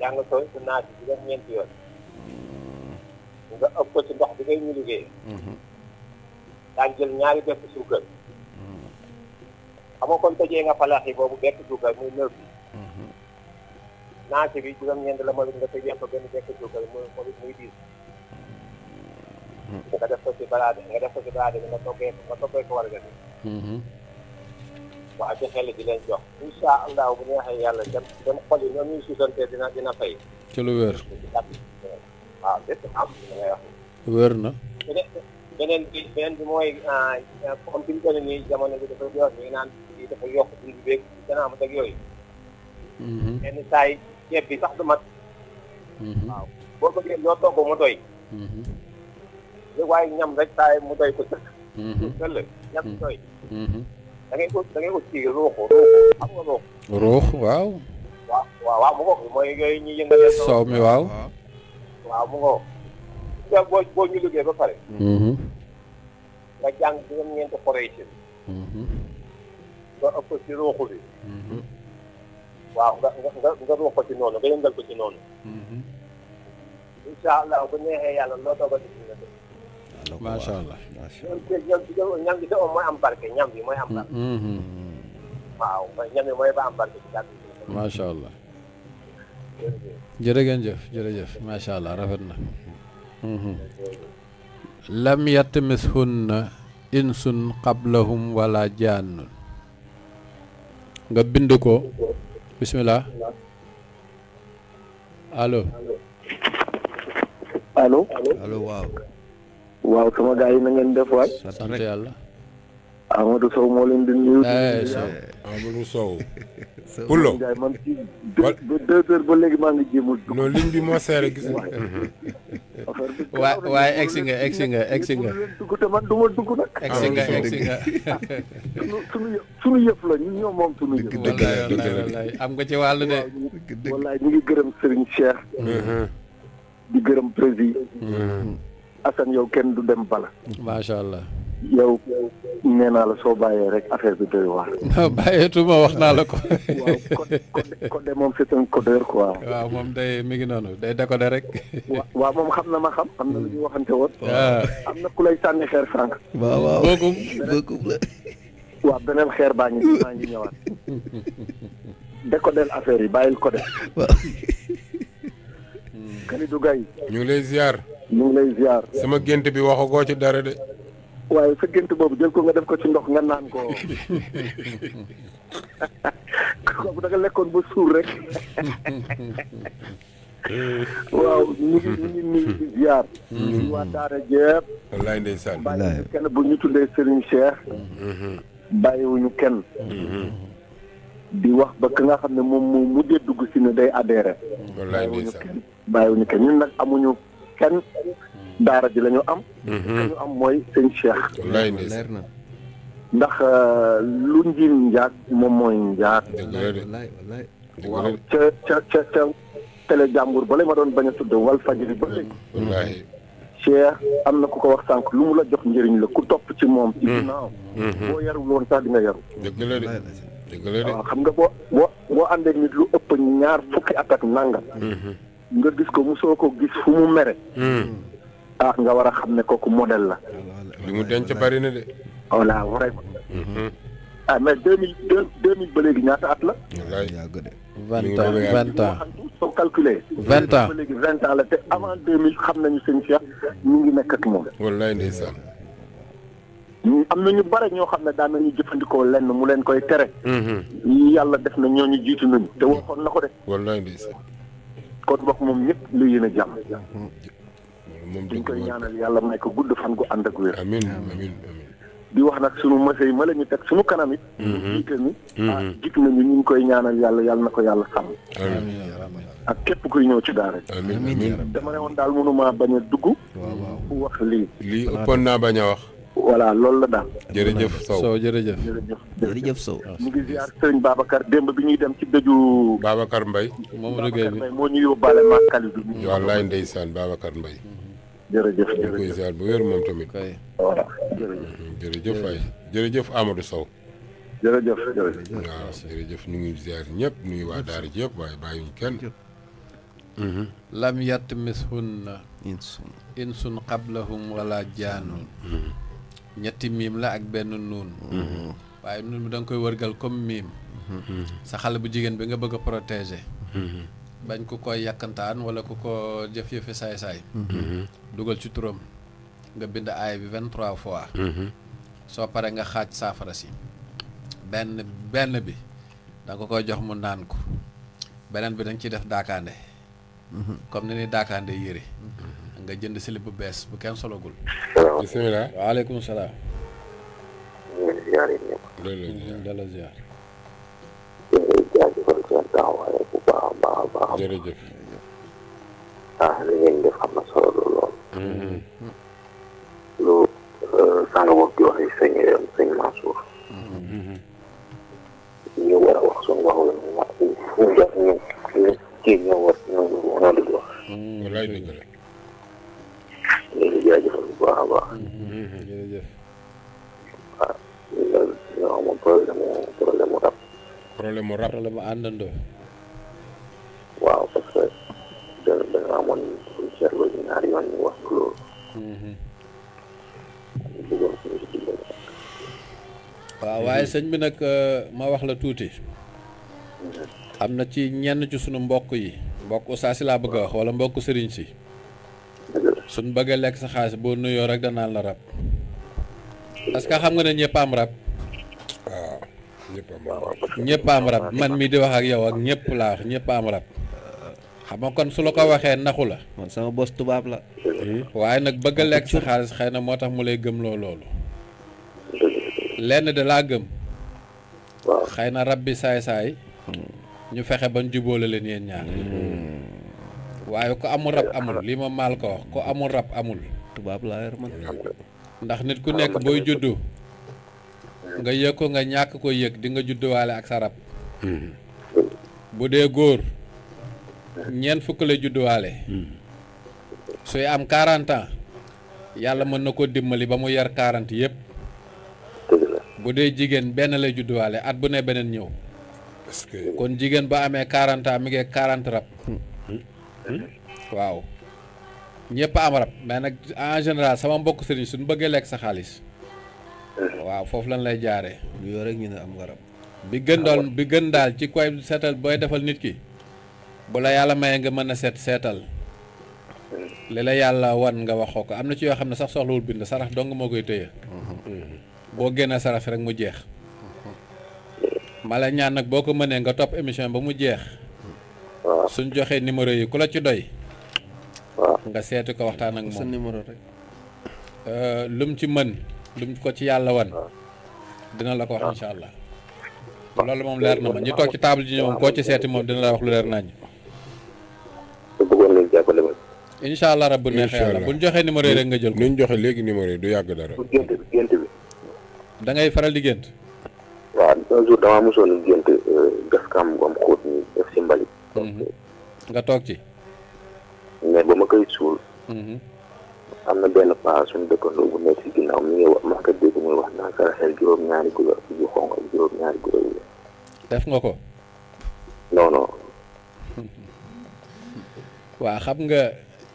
jàng sóoratu naas yi juróom-ñeenti yoon nga ci ndox bi ngay ñu liggéey daan jël ñaari bekk suukar xam nga kon tëjee nga falax yi boobu bekk suukar muy nëb nancé bi juróom-ñeent la moom it nga tëjee ko benn bekk suukar mu moom muy diis mm-hmm. nga def ko ci balaade nga def ko ci balaade bi nga toggee nga toggee ko warga bi mm-hmm. waaw ci xel di leen jox insha allah bu neexee yàlla dem dem xol yi ñoom suusantee dina dina fay ci lu wér waaw lépp am li ngay wax wér na beneen bi beneen bi mooy ah, comme fi ñu nii jamono bi dafa jox ñu ngi naan dafa yokk dund beeg gannaaw ma teg yooyu mm-hmm. yenn ceeb bi sax du mat. Mhm. waaw boo bëggee loo togg mu mhm. rek taay mu doy ko tëkk. ëllëg mhm. ñam doy. ruux ruux waaw. waaw waaw waaw mu ngoog mooy yooyu ñuy yëngalee. soow mi waaw. waaw mu ngoog. ceeb boo boo ñu liggéey ba pare. nga jàng juróom-ñeenti xoree ci. ruux bi. waaw nga nga nga ruux ko ci noonu nga yëngal ko ci noonu. Mhm. incha allah bu neexee yàlla loo toog a def. macha allah macha allah ñam bi sa om mooy am barke ñam bi mooy am barke. Mhm, mhm, waaw ñam bi mooy ba am barke ci kàddu gi. macha allah. jërëjëf jërëjëf macha allah rafet na. lam yatmishunna insun qablahum wala jaannun nga bind ko. bisimilah allo. allo. alo waaw. waaw sama gars yi na ngeen def waay. sant yàlla. Amadou Sow moo leen di eh, sa xam ah, nga ñu soow. pour loo Ndiaye man ci deux heures ba léegi maa ngi jéem a. non ligne bi moo seere gis nga. waay mhm. waay egsi nga egsi nga egsi nga. dugg te man du ma dugg nag. nga egsi nga. Ah, sunu sunu yëf la ñun ñoo moom sunu yëf. dëgg la am nga ci wàll de. wallaay ñu ngi gërëm Serigne Cheikh. Mhm. di gërëm président. Mhm. Mm. Assane yow kenn du dem bala. macha allah. yow nee naa la soo bàyyee rek affaire bi doy waar. bàyyeetuma wax naa la ko. waaw code moom c'est un codeur moom day mi ngi noonu day décoder rek. waaw moom xam na ma xam. xam na lu ñu waxante woon. Ah. am na ku lay sànni xeer sànq. waaw waaw la. waaw beneen xeer baa ngi baa ngi ñëwaat. décoder affaire yi bàyyil code. waaw. Kalidou Gaye. ñu ngi lay ziar. ñu ngi lay ziar. sama gént bi waxagoo ci dara de. waaye sa gént boobu jël ko nga def ko ci ndox nga naan ko kooku da lekkoon ba suur rek waaw ñu ngi ñu ngi nuyu di ziar. Mm-hmm. waa Daara Jeep. bàyyiwuñu kenn bu ñu tuddee Serigne Cheikh. Mm-hmm. bàyyiwuñu kenn. Mm-hmm. di wax ba ka nga xam ne moom mu mujjee dugg si ne day adhéré. wallaay ndeysaan bàyyiwuñu kenn bàyyiwuñu kenn ñun nag amuñu kenn. daara ji la ñu am. Mhm. la ñu am mooy sëñ Cheikh. ndax euh, lu njiin njaag moom mooy njaag. waaw ca ca ca ca télé ba la ma doon bañ a tudd wal fajiri ba mm, léegi. Cheikh am na ku ko wax sànq lu mu la jox njëriñ la ku topp ci moom. ci mm. ginnaaw. Mm-hmm. boo yarul woon sax di nga yaru. waaw xam nga boo boo boo àndee nit lu ëpp ñaar fukki at ak mm-hmm. nga gis ko mu soo ko gis fu mu mere. Mm. tax nga war a xam ne kooku modèle la. li mu denc bari na de. voilà vraiment. Mhm. ah mais deux mille deux deux mille ba léegi ñaata at la. vingt ans vingt ans soo calculé. vingt ans ba léegi vingt ans la te avant deux mille xam nañu seen Cheikh ñu ngi nekk ak moom. wallaay ndeysaan. am na ñu bare ñoo xam ne daan nañu jëfandikoo lenn mu leen koy tere. Mhm. yàlla def na ñu jiitu nañu. te waxoon na ko de. wallaay ndeysaan. kon bokk moom ñëpp lu yéen a jàmm. Mhm. moom dañ koy ñaanal yàlla may ko gudd fan gu ànd ak wér. amiin amiin di wax nag sunu mësa yi ma la ñu teg sunu kanam it. Mm-hmm. jiite mi. Mm-hmm. Ah, nañu ñu koy ñaanal yàlla yàlla na ko yàlla sàmm. ak képp kuy ñëw ci daara. amiin dama ne woon daal mënuma bañ a dugg. bu wax lii. lii ëppoon naa bañ a wax. voilà loolu la daal. jërëjëf Sow Sow jër jërëjëf Sow. ñu ngi ziar sëriñ Babacar démb bi ñuy dem ci dëju. Babacar mbay moom la Babacar moo ñu yóbbaale Màkkali. wallaay ndeysaan Babacar Mbaye. jërëjëf jërëjëf ñu koy ziar bu wér moom tamit. voilà jërëjëf. jërëjëf waay Amadou Sow. jërëjëf jërëjëf. jërëjëf ñu ngi ziar ñëpp nuyu waa Daara ji yëpp waaye bàyyiwuñu kenn. Mhm. lam yatmishunna insun insun qablahum wala jaanun mhm. ñetti miim la ak benn nuun mhm. waaye nuun bi da koy wërgal comme miim sa xale bu jigéen bi nga bëgg a protéger bañ ku koy yakantaan wala ku ko jëf yëfe saay saay mhm. dugal ci turam nga bind ay bi 23 fois mhm. soo pare nga xaaj saafara si benn benn bi da nga koy jox mu naan ko beneen bi da nga ciy def daakaande mhm. comme ni ni daakaande nga jënd silib bu bees bu kenn sologul bismillah waaleykum salaam dala ziar ሊያደርጋቸው ahliyin dafa am na solo lool. lu sànq boog di waxee sëñ sëñ Mansour. ñu war a wax suñu waxu la ñu wax ñu jot ñu ñu kii ñu war ñu mënoo di wax. walaay dëgg la. ñu ngi jaajëfal bu baax a baax. jërëjëf. waaw ñu ngi am problème problème problème mu rab problème mu àndandoo. waaw parce que da da nga ci suñu seetlu ñaari yoon ni wax lu hmm suñu waaw waaye sëñ bi nag ma wax la tuuti. am na ci ñenn ci sunu mbokk yi mbokk saa si laa bëgg a wax wala mbokk sëriñ si. suñ bëgg lekk sa xaalis boo nuyoo rek danaan la rab. parce que xam nga ne ñëpp am rab. waaw ñepp am rap man mi di wax ak yow ak ñepp la ñepp am rap xam kon su lu ko waxe naxu la man sama bos tubab la eh, way nak bëgg lek ci xaaliss xeyna motax mu lay lo lolu lenn de la gëm xeyna rabbi say say hmm. ñu fexé ban len ñaar hmm. waye ko amul rap amul li ma ko wax ko amul rap amul tubab la yar man ndax nit ku nekk boy juddou nga yëg nga ñak ko yek di nga walé ak sarab hmm. bu dé gor ñen fuk la walé hmm suy am 40 ans yalla mën nako dimbali ba mu yar 40 yépp bu dé jigen ben la lay walé at bu ne beneen ñëw kon jigen ba amé 40 ans mi ngi 40 rap hmm, hmm. waaw ñepp am rap mais nak en général sama mbokk serigne suñu bëggé lek sa xaliss waaw foofu lan lay jaaree rek ñu am nga bi ah, gën daal bi gën daal ci koy seetal booy defal nit ki bu la yàlla maye nga mën a seet seetal hmm. li la yàlla wan nga waxoo ko am na ci yoo xam ne sax soxlawul bind sarax dong moo koy tëye hmm. boo génnee sarax rek mu jeex ma ñaan nag boo ko mënee nga topp émission ba mu jeex ah. suñ joxee numéro yi ku la ci doy ah. nga seeti ko waxtaan ak moom sa numéro rek euh, ci mën lu luñ ko ci yàlla wan dina la ko wax incha allah loolu moom leer na ma ñu toog ci table ji moom koo ci seeti moom dina la wax lu leer nañu. incha allah rabbu neexee yàlla bu ñu joxee numéro yi rek nga jël ko. ni ñu joxe léegi numéro yi du yàgg dara. gént bi faral di gént. waaw un jour gént gas euh, am xóot ñu def si mbalit. Mhm. nga toog ci. mais ba ma koy suul. Mhm. am na benn paa suñu dëkkandoo bu nekk si ginnaaw mi ngi wax ma ko dégg muy wax naa saraxel juróom-ñaari guro yu xonq ak juróom-ñaari guro yu def nga ko. non waa xam nga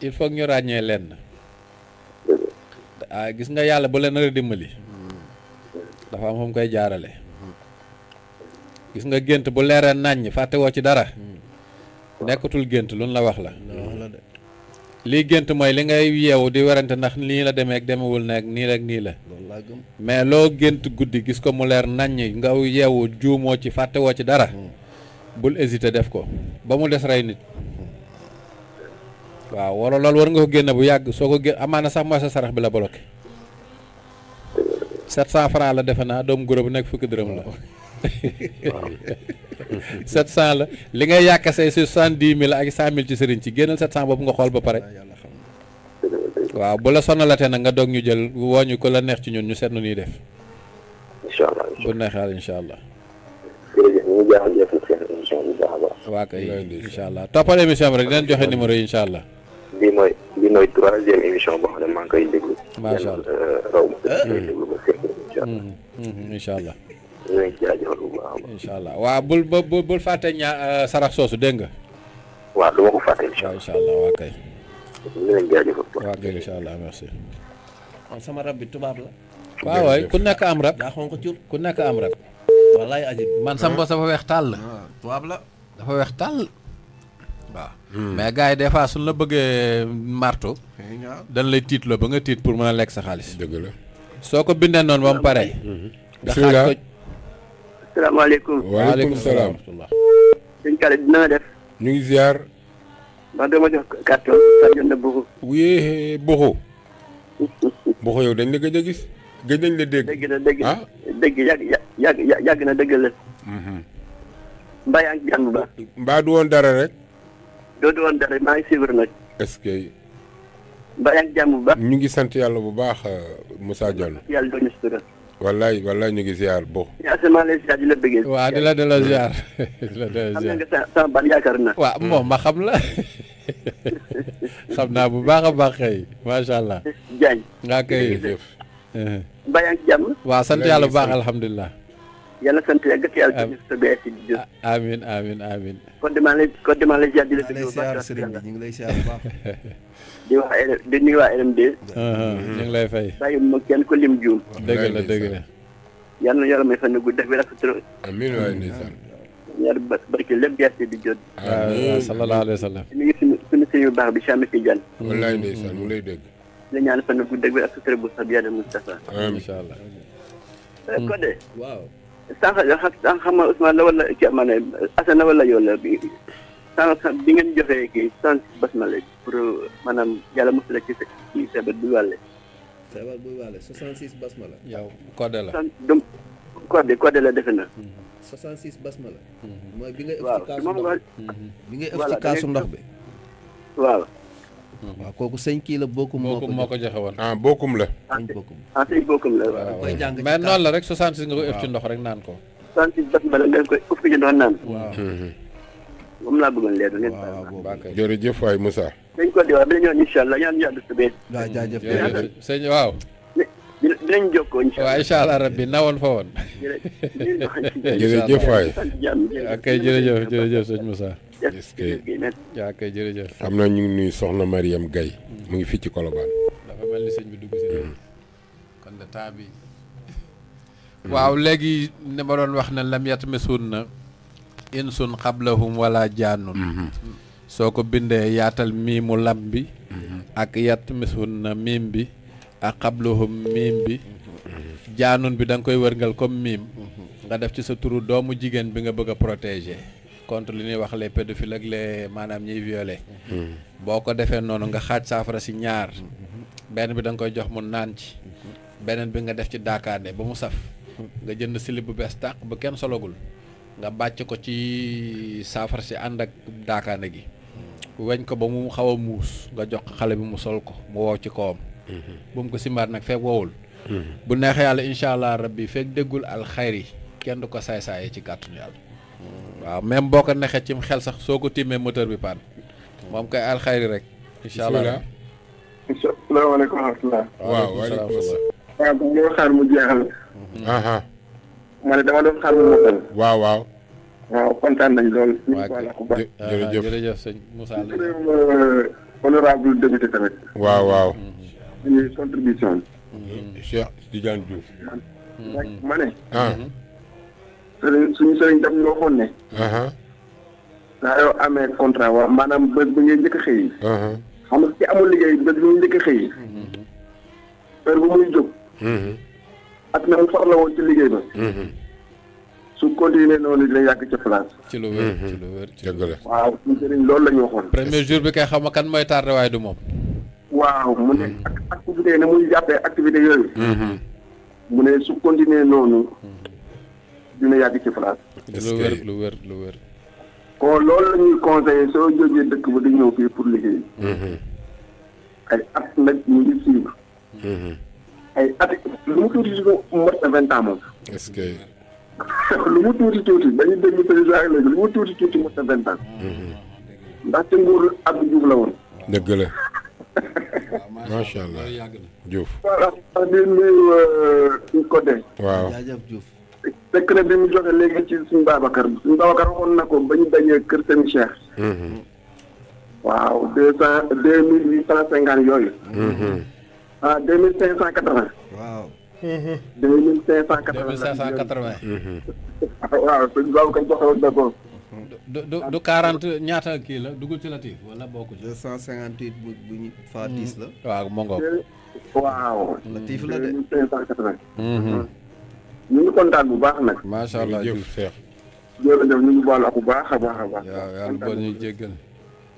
il faut ñu ràññee lenn. ah gis nga yàlla bu leen nar a dimbali. dafa am fu koy jaarale. gis nga gént bu leeree naññ fàttewoo ci dara. Hmm. nekkatul gént luñ la wax la. lii gént mooy li ngay yeewu di werante ndax nii la demee ak demewul nekk nii rek nii la mais loo gént guddi gis ko mu leer naññ nga yeewu juumoo ci fàttewoo ci dara hmm. bul hésiter def ko ba mu des rey nit hmm. waaw wala loolu war nga ko génne bu yàgg soo ko génn amaana sax mooy sa sarax bi la bloqué 700 hmm. francs la defe naa doomu goro bu nekk fukki dërëm la 700 la li ngay yàkkasee si 70000 ak 100000 ci sëriñ ci génnal 700 boobu nga xool ba pare. Ah, waaw bu la sonalatee nag nga doog ñu jël woo ñu ko la neex ci ñun ñu seet nu ñuy def. incha allah bu neexal incha allah. jërëjëf ñu ngi jaajëf seen bi toppal émission bi rek dinañ joxe numéro yi incha allah. Euh, raw ma ah. koy déglu ba seetlu incha allah. Mm-hmm. Mm-hmm. ñu jaajëfal bu bul bul bul fàtte ñaa sarax soosu Wah nga waaw du ma ko fàtte insha allah insha allah waa kay ñu leen jaajëfal waa kay insha allah merci man sama rab bi tubaab la waaw waay ku nekk am rab daa xonk cur ku nekk am rab wallaay ajib man sama boss dafa weex tàll tubaab la dafa weex tàll waaw mais gars des fois suñ la bëggee marto dañ lay tiitloo ba nga tiit pour mën a lekk sa xaalis dëgg la soo ko bindee noonu ba mu pare nga hmm. salaamaaleykum. waaleykum salaam. sëñ Kalle dina nga def. ñu ngi ziar. ndax dama jox carton carton de Boxo. wiyee Boxo. Boxo yow dañ la gëj a gis. gëj dañ la dégg. dégg na dégg ah dégg yàgg yàgg yàgg na dégg la. Mhm. mbaa du woon dara rek. doo du woon dara maa ngi suivre nag. est que. mbaa yaa ngi jàng bu baax. ñu ngi sant yàlla bu baax euh, Moussa Diallo. yàlla doo ñu sutura. wallaay wallaay ñu ngi ziar bo waaw di la di la di la di la ziar moom ma xam la xam naa bu baax a baax xëy macha allah. Diagne ngaa koy jëf. bu baax alhamdulilah. yàlla sant yàlla gëstu yàlla ci la. di wax di nuyu waa RMD. Uh-huh. Mhm. ñu ngi lay fay. bàyyi ma kenn ko lim juum. dëgg la dëgg la. yal na yàlla may fan gu def bi rafet trop. amiin di jot. amiin sallallahu alayhi wa sallam. ñu ngi suñu suñu ñaan fan gu def bi rafet trop bu sax bi yàlla Moustapha. amiin incha allah. Eh, hmm. Codé. waaw. sànq sànq xam nga Ousmane la wala kii ma ne Assane la wala yow la sànq bi ngeen joxee kii sànq bas na la pour maanaam yàlla mos la ci sa ci feebar bas ma la. yow code la sant donc defe na. 66 bas ma la. mooy bi nga ëpp ci kaasu ndox bi nga ëpp ci waaw. kooku sëñ kii la bokkum moo ko moo ko joxe woon ah bokkum la. ah sëñ la waaw. koy jàng mais noonu rek 66 nga ko ëpp ci ndox rek naan ko. 66 bas ma la nga koy ëpp ci ndox naan. waaw. Mhm. moom laa bëggoon leer ngeen. waaw jërëjëf waay Moussa. dañ ko di wax dinañ ñëw incha allah ñaan waaw jaajëf jërëjëf allah waaw incha allah rabbi fa woon. jërëjëf waay. ok jërëjëf jërëjëf sëñ Moussa. est-ce que waaw kay jërëjëf. xam naa ñu ngi Soxna Mariam Gaye mu ngi fii ci Colobane. dafa mel ni sëñ bi dugg si mm. waaw léegi ni ma doon wax ne lam yat na. insun xablahum wala jaanun mhm. soo ko bindee yaatal miimu lam bi mhm. ak yat misun na miim bi ak xablahum miim bi jaanun bi da nga koy wërngal comme miim mhm. nga def ci sa turu doomu jigéen bi nga bëgg a protéger contre li ñuy wax les pédophiles ak lee maanaam ñiy violé boo ko defee noonu nga xaaj saafara si ñaar benn bi danga koy jox mu naan ci beneen bi nga def ci daakaande ba mu saf nga jënd silib bu bees tàq bu kenn sologul nga bàcc ko ci saafara si ànd ak daakaane gi weñ ko ba mu xaw a muus nga jox xale bi mu sol ko mu wow ci kawam bu mu ko simbaat nag fekk wowul bu neexee yàlla incha rab bi fekk déggul alxayri kenn du ko saay-saayee ci kàttanu yàlla waaw même boo ko neexee cim xel sax soo ko timmee moteur bi paan moom koy alxayri rek incha allah salaamaaleykum wa mu jeexal ma dama doon xaar mu motal. waaw waaw. waaw kontaan nañ lool. waaw jërëjëf jërëjëf sëñ Moussa Laye. Euh, honorable député tamit. waaw waaw. Mm-hmm. Ah. suñu sëriñ daf ñu waxoon ne. Uh-huh. saa yoo amee contrat waaw maanaam bés bu ngay njëkk a xëy. Uh-huh. xam nga amul liggéey bés bu ngay njëkk xëy. Mm-hmm. heure bu muy jóg. Mm-hmm. ak na mu farla ci liggéey ba. Mhm. su continuer noonu dina yàgg ca place. ci lu wér ci lu wér. dëgg la waaw suñu sëriñ loolu la ñu waxoon. bi kay xam nga kan mooy tardé waaye du moom. waaw mu ne mhm. ak activité yi na muy jàppee activité yooyu. Mhm. mu ne su continuer noonu. dina yàgg ci place. lu wér lu wér lu wér. kon loolu la ñuy soo jógee dëkk ba di ñëw fii pour liggéey. ay at nag ñu ngi suivre. ay at lu mu tuuti tuuti mot na vingt ans lu mu tuuti tuuti ba ñu déglu président lu mu tuuti tuuti mot na vingt ans. Mhm. ndaxte nguur Abdou Diouf la woon. dëgg la. macha allah Diouf. voilà di nuyu suñu waaw jaajëf Diouf. fekk na bi mu joxe léegi ci suñu Babacar suñu Babacar waxoon na ko ba ñu mhm. waaw deux cent deux mille huit cent cinquante yooyu. Mhm. ah deux mille cinq cent quatre vingt. waaw. deux mille cinq cent quatre vingt. deux mille cinq cent quatre vingt. waaw suñu baabu ko joxewoon na ko. du du du quarante ñaata kii la dugul ci latif wala bokku ci. deux cent cinquante huit bu bu ñu faa tiis hmm. la. waaw mu ngoog. waaw. latif la de deux mille cinq cent quatre vingt. Hmm. ñu ngi kontaan bu baax nag. macha allah jërëjëf Cheikh. jërëjëf ñu ngi boole ak bu baax a baax a baax. waaw yàlla boo ñu jéggal.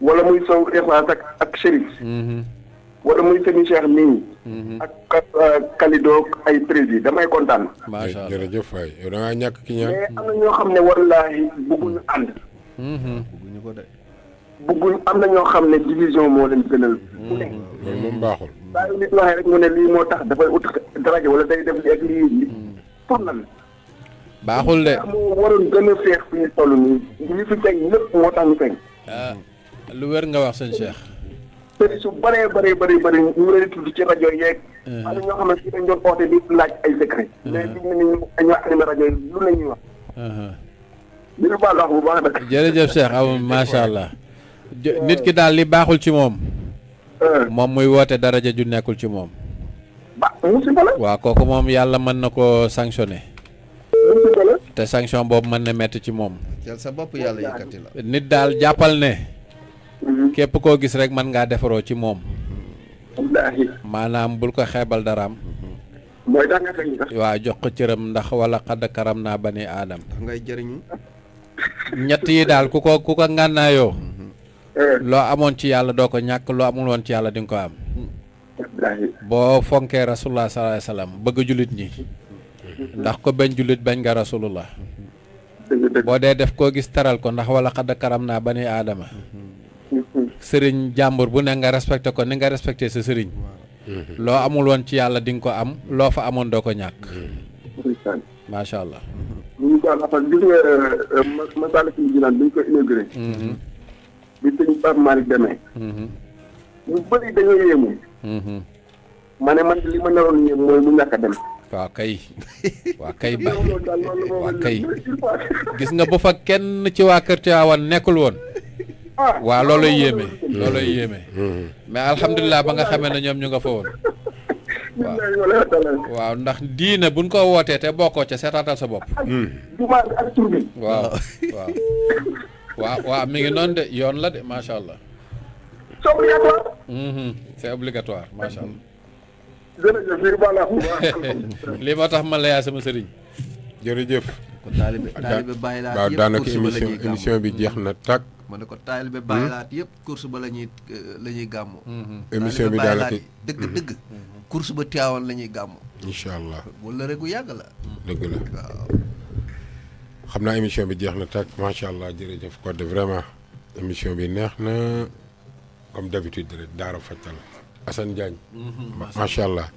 wala muy sow Ikhlas ak ak Chérif. Mhm. wala muy sëñ Cheikh nii. Mhm. ak ak euh, Kalidoo ay président damay kontaan. macha allah jërëjëf waay yow da ñàkk ki ñaan. mais am na ñoo xam ne wallaahi bëgguñu ànd. Mhm. bëgguñu ko de. bëgguñ am na ñoo xam ne division moo leen gënal. ku nekk loolu moom baaxul. saa yu nit waxee rek mu ne lii moo tax dafay ut daraja wala day def lii ak lii pour lan. baaxul de. mu warul gën a feex fi ñu toll nii ñu fi teg lépp moo tax ñu teg. lu wër nga wax sëñ Cheikh sëriñ su bëree bëri bëri bëri ñu leen tudd ci rajo yeeg eh. am ñoo xam ne si dañ di laaj ay secret eh. mais fi ñu ñu animé rajo yi lu eh. Cheikh allah nit ki daal li baaxul ci moom moom muy woote daraja ju nekkul ci te sanction na metti ci jël sa la nit ne képp koo gis rek man ngaa defaroo ci moom iya. maanaam bul ko xeebal daraam mooy da nga waaw ya, jox ko cëram ndax wala xadd karam naa bani aadam ngay jëriñu ñett yi iya daal ku ko ku ko ngànnaayoo eh. loo amoon ci yàlla doo ko ñàkk loo amul woon ci yàlla di nga ko am iya. boo fonkee rasulullah sallallahu alaihi wasallam bëgg julit ñi ndax ko bañ julit bañ nga rasulullah boo dee def koo gis taral ko ndax wala xadd karam naa bani aadama sëriñ jambour bu ne nga respecté ko ni nga respecté ce sëriñ mhm. lo amul won ci yalla ding ko am lo fa amone do ko mhm. ma sha allah ñu ko la fa gis nga eh, la ci jilan dañ ko inauguré mhm. bi sëñ malik demé hmm ñu bari dañu yému hmm mané man li ma naron ñe moy mu ñaka dem wa kay wa kay ba wa kay gis nga bu fa kenn ci wa kër Tiwaawan nekul won wa loolay yeme loolay yeme mais alhamdullilah ba nga xamé na ñom ñu nga fa won wa ndax diina buñ ko woté té boko ci sétatal sa bop wa wa wa wa mi ngi non de yoon la de machallah allah c'est obligatoire mhm, c'est obligatoire allah li ma tax ma layaa sama sëriñ ko talibé talibé bàyyi yépp ko ci émission émission bi jeex na tak ma ne ko taalibe hmm? bàyyilaat yëpp course ba la ñuy euh, la ñuy gàmmoo hmm. émission bi daal la dëgg hmm. dëgg course ba Tiwaawan la ñuy gàmmoo incha allah wala rek gu yàgg la dëgg la xam naa émission bi jeex na tàkk macha allah jërëjëf Codé vraiment émission bi neex na comme d'habitude rek Daara Fajtal asan Diagne macha allah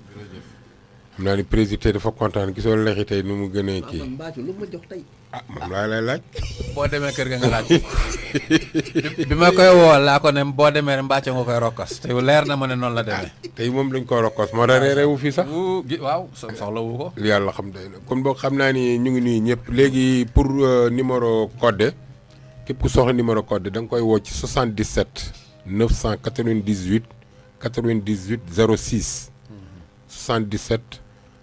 xam naa ni président tey dafa kontaan gisoo lexi tey nu mu gënee kii lu ma jox tey. ah moom laa lay laaj. boo demee kër ga nga laaj bi ma koy woo laa ko ne boo demee mbàcce nga koy rokkos te leer na ma ne noonu la demee. Ah, tey moom lañ ko rokkos moo tax reerewu fii sax. waaw soxla wu ko. yàlla xam day na kon boog xam naa ni ñu ngi nuyu ñëpp léegi pour euh, numéro code képp ku soxla numéro code da nga koy woo ci 77 998 98 06 77.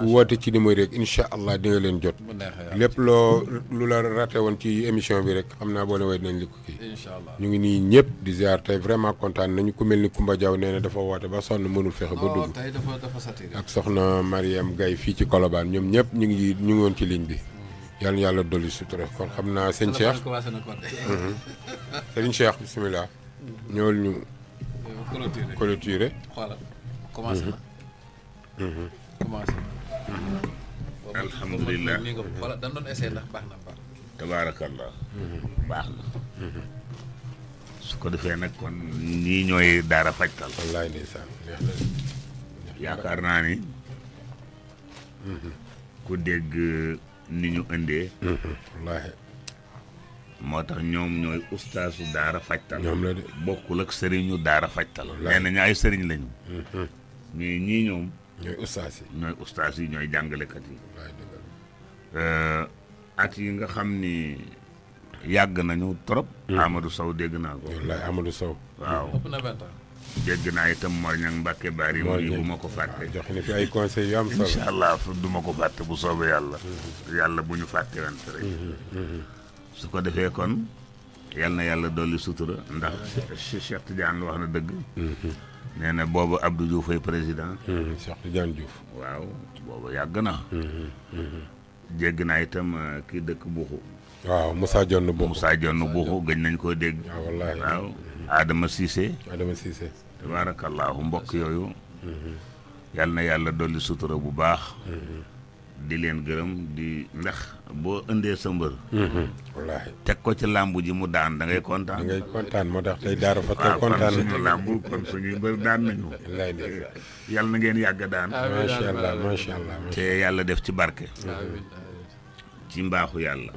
woote ci numéro rek incha allah di leen jot. lépp loo lu la raté woon ci émission bi rek xam naa boo leen way dinañ li ko kii. ñu ngi nii ñëpp di ziar tey vraiment kontaan nañu ku mel ni kumba Diaw nee na dafa woote ba sonn mënul fexe ba oh, dugg. ak soxna Mariam Gaye fii ci Colobane ñoom ñëpp ñu ngi ñu woon ci ligne bi. yàlla na yàlla dolli sutura kon xam naa sëñ Cheikh mhm. sëñ Cheikh bisimilah. ñëwal ñu. clôturer clôturer. commencé na. Mhm. Mhm. Mm-hmm. alhamdulilah wala dañ doon essayé baax na baax tabaarakallah mm-hmm. baax na mm-hmm. su ko defee nag kon ñii ñooy daara fajtal wallaay ndeysaan yaakaar naa ni ku dégg uh, ni ñu indee moo tax ñoom ñooy ustaasu daara fajtal ñoom la bokkul ak sëriñu daara fajtal nee nañu ay sëriñ lañu mais ñii ñoom ñooy ustaas yi ñooy yi ñooy jàngalekat yi. Euh, at yi nga xam ni yàgg nañu trop. Hmm. Amadou saw dégg naa ko. wallaay Amadou Sow. waaw ëpp na vingt ans. dégg naa itam Moriñang Mbacke Bari. mooy bu ma ko fàtte. jox ni fi ay conseils yu am solo. allah du ko fàtte bu soobee yàlla. Hmm. yàlla bu ñu fàtte wante rek. Hmm, su ko defee kon. yal na yàlla dolli sutura. ndax Cheikh Tidiane wax na dëgg. nee na boobu Abdou Diouf ay président. Hmm, Cheikh Tidiane Diouf. waaw boobu yàgg na. jégg hmm, hmm, naa itam euh, kii dëkk Buxu. waaw Moussa Dione Buxu Moussa Dione Buxu gëj nañ koo dégg. waaw ah, wallaahi waaw Adama Cissé. Adama Cissé. tabaarakallaahu mbokk yooyu. yàlla na yàlla dolli sutura bu baax. di leen gërëm di ndax boo indee sa mbër. Mhm. teg ko ci làmbu ji mu daan da ngay kontaan. moo tax tey Daara Fatou. waaw kontaan nañu làmb kon suñuy mbër daan nañu. wallaahi yàlla na ngeen yàgg daan. macha allah macha te yàlla def ci barke. ci mbaaxu yàlla.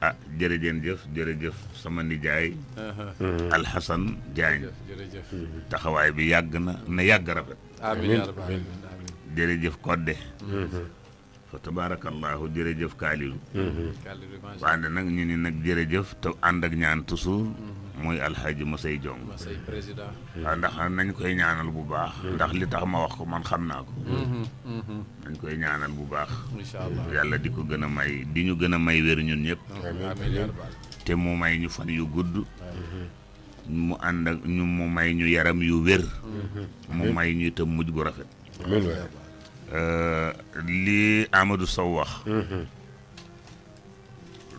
ah jërëjëf jëf jërëjëf sama nijaay. Uh-huh. Alxasan Diagne. Mm-hmm. taxawaay bi yàgg na na yàgg rafet. amiin amiin jërëjëf fa tabaarakallaahu jërëjëf kaalilu mm-hmm. waande nag ñu ni nag jërëjëf te ànd ak ñaan toujours mooy mm-hmm. alxaaji Masay Jong mm-hmm. waaw ndax nañ koy ñaanal bu baax ndax li tax ma wax ko man xam naa ko nañ koy ñaanal bu baax yàlla di ko gën a may di ñu gën a may wér ñun ñëpp te mu may ñu fan yu gudd mu ànd ak mu may ñu yaram yu wér mu may ñu itam mujj gu rafet Euh, lii amadu Sow wax mhm.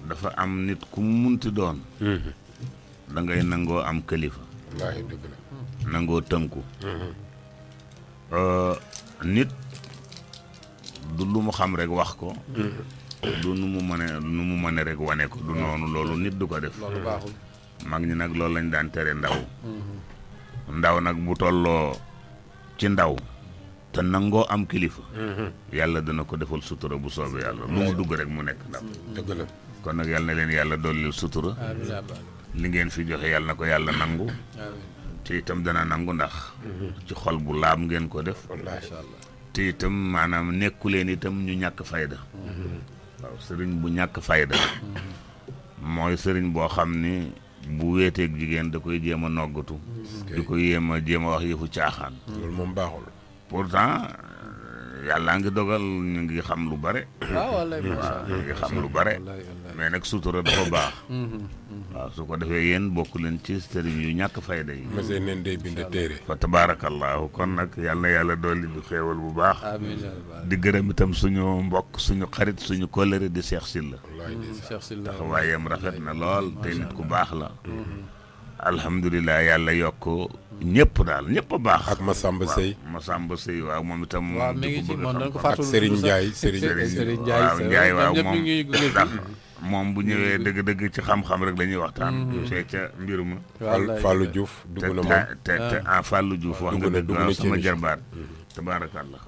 dafa am nit ku munti doon mhm. da nangoo am kilifa wallaahi dëgg la nangoo tënku mhm. euh, nit lu mu xam rek wax ko du nu mu mëne nu mu mëne rek wane ko du noonu loolu nit du ko def loolu baaxul mag ñi nag loolu lañ daan tere ndaw ndaw nag bu tolloo ci ndaw te nangoo am kilifa. Mhm. yàlla dana ko defal sutura bu soobee yàlla. Mhm. lu mu dugg rek mu nekk ndax. dëgg kon nag yàlla leen yàlla dollil sutura. li ngeen fi joxe yàlla na ko yàlla nangu. te itam dana nangu ndax. Mhm. ci xol bu laab ngeen ko def. te itam maanaam nekku leen itam ñu ñàkk fayda. waaw sëriñ bu ñàkk fayda. mooy sëriñ boo xam ni bu weeteeg jigéen da koy jéem a noggatu. di ko yéem a jéem a wax yëfu caaxaan. pourtant euh, yàlla ngi dogal ñu xam lu bare. Ah, waaw lu bare. mais nag sutura dafa baax. Mhm, mhm. waaw su ko defee yéen bokk leen ci sëriñ yu ñàkk fayda yi. monsieur Nen day bind téere. kon nag yal na yàlla dolli ñu xéewal bu baax. di gërëm itam suñu mbokk suñu xarit suñu kóllëre di Cheikh Sylla. Sylla taxawaayam rafet na lool te nit ku baax la. Mhm. alhamdulilah yàlla yokk. ñëpp daal ñëpp a baax. ak Massamba Seye waaw Massamba Seye waaw moom itam. waaw mi ngi ci moom dañ ko fàttaliwul ak Serigne waaw Ndiaye moom moom bu ñëwee dëgg-dëgg ci xam-xam rek dañuy waxtaan. Mm-hmm. te ca mbir ma. wallaay Fallou juuf dugg na moom te te te ah. ah Fallou Diouf. wax nga dëgg waaw sama jarbaar. Mm-hmm. tabaarakallah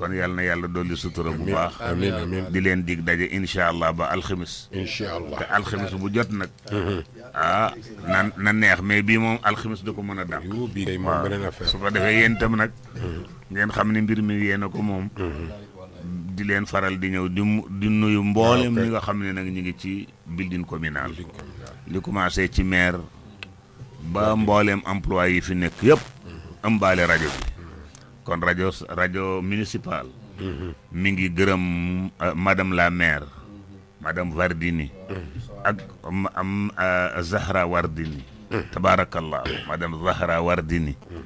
kon yàlla na yàlla dolli sutura bu baax amiin di leen dig daje incha allah ba alxamis incha allah te alxamis bu jot nag mm-hmm. ah na neex mais bii moom alxamis da ko mën a dàq su ko defee yéen itam nag mm-hmm. ngeen xam ni mbir mi yéen a ko moom mm-hmm. di leen faral di ñëw di di nuyu mboolem ah, ñi nga xam ne nag ñu ngi ci building communal li commencé ci maire ba mboolem emploi yi fi nekk yëpp ëmbaale rajo bi kon radio radio municipal mhm. mingi ngi gërëm eh, madame la maire madame Wardini ak am eh, Zahra Wardini mhm. tabarakallah madame Zahra Wardini mhm.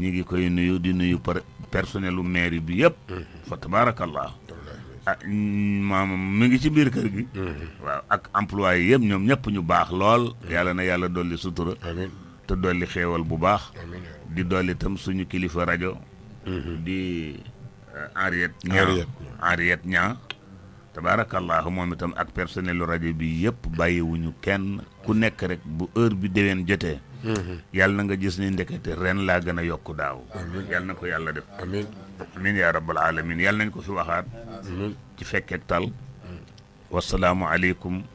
ñi ngi koy nuyu di nuyu personnelu maire bi yëpp fa tabarakallah ah, maam mi ngi ci biir kër gi waaw ak employé yëpp ñoom ñëpp ñu baax lool yàlla na yàlla dolli sutura te dolli xéewal bu baax di dolli tam suñu kilifa rajo Mm-hmm. di Henriette eh, Niang Henriette Niang tabaarakallahu moom itam ak personnel rajo bi yëpp bàyyiwuñu kenn ku nekk rek bu ër bi déwén jote mm-hmm. yàlla na nga gis ni ndekete ren laa gën a yokk daaw yàlla na ko yàlla def amiin amiin yaa rabbal alamin yàlla nañ ko fi waxaat ci fekkek tal mm. wasalaamu aleykum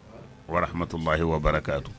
wa rahmatullahi wa barakaatu